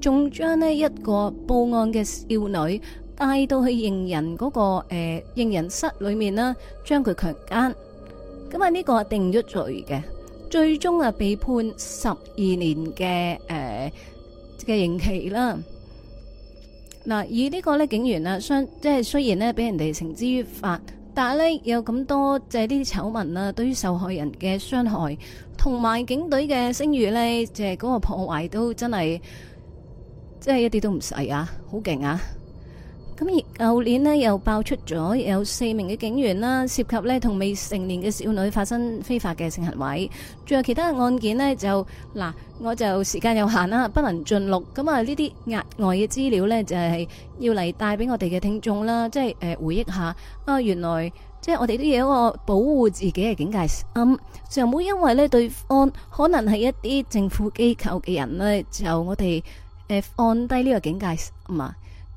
仲將咧一個報案嘅少女帶到去認人嗰個誒認人室裏面啦，將佢強姦，咁啊呢個係定咗罪嘅。最終啊被判十二年嘅，誒嘅刑期啦。嗱，以呢個咧警員啊，相即係雖然咧俾人哋繩之於法，但係咧有咁多即係啲醜聞啦，對於受害人嘅傷害，同埋警隊嘅聲譽咧，即係嗰個破壞都真係即係一啲都唔細啊，好勁啊！咁而舊年呢，又爆出咗有四名嘅警員啦，涉及呢同未成年嘅少女發生非法嘅性行為。仲有其他案件呢，就嗱，我就時間有限啦，不能盡錄。咁啊，呢啲額外嘅資料呢，就係要嚟帶俾我哋嘅聽眾啦，即係誒回憶下啊，原來即係我哋都有一個保護自己嘅警戒心，就唔好因為呢對方可能係一啲政府機構嘅人呢，就我哋誒放低呢個警戒，唔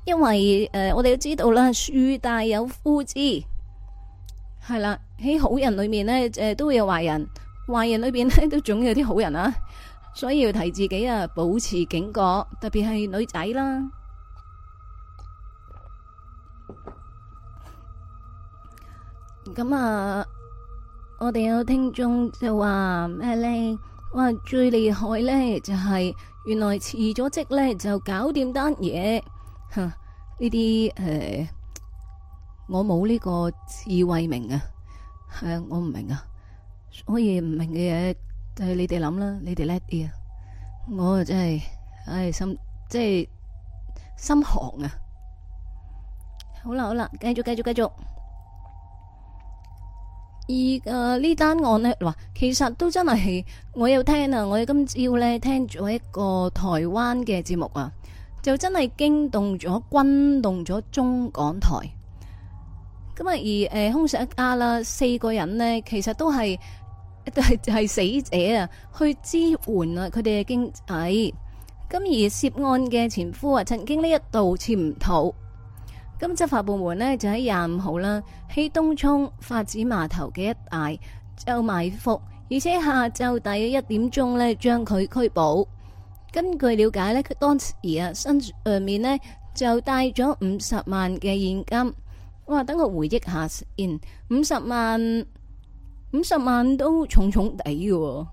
因為誒，我哋都知道啦，樹大有枯枝，係啦，喺好人裏面咧，誒都會有壞人，壞人裏邊咧都總有啲好人啊，所以要提自己啊，保持警覺，特別係女仔啦。咁啊，我哋有聽眾就話咩咧？話最厲害咧，就係原來辭咗職咧，就搞掂單嘢。吓呢啲誒，我冇呢個智慧明、呃、明啊，係我唔明啊，所以唔明嘅嘢就誒、係、你哋諗啦，你哋叻啲啊，我啊真係，唉心即係心寒啊。好啦好啦，繼續繼續繼續。而誒呢單案呢，哇其實都真係，我要聽啊，我今朝咧聽咗一個台灣嘅節目啊。就真係驚動咗、轟動咗中港台，咁啊而誒，兇、呃、手一家啦，四個人呢，其實都係都係係死者啊，去支援啊，佢哋嘅經濟。咁而涉案嘅前夫啊，曾經呢一度潛逃，咁執法部門呢，就喺廿五號啦，喺東涌發展碼頭嘅一帶就埋伏，而且下晝第一點鐘呢，將佢拘捕。根據了解咧，佢當時啊身上面咧就帶咗五十萬嘅現金。我話等我回憶下先，五十萬，五十萬都重重哋嘅。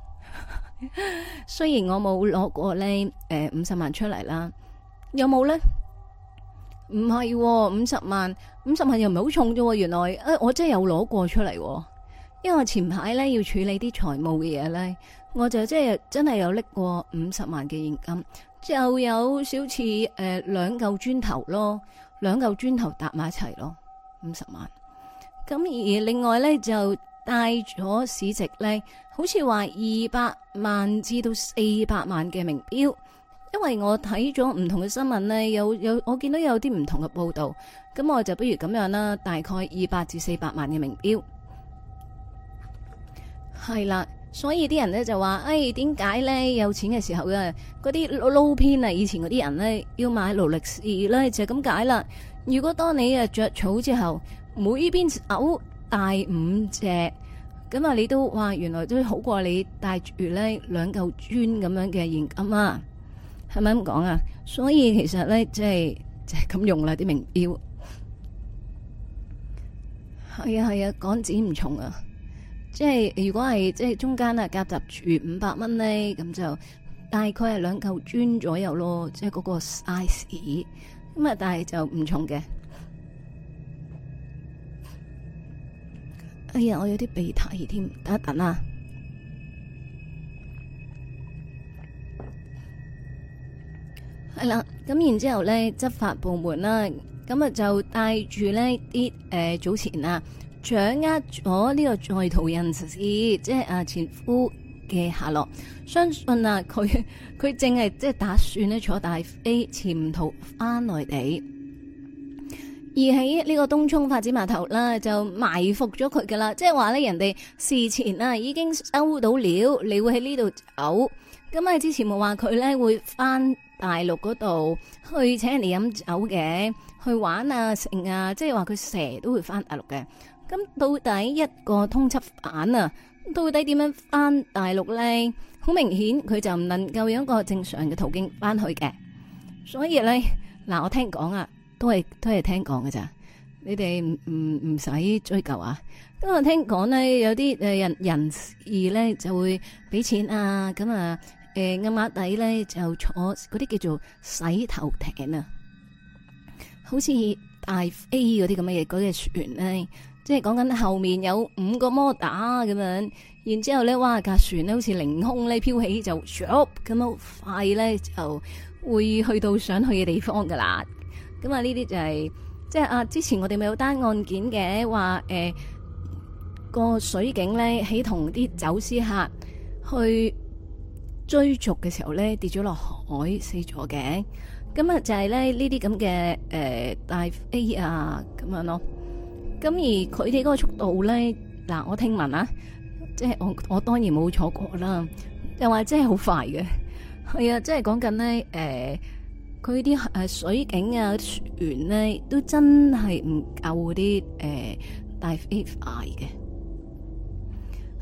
雖然我冇攞過咧，誒五十萬出嚟啦，有冇咧？唔係五十萬，五十萬又唔係好重啫。原來啊、哎，我真係有攞過出嚟，因為我前排咧要處理啲財務嘅嘢咧。我就即係真係有拎過五十萬嘅現金，就有少似誒兩嚿磚頭咯，兩嚿磚頭搭埋一齊咯，五十萬。咁而另外呢，就帶咗市值呢，好似話二百萬至到四百萬嘅名錶，因為我睇咗唔同嘅新聞呢，有有我見到有啲唔同嘅報導，咁我就不如咁樣啦，大概二百至四百萬嘅名錶，係啦。所以啲人咧就話，誒、哎，點解咧有錢嘅時候嘅嗰啲撈偏啊？Pin, 以前嗰啲人咧要買勞力士咧就係咁解啦。如果當你誒着草之後，每邊偶帶五隻，咁啊你都話，原來都好過你帶住咧兩嚿磚咁樣嘅現金啊，係咪咁講啊？所以其實咧即係就係咁用啦啲名錶，係啊係啊，港紙唔重啊。即係如果係即係中間啊夾雜住五百蚊呢，咁就大概係兩嚿磚左右咯，即係嗰個 size。咁啊，但係就唔重嘅。哎呀，我有啲鼻涕添，等一等啊。係啦，咁然之後呢，執法部門啦，咁啊就帶住呢啲誒、呃、早前啊。掌握咗呢個在逃人士，即係啊前夫嘅下落，相信啊佢佢淨係即係打算咧坐大飛潛逃翻內地，而喺呢個東涌發展碼頭咧就埋伏咗佢噶啦，即係話咧人哋事前啊已經收到料，你會喺呢度走。咁啊之前冇話佢咧會翻大陸嗰度去請人哋飲酒嘅，去玩啊食啊，即係話佢成日都會翻大陸嘅。咁到底一個通緝犯啊，到底點樣翻大陸咧？好明顯佢就唔能夠用一個正常嘅途徑翻去嘅，所以咧嗱，我聽講啊，都係都係聽講嘅咋？你哋唔唔唔使追究啊。咁我聽講咧，有啲誒人人士咧就會俾錢啊，咁啊誒暗碼底咧就坐嗰啲叫做洗頭艇啊，好似大 A 嗰啲咁嘅嘢，嗰啲船咧。即係講緊後面有五個摩打咁樣，然之後咧，哇架船咧好似凌空咧飄起就 short 咁樣快咧，就會去到想去嘅地方噶啦。咁啊呢啲就係、是、即係啊之前我哋咪有單案件嘅話，誒個、呃、水警咧喺同啲走私客去追逐嘅時候咧跌咗落海死咗嘅。咁啊就係咧呢啲咁嘅誒大飛啊咁樣咯。咁而佢哋嗰個速度咧，嗱我聽聞啊，即係我我當然冇坐過啦，又話真係好快嘅，係 啊，即係講緊咧，誒、呃，佢啲誒水景啊船咧，都真係唔夠啲誒，大 if i 嘅，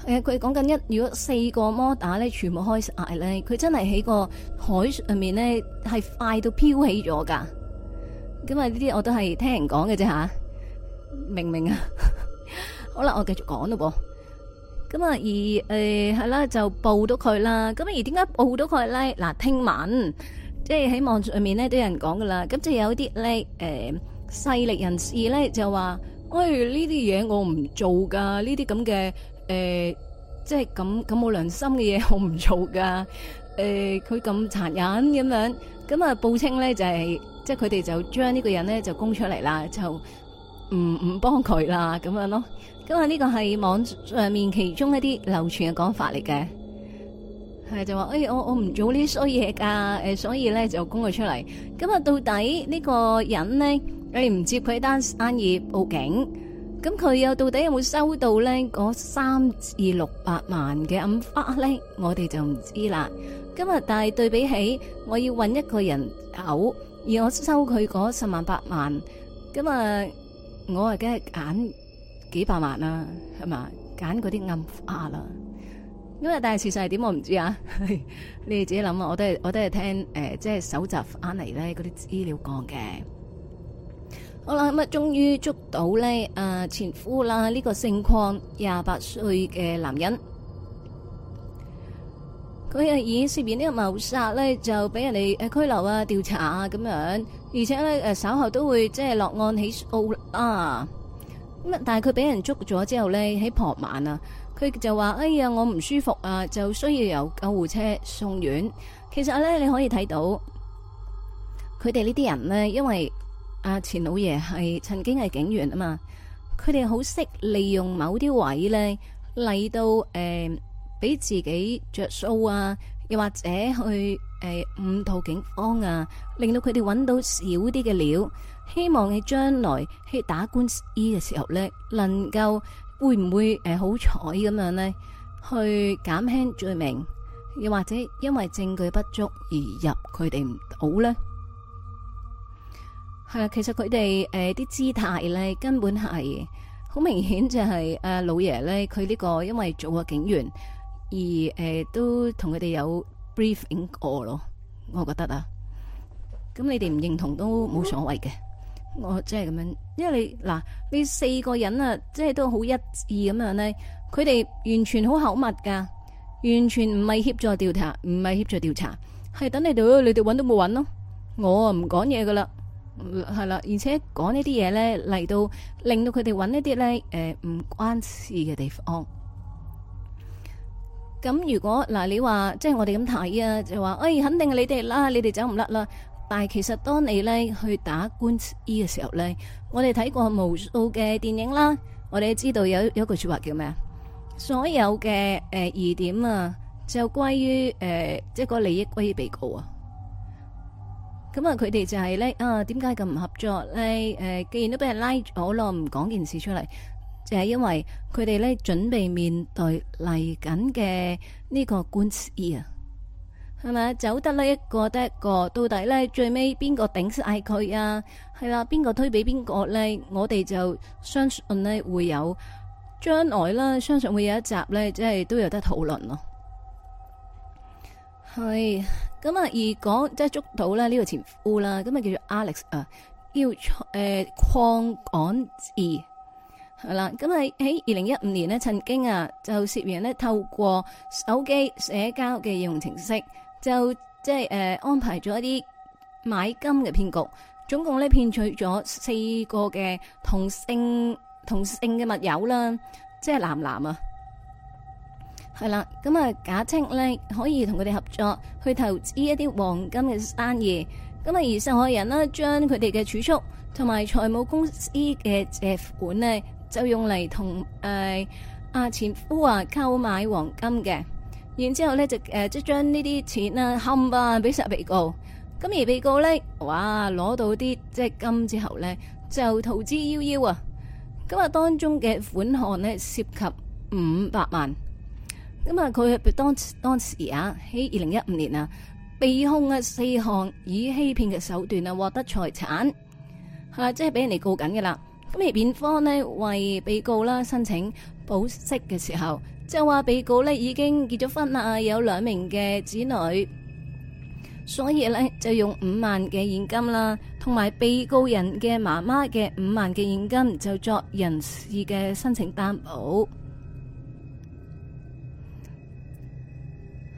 係啊，佢講緊一如果四個摩打呢，咧全部開 i 咧，佢真係喺個海上面咧係快到飄起咗噶，咁啊呢啲我都係聽人講嘅啫吓。啊明唔明啊？ 好啦，我繼續講咯噃。咁啊，而誒係啦，就報到佢啦。咁而點解報到佢咧？嗱，聽聞即係喺網上面咧都有人講噶啦。咁即係有啲咧，誒、呃，勢力人士咧就話：，喂、哎，呢啲嘢，我唔做噶，呢啲咁嘅誒，即係咁咁冇良心嘅嘢，我唔做噶。誒、呃，佢咁殘忍咁樣，咁啊報稱咧就係即係佢哋就將、是、呢個人咧就供出嚟啦，就。唔唔幫佢啦，咁樣咯。咁啊，呢個係網上面其中一啲流傳嘅講法嚟嘅，係就話誒、哎，我我唔做呢啲衰嘢噶，誒，所以咧就供佢出嚟。咁啊，到底呢個人呢？誒，唔接佢單生意報警，咁佢又到底有冇收到那呢？嗰三至六百萬嘅暗花咧，我哋就唔知啦。咁啊但係對比起，我要搵一個人頭，而我收佢嗰十萬八萬，咁啊。我啊梗係揀幾百萬啦，係嘛，揀嗰啲暗花啦，因為但係事實係點我唔知道啊， 你哋自己諗啊，我都係我都係聽誒、呃，即係搜集翻嚟咧嗰啲資料講嘅。好啦，咁啊終於捉到咧、呃、前夫啦，呢、呢個姓鄺廿八歲嘅男人。佢啊，他以涉嫌個謀殺呢個謀殺咧，就俾人哋誒拘留啊、調查啊咁樣，而且咧誒稍後都會即係落案起訴啦、啊。咁啊，但係佢俾人捉咗之後咧，喺傍晚啊，佢就話：哎呀，我唔舒服啊，就需要由救護車送院。其實咧，你可以睇到，佢哋呢啲人咧，因為阿前老爺係曾經係警員啊嘛，佢哋好識利用某啲位咧嚟到誒。欸俾自己着數啊，又或者去誒誤導警方啊，令到佢哋揾到少啲嘅料，希望喺將來去打官司嘅時候呢，能夠會唔會誒好彩咁樣呢？呃、去減輕罪名，又或者因為證據不足而入佢哋唔到呢？係啊，其實佢哋誒啲姿態呢，根本係好明顯，就係，就係阿老爺呢，佢呢個因為做過警員。而誒、呃、都同佢哋有 briefing 過咯，我覺得啊，咁你哋唔認同都冇所謂嘅，我即係咁樣，因為你嗱你四個人啊，即係都好一致咁樣咧，佢哋完全好口密噶，完全唔係協助調查，唔係協助調查，係等你哋，你哋揾都冇揾咯，我啊唔講嘢噶啦，係、嗯、啦，而且講呢啲嘢咧嚟到令到佢哋揾呢啲咧誒唔關事嘅地方。咁如果嗱，你話即係我哋咁睇啊，就話，哎，肯定係你哋啦，你哋走唔甩啦。但係其實當你咧去打官司嘅時候咧，我哋睇過無數嘅電影啦，我哋知道有有一句說話叫咩啊？所有嘅誒疑點啊，就歸於誒即係個利益歸於被告啊。咁啊，佢哋就係咧啊，點解咁唔合作咧？誒，既然都俾人拉咗啦，唔講件事出嚟。就係因為佢哋咧準備面對嚟緊嘅呢個官司啊，係咪？走得呢一個得一個，到底咧最尾邊個頂曬佢啊？係啦，邊個推俾邊個咧？我哋就相信咧會有將來啦，相信會有一集咧，即係都有得討論咯。係咁啊！而講即係捉到咧呢個前夫啦，咁啊叫做 Alex 啊，叫誒鄺、呃、港智。係啦，咁啊喺二零一五年咧，曾經啊就涉嫌咧透過手機社交嘅應用程式，就即係誒安排咗一啲買金嘅騙局，總共咧騙取咗四個嘅同性同性嘅密友啦，即係男男啊，係啦，咁啊假稱咧可以同佢哋合作去投資一啲黃金嘅生意，咁啊而受害人啦將佢哋嘅儲蓄同埋財務公司嘅借款咧。就用嚟同誒阿前夫啊購買黃金嘅。然之後咧就誒即將呢啲錢啊冚啊俾晒被告，咁而被告咧哇攞到啲即係金之後咧就逃之夭夭啊！咁啊當中嘅款項咧涉及五百萬，咁啊佢當當時啊喺二零一五年啊被控啊四項以欺騙嘅手段啊獲得財產，啊，即係俾人哋告緊噶啦。咁而辯方呢，為被告啦申請保釋嘅時候，即係話被告呢已經結咗婚啦，有兩名嘅子女，所以呢，就用五萬嘅現金啦，同埋被告人嘅媽媽嘅五萬嘅現金就作人事嘅申請擔保，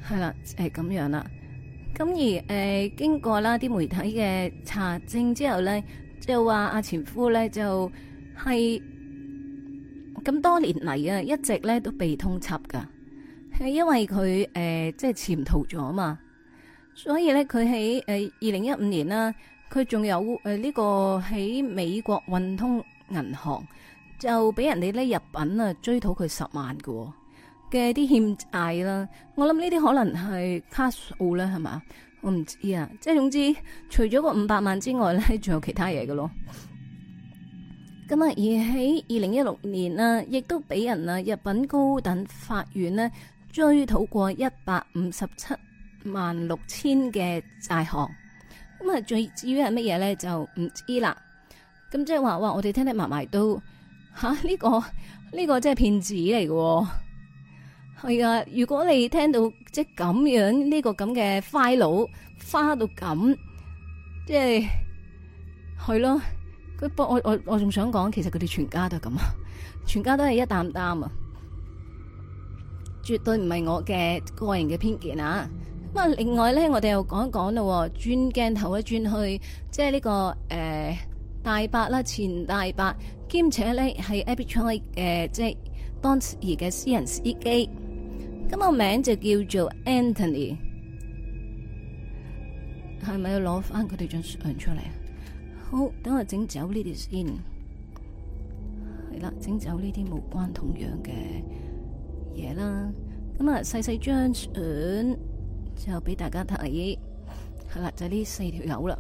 係啦，係咁樣啦。咁而誒，呃，經過啦啲媒體嘅查證之後呢，就話阿前夫咧就係咁多年嚟啊，一直咧都被通緝噶，係因為佢誒、呃、即係潛逃咗嘛，所以咧佢喺誒二零一五年啦，佢仲有誒呢、呃這個喺美國運通銀行就俾人哋咧入品啊追討佢十萬嘅嘅啲欠債啦，我諗呢啲可能係卡 a s 啦係嘛。我唔知啊，即係總之，除咗個五百萬之外咧，仲有其他嘢嘅咯。咁啊，而喺二零一六年啦，亦都俾人啊，日本高等法院咧追討過一百五十七萬六千嘅債項。咁啊，最至於係乜嘢咧？就唔知啦。咁即係話，哇！我哋聽得埋埋都吓呢、啊這個呢、這個即係騙子嚟嘅。係啊！如果你聽到即咁樣呢、這個咁嘅花佬花到咁，即係，係咯。佢不我我我仲想講，其實佢哋全家都係咁啊，全家都係一擔擔啊，絕對唔係我嘅個人嘅偏見啊。咁啊，另外咧，我哋又講一講咯，轉鏡頭一轉去，即係呢、這個誒、呃、大伯啦，前大伯，兼且咧係 Epic Toy 嘅即係當時嘅私人司機。E 咁個名就叫做 Anthony，係咪要攞翻佢哋張相出嚟啊？好，等我整走呢啲先，係啦，整走呢啲無關同樣嘅嘢啦。咁啊，細細張相就俾大家睇，係啦，就呢四條友啦，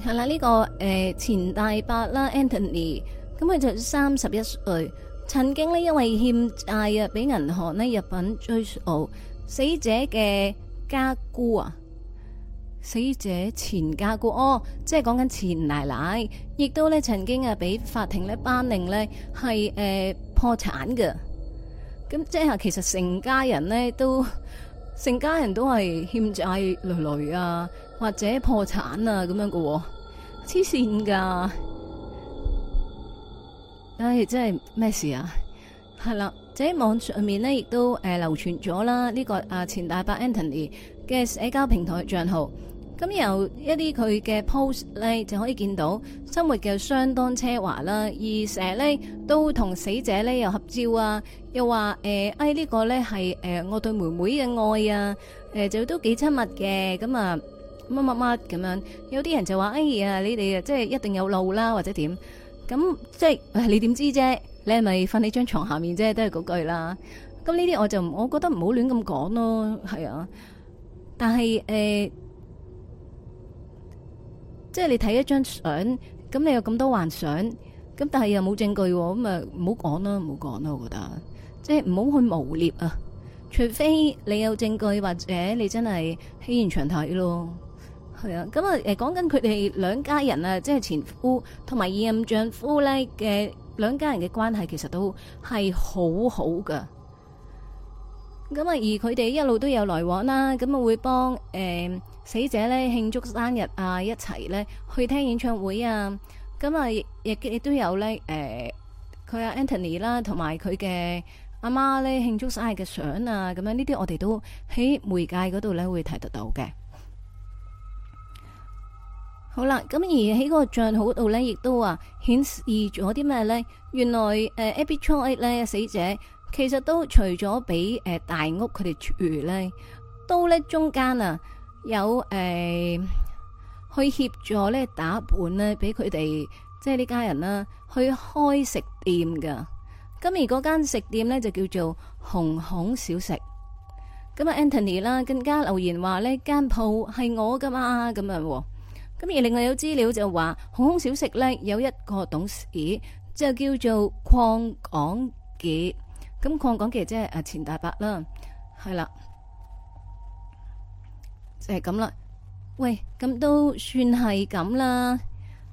係啦，呢個誒前大伯啦 Anthony，咁佢就三十一歲。曾經咧，因為欠債啊，俾銀行咧入稟追訴死者嘅家姑啊，死者前家姑哦，即係講緊前奶奶，亦都咧曾經啊，俾法庭咧頒令咧係誒破產嘅，咁即係其實成家人咧都成家人都係欠債累累啊，或者破產啊咁樣嘅、哦，黐線噶。唉、哎，真係咩事啊？係、呃、啦，喺網上面咧，亦都誒流傳咗啦。呢個啊前大伯 Anthony 嘅社交平台嘅帳號，咁由一啲佢嘅 post 咧就可以見到，生活嘅相當奢華啦。而成日咧都同死者咧又合照啊，又話誒誒呢個咧係誒我對妹妹嘅愛啊，誒、呃、就都幾親密嘅。咁啊乜乜乜咁樣，有啲人就話唉啊，你哋啊即係一定有路啦，或者點？咁即係你點知啫？你係咪瞓喺張床下面啫？都係嗰句啦。咁呢啲我就唔我覺得唔好亂咁講咯，係啊。但係誒、呃，即係你睇一張相，咁你有咁多幻想，咁但係又冇證據，咁啊唔好講啦，唔好講啦。我覺得即係唔好去污蔑，啊，除非你有證據或者你真係喺現場睇咯。咁啊，誒，講緊佢哋兩家人啊，即係前夫同埋二任丈夫咧嘅兩家人嘅關係，其實都係好好噶。咁啊，而佢哋一路都有來往啦，咁啊會幫誒、呃、死者咧慶祝生日啊，一齊咧去聽演唱會啊。咁啊，亦亦都有咧，誒、呃，佢阿、啊、Anthony 啦，同埋佢嘅阿媽咧慶祝生日嘅相啊，咁樣呢啲我哋都喺媒介嗰度咧會睇得到嘅。好啦，咁而喺個賬號度咧，亦都話顯示咗啲咩咧？原來誒，Abby Choi 咧，死者其實都除咗俾誒大屋佢哋住咧，都咧中間啊有誒、呃、去協助咧打本咧俾佢哋，即係呢家人啦去開食店噶。咁而嗰間食店咧就叫做紅紅小食。咁啊，Anthony 啦更加留言話呢間鋪係我噶嘛，咁樣、哦。咁而另外有資料就話，紅紅小食呢有一個董事，就叫做礦港傑。咁礦港傑即係阿錢大伯啦，係啦，就係咁啦。喂，咁都算係咁啦，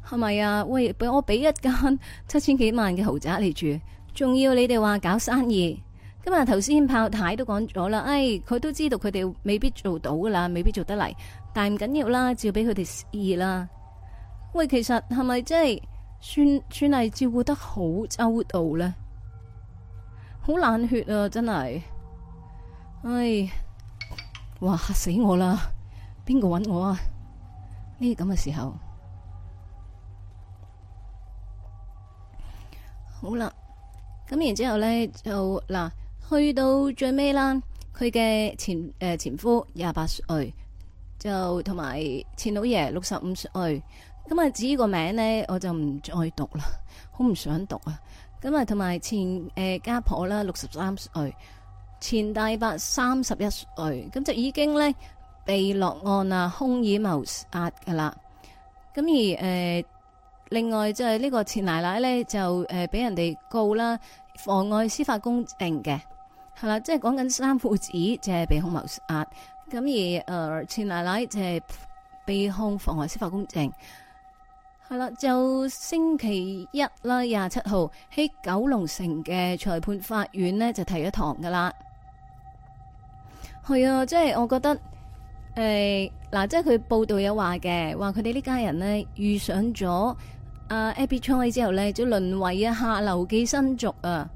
係咪啊？喂，俾我俾一間七千幾萬嘅豪宅嚟住，仲要你哋話搞生意。今日頭先炮太都講咗啦，誒，佢都知道佢哋未必做到噶啦，未必做得嚟。但唔緊要啦，照俾佢哋試啦。喂，其實係咪真係算係照顧得好周到咧？好冷血啊！真係，唉，哇吓死我啦！邊個搵我啊？呢咁嘅時候好啦，咁然之後咧就嗱，去到最尾啦，佢嘅前誒、呃、前夫廿八歲，就同埋前老爺六十五歲，咁啊，至於個名呢，我就唔再讀啦，好唔想讀啊！咁啊，同埋前家婆啦，六十三歲，前大伯三十一歲，咁就已經呢，被落案啦，控以謀殺噶啦。咁而、呃、另外就係呢個前奶奶呢，就誒俾人哋告啦，妨礙司法公正嘅，係啦，即係講緊三父子即係、就是、被控謀殺。咁而誒錢、呃、奶奶就係被控妨礙司法公正，係啦，就星期一啦，廿七號喺九龍城嘅裁判法院呢就提咗堂㗎啦。係啊，即係我覺得誒嗱、呃呃，即係佢報道有話嘅，話佢哋呢家人呢遇上咗阿 Abby Choi 之後呢，就淪為一下流寄生族啊，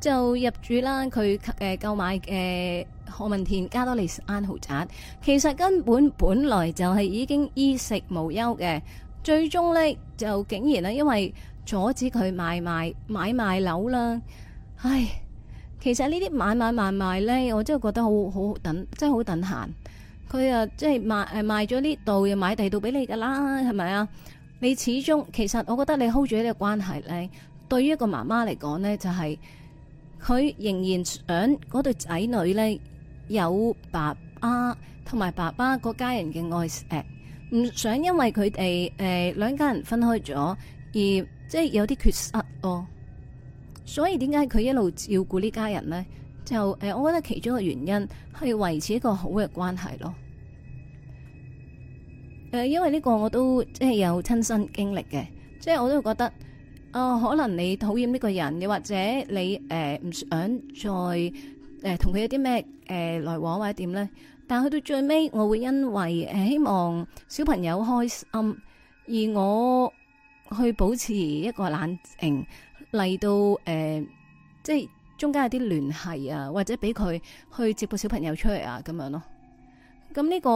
就入住啦佢誒購買嘅。呃何文田加多利山豪宅，其實根本本來就係已經衣食無憂嘅，最終呢，就竟然咧因為阻止佢買賣買賣樓啦。唉，其實呢啲買買賣賣呢，我真係覺得好好等，真係好等閒。佢啊，即係賣誒賣咗呢度又買第二度俾你噶啦，係咪啊？你始終其實我覺得你 hold 住呢個關係呢，對於一個媽媽嚟講呢，就係佢仍然想嗰對仔女呢。有爸爸同埋爸爸嗰家人嘅愛誒，唔想因為佢哋誒兩家人分開咗而即係有啲缺失咯、哦。所以點解佢一路照顧呢家人呢？就誒、呃，我覺得其中嘅原因係維持一個好嘅關係咯。誒、呃，因為呢個我都即係有親身經歷嘅，即係我都覺得啊、呃，可能你討厭呢個人，又或者你誒唔、呃、想再。誒，同佢、呃、有啲咩誒來往或者點咧？但係去到最尾，我會因為誒、呃、希望小朋友開心，而我去保持一個冷靜，嚟到誒、呃、即係中間有啲聯繫啊，或者俾佢去接個小朋友出嚟啊，咁樣咯、啊。咁、嗯、呢、這個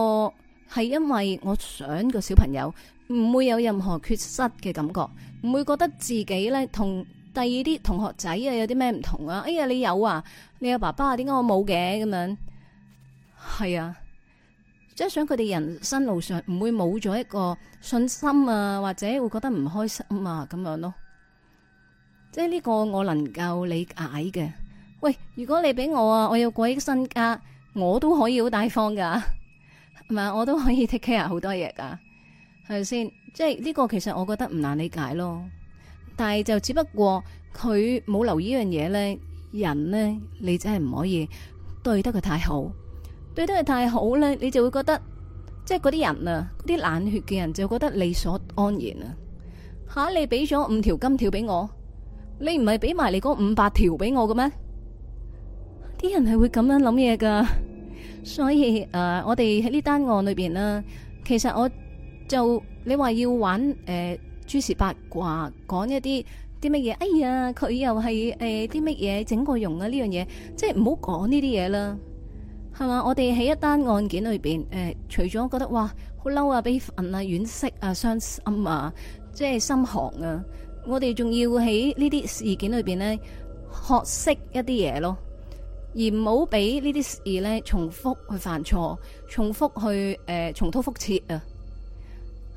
係因為我想個小朋友唔會有任何缺失嘅感覺，唔會覺得自己咧同。第二啲同學仔啊，有啲咩唔同啊？哎呀，你有啊，你有爸爸啊，點解我冇嘅？咁樣係啊，即係想佢哋人生路上唔會冇咗一個信心啊，或者會覺得唔開心啊，咁樣咯。即係呢個我能夠理解嘅。喂，如果你俾我啊，我要過億身家，我都可以好大方噶，啊，咪，我都可以 take care 好多嘢噶，係咪先？即係呢個其實我覺得唔難理解咯。但係就只不過佢冇留意呢樣嘢咧，人咧，你真係唔可以對得佢太好，對得佢太好咧，你就會覺得即係嗰啲人啊，嗰啲冷血嘅人就覺得理所當然啊！吓，你俾咗五條金條俾我，你唔係俾埋你嗰五百條俾我嘅咩？啲人係會咁樣諗嘢噶，所以誒、呃，我哋喺呢單案裏邊啦，其實我就你話要玩誒。呃諸事八卦，講一啲啲乜嘢？哎呀，佢又係誒啲乜嘢？整過容啊？呢樣嘢，即係唔好講呢啲嘢啦，係嘛？我哋喺一單案件裏邊，誒、呃，除咗覺得哇，好嬲啊，悲憤啊，惋惜啊，傷心啊，即係心寒啊，我哋仲要喺呢啲事件裏邊咧，學識一啲嘢咯，而唔好俾呢啲事咧重複去犯錯，重複去誒、呃、重蹈覆轍啊！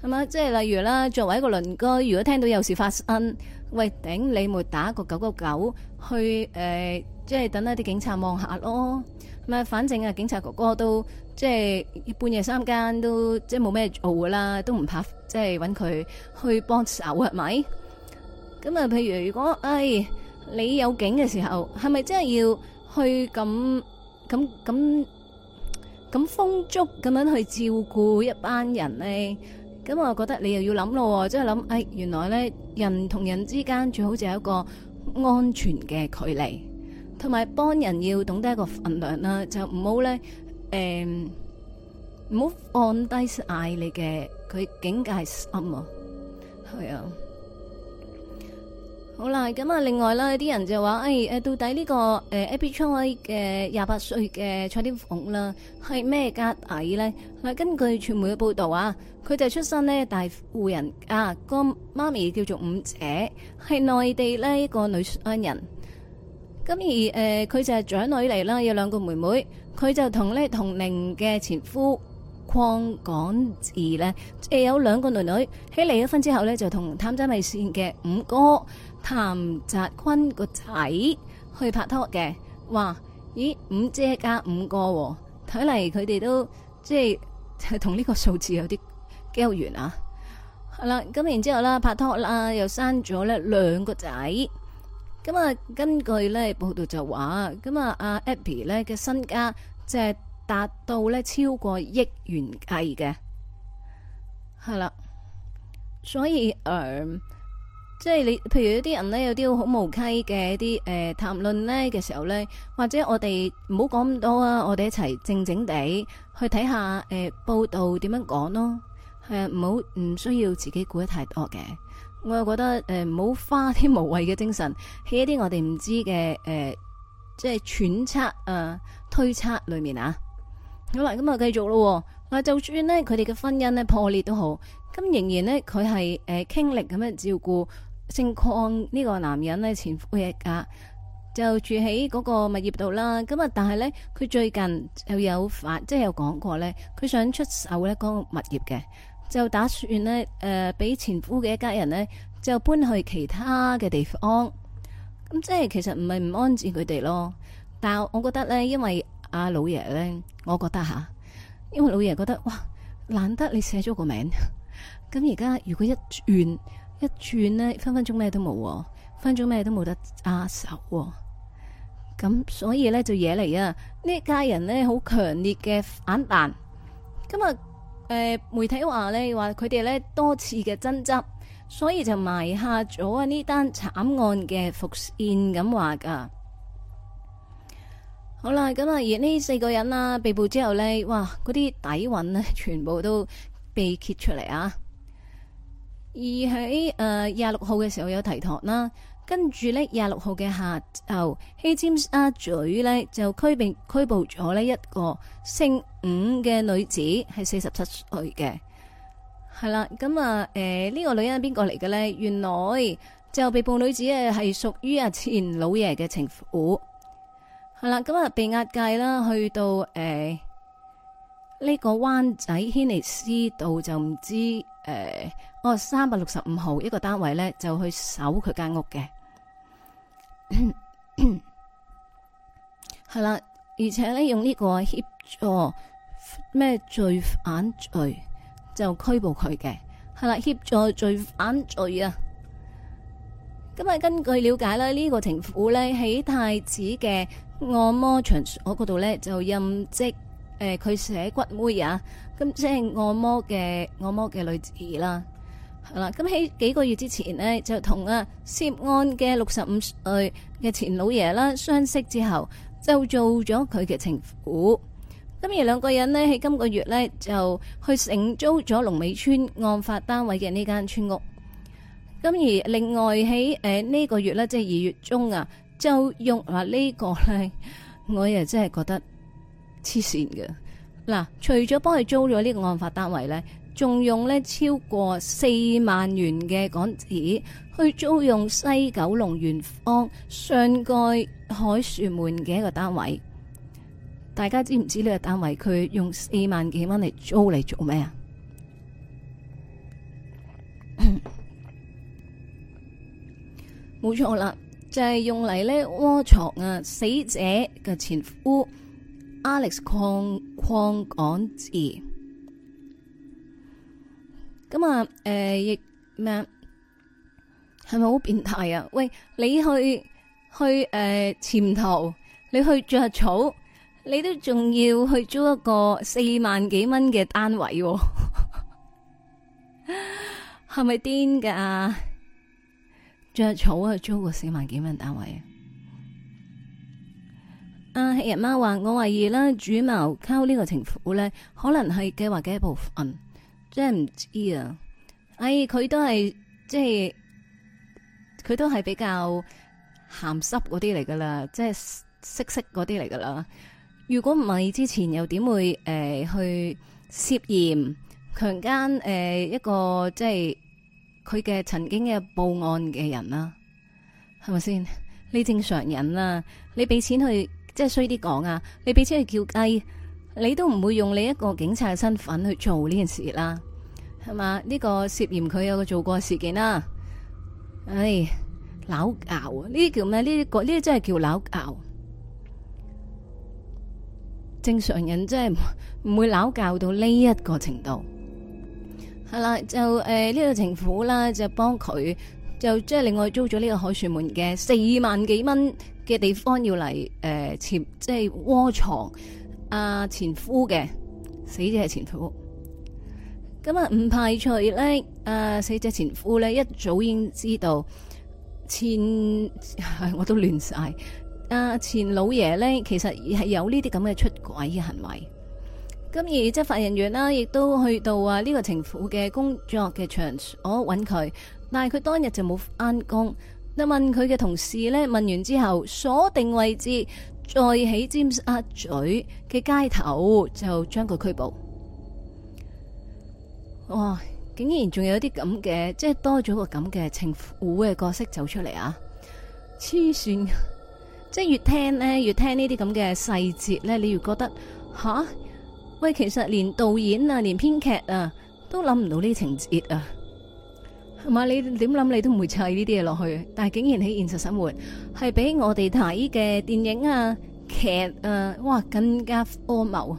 咁啊，即係例如啦，作為一個鄰居，如果聽到有事發生，喂頂你咪打個九九九去誒，即係等一啲警察望下咯。咁啊，反正啊，警察哥哥都即係半夜三更都即係冇咩做噶啦，都唔怕即係搵佢去幫手係咪？咁啊，譬如如果誒你有警嘅時候，係咪真係要去咁咁咁咁風燭咁樣去照顧一班人呢？咁我又覺得你又要諗咯喎，即係諗，哎，原來咧人同人之間最好就係一個安全嘅距離，同埋幫人要懂得一個份量啦，就唔好咧，誒，唔好放低曬你嘅佢境界心警戒心啊，係啊。好啦，咁啊，另外啦，啲人就話，誒誒，到底呢個誒 Abby Choi 嘅廿八歲嘅蔡天鳳啦，係咩家底咧？嗱，根據傳媒嘅報道啊，佢就係出身咧大戶人家，個媽咪叫做五姐，係內地咧一個女商人。咁而誒，佢就係長女嚟啦，有兩個妹妹。佢就同咧同齡嘅前夫鄺港智咧，誒有兩個囡囡。喺離咗婚之後咧，就同譚仔米線嘅五哥。譚澤坤個仔去拍拖嘅，哇！咦，五姐加五個，哦，睇嚟佢哋都即係同呢個數字有啲膠緣啊！係、嗯、啦，咁然之後啦，拍拖啦，又生咗咧兩個仔。咁啊，根據咧報道就話，咁啊阿 Abby 咧嘅身家即係達到咧超過億元計嘅，係、嗯、啦，所以、呃即係你，譬如一啲人咧，有啲好無稽嘅一啲誒談論咧嘅時候咧，或者我哋唔好講咁多啊，我哋一齊靜靜地去睇下誒報道點樣講咯。係啊、呃，唔好唔需要自己估得太多嘅，我又覺得誒唔好花啲無謂嘅精神喺一啲我哋唔知嘅誒、呃，即係揣測啊推測裏面啊。好啦，咁啊繼續咯。嗱，就算呢，佢哋嘅婚姻咧破裂都好，咁仍然呢，佢係誒傾力咁樣照顧。姓鄺呢個男人咧前夫嘅一家，就住喺嗰個物業度啦。咁啊，但係咧，佢最近又有發，即係有講過咧，佢想出售咧嗰個物業嘅，就打算咧誒，俾、呃、前夫嘅一家人咧，就搬去其他嘅地方。咁即係其實唔係唔安置佢哋咯，但係我覺得咧，因為阿老爺咧，我覺得吓，因為老爺覺得哇，難得你寫咗個名，咁而家如果一轉。一轉呢，分分鐘咩都冇，分分鐘咩都冇得揸手。咁所以呢，就惹嚟啊呢家人呢，好強烈嘅反彈。咁啊，誒、呃、媒體話呢，話佢哋呢，多次嘅爭執，所以就埋下咗呢單慘案嘅伏線。咁話噶，好啦，咁啊而呢四個人啊被捕之後呢，哇嗰啲底蘊呢全部都被揭出嚟啊！而喺誒廿六號嘅時候有提堂啦，跟住呢，廿六號嘅下晝，喺尖沙咀呢就拘並拘捕咗呢一個姓伍嘅女子，係四十七歲嘅，係啦。咁啊誒呢個女人係邊個嚟嘅呢？原來就被捕女子誒係屬於啊前老爺嘅情婦，係啦。咁、嗯、啊、嗯嗯、被押解啦去到誒呢、呃呢個灣仔軒尼詩道就唔知。誒，我三百六十五號一個單位咧，就去搜佢間屋嘅，係 啦，而且咧用呢個協助咩罪犯罪就拘捕佢嘅，係啦，協助罪犯罪啊。咁啊，根據了解咧，呢、這個情婦咧喺太子嘅按摩場所嗰度咧就任職，誒、呃，佢寫骨妹啊。咁即係按摩嘅按摩嘅女子啦，係、嗯、啦。咁喺幾個月之前呢，就同啊涉案嘅六十五歲嘅前老爺啦相識之後，就做咗佢嘅情婦。咁、嗯、而兩個人呢，喺今個月呢，就去承租咗龍尾村案發單位嘅呢間村屋。咁、嗯、而另外喺誒呢個月呢，即係二月中啊，就用啊呢個呢，我又真係覺得黐線嘅。嗱，除咗幫佢租咗呢個案發單位呢，仲用咧超過四萬元嘅港紙去租用西九龍圓方上蓋凱旋門嘅一個單位。大家知唔知呢個單位佢用四萬幾蚊嚟租嚟做咩啊？冇錯啦，就係、是、用嚟呢，窩藏啊死者嘅前夫。Alex 框框講字，咁啊誒，亦咩係咪好變態啊？喂，你去去誒潛逃，你去着草，你都仲要去租一個四萬幾蚊嘅單位，係咪癲㗎？着草啊，租個四萬幾蚊單位啊！ 是啊！吃人貓話，我懷疑啦，主謀溝呢個情婦咧，可能係計劃嘅一部分，真係唔知啊。哎，佢都係即係佢都係比較鹹濕嗰啲嚟噶啦，即係色色嗰啲嚟噶啦。如果唔係之前又點會誒、呃、去涉嫌強姦誒一個即係佢嘅曾經嘅報案嘅人啦？係咪先？你正常人啦、啊，你俾錢去。即係衰啲講啊！你俾錢去叫雞，你都唔會用你一個警察嘅身份去做呢件事啦，係嘛？呢、這個涉嫌佢有個做過事件啦。唉、哎，拗拗，呢啲叫咩？呢個呢真係叫拗拗。正常人真係唔會拗拗到呢一個程度。係、呃這個、啦，就誒呢個情婦啦，就幫佢，就即、是、係另外租咗呢個凱旋門嘅四萬幾蚊。嘅地方要嚟誒、呃、潛，即係窩藏阿、啊、前夫嘅死者前夫。咁啊唔排除咧，啊死者前夫咧一早已經知道前我都亂晒。啊前老爺咧其實係有呢啲咁嘅出軌嘅行為。咁而執法人員啦，亦都去到啊呢個情婦嘅工作嘅場所揾佢，但係佢當日就冇翻工。就問佢嘅同事咧，問完之後鎖定位置，再起尖沙咀嘅街頭就將佢拘捕。哇！竟然仲有啲咁嘅，即係多咗個咁嘅情婦嘅角色走出嚟啊！黐線！即係越聽咧，越聽這些呢啲咁嘅細節咧，你越覺得吓喂，其實連導演啊，連編劇啊，都諗唔到呢啲情節啊！同埋你點諗你都唔會砌呢啲嘢落去，但係竟然喺現實生活係比我哋睇嘅電影啊劇啊，哇更加荒謬。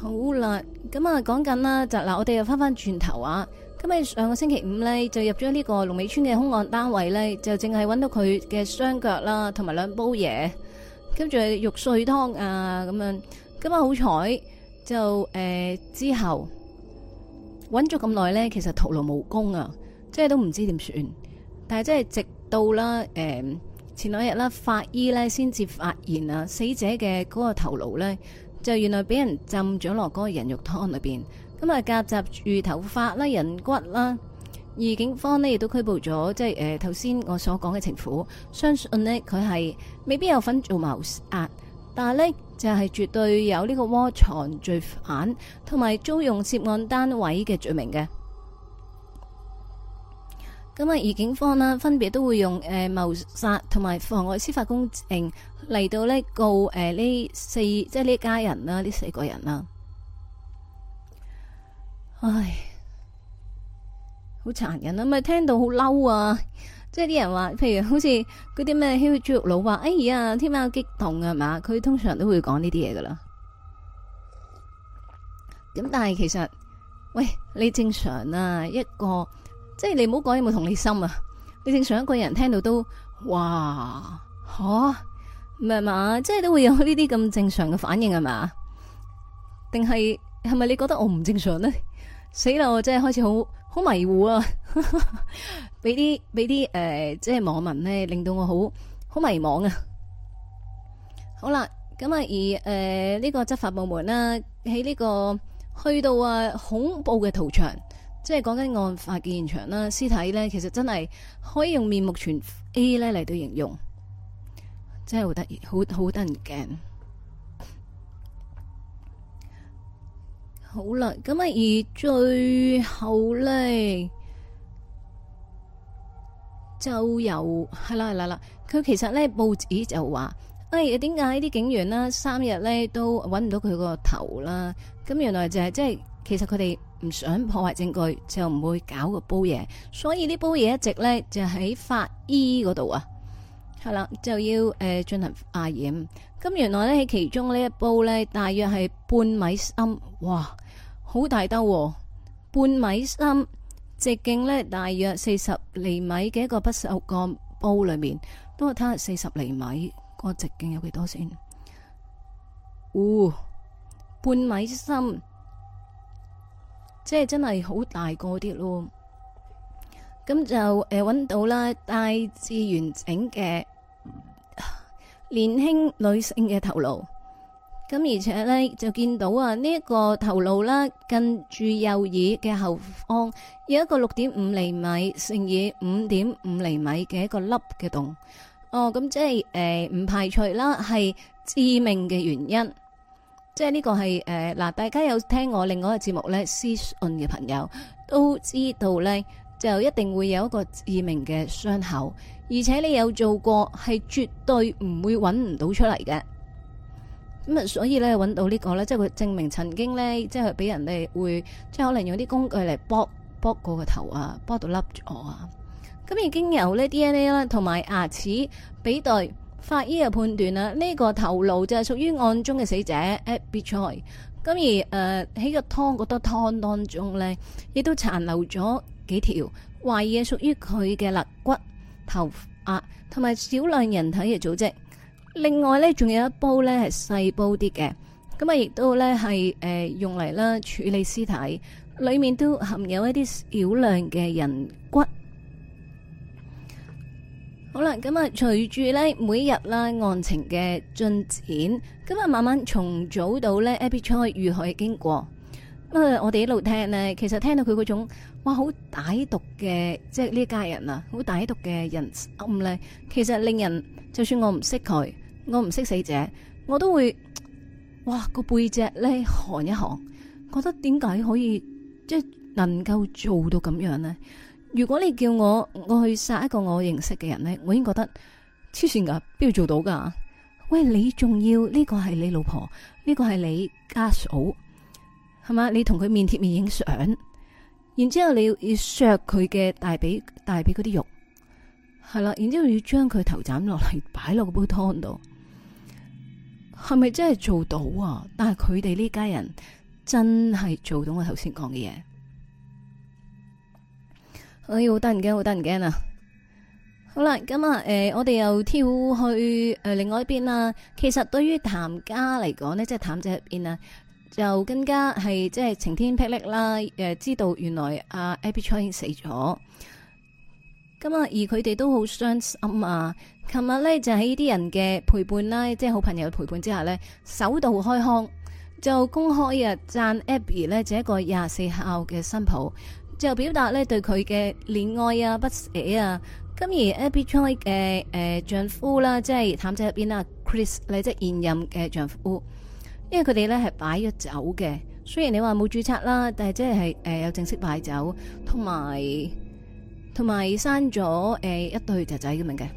好啦，咁啊講緊啦，就嗱我哋又返返轉頭啊，咁喺上個星期五咧就入咗呢個龍尾村嘅凶案單位咧，就淨係揾到佢嘅雙腳啦，同埋兩煲嘢，跟住肉碎湯啊咁樣。咁啊好彩就誒之後。揾咗咁耐呢，其實徒勞無功啊！即係都唔知點算，但係即係直到啦、嗯，前兩日啦，法醫呢先至發現啊，死者嘅嗰個頭顱呢，就原來俾人浸咗落嗰個人肉湯裏面咁啊夾雜住頭髮啦、人骨啦。而警方呢，亦都拘捕咗，即係誒頭先我所講嘅情婦，相信呢，佢係未必有份做謀殺。但係呢，就係絕對有呢個窩藏罪犯同埋租用涉案單位嘅罪名嘅。咁啊，而警方呢，分別都會用誒謀殺同埋妨礙司法公正嚟到咧告誒呢四，即係呢家人啦，呢四個人啦。唉，好殘忍啊！咪聽到好嬲啊！即係啲人話，譬如好似嗰啲咩豬肉佬話，哎呀，天喵激動啊，係嘛？佢通常都會講呢啲嘢噶啦。咁但係其實，喂，你正常啊？一個即係你唔好講有冇同理心啊？你正常一個人聽到都，哇，吓、啊，唔係嘛？即係都會有呢啲咁正常嘅反應係嘛？定係係咪你覺得我唔正常呢？死啦！我真係開始好。好迷糊啊！ 俾啲俾啲誒，即係網民咧，令到我好好迷茫啊！ 好啦，咁啊而誒呢、呃這個執法部門啦，喺呢、這個去到啊恐怖嘅屠場，即係講緊案發現場啦，屍體咧其實真係可以用面目全非咧嚟到形容，真係好得意，好好得人驚。好啦，咁啊，而最後咧就由係啦係啦啦，佢其實咧報紙就話，誒點解啲警員啦三日咧都揾唔到佢個頭啦？咁原來就係、是、即係其實佢哋唔想破壞證據，就唔會搞個煲嘢，所以呢煲嘢一直咧就喺法醫嗰度啊，係啦就要誒、呃、進行化驗。咁原來咧喺其中呢一煲咧，大約係半米深，哇！好大兜、哦，半米深，直徑呢，大約四十厘米嘅一個不銹鋼煲裏面，都係睇下四十厘米個直徑有幾多先？嗚、哦，半米深，即係真係好大個啲咯。咁就誒搵、呃、到啦，大致完整嘅年輕女性嘅頭顱。咁而且咧就見到啊呢一個頭腦啦，近住右耳嘅後方有一個六點五釐米乘以五點五釐米嘅一個粒嘅洞。哦，咁即係誒唔排除啦，係致命嘅原因。即係呢個係誒嗱，大家有聽我另外一個節目咧屍訊嘅朋友都知道咧，就一定會有一個致命嘅傷口，而且你有做過係絕對唔會揾唔到出嚟嘅。咁啊，所以咧揾到呢、這個咧，即係佢證明曾經咧，即係俾人哋會，即係可能用啲工具嚟剝剝過個頭啊，剝到凹咗啊。咁已經由呢 D N A 啦，同埋牙齒比對，法醫嘅判斷啊，呢、這個頭顱就係屬於案中嘅死者 Abby Choi，咁而誒喺、呃、個湯嗰多、那個、湯當中咧，亦都殘留咗幾條懷疑屬於佢嘅肋骨、頭髮同埋少量人體嘅組織。另外咧，仲有一煲咧，係細煲啲嘅，咁啊，亦都咧係誒用嚟啦處理屍體，裏面都含有一啲少量嘅人骨。好啦，咁啊，隨住咧每日啦案情嘅進展，咁啊，慢慢重組到咧，Abby Choi 遇害經過，咁啊，我哋一路聽咧，其實聽到佢嗰種哇好歹毒嘅，即係呢家人啊好歹毒嘅人暗咧，其實令人就算我唔識佢。我唔識死者，我都會，哇，個背脊咧寒一寒，覺得點解可以即係能夠做到咁樣咧？如果你叫我我去殺一個我認識嘅人咧，我已經覺得黐線噶，邊度做到噶？喂，你仲要呢個係你老婆，呢個係你家嫂，係嘛？你同佢面貼面影相，然之後你要削佢嘅大髀，大髀嗰啲肉，係啦，然之後要將佢頭斬落嚟，擺落個煲湯度。係咪真係做到啊？但係佢哋呢家人真係做到我頭先講嘅嘢。哎，好得人驚，好得人驚啊！好啦，咁啊，誒、呃，我哋又跳去誒、呃、另外一邊啦。其實對於譚家嚟講呢，即係譚仔入邊啊，就更加係即係晴天霹靂啦。誒、呃，知道原來阿 Abby Choi 死咗，咁、呃、啊，而佢哋都好傷心啊。琴日咧就喺呢啲人嘅陪伴啦，即係好朋友嘅陪伴之下咧，首度開腔就公開日讚 Abby 咧，就一個廿四孝嘅新抱，就表達咧對佢嘅戀愛啊、不捨啊。咁而 Abby Choi 嘅誒、呃、丈夫啦，即係譚仔入邊啦 Chris，即係現任嘅丈夫，因為佢哋咧係擺咗酒嘅，雖然你話冇註冊啦，但係即係誒、呃、有正式擺酒，同埋同埋生咗誒、呃、一對仔仔咁樣嘅。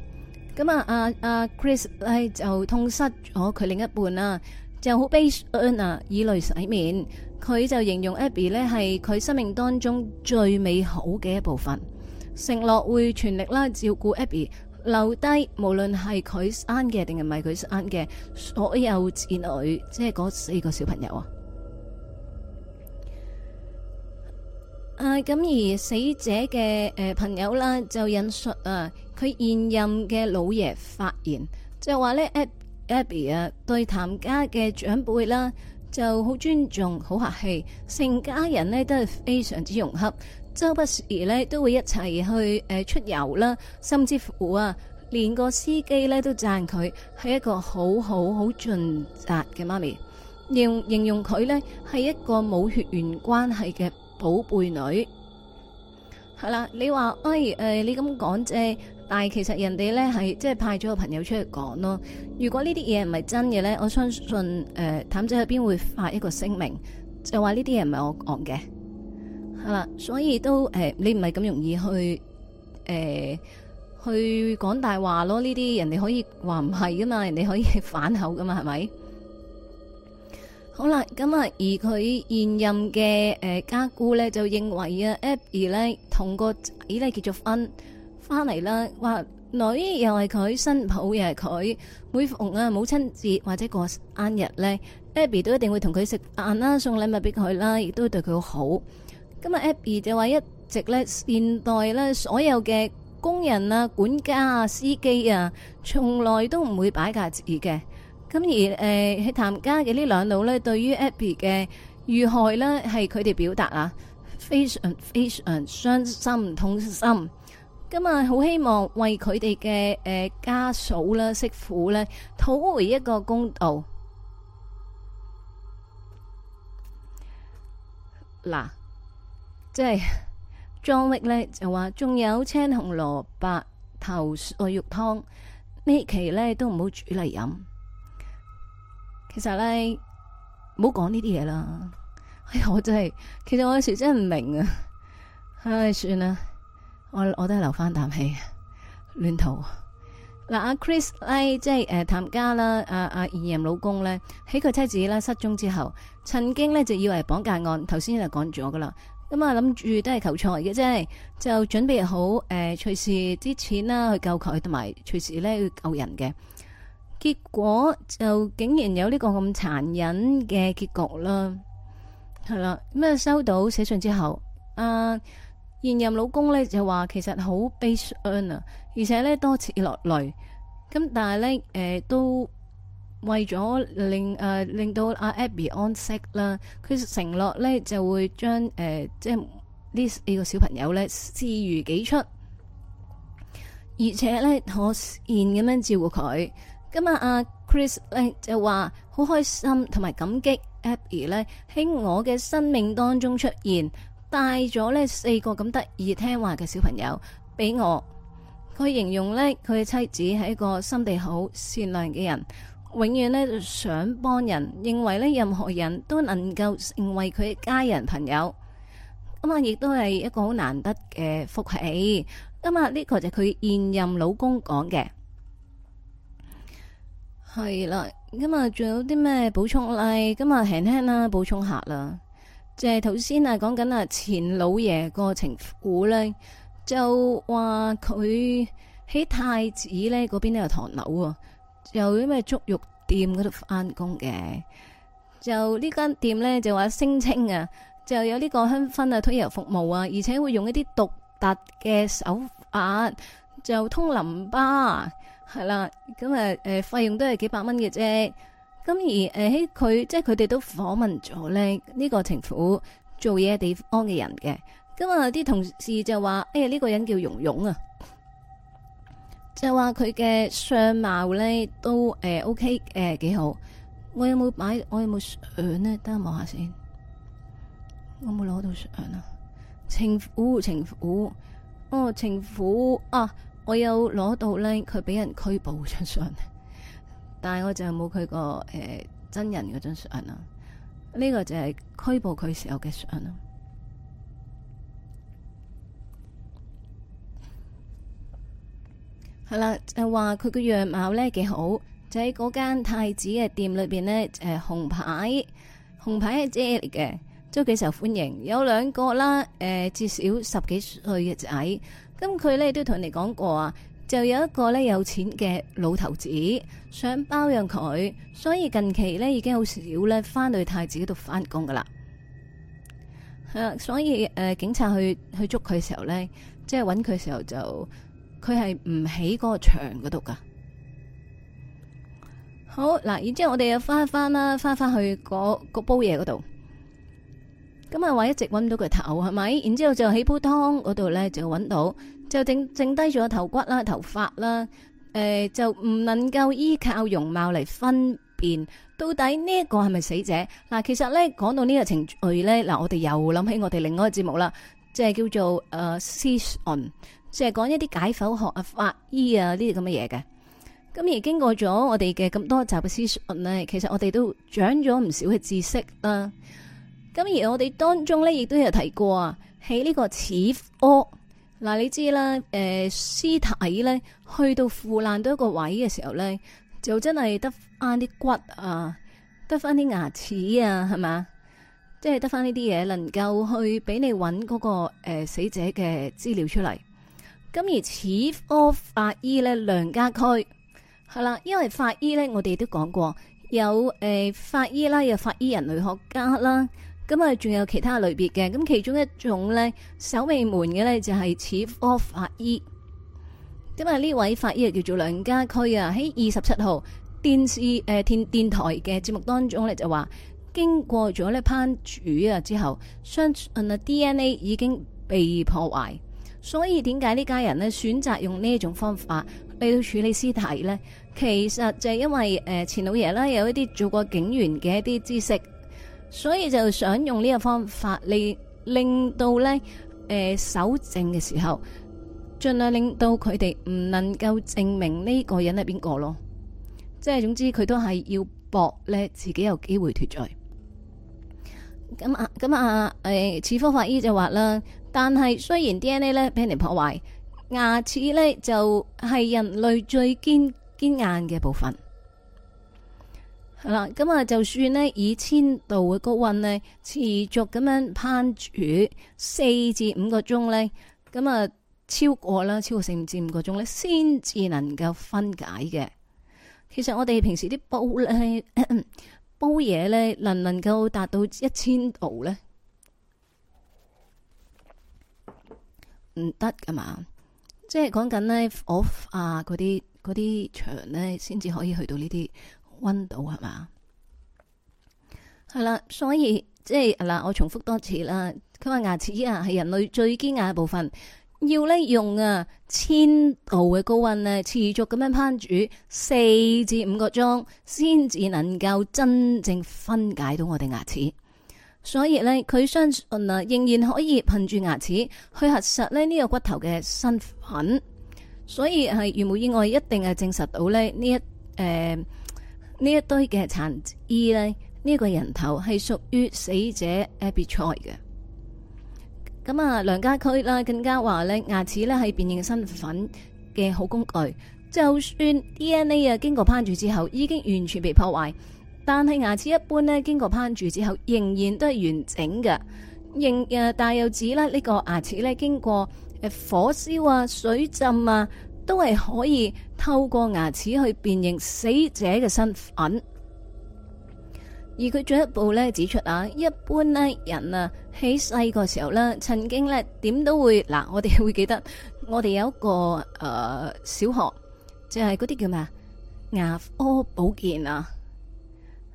咁啊，阿、啊、Chris 咧就痛失咗佢另一半啦、啊，就好悲傷啊，以淚洗面。佢就形容 Abby 咧係佢生命當中最美好嘅一部分，承諾會全力啦照顧 Abby，留低無論係佢生嘅定係唔係佢生嘅所有子女，即係嗰四個小朋友啊。咁、啊、而死者嘅誒、呃、朋友啦，就引述啊。佢現任嘅老爺發言，就話咧，Abby 啊，對譚家嘅長輩啦，就好尊重，好客氣，成家人呢都係非常之融洽，周不時咧都會一齊去誒出遊啦，甚至乎啊，連個司機咧都讚佢係一個好好好盡責嘅媽咪，形形容佢呢係一個冇血緣關係嘅寶貝女。係啦，你話，哎，誒、呃，你咁講啫。但係其實人哋咧係即係派咗個朋友出去講咯。如果呢啲嘢唔係真嘅咧，我相信誒，譚仔入邊會發一個聲明，就話呢啲嘢唔係我講嘅，係啦。所以都誒、呃，你唔係咁容易去誒、呃、去講大話咯。呢啲人哋可以話唔係噶嘛，人哋可以 反口噶嘛，係咪？好啦，咁啊，而佢現任嘅誒、呃、家姑咧就認為啊，Abby 咧同個咦咧結咗婚。翻嚟啦，話女又係佢，新抱又係佢。每逢啊母親節或者過晏日咧，Abby 都一定會同佢食晏啦，送禮物俾佢啦，亦都會對佢好。咁阿、嗯、Abby 就話一直咧善待咧所有嘅工人啊、管家啊、司機啊，從來都唔會擺架子嘅。咁而誒喺譚家嘅呢兩老咧，對於 Abby 嘅遇害咧，係佢哋表達啊非常非常傷心痛心。咁啊，好、嗯、希望為佢哋嘅誒家嫂啦、媳婦咧討回一個公道。嗱，即係莊域咧就話仲有青紅蘿蔔頭碎肉湯呢期咧都唔好煮嚟飲。其實咧唔好講呢啲嘢啦。哎呀，我真係，其實我有時真係唔明啊。唉，算啦。我我都係留翻啖氣，亂逃。嗱、啊，阿 Chris 咧，即係誒，譚家啦，阿阿二任老公咧，喺佢妻子啦失蹤之後，曾經咧就以為綁架案，頭先就講住我噶啦。咁啊諗住都係求財嘅，即係就準備好誒，隨、啊、時啲錢啦去救佢，同埋隨時咧去救人嘅。結果就竟然有呢個咁殘忍嘅結局啦，係啦。咁啊收到寫信之後，啊。現任老公咧就話其實好悲傷啊，而且咧多次落淚。咁但係咧誒都為咗令誒、呃、令到阿、啊、Abby 安息啦，佢承諾咧就會將誒即係呢呢個小朋友咧視如己出，而且咧妥善咁樣照顧佢。咁啊阿 Chris 咧就話好開心同埋感激 Abby 咧喺我嘅生命當中出現。帶咗呢四個咁得意聽話嘅小朋友俾我，佢形容呢，佢嘅妻子係一個心地好善良嘅人，永遠呢想幫人，認為呢任何人都能夠成為佢嘅家人朋友，咁啊亦都係一個好難得嘅福氣。咁啊呢個就佢現任老公講嘅，係啦。今日仲有啲咩補充呢？今日輕輕啦，補充下啦。就係頭先啊，講緊啊，前老爺個情故咧，就話佢喺太子咧嗰邊都有唐樓啊，就啲咩足浴店嗰度翻工嘅，就呢間店咧就話聲稱啊，就有呢個香薰啊、推油服務啊，而且會用一啲獨特嘅手法，就通淋巴，係啦，咁啊誒，費用都係幾百蚊嘅啫。咁而誒喺佢即係佢哋都訪問咗咧呢個情婦做嘢地方嘅人嘅，咁啊啲同事就話呀，呢個人叫蓉蓉啊，就話佢嘅相貌咧都誒 OK 誒幾好。我有冇擺？我有冇相呢？等我望下先。我冇攞到相啊！情婦情婦哦，情婦啊！我有攞到咧，佢俾人拘捕嘅張相。但係我就冇佢個誒真人嗰張相啦，呢、這個就係拘捕佢時候嘅相咯。係啦，係話佢個樣貌咧幾好，就喺嗰間太子嘅店裏邊咧，誒、就是、紅牌，紅牌係姐嚟嘅，都幾受歡迎。有兩個啦，誒至少十幾歲嘅仔，咁佢咧都同你講過啊。就有一個咧有錢嘅老頭子想包養佢，所以近期咧已經好少咧翻去太子嗰度翻工噶啦。係啦，所以誒、呃、警察去去捉佢嘅時候咧，即係揾佢嘅時候就佢係唔喺嗰個場嗰度噶。好嗱，然之後我哋又翻翻啦，翻翻去嗰、嗰個嗰個、煲嘢嗰度。咁啊話一直揾唔到佢頭係咪？然之後就喺煲湯嗰度咧就揾到。就剩剩低咗頭頭骨啦、頭髮啦，誒、呃，就唔能夠依靠容貌嚟分辨到底呢一個係咪死者嗱、啊。其實咧，講到呢個程序咧，嗱、啊，我哋又諗起我哋另外一個嘅節目啦，即係叫做誒、呃、屍訊即係講一啲解剖學啊、法醫啊呢啲咁嘅嘢嘅。咁而經過咗我哋嘅咁多集嘅屍訊呢，其實我哋都長咗唔少嘅知識啦。咁、啊、而我哋當中咧，亦都有提過啊，喺呢個似窩。嗱、啊，你知啦，誒、呃、屍體咧，去到腐爛到一個位嘅時候咧，就真係得翻啲骨啊，得翻啲牙齒啊，係咪？即係得翻呢啲嘢能夠去俾你搵嗰、那個、呃、死者嘅資料出嚟。咁而始於法醫咧，梁家區係啦，因為法醫咧，我哋都講過有誒、呃、法醫啦，有法醫人類學家啦。咁啊，仲有其他類別嘅，咁其中一種咧，稍微悶嘅咧就係死科法醫。咁啊，呢位法醫叫做梁家駒啊，喺二十七號電視誒、呃、電電台嘅節目當中咧就話，經過咗呢烹煮啊之後，相信啊 DNA 已經被破壞，所以點解呢家人呢選擇用呢一種方法嚟到處理屍體呢？其實就係因為誒前、呃、老爺咧有一啲做過警員嘅一啲知識。所以就想用呢個方法嚟，令到呢誒，搜證嘅時候，盡量令到佢哋唔能夠證明呢個人係邊個咯。即係總之他是，佢都係要搏呢自己有機會脱罪。咁啊，咁啊，誒、呃，齒科法醫就話啦，但係雖然 D N A 呢俾人哋破壞，牙齒呢就係、是、人類最堅堅硬嘅部分。係啦，咁啊、嗯，就算呢以千度嘅高溫咧，持續咁樣烹煮四至五個鐘咧，咁啊超過啦，超過四至五個鐘呢先至能夠分解嘅。其實我哋平時啲煲咧煲嘢呢能能夠達到一千度呢？唔得噶嘛？即係講緊 off 啊嗰啲嗰啲牆咧，先至可以去到呢啲。溫度係嘛？係啦，所以即係嗱，我重複多次啦。佢話牙齒啊，係人類最堅硬嘅部分，要咧用啊千度嘅高溫咧，持續咁樣烹煮四至五個鐘，先至能夠真正分解到我哋牙齒。所以咧，佢相信啊，仍然可以憑住牙齒去核實咧呢個骨頭嘅身份。所以係如無意外，一定係證實到咧呢一誒。呃呢一堆嘅殘肢呢，呢、這個人頭係屬於死者 Abby Choi 嘅。咁啊，梁家駒啦，更加話呢，牙齒呢係辨認身份嘅好工具。就算 DNA 啊，經過烹煮之後已經完全被破壞，但係牙齒一般呢經過烹煮之後仍然都係完整嘅。仍誒，但又指啦呢、這個牙齒呢經過、呃、火燒啊、水浸啊。都係可以透過牙齒去辨認死者嘅身份，而佢進一步咧指出啊，一般咧人啊喺細個時候咧，曾經咧點都會嗱，我哋會記得我哋有一個誒、呃、小學即係嗰啲叫咩牙科保健啊，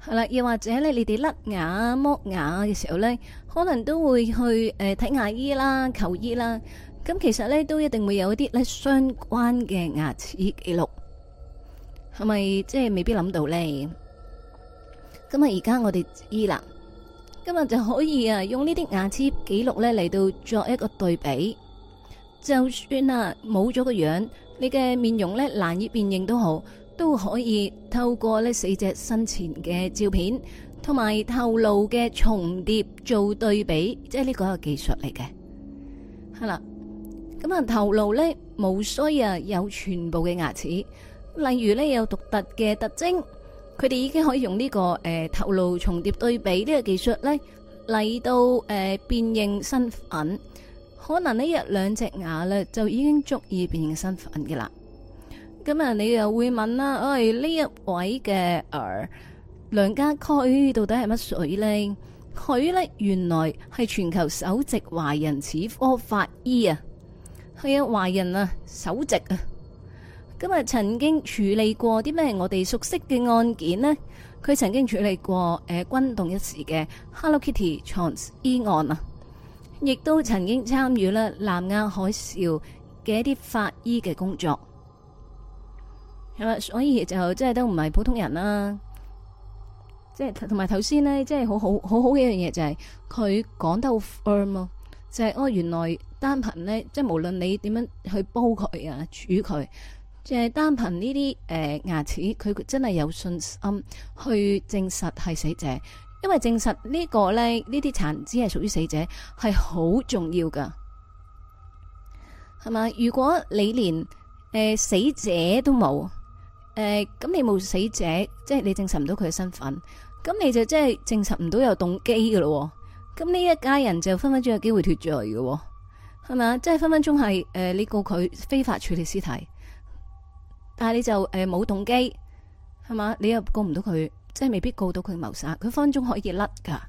係啦，又或者咧你哋甩牙、剝牙嘅時候呢，可能都會去誒睇、呃、牙醫啦、求醫啦。咁其實呢，都一定會有一啲呢相關嘅牙齒記錄，係咪即係未必諗到呢。咁啊，而家我哋知啦，今日就可以啊用呢啲牙齒記錄呢嚟到作一個對比，就算啊冇咗個樣，你嘅面容呢，難以辨認都好，都可以透過呢死者生前嘅照片同埋頭顱嘅重疊做對比，即係呢個係技術嚟嘅，係啦。咁啊，頭顱呢，冇需啊，有全部嘅牙齒，例如呢，有獨特嘅特徵，佢哋已經可以用呢、這個誒、呃、頭顱重疊對比呢個技術呢嚟到誒辨認身份。可能呢一兩隻牙呢，就已經足以辨認身份噶啦。咁啊，你又會問啦、啊？誒，呢一位嘅誒梁家駒到底係乜水呢？佢呢，原來係全球首席華人齒科法醫啊！係啊，華人啊，首席啊，今、嗯、日曾經處理過啲咩，我哋熟悉嘅案件呢？佢曾經處理過誒，轟、呃、動一時嘅 Hello Kitty 藏屍案啊，亦都曾經參與啦南亞海嘯嘅一啲法醫嘅工作，係嘛？所以就即係都唔係普通人啦、啊，即係同埋頭先呢，即係好好好，好好嘅一樣嘢就係佢講得好 firm 咯、啊，就係、是、哦原來。單憑咧，即係無論你點樣去煲佢啊、煮佢，即係單憑呢啲誒牙齒，佢真係有信心去證實係死者，因為證實呢、呢個咧呢啲殘肢係屬於死者係好重要噶，係嘛？如果你連誒、呃、死者都冇誒，咁、呃、你冇死者，即係你證實唔到佢嘅身份，咁你就即係證實唔到有動機噶咯。咁呢一家人就分分鐘有機會脫罪噶。係嘛，即係分分鐘係誒、呃，你告佢非法處理屍體，但係你就誒冇、呃、動機，係嘛，你又告唔到佢，即係未必告到佢謀殺，佢分分鐘可以甩噶。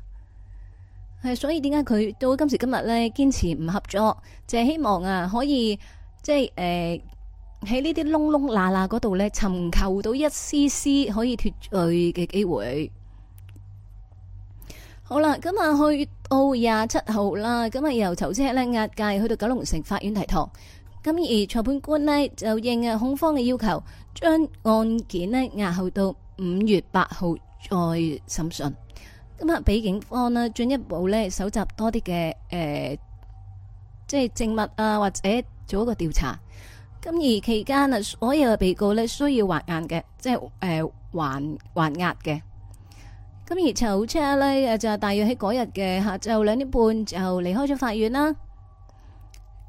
係所以點解佢到今時今日咧堅持唔合作，就係希望啊可以即係誒喺呢啲窿窿罅罅嗰度咧尋求到一絲絲可以脫罪嘅機會。好啦，咁、啊、去。哦廿七號啦，咁啊、oh, 由囚車咧押解，去到九龍城法院提堂，咁而裁判官呢，就應啊控方嘅要求，將案件呢押後到五月八號再審訊，咁啊俾警方呢進一步呢蒐集多啲嘅誒，即係證物啊或者做一個調查，咁而期間啊所有嘅被告呢，需要還押嘅，即係誒、呃、還還押嘅。咁而囚車咧，就大約喺嗰日嘅下晝兩點半就離開咗法院啦。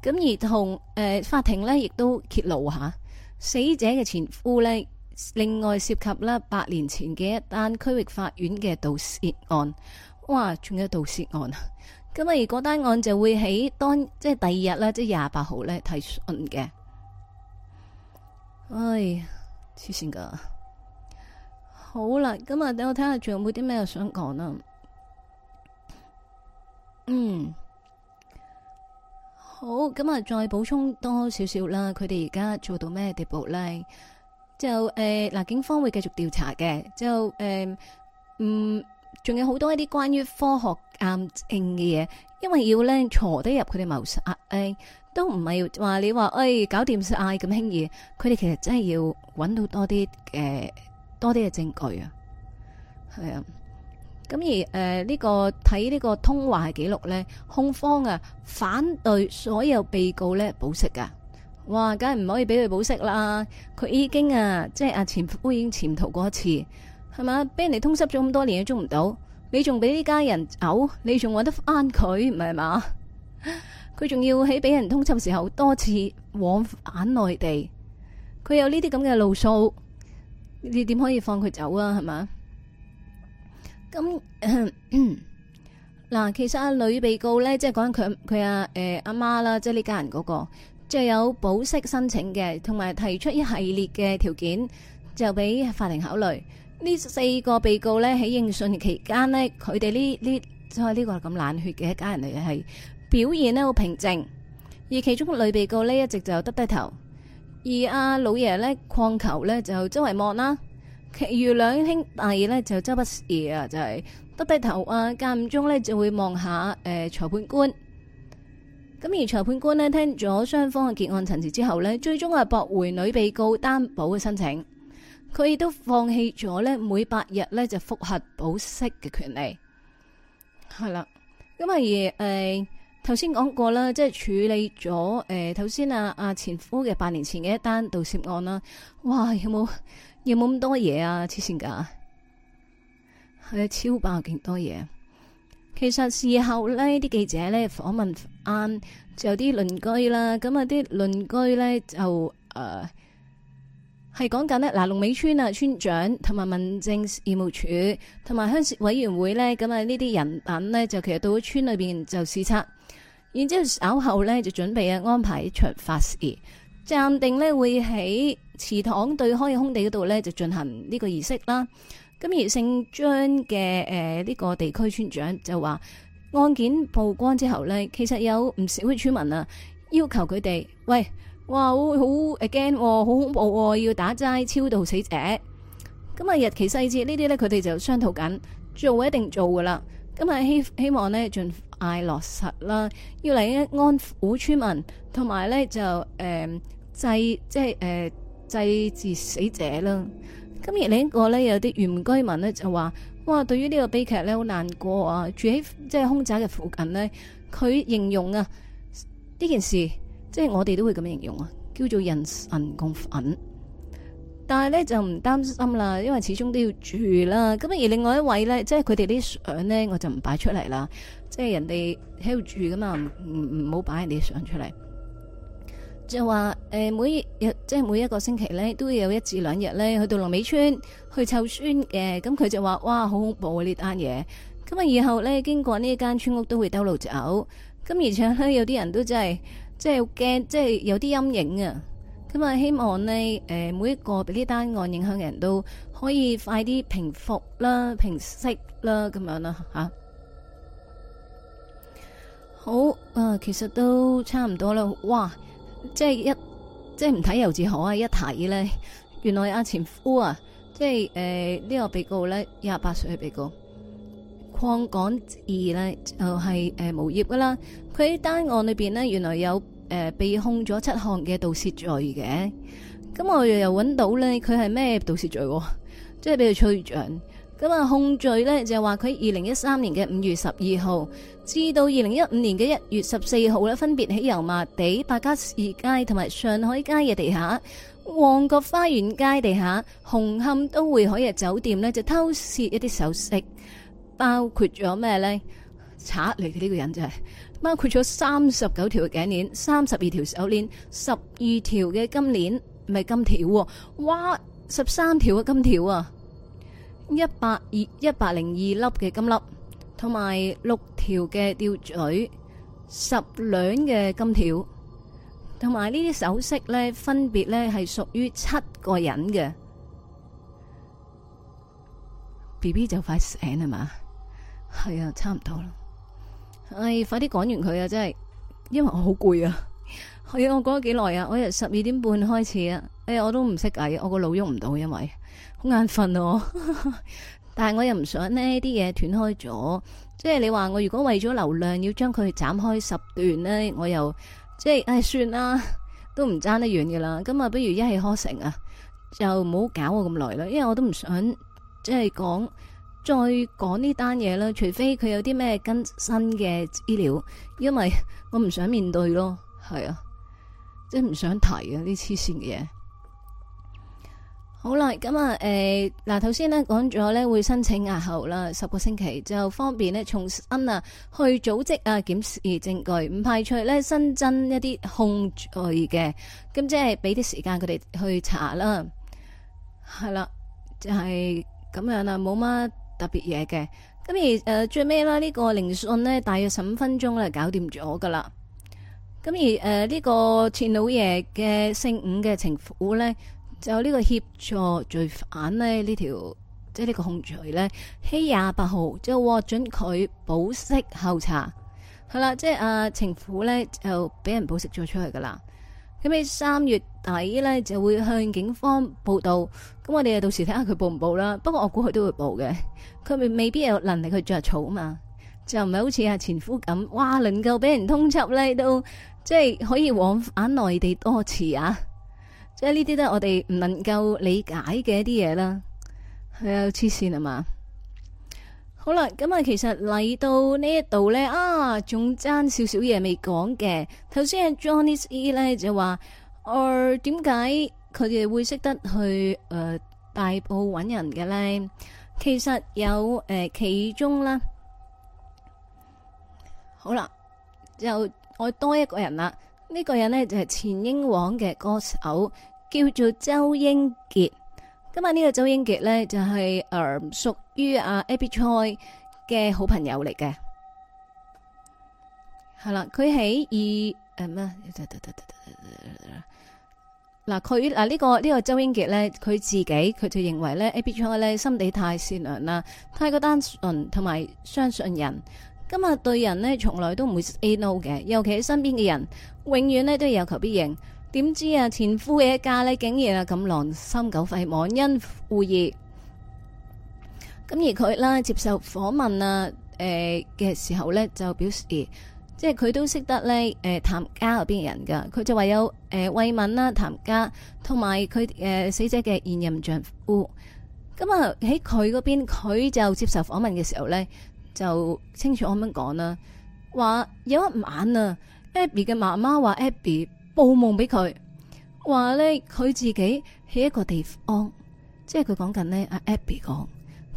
咁而同誒、呃、法庭咧，亦都揭露吓、啊，死者嘅前夫咧，另外涉及啦八年前嘅一單區域法院嘅盜竊案。哇，仲有盜竊案啊！咁啊，嗰單案就會喺當即係第二日咧，即係廿八號咧提訊嘅。唉，黐綫噶～好啦，咁啊，等我睇下仲有冇啲咩想講啦。嗯，好，咁啊，再補充多少少啦。佢哋而家做到咩地步咧？就誒嗱、呃，警方會繼續調查嘅。就誒、呃，嗯，仲有好多一啲關於科學鑑定嘅嘢，因為要咧坐得入佢哋謀殺，誒、呃、都唔係要話你話誒、欸、搞掂晒咁輕易，佢哋其實真係要搵到多啲誒。呃多啲嘅證據啊，係啊，咁而誒呢、呃這個睇呢個通話記錄咧，控方啊反對所有被告咧保釋噶，哇，梗係唔可以俾佢保釋啦！佢已經啊，即係阿前夫已經潛逃過一次，係嘛，俾人哋通緝咗咁多年都捉唔到，你仲俾呢家人嘔，你仲搵得翻佢，唔係嘛？佢 仲要喺俾人通緝時候多次往返內地，佢有呢啲咁嘅路數。你點可以放佢走啊？係嘛？咁嗱，其實阿女被告咧，即係講佢佢阿誒阿媽啦，即係呢家人嗰個，即係有保釋申請嘅，同埋提出一系列嘅條件，就俾法庭考慮。呢四個被告咧喺應訊期間呢，佢哋呢呢即係呢個咁冷血嘅一家人嚟嘅係表現咧好平靜，而其中女被告呢，一直就耷低頭。而阿老爺咧，控球咧就周圍望啦，其餘兩兄弟咧就周不時啊，就係耷低頭啊，間唔中咧就會望下誒、呃、裁判官。咁而裁判官呢，聽咗雙方嘅結案陳詞之後呢，最終係駁回女被告擔保嘅申請，佢亦都放棄咗呢，每八日呢，就復核保釋嘅權利。係啦了，咁啊而誒。呃頭先講過啦，即係處理咗誒。頭、呃、先啊，阿、啊、前夫嘅八年前嘅一單盜竊案啦，哇，有冇有冇咁多嘢啊？黐線噶，係、哎、超爆勁多嘢。其實事後呢啲記者咧訪問，啱就有啲鄰居啦，咁啊，啲鄰居呢就誒係講緊咧嗱，龍尾村啊，村長同埋民政事務署同埋鄉事委員會呢。咁啊，呢啲人等呢，就其實到咗村裏邊就視察。然之後稍後咧，就準備啊安排一場法事，暫定咧會喺祠堂對開空地嗰度咧就進行呢個儀式啦。咁而姓張嘅誒，呢個地區村長就話，案件曝光之後咧，其實有唔少嘅村民啊要求佢哋，喂，哇，我好誒驚喎，好恐怖喎，要打齋超度死者。咁啊日期細節呢啲咧佢哋就商討緊，做一定做噶啦。咁啊希希望呢。盡。嗌落實啦，要嚟安撫村民，同埋咧就誒、呃、祭，即係誒、呃、祭奠死者啦。咁而另一個咧有啲原居民咧就話：哇，對於呢個悲劇咧好難過啊！住喺即係凶宅嘅附近咧，佢形容啊呢件事，即係我哋都會咁樣形容啊，叫做人神共憤。但係咧就唔擔心啦，因為始終都要住啦。咁而另外一位呢，即係佢哋啲相呢，我就唔擺出嚟啦。即係人哋喺度住噶嘛，唔唔好擺人哋相出嚟。就話誒、呃，每日即係每一個星期呢，都有一至兩日呢去到龍尾村去湊孫嘅。咁佢就話：哇，好恐怖呢單嘢！咁啊以後呢，經過呢間村屋都會兜路走。咁而且呢，有啲人都真係即係好驚，即係有啲陰影啊。咁啊，希望呢，誒，每一個俾呢單案影響嘅人都可以快啲平復啦、平息啦，咁樣啦，吓、啊。好，啊，其實都差唔多啦。哇，即係一，即係唔睇猶自可啊！一睇呢，原來阿前夫啊，即係誒呢個被告呢，廿八歲嘅被告，鄺港智呢，就係、是、誒、呃、無業噶啦。佢喺單案裏邊呢，原來有。誒，被控咗七項嘅盜竊罪嘅，咁我又又揾到呢，佢係咩盜竊罪？即係畀佢吹脹，咁啊控罪呢，就係話佢二零一三年嘅五月十二號至到二零一五年嘅一月十四號呢，分別喺油麻地白加士街同埋上海街嘅地下、旺角花園街的地下、紅磡都會海逸酒店呢，就偷竊一啲首飾，包括咗咩呢？賊嚟嘅呢個人就係、是。包括咗三十九條嘅頸鏈，三十二條手鏈，十二條嘅金鏈，唔係金條，哇，十三條嘅金條啊，一百二一百零二粒嘅金粒，同埋六條嘅吊墜，十兩嘅金條，同埋呢啲首飾咧，分別咧係屬於七個人嘅。BB 就快醒啦嘛，係啊，差唔多啦。哎，快啲講完佢啊！真係，因為我好攰啊。係啊，我講咗幾耐啊？我由十二點半開始啊。哎，我都唔識計，我個腦喐唔到，因為好眼瞓咯。啊、 但係我又唔想呢啲嘢斷開咗。即係你話我如果為咗流量要將佢斬開十段呢，我又即係哎算啦，都唔爭得遠嘅啦。咁啊，不如一氣呵成啊，就唔好搞我咁耐啦。因為我都唔想即係講。再講呢單嘢啦，除非佢有啲咩更新嘅資料，因為我唔想面對咯，係啊，即係唔想提啊呢黐綫嘅嘢。好啦，咁、嗯、啊，誒嗱，頭先咧講咗咧會申請押後啦，十個星期就方便呢重新啊去組織啊檢視證據，唔排除咧新增一啲控罪嘅，咁即係俾啲時間佢哋去查啦。係啦，就係、是、咁樣啦，冇乜。特別嘢嘅，咁而誒、呃、最尾啦，呢、這個聆訊呢，大約十五分鐘咧，搞掂咗噶啦。咁而誒呢、呃這個前老爺嘅姓伍嘅情婦咧，就呢個協助罪犯咧呢條、這個、即係呢個控罪咧，喺廿八號就獲准佢保釋候查，係、嗯、啦，即係、啊、誒情婦咧就俾人保釋咗出去噶啦。咁你三月底咧就會向警方報道，咁我哋到時睇下佢報唔報啦。不過我估佢都會報嘅，佢未未必有能力去着草啊嘛。就唔係好似啊前夫咁，哇能夠俾人通緝咧都即係可以往返內地多次啊！即係呢啲咧我哋唔能夠理解嘅一啲嘢啦，係啊，黐線啊嘛～好啦，咁啊，其實嚟到呢一度咧啊，仲爭少少嘢未講嘅。頭先阿 Johnny Lee 咧就話，誒，點解佢哋會識得去誒大埔搵人嘅咧？其實有誒其中啦，好啦，就我多一個人啦。呢個人咧就係前英皇嘅歌手，叫做周英杰。今日呢個周英杰咧就係誒屬於阿 Abby Choi 嘅好朋友嚟嘅，係啦，佢喺二誒咩？嗱佢嗱呢個呢、呢個周英杰咧，佢自己佢就認為咧 Abby Choi 咧心地太善良啦，太過單純，同埋相信人。今日對人咧從來都唔會 A No 嘅，尤其喺身邊嘅人，永遠咧都有求必應。點知啊？前夫嘅一家咧，竟然啊咁狼心狗肺，忘恩負義。咁而佢啦接受訪問啊，誒嘅時候咧就表示，即係佢都識得咧誒，譚家嗰邊嘅人噶。佢就話有誒慰問啦，譚家同埋佢誒死者嘅現任丈夫。咁啊喺佢嗰邊，佢就接受訪問嘅時候咧就清楚咁樣講啦，話有一晚啊，Abby 嘅媽媽話 Abby。報夢俾佢，話咧佢自己喺一個地方，即係佢講緊咧。阿 Abby 講，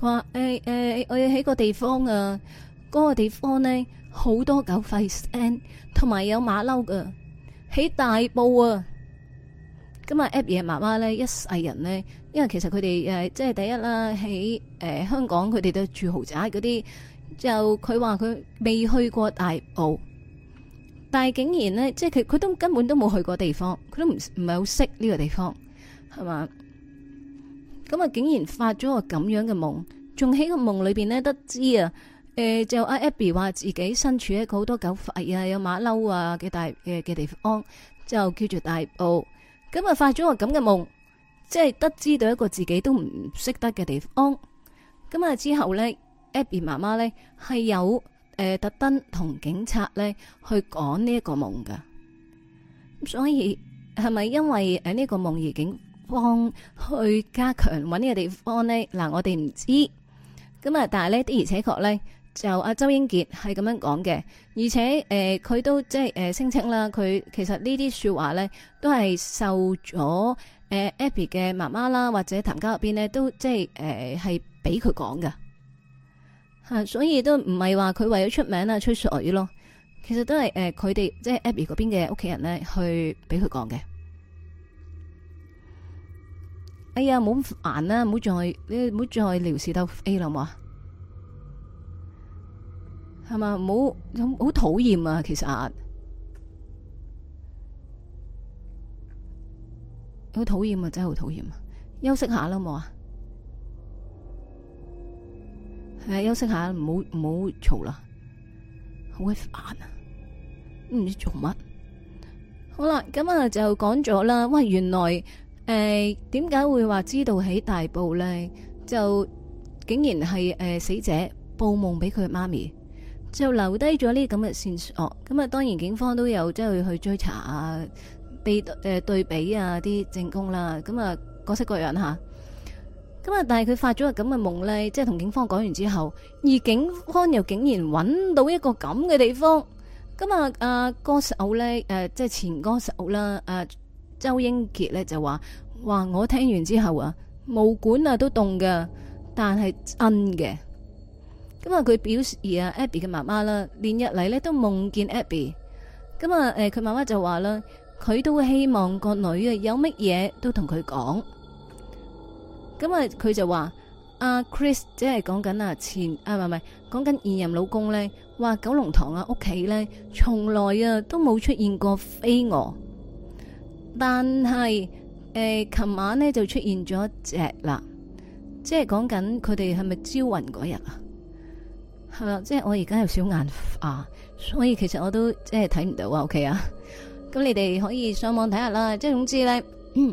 話誒誒，我喺個地方啊，嗰、那個地方咧好多狗吠聲，同埋有馬騮噶，喺大埔啊。咁啊，Abby 嘅媽媽咧，一世人咧，因為其實佢哋誒，即係第一啦，喺誒、呃、香港佢哋都住豪宅嗰啲，就佢話佢未去過大埔。但係竟然咧，即係佢佢都根本都冇去過地方，佢都唔唔係好識呢個地方，係嘛？咁啊竟然發咗個咁樣嘅夢，仲喺個夢裏邊咧得知啊，誒、呃、就阿 Abby 話自己身處一個好多狗吠啊、有馬騮啊嘅大誒嘅、呃、地方，就叫做大埔。咁啊發咗個咁嘅夢，即係得知到一個自己都唔識得嘅地方。咁啊之後咧，Abby 媽媽咧係有。誒、呃，特登同警察咧去講呢一個夢噶，所以係咪因為誒呢個夢而警方去加強揾呢個地方咧？嗱、呃，我哋唔知，咁啊，但係咧的而且確咧，就阿周英杰係咁樣講嘅，而且誒，佢、呃、都即係誒聲稱啦，佢、呃、其實呢啲說話咧都係受咗誒、呃、Abby 嘅媽媽啦，或者譚家入邊咧都即係誒係俾佢講噶。呃.啊、所以都唔係話佢為咗出名啊吹水咯。其實都係誒，呃、佢哋即係 Abby 嗰邊嘅屋企人咧，去俾佢講嘅。哎呀，冇咁煩啦，唔好再，你唔好再撩事鬥 A 啦，好唔好啊？係嘛，唔好，好，好討厭啊，其實好討厭啊，真係好討厭啊。休息下啦，好唔好啊？誒、呃，休息下，唔好唔好嘈啦，好鬼煩啊，唔知做乜。好啦，咁、嗯、啊就講咗啦。喂，原來誒，點、呃、解會話知道喺大埔咧？就竟然係誒、呃、死者報夢俾佢媽咪，就留低咗呢咁嘅線索。咁、哦、啊、嗯嗯，當然警方都有即係去追查啊，比誒、呃、對比啊啲證供啦。咁、嗯、啊，各式各樣吓。咁啊，但係佢發咗個咁嘅夢呢，即係同警方講完之後，而警方又竟然揾到一個咁嘅地方。咁啊，誒歌手呢，誒、呃、即係前歌手啦，誒、啊、周英傑呢，就話，話我聽完之後啊，毛管啊都凍㗎，但係真嘅。咁啊，佢表示而阿 Abby 嘅媽媽啦，連日嚟呢都夢見 Abby。咁啊，誒佢媽媽就話啦，佢都會希望個女啊有乜嘢都同佢講。咁啊，佢就話阿 Chris 即係講緊啊前，啊唔係唔係講緊現任老公咧，話九龍塘啊屋企咧從來啊都冇出現過飛蛾，但係誒琴晚咧就出現咗一隻啦，即係講緊佢哋係咪招魂嗰日啊？係啦，即係我而家有少眼花啊，所以其實我都即係睇唔到、OK、啊。OK 啊，咁你哋可以上網睇下啦。即係總之咧。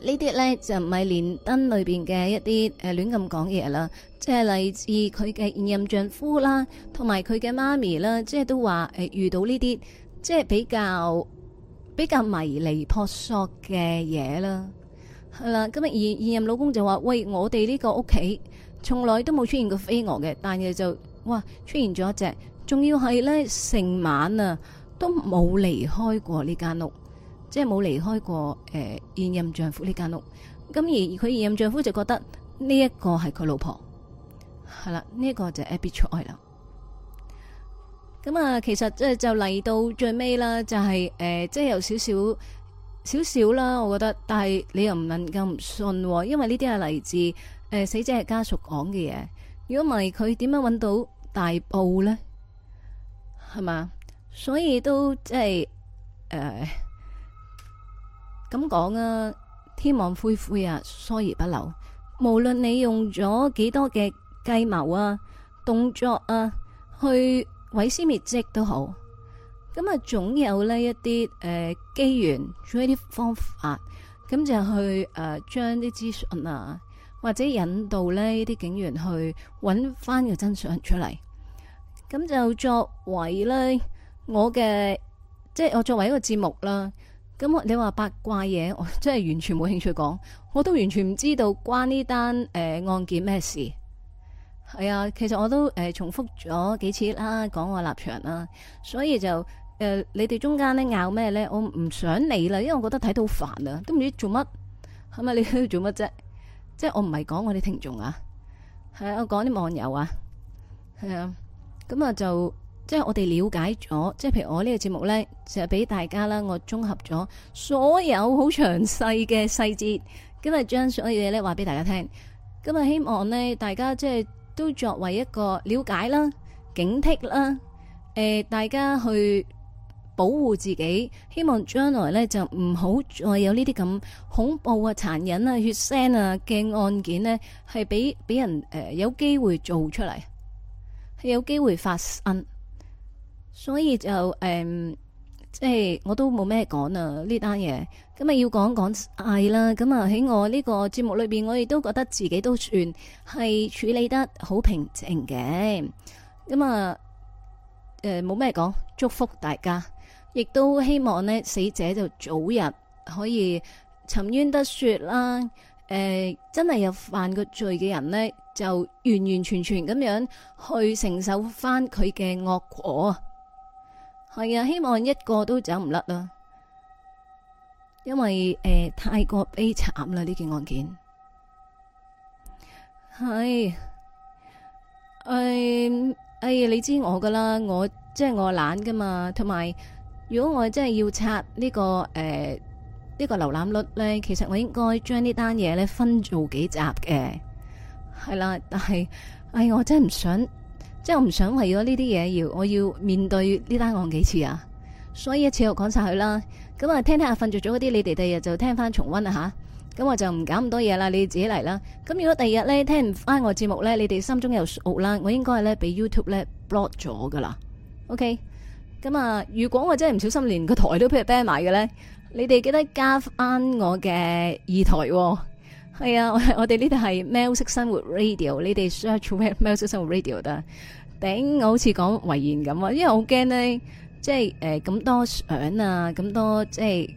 呢啲呢，就唔係連登裏邊嘅一啲誒亂咁講嘢，啦，即係嚟自佢嘅現任丈夫啦，同埋佢嘅媽咪啦，即係都話誒、呃、遇到呢啲即係比較比較迷離撲朔嘅嘢啦，係啦。咁啊，現現任老公就話：喂，我哋呢個屋企從來都冇出現過飛蛾嘅，但係就哇出現咗一隻，仲要係呢成晚啊都冇離開過呢間屋。即係冇離開過誒、呃、現任丈夫呢間屋，咁而佢現任丈夫就覺得呢一個係佢老婆，係啦，呢一個就是 A B b y 出愛啦。咁、嗯、啊，其實即係就嚟到最尾啦，就係、是、誒，即、呃、係、就是、有少少少少啦，我覺得。但係你又唔能夠唔信、喔，因為呢啲係嚟自誒、呃、死者係家屬講嘅嘢。如果唔係，佢點樣搵到大埔咧？係嘛，所以都即係誒。咁講啊，天網恢恢啊，疏而不漏。無論你用咗幾多嘅計謀啊、動作啊，去毀屍滅跡都好，咁啊，總有呢一啲誒機緣，做、呃、一啲方法，咁就去誒將啲資訊啊，或者引導呢啲警員去揾翻個真相出嚟。咁就作為呢我嘅，即係我作為一個節目啦。咁你話八卦嘢，我真係完全冇興趣講，我都完全唔知道關呢單誒案件咩事。係啊，其實我都誒、呃、重複咗幾次啦，講我立場啦，所以就誒、呃、你哋中間咧拗咩咧，我唔想理啦，因為我覺得睇到好煩啊，都唔知做乜，係咪你喺度做乜啫？即係我唔係講我哋聽眾啊，係啊，我講啲網友啊，係啊，咁啊就。即係我哋了解咗，即係譬如我呢個節目呢，就係俾大家啦。我綜合咗所有好詳細嘅細節，今日將所有嘢呢話俾大家聽。今日希望呢，大家即係都作為一個了解啦，警惕啦，誒、呃，大家去保護自己。希望將來呢，就唔好再有呢啲咁恐怖啊，殘忍啊、血腥啊嘅案件呢，係俾俾人誒、呃、有機會做出嚟，係有機會發生。所以就誒，即、嗯、係、欸、我都冇咩講啊呢單嘢。咁啊要講講嗌啦。咁啊喺我呢個節目裏邊，我亦都覺得自己都算係處理得好平靜嘅。咁啊，誒冇咩講，祝福大家，亦都希望呢死者就早日可以沉冤得雪啦。誒、啊，真係有犯過罪嘅人呢，就完完全全咁樣去承受翻佢嘅惡果。係啊，希望一個都走唔甩啦，因為誒、呃、太過悲慘啦呢件案件。係誒誒，你知我噶啦，我即係我懶噶嘛，同埋如果我真係要刷、這個呃這個、瀏覽率呢個誒呢個瀏覽率咧，其實我應該將呢單嘢咧分做幾集嘅，係啦、啊，但係誒我真係唔想。即係我唔想為咗呢啲嘢要我要面對呢單案幾次啊，所以一次又講晒佢啦。咁啊，聽聽下瞓着咗嗰啲，你哋第日就聽翻重温啊吓。咁我就唔搞咁多嘢啦，你哋自己嚟啦。咁如果第二日咧聽唔翻我節目咧，你哋心中有數啦。我應該係咧俾 YouTube 咧 block 咗噶啦。OK，咁啊，如果我真係唔小心連個台都俾 ban 埋嘅咧，你哋記得加翻我嘅二台、哦。係啊，我我哋呢度係喵式生活 Radio，你哋 search 埋喵式生活 Radio 得。頂，我好似講遺言咁啊，因為我好驚咧，即係誒咁多相啊，咁多即係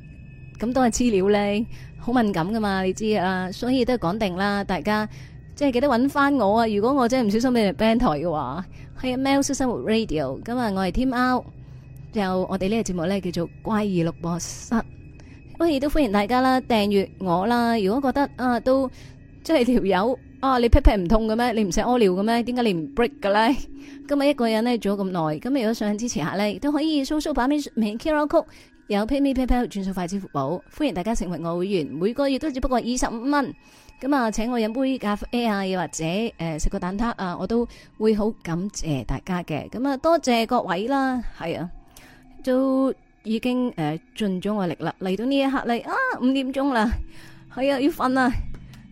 咁多嘅資料咧，好敏感噶嘛，你知啊，所以都係講定啦。大家即係記得搵翻我啊，如果我即係唔小心俾人 ban 台嘅話，喺喵式生活 Radio。今日我係天喵，然後我哋呢個節目咧叫做怪異錄播室。亦都歡迎大家啦，訂閱我啦。如果覺得啊都即係條友啊，你劈 l 唔痛嘅咩？你唔使屙尿嘅咩？點解你唔 break 嘅咧？今日一個人咧做咗咁耐，咁如果想支持下咧，都可以搜搜把尾尾 K 歌曲，有 PayPal 轉數快支付寶，歡迎大家成為我會員，每個月都只不過二十五蚊。咁啊，請我飲杯咖啡啊，又或者誒食、呃、個蛋撻啊，我都會好感謝大家嘅。咁啊，多謝各位啦，係啊，都。已經誒、呃、盡咗我力啦，嚟到呢一刻嚟，啊五點鐘啦，係啊，要瞓啦，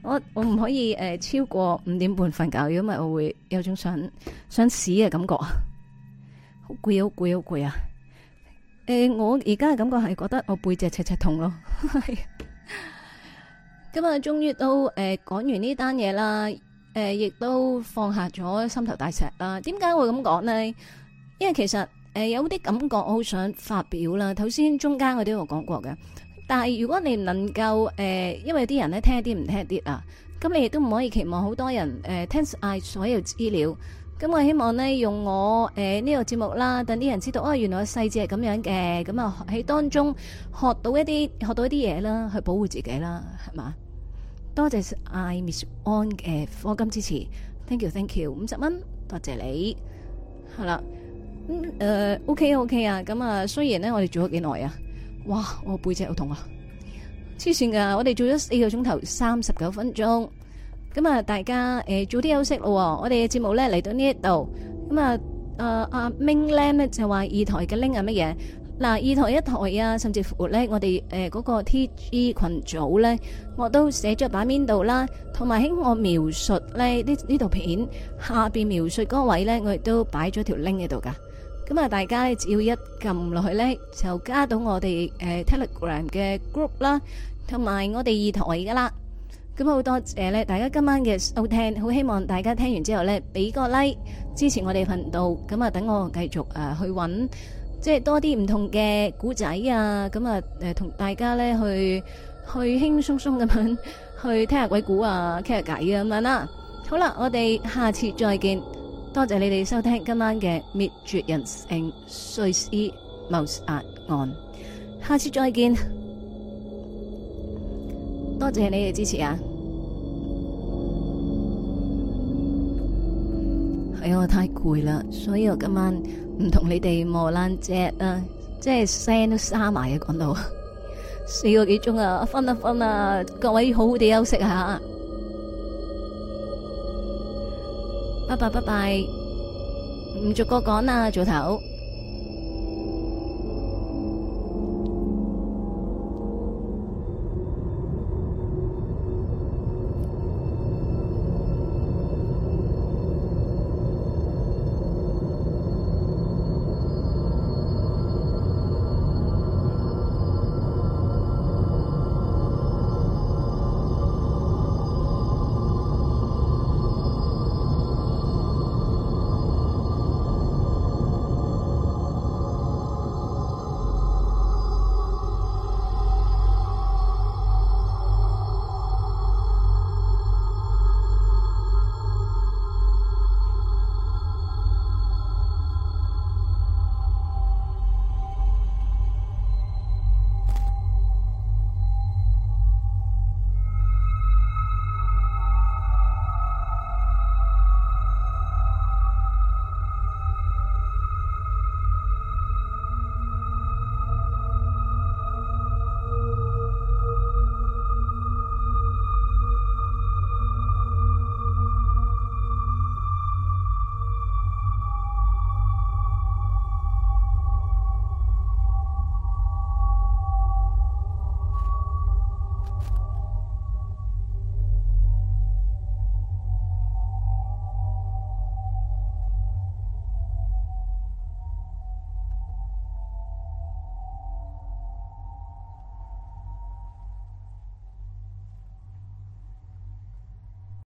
我我唔可以誒、呃、超過五點半瞓覺，如果唔係我會有種想想死嘅感覺很很很啊，好攰，好攰，好攰啊！誒我而家嘅感覺係覺得我背脊赤赤痛咯，今 日、嗯、終於都誒講、呃、完呢單嘢啦，誒、呃、亦都放下咗心頭大石啦。點解會咁講呢？因為其實。誒、呃，有啲感覺，我好想發表啦。頭先中間我都有講過嘅，但係如果你唔能夠誒、呃，因為啲人咧聽一啲唔聽一啲啊，咁你亦都唔可以期望好多人誒、呃、聽晒所有資料。咁我希望咧用我誒呢、呃這個節目啦，等啲人知道啊、哎，原來個細節係咁樣嘅，咁啊喺當中學到一啲學到一啲嘢啦，去保護自己啦，係嘛？多謝 Miss On 嘅課金支持，Thank you，Thank you，五十蚊，多謝你，係啦。嗯誒、呃、OK OK 啊，咁啊，雖然咧我哋做咗幾耐啊，哇，我背脊好痛啊，黐線噶，我哋做咗四個鐘頭三十九分鐘，咁啊，大家誒、呃、早啲休息咯。我哋嘅節目咧嚟到、呃、呢一度，咁啊，阿阿 Ming 靚咧就話二台嘅 link 係乜嘢？嗱，二台一台啊，甚至乎咧我哋誒嗰個 TG 群組咧，我都寫咗版面度啦，同埋喺我描述咧呢呢度片下邊描述嗰位咧，我亦都擺咗條 link 喺度噶。咁啊！大家只要一撳落去咧，就加到我哋誒、呃、Telegram 嘅 group 啦，同埋我哋二台噶啦。咁好多謝咧，大家今晚嘅收聽，好希望大家聽完之後咧俾個 like 支持我哋頻道。咁啊，等我繼續誒、呃、去搵，即係多啲唔同嘅古仔啊。咁、呃、啊，誒、呃、同大家咧去去輕鬆鬆咁樣去聽下鬼故啊，傾下偈啊咁樣啦。好啦，我哋下次再見。多謝你哋收聽今晚嘅滅絕人性碎屍謀殺案，下次再見。多謝你哋支持啊！係、哎、我太攰啦，所以我今晚唔同你哋磨爛只啦，即係聲都沙埋啊。講到四個幾鐘啊，瞓一瞓啊，各位好好地休息下。拜拜拜拜，唔逐個講啦，早唞。